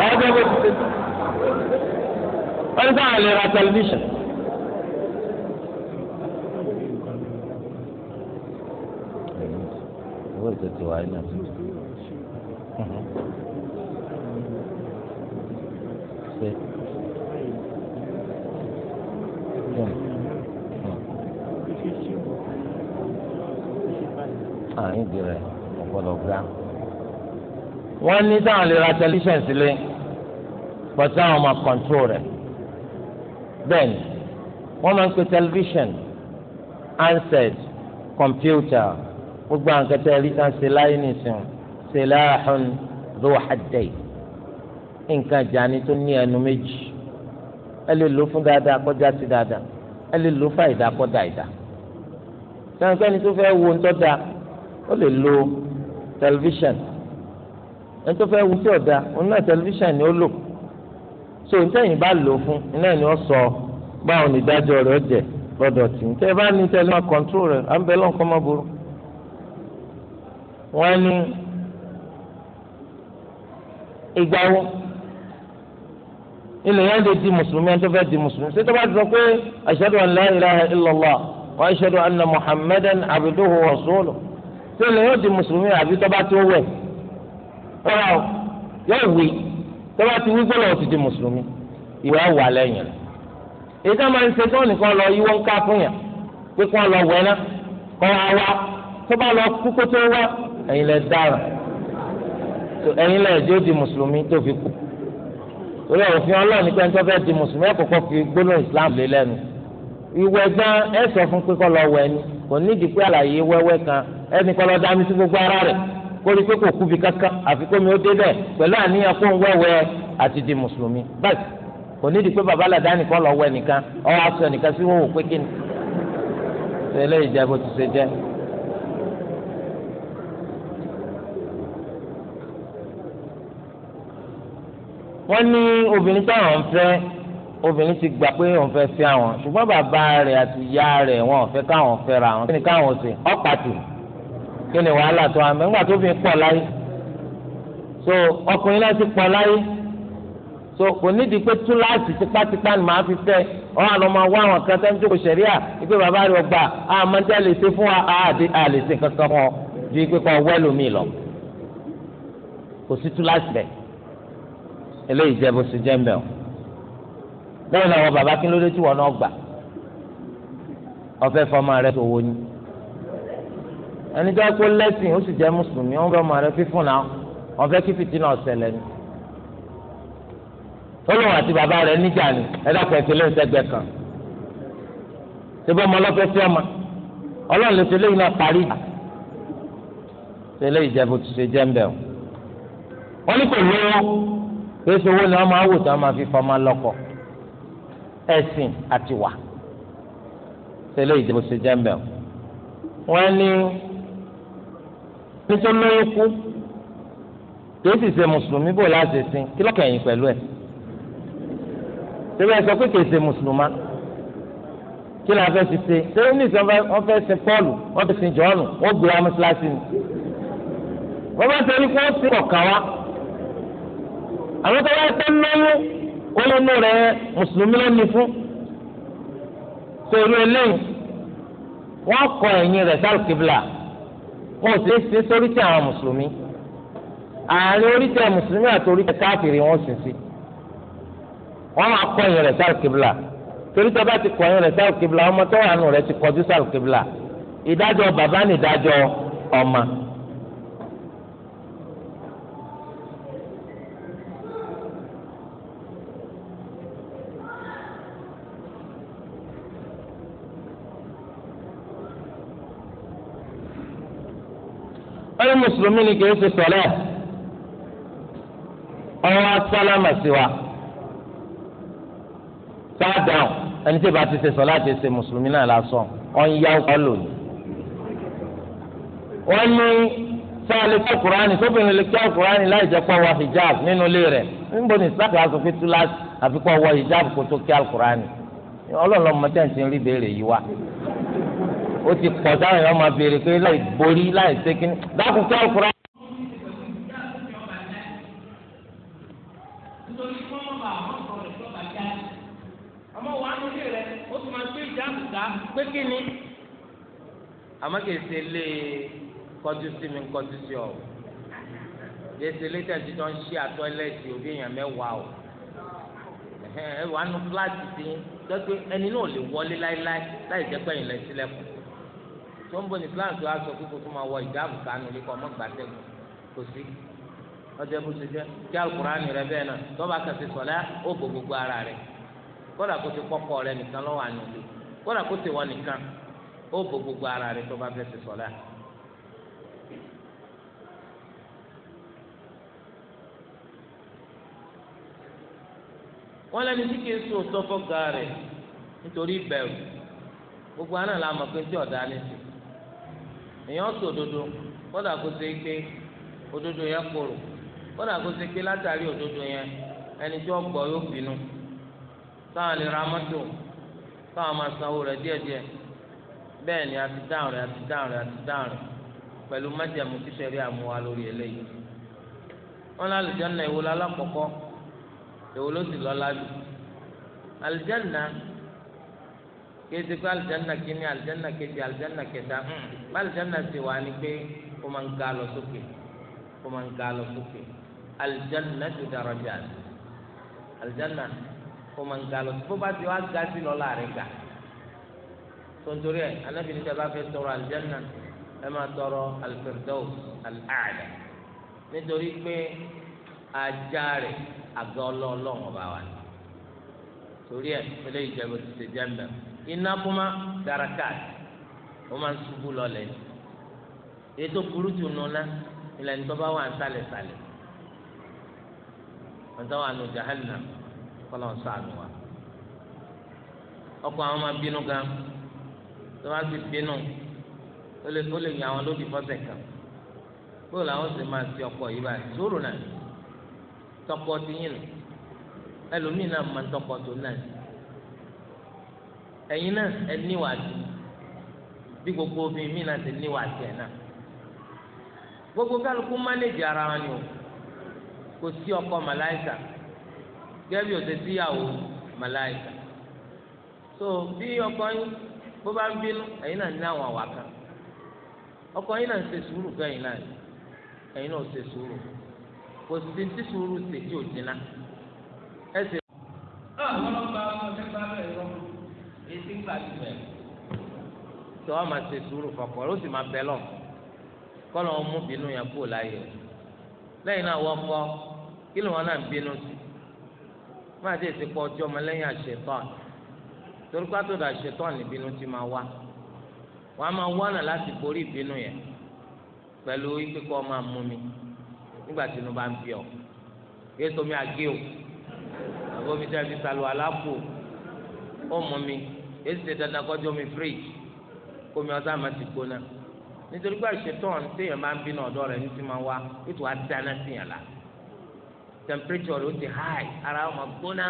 ọ̀dọ́ bó ti tètè wọ́n ní káwọn tẹlifíṣàn. Wọ́n ti pé. àyìn di rẹ̀ ọ̀pọ̀lọ̀ gbá. wọ́n ní sáwọn lè ra tẹlifíṣàn sílé pọ̀ sáwọn máa kọ̀ǹtró rẹ̀. bẹ́ẹ̀ ni wọ́n máa ń pe tẹlifíṣàn handset kọ̀mpútà gbogbo àwọn kẹtẹ́ ẹ̀rí kan ṣe láyé nìsín ṣe láàhùn ló wà á dẹ̀ nǹkan ìjàni tó ní ẹnu méjì ẹ lè lò fún dáadáa kọjá sí dáadáa ẹ lè lò fún àìdá kọjá àìdá sẹ́yìn ẹni tó fẹ́ wo ńtọ́ da ó lè lo tẹlifíṣàn ẹni tó fẹ́ wo tí ọ̀dà òun náà tẹlifíṣàn ni ó lò so ntẹ́yìn bá lò fún iná ni ó sọ báwọn onídàájọ́ rẹ̀ jẹ́ lọ́dọ̀ tì ní tẹ́ bá ní tẹ́lẹ̀ máa kọ́ńtró rẹ̀ à ń bẹ lọ́nkọ́ máa burú. wọ́n ní ìgbà wo ilẹ̀ yẹn lè di mùsùlùmí ẹni tó fẹ́ di mùsùlùmí ṣé tó bá ti sọ pé ashhadu an la ilaha illallah wa ashhadu anna muhammadan abduhu wa rasuluhu ṣé ilẹ̀ yóò di mùsùlùmí àbí tó bá ti wẹ̀ ọ̀rọ̀ yóò wí tó bá ti wí gbọ́dọ̀ ó ti di mùsùlùmí ìwé wà lẹ́yìn rẹ̀ èyí tó máa ń ṣe tó nìkan lọ yíwọ́ ń ká fún yàn pé kó lọ wẹ̀ náà kọ́ wa wá tó bá lọ kú kó tó wá torí òfin ọlọ́ọ̀ni pé ẹni tó fẹ́ di mùsùlùmí ọ̀kọ̀ọ̀kọ̀ fi gbólóhùn islam lé lẹ́nu ìwẹ̀ gan ẹ sọ fún pé kọ́ lọ wẹ̀ ni kò nídìí pé àlàyé wẹ́wẹ́ kan ẹni kọ́ lọ dání sí gbogbo ara rẹ̀ kó rí pé kò kúbi kankan àfi kó mi ó dé bẹ̀ pẹ̀lú àníyàn kó ń wẹ̀wẹ̀ àti di mùsùlùmí báyìí kò nídìí pé bàbá làdá nìkan lọ wẹ̀ nìkan ọ̀ wọ́n ní obìnrin táwọn ń fẹ́ obìnrin ti gbà pé òun fẹ́ fẹ́ àwọn ṣùgbọ́n bàbá rẹ̀ àti ìyá rẹ̀ wọn ò fẹ́ káwọn fẹ́ra àwọn. kí ni káwọn ṣe ọ̀pàtì kí ni wàhálà tó àmì ńgbà tó fi pọ̀ láyé so ọkùnrin náà ti pọ̀ láyé so kò nídìí pé túláàsì tipátipá ni màá fi fẹ́ wọn àná máa wá àwọn kan tó ń jókòó sẹ̀ríà ìpè bàbá rẹ̀ ọgbà àmọ́já lè ṣe fún wa àdé àlè ṣe kankan fún ọ ju ìpè kan wẹ́lómi lọ kò sí túláàsì bẹ́ẹ̀ eléyìí jẹ́ bó ṣe jẹ́ mbẹ́ o lẹ́yìn náà wọ́n bàbá kí ló dé tí wọ́n náà gbà ọ̀fẹ́ fọmọ rẹ sòwò ni ẹni tó kó lẹ́sìn ó sì jẹ́ mùsùlùmí ó ń rọmọ rẹ fífún náà ọ̀fẹ́ kí fìtínà ọ̀sẹ̀lẹ̀ ni olùwà àti bàbá rẹ níjà ni ẹ̀dàpọ̀ ìpínlẹ̀ ìṣẹ́gbẹ̀ kan ṣùgbọ́n ọmọ ọlọ́fẹ́ sí ọmọ ọlọ́run lè ṣe lẹ́yìn náà parí ìjà ṣe lẹ́yìn jẹ́ bó ṣe jẹ́ mbẹ́ o wọ́n ní kò lówó kéésì owó ni wọ́n máa wò tí wọ́n máa fi fọmọ lọ́kọ ẹ̀sìn àti wà tẹ́lẹ̀ ìdìbò ṣe jẹ́ mbẹ́ o wọ́n ní nítorí lóyún kú kéésì ṣe mùsùlùmí bò láti sin kí lọ́kẹ̀yìn pẹ̀lú ẹ̀ tẹ́lẹ̀ sọ pé kéésì mùsùlùmá kí ni a fẹ́ ti ṣe tẹ́lẹ̀ ní ìsọ̀rọ̀ wọ́n fẹ́ sin Pọ́ọ̀lù wọ́n fẹ́ sin Jọ́ọ̀nù wọ́n gbé wa mọ́ṣáláṣí ni wọ́n bá ṣe ní kí wọ́n sin ọ̀kà wa àwọn tó wáá pẹ́ náwó ó lé nù rẹ̀ mùsùlùmí ló ní fún sórí eléyìí wọ́n kọ ẹ̀yìn rẹ̀ sálùkìbìlà wọ́n sì ṣe sórí tí àwọn mùsùlùmí àárín oríṣi mùsùlùmí àti oríṣi káfìrí wọ́n sì sí wọ́n máa kọ ẹ̀yìn rẹ̀ sálùkìbìlà torí tó bá ti kọ ẹ̀yìn rẹ̀ sálùkìbìlà ọmọ tó wà nù rẹ̀ ti kọjú sálùkìbìlà ìdájọ́ bàbá ni ìdájọ́ ọmọ. wọ́n ní mùsùlùmí ni kì í ṣe sọ̀lẹ́ ọwọ́ sálámà sí wa sáà dáhùn ẹni tí ìbá ti ṣe sọ̀lá ti ṣe mùsùlùmí náà lásán ọ̀n yá ọkọ̀ lónìí. wọ́n ní sáà lè kọ́ kúránì sóbìnrin lè kọ́ kúránì láì jẹ́ pọ̀ wọ hijab nínú ilé rẹ̀ níbo ni sáà kìlá sọ pé túláàsì àfikún ọwọ́ hijab kó tó kí alukúránì ọlọ́run ọmọ tẹ̀ ń rí béèrè yìí wá ó ti pọ̀ táwọn èèyàn máa béèrè pé láì borí láì ṣe kíní dákúkẹ́ ọ̀kúra. pé kí kì í ṣe lé kọjú sí mi kọjú sí ọ kì í ṣe lé tẹ̀sí tó ń ṣí àtọ́lẹ́sì òbí èèyàn mẹ́wàá o ẹ wà á nu fúláàtì sí dọ́gbé ẹni náà lè wọlé láéláé láì jẹ́ pẹ́yìn lẹ́sílẹ̀kùn tó ń bọ ní islam tó a sọ pé tó máa wọ ìdáàbò kánú lé kọ́ ọmọgbàtẹ́gùn kò sí ọjọ́ bó ṣe jẹ́ kí alukurani rẹ bẹ́ẹ̀ náà tọ́ba kẹsì ó gbogbo ara kódà kó ti kọ́kọ́ rẹ nìkan lọ́wọ́ àyànlé kódà kó ti wọ nìkan ó gbogbo ara tọ́ba kẹsì wọ́n tí rẹ̀ nítorí bẹ̀rù gbogbo mọ̀ pé èèyàn sọ òdodo kódà kó ṣe pé òdodo yẹn korò kódà kó ṣe pé látàrí òdodo yẹn ẹni tí wọ́n gbọ́ yóò bínú táwọn lè ra mọ́tò táwọn máa sanwó rẹ̀ díẹ̀díẹ̀ bẹ́ẹ̀ ni a ti dáhùn rẹ̀ a ti dáhùn rẹ̀ a ti dáhùn rẹ̀ pẹ̀lú májàmú kéde pé alìjánná kìíní alìjánná kejì alìjánná kẹta hmm. bá alìjánná ti wà ní pé ó máa ń ga lọ sókè ó máa ń ga lọ sókè alìjánná ti darajat alìjánná ó máa ń ga lọ sókè bó bá ti wá ga sí lọ láàrin ga tontori ẹ anabi ní sábà fẹ́ tọrọ alìjánná ẹ máa tọrọ alifirdaus al nítorí pé ajá rẹ ọba wa torí ẹ eléyìí jẹ́ bó ti ṣe jẹ́ mẹ́rin. iná kuma darakat ó máa ń ṣubú lọlẹ̀ ètò burúkú nùnà ilẹ̀ nítorí wà ń sálẹ̀ nítorí wà nù jahannam kọ́lọ́ ń sànù wa ọkọ àwọn máa bínú gan tó bá ti bínú ó lè ó lè yàn àwọn kan bóòlù àwọn sì máa ti ọkọ yìí báyìí sóòrò náà tọkọ ti yín nù máa tọkọ tó náà ẹ̀yin náà ẹ níwà bí gbogbo obìnrin mi náà ti níwà sí ẹ náà gbogbo kálukú mánéjì ara wọn ni o kò sí ọkọ màláìsà gẹ́gẹ́ bí òtẹ́ síyàwó màláìsà so bí ọkọ yín bó bá ń bínú ẹ̀yin náà ní àwọn àwà kan ọkọ yín náà ń ṣe sùúrù kẹ́yìn náà ẹ̀yin náà ń ṣe sùúrù kò sí ti sùúrù ṣe tí ò jìnnà ẹ ṣe. Ah, ọ̀hún ọmọ ọdẹ bá bẹ̀rẹ̀ lọ́wọ́ etí ń gbà jù ẹ̀ tó wọ́n máa ṣe sùúrù fọkọ ó sì máa bẹ lọ kọ́ lọ́n mú bínú yẹn kúrò láyé lẹ́yìn náà wọ́n kọ́ kí ló wọn náà ń bínú sí máa dé ìsìnkú ọjọ́ ọmọlẹ́yìn àṣetán torí pátó dà àṣetán níbínú ti máa wá wọn a máa wọ́nà láti borí ìbínú yẹn pẹ̀lú ikíkọ́ máa mú mi nígbà tí inú bá ń bí ọ yé somi àgé o àbómi tẹ́ fi sàlù àlápò ó mú mi èsì ṣe dandan kọjú omi fíríjì kó mi ọsàn máa ti gbóná nítorí pé àṣetán téèyàn máa ń bínú ọ̀dọ́ rẹ̀ ní ti máa wá ètò àdáná síyàn la temperature rẹ̀ ó ti high ara ó máa gbóná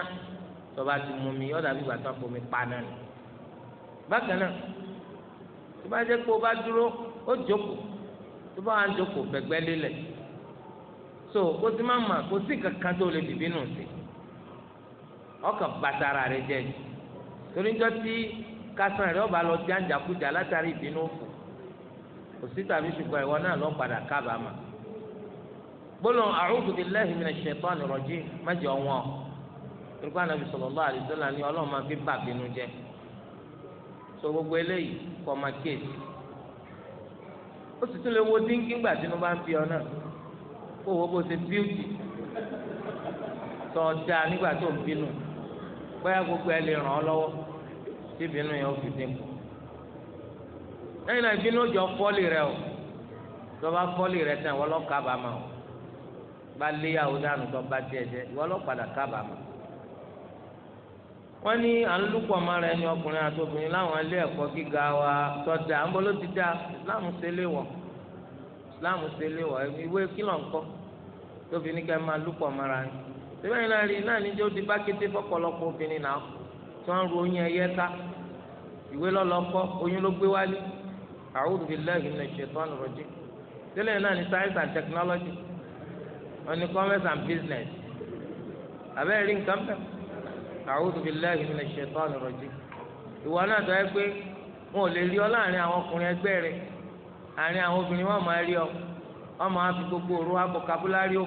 tọba ti mú mi ọ̀dà bíbà tó fomi paná ni bákan náà tó bá jẹ́ pé o bá dúró ó jókòó tó bá wà ń jókòó fẹ̀gbẹ́ lélẹ̀ so kó ti máa mà kó sí kankan tó lè bìbínú sí ọkàn bàtà ara rẹ̀ jẹ́ yìí torí ń jọ tí kásán rẹ ọba lọ jàǹjàkújà látàrí ìbínú òfò òsì tàbí ṣùgbọ́n ìwọ náà lọ padà kábàámà gbólóhùn a'udhu billahi minash shaitanir rajim mẹ́jọ wọn nípa Ànábì sallallahu alaihi wasallam ni Ọlọ́run máa fi bà bínú so gbogbo eléyìí kọ máa kéèsì ó sì tún lè wo dínkì tí mo bá ń fi ọ náà kó wo bó ṣe bíútì tọ́ da nígbà tó tí ìbínú yẹn ó fi dínkù lẹ́yìn náà ìbínú ó jọ fọ́ọ̀lì rẹ o tó bá fọ́ọ̀lì rẹ tán ìwọ lọ́ọ́ kábàámà o bá léyàwó dànù tó bá tiẹ̀ jẹ ìwọ lọ́ọ́ padà kábàámà wọ́n ní à ń lùpọ̀ ọmọ rẹ ní ọkùnrin àti obìnrin láwọn ilé ẹ̀kọ́ gíga wa tọ́jà ń bọ́ ló ti dá Islam ṣe lé wọ̀ Islam ṣe lé wọ̀ ìwé kílọ̀ ńkọ́ tóbi ní kẹ́ máa lùpọ̀ ọmọ rẹ síbẹ̀ náà rí náà níjẹ́ ó di bá kété fọ́pọ̀lọpọ̀ tí wọ́n ń ro oyún ẹyẹ ká ìwé lọ́lọ́kọ́ oyún ló gbé wálé a'udhu billahi minash shaitanir náà ní science and technology onị commerce and business abẹ́rẹ́ rí nǹkan bẹ́ẹ̀ a'udhu billahi minash shaitanir rajim ìwọ náà tọ́ ẹ pé wọn ò lè rí ọ láàrin àwọn ọkùnrin ẹgbẹ́ rẹ àárín àwọn obìnrin wọn máa rí ọ wọn máa fi gbogbo òru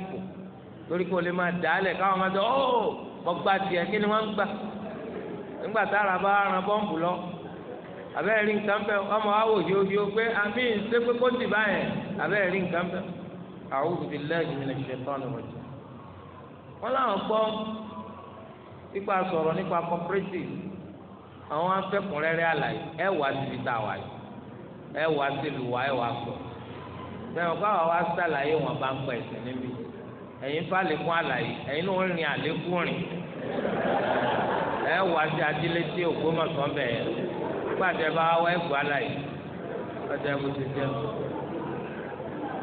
torí kò nígbà tára bá ran bọ́ǹbù lọ abẹ́rẹ́ rí nǹkan bẹ́ẹ̀ ọmọ awò yóò yóò pé àmì ṣé pé kó ti báyẹn abẹ́rẹ́ rí nǹkan bẹ́ẹ̀ a'udhu billahi minash shaitanir rajim. wọ́n láwọn gbọ́ nípa sọ̀rọ̀ nípa cooperative àwọn afẹ́kùnrẹ́rẹ́ àlàyé ẹ̀ wá síbi tá a wà yìí ẹ̀ wá sílùú wa ẹ̀ wá sọ. bẹ́ẹ̀ ọ̀gá wa wá sàlàyé wọn bá ń pẹ̀ ẹ̀sìn níbi ẹ̀yin fàlẹ́kùn àlàyé ẹ̀yin náà ń àlékún rìn ẹ wá sí adílé tí Ògbómọ̀ṣọ́ bẹ̀ yẹn gbàtẹ́ bá wá ẹ̀gbọ́n aláì ọjà ẹ̀kú ti jẹ́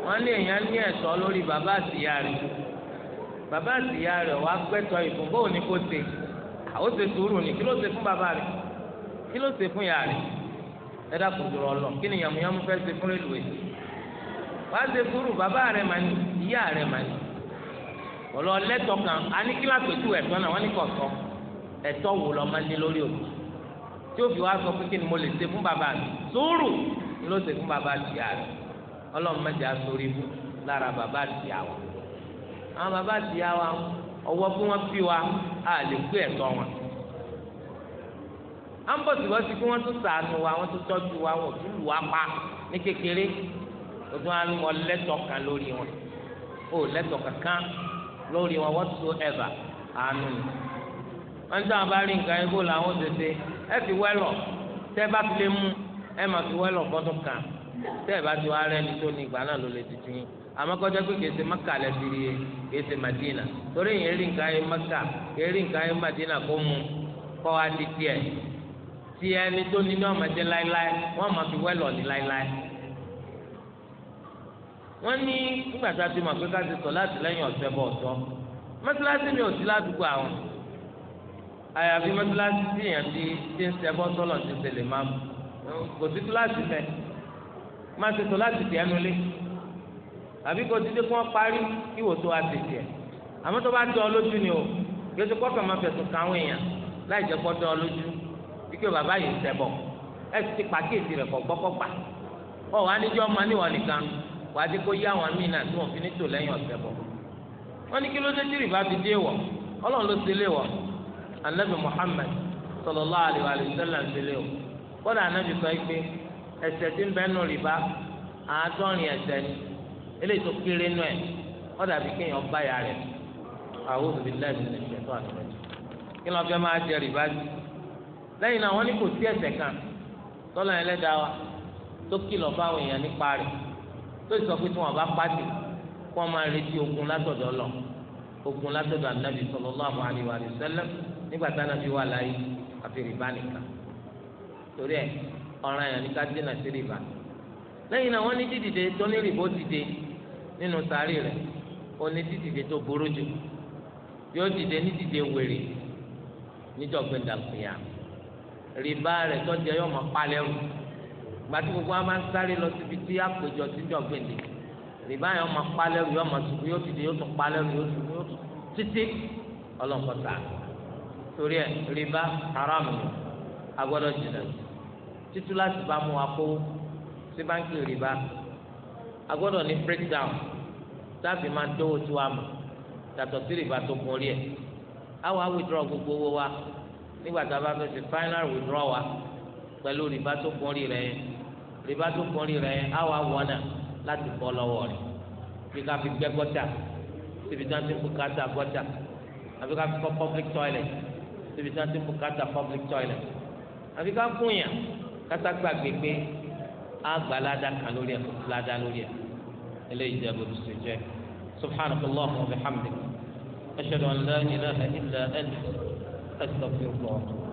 wọ́n lé èèyàn ní ẹ̀tọ́ lórí bàbá àtìyá rẹ̀ bàbá àtìyá rẹ̀ wàá gbẹ́tọ̀ ìfún bóun ni kò ṣe àwọn ṣe sùúrù ni kí ló ṣe fún bàbá rẹ̀ kí ló ṣe fún ìyá rẹ̀ ẹ dákun jùlọ lọ kí ni yàmùyàmù fẹ́ ṣe fún rélùwé wàá ṣe sùúrù bàbá rẹ̀ mà ní ìyá rẹ̀ mà ní ọ̀lọ́ lẹ́tọ̀ kan a ní kíláàsì ojú ẹ̀tọ́ náà wọ́n ní kọ̀ọ̀tọ́ ẹ̀tọ́ wò lọ́mọ ní lórí òbí tí òbí wa sọ pé kí ni mo lè ṣe fún bàbá mi sùúrù ni ló ṣe fún bàbá ti àrẹ ọlọ́run mẹ́jọ sórí ibú lára bàbá ti àwọ̀ àwọn bàbá ti àwọ̀ ọwọ́ fún wọn fi wa a lè gbé ẹ̀tọ́ wọn à ń bọ̀ síbọ̀ sí kí wọ́n tún ṣàánú wa wọ́n tún tọ́jú wa wọ́n tún lù wá pa ní kékeré o tún á ń mọ lẹ́tọ̀ kan lórí wọn o lẹ́tọ̀ kankan lórí wọn whatsoever àánú ni. wọn ní sábà rí nǹkan yẹn kó làwọn tètè ẹ fi wẹlọ tẹ bá fi mú ẹ má kan tẹ bá ti wá rẹ ní tó ní ìgbà náà ló lè titi yín àmọ́ kọjá maka lẹ ti e, madina torí yẹn rí nǹkan maka yẹn nǹkan yẹn madina kó mu di tiẹ̀ tiẹ̀ tó ní láéláé fi wẹlọ láéláé ní a ti pé láti àyàfi mọ́tíláṣí tí èèyàn ti ti ń sẹ́bọ́ sọ́lọ̀ ti tẹ̀lé máa mú kò sí kíláàsì fẹ́ má ti sọ láti tẹ̀ ẹnu lé àbí kò títí kí wọ́n parí kí wò tó àtẹ̀tẹ̀ àmọ́ tó bá tẹ ọ lójú ni o kí o ti kọ́ kàn máa fẹ̀sùn kàn àwọn èèyàn láì jẹ́ kó tẹ ọ lójú kíkẹ́ bàbá yìí sẹ́bọ̀ ẹ ti pàkíyèsí rẹ̀ kọ́ gbọ́kọ́gbà ọ wà á níjọ́ ọmọ níwọ̀n nìkan wà á ti kó yá àwọn míì náà tí wọ́n fi ní tò lẹ́yìn ọ̀sẹ̀ bọ̀ wọ́n ní kí ló dé tí fi dé wọ̀ ọlọ́run ló ti lé wọ̀ anabi muhammed sallallahu alayhi wa sallam sílẹ̀ o kódà anabi sọ pé ẹ̀ṣẹ̀ tí ń bẹ nù rìbá àádọ́rin ẹ̀ṣẹ̀ ni eléyìí tó kéré nù ẹ̀ kódà bí kéèyàn bá yà rẹ̀ àwọn òbí lẹ́yìn ní ìṣẹ̀ tó àtúnṣe kí ló fẹ́ máa jẹ rìbá jù lẹ́yìn náà wọ́n ní kò sí ẹ̀ṣẹ̀ kan tọ́lá yẹn lẹ́dàá wa tó kìlọ̀ fáwọn èèyàn nípa rẹ̀ tó sọ pé tí wọ́n bá pàdé kó wọ́n máa retí ogun látọ̀dọ̀ lọ ogun látọ̀dọ̀ anabi sallallahu alayhi wa sallam nígbà táwọn fi wà láyé àfi rìbá nìkan torí ẹ ọ̀ràn yẹn ní ká dínà sí rìbá lẹ́yìn náà wọ́n ní dídìde tó ní rìbó dìde nínú sáré rẹ̀ ó ní dídìde tó burú jù yóò dìde ní dìde wèrè níjọ̀gbìn dàgbìyà rìbá rẹ̀ tọ́jú ẹ yóò mọ̀ palẹ́rù gbàtí gbogbo wa máa ń sáré lọ síbi tí àpèjọ síjọ̀gbìn dì rìbá yẹn mọ̀ palẹ́rù yóò mọ̀ sùkú yóò dìde yóò tún palẹ́rù yóò sùkú yóò tún títí ọlọ́nkọ́ta torí ẹ rìbá haram ni a gbọ́dọ̀ jìnnà títú láti bá mú wa kó sí báńkì rìbá a gbọ́dọ̀ ní breakdown táàbì máa dówó tí wàá mọ̀ yàtọ̀ sí rìbá tó kún orí ẹ̀ àwọn á withdraw gbogbo owó wa nígbà tá a bá fẹ́ final withdraw wa pẹ̀lú rìbá tó kún orí rẹ̀ yẹn rìbá tó kún orí rẹ̀ yẹn àwọn àwọnà láti bọ́ lọ́wọ́ rẹ̀ bí fi gbẹ́ gọ́tà síbi tí wọ́n ti ń kó káta gọ́tà àbí fi kọ́ public toilet síbi tí wọ́n ti ń bùkátà public toilet àfi ká gúnyà kátà gbàgbé pé àgbà ládà kan lórí ẹ̀ kò sí ládà lórí ẹ̀ eléyìí jẹ́ bó ti ṣe jẹ́ subhanakallah wa bihamdik ashhadu an la ilaha illa anta astaghfiruka.